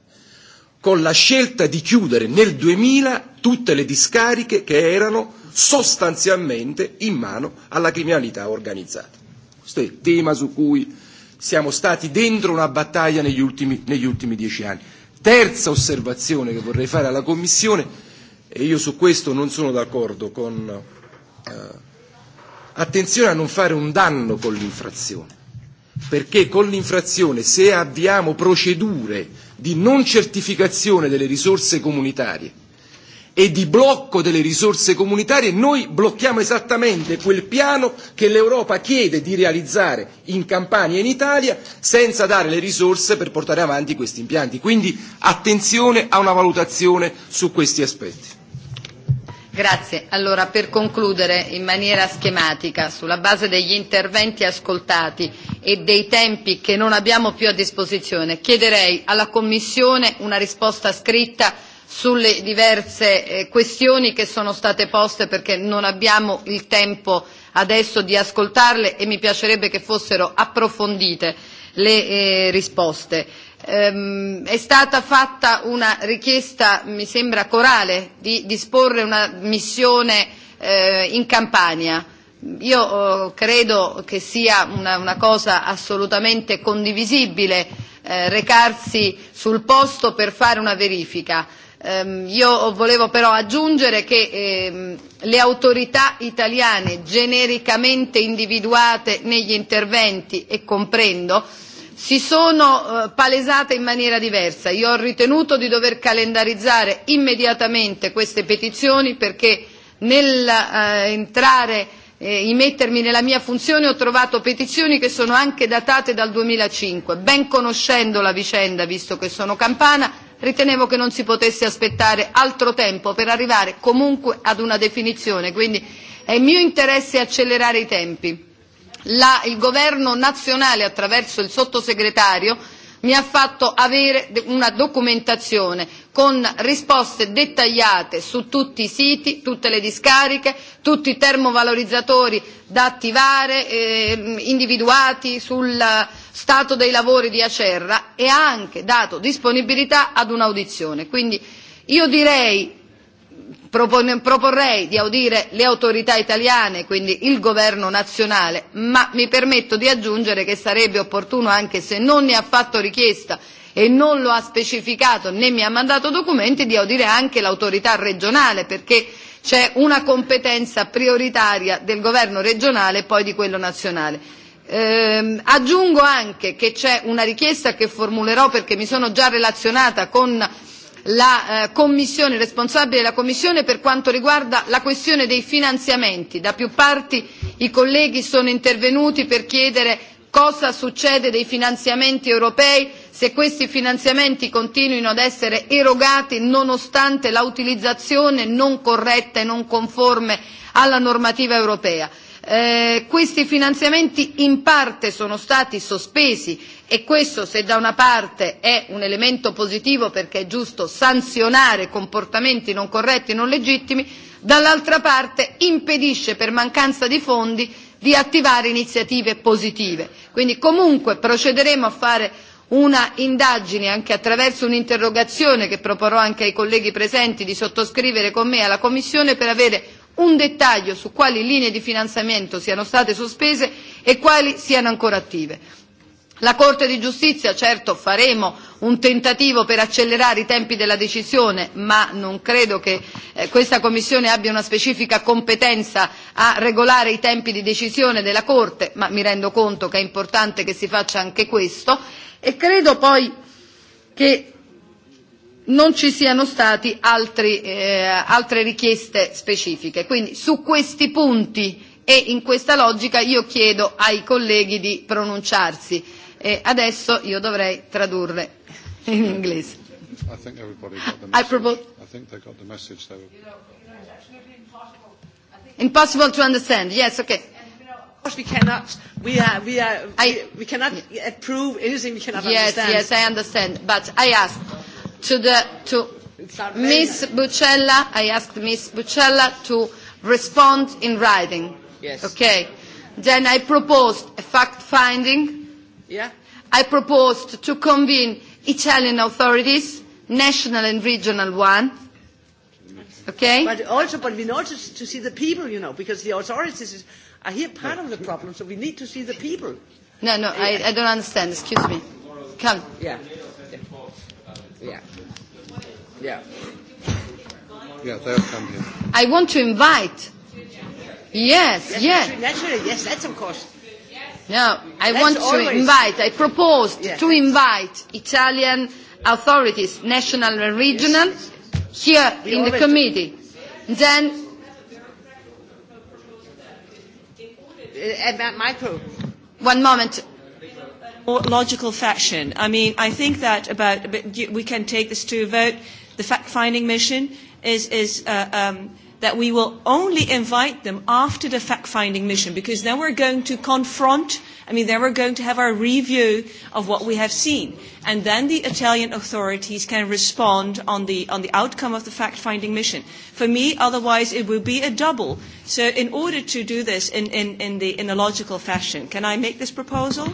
con la scelta di chiudere nel 2000 tutte le discariche che erano sostanzialmente in mano alla criminalità organizzata. Questo è il tema su cui siamo stati dentro una battaglia negli ultimi, negli ultimi dieci anni. Terza osservazione che vorrei fare alla Commissione, e io su questo non sono d'accordo con attenzione a non fare un danno con l'infrazione, perché con l'infrazione se abbiamo procedure di non certificazione delle risorse comunitarie e di blocco delle risorse comunitarie, noi blocchiamo esattamente quel piano che l'Europa chiede di realizzare in Campania e in Italia senza dare le risorse per portare avanti questi impianti. Quindi attenzione a una valutazione su questi aspetti. Grazie. Allora, per concludere in maniera schematica, sulla base degli interventi ascoltati e dei tempi che non abbiamo più a disposizione, chiederei alla Commissione una risposta scritta sulle diverse questioni che sono state poste perché non abbiamo il tempo adesso di ascoltarle e mi piacerebbe che fossero approfondite le risposte È stata fatta una richiesta, mi sembra corale, di disporre una missione in Campania. Io credo che sia una cosa assolutamente condivisibile recarsi sul posto per fare una verifica. Io volevo però aggiungere che le autorità italiane genericamente individuate negli interventi, e comprendo, si sono palesate in maniera diversa. Io ho ritenuto di dover calendarizzare immediatamente queste petizioni perché entrare e mettermi nella mia funzione ho trovato petizioni che sono anche datate dal 2005. Ben conoscendo la vicenda, visto che sono campana, ritenevo che non si potesse aspettare altro tempo per arrivare comunque ad una definizione. Quindi è mio interesse accelerare i tempi la, il governo nazionale attraverso il sottosegretario mi ha fatto avere una documentazione con risposte dettagliate su tutti i siti, tutte le discariche, tutti i termovalorizzatori da attivare, individuati sul stato dei lavori di Acerra e ha anche dato disponibilità ad un'audizione. Quindi io direi proporrei di audire le autorità italiane, quindi il governo nazionale, ma mi permetto di aggiungere che sarebbe opportuno, anche se non ne ha fatto richiesta e non lo ha specificato né mi ha mandato documenti, di audire anche l'autorità regionale, perché c'è una competenza prioritaria del governo regionale e poi di quello nazionale. Aggiungo anche che c'è una richiesta che formulerò perché mi sono già relazionata con la Commissione, responsabile della Commissione per quanto riguarda la questione dei finanziamenti. Da più parti i colleghi sono intervenuti per chiedere cosa succede dei finanziamenti europei se questi finanziamenti continuino ad essere erogati nonostante l'utilizzazione non corretta e non conforme alla normativa europea. Questi finanziamenti in parte sono stati sospesi e questo se da una parte è un elemento positivo perché è giusto sanzionare comportamenti non corretti e non legittimi, dall'altra parte impedisce per mancanza di fondi di attivare iniziative positive. Quindi comunque procederemo a fare una indagine anche attraverso un'interrogazione che proporrò anche ai colleghi presenti di sottoscrivere con me alla Commissione per avere un dettaglio su quali linee di finanziamento siano state sospese e quali siano ancora attive. La Corte di giustizia, certo, faremo un tentativo per accelerare i tempi della decisione, ma non credo che questa Commissione abbia una specifica competenza a regolare i tempi di decisione della Corte, ma mi rendo conto che è importante che si faccia anche questo e credo poi che non ci siano state altre richieste specifiche. Quindi su questi punti e in questa logica io chiedo ai colleghi di pronunciarsi e adesso io dovrei tradurre in inglese. I think everybody got the message. I, I think they got the message. They were... you know, it's impossible. impossible to understand. Yes, okay. We cannot. We are. We are. I, we, we cannot approve anything we cannot yes, understand. Yes, yes, I understand. But I ask to the to Ms. Bucella. I asked Ms. Bucella to respond in writing. Yes. Okay. Then I proposed a fact-finding. Yeah. I proposed to convene Italian authorities, national and regional one. Okay. But also, but we to see the people, you know, because the authorities are here part of the problem, so we need to see the people. No, no, I, I don't understand. Excuse me. Come. Yeah. Yeah. Yeah. Yeah, come I want to invite. Yes, yes. Naturally, yes, that's of course. No, I want to invite, I proposed to invite Italian authorities, national and regional, here in the committee. Then. Micro. One moment logical fashion. I mean, I think that about we can take this to a vote. The fact-finding mission is is that we will only invite them after the fact-finding mission, because then we're going to confront. I mean, then we're going to have our review of what we have seen, and then the Italian authorities can respond on the on the outcome of the fact-finding mission. For me, otherwise it will be a double. So, in order to do this in in in the in a logical fashion, can I make this proposal?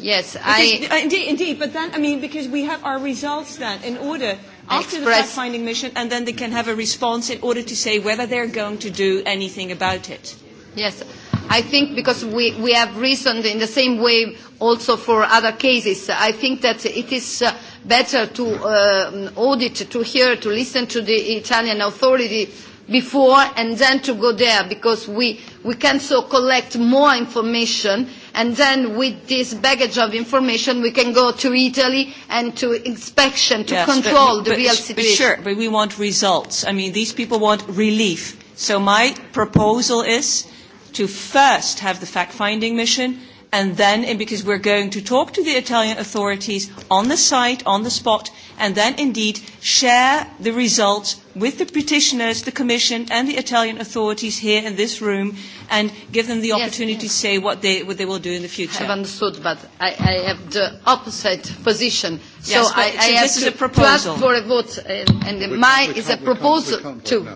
Yes, I indeed, indeed. But then, I mean, because we have our results then in order after the fact-finding mission, and then they can have a response in order to say whether they're going to do anything about it. Yes, I think because we we have reasoned in the same way also for other cases. I think that it is better to audit, to hear, to listen to the Italian authority before and then to go there because we we can so collect more information and then with this baggage of information we can go to Italy and to inspection to control the real situation. Sure, but we want results. I mean, these people want relief. So my proposal is to first have the fact-finding mission and then because we're going to talk to the Italian authorities on the site, on the spot, and then indeed share the results with the petitioners, the Commission and the Italian authorities here in this room and give them the opportunity to say what they, will do in the future. I have understood, but I, I have the opposite position. So I, I have to, ask for a vote, and, mine is a proposal too.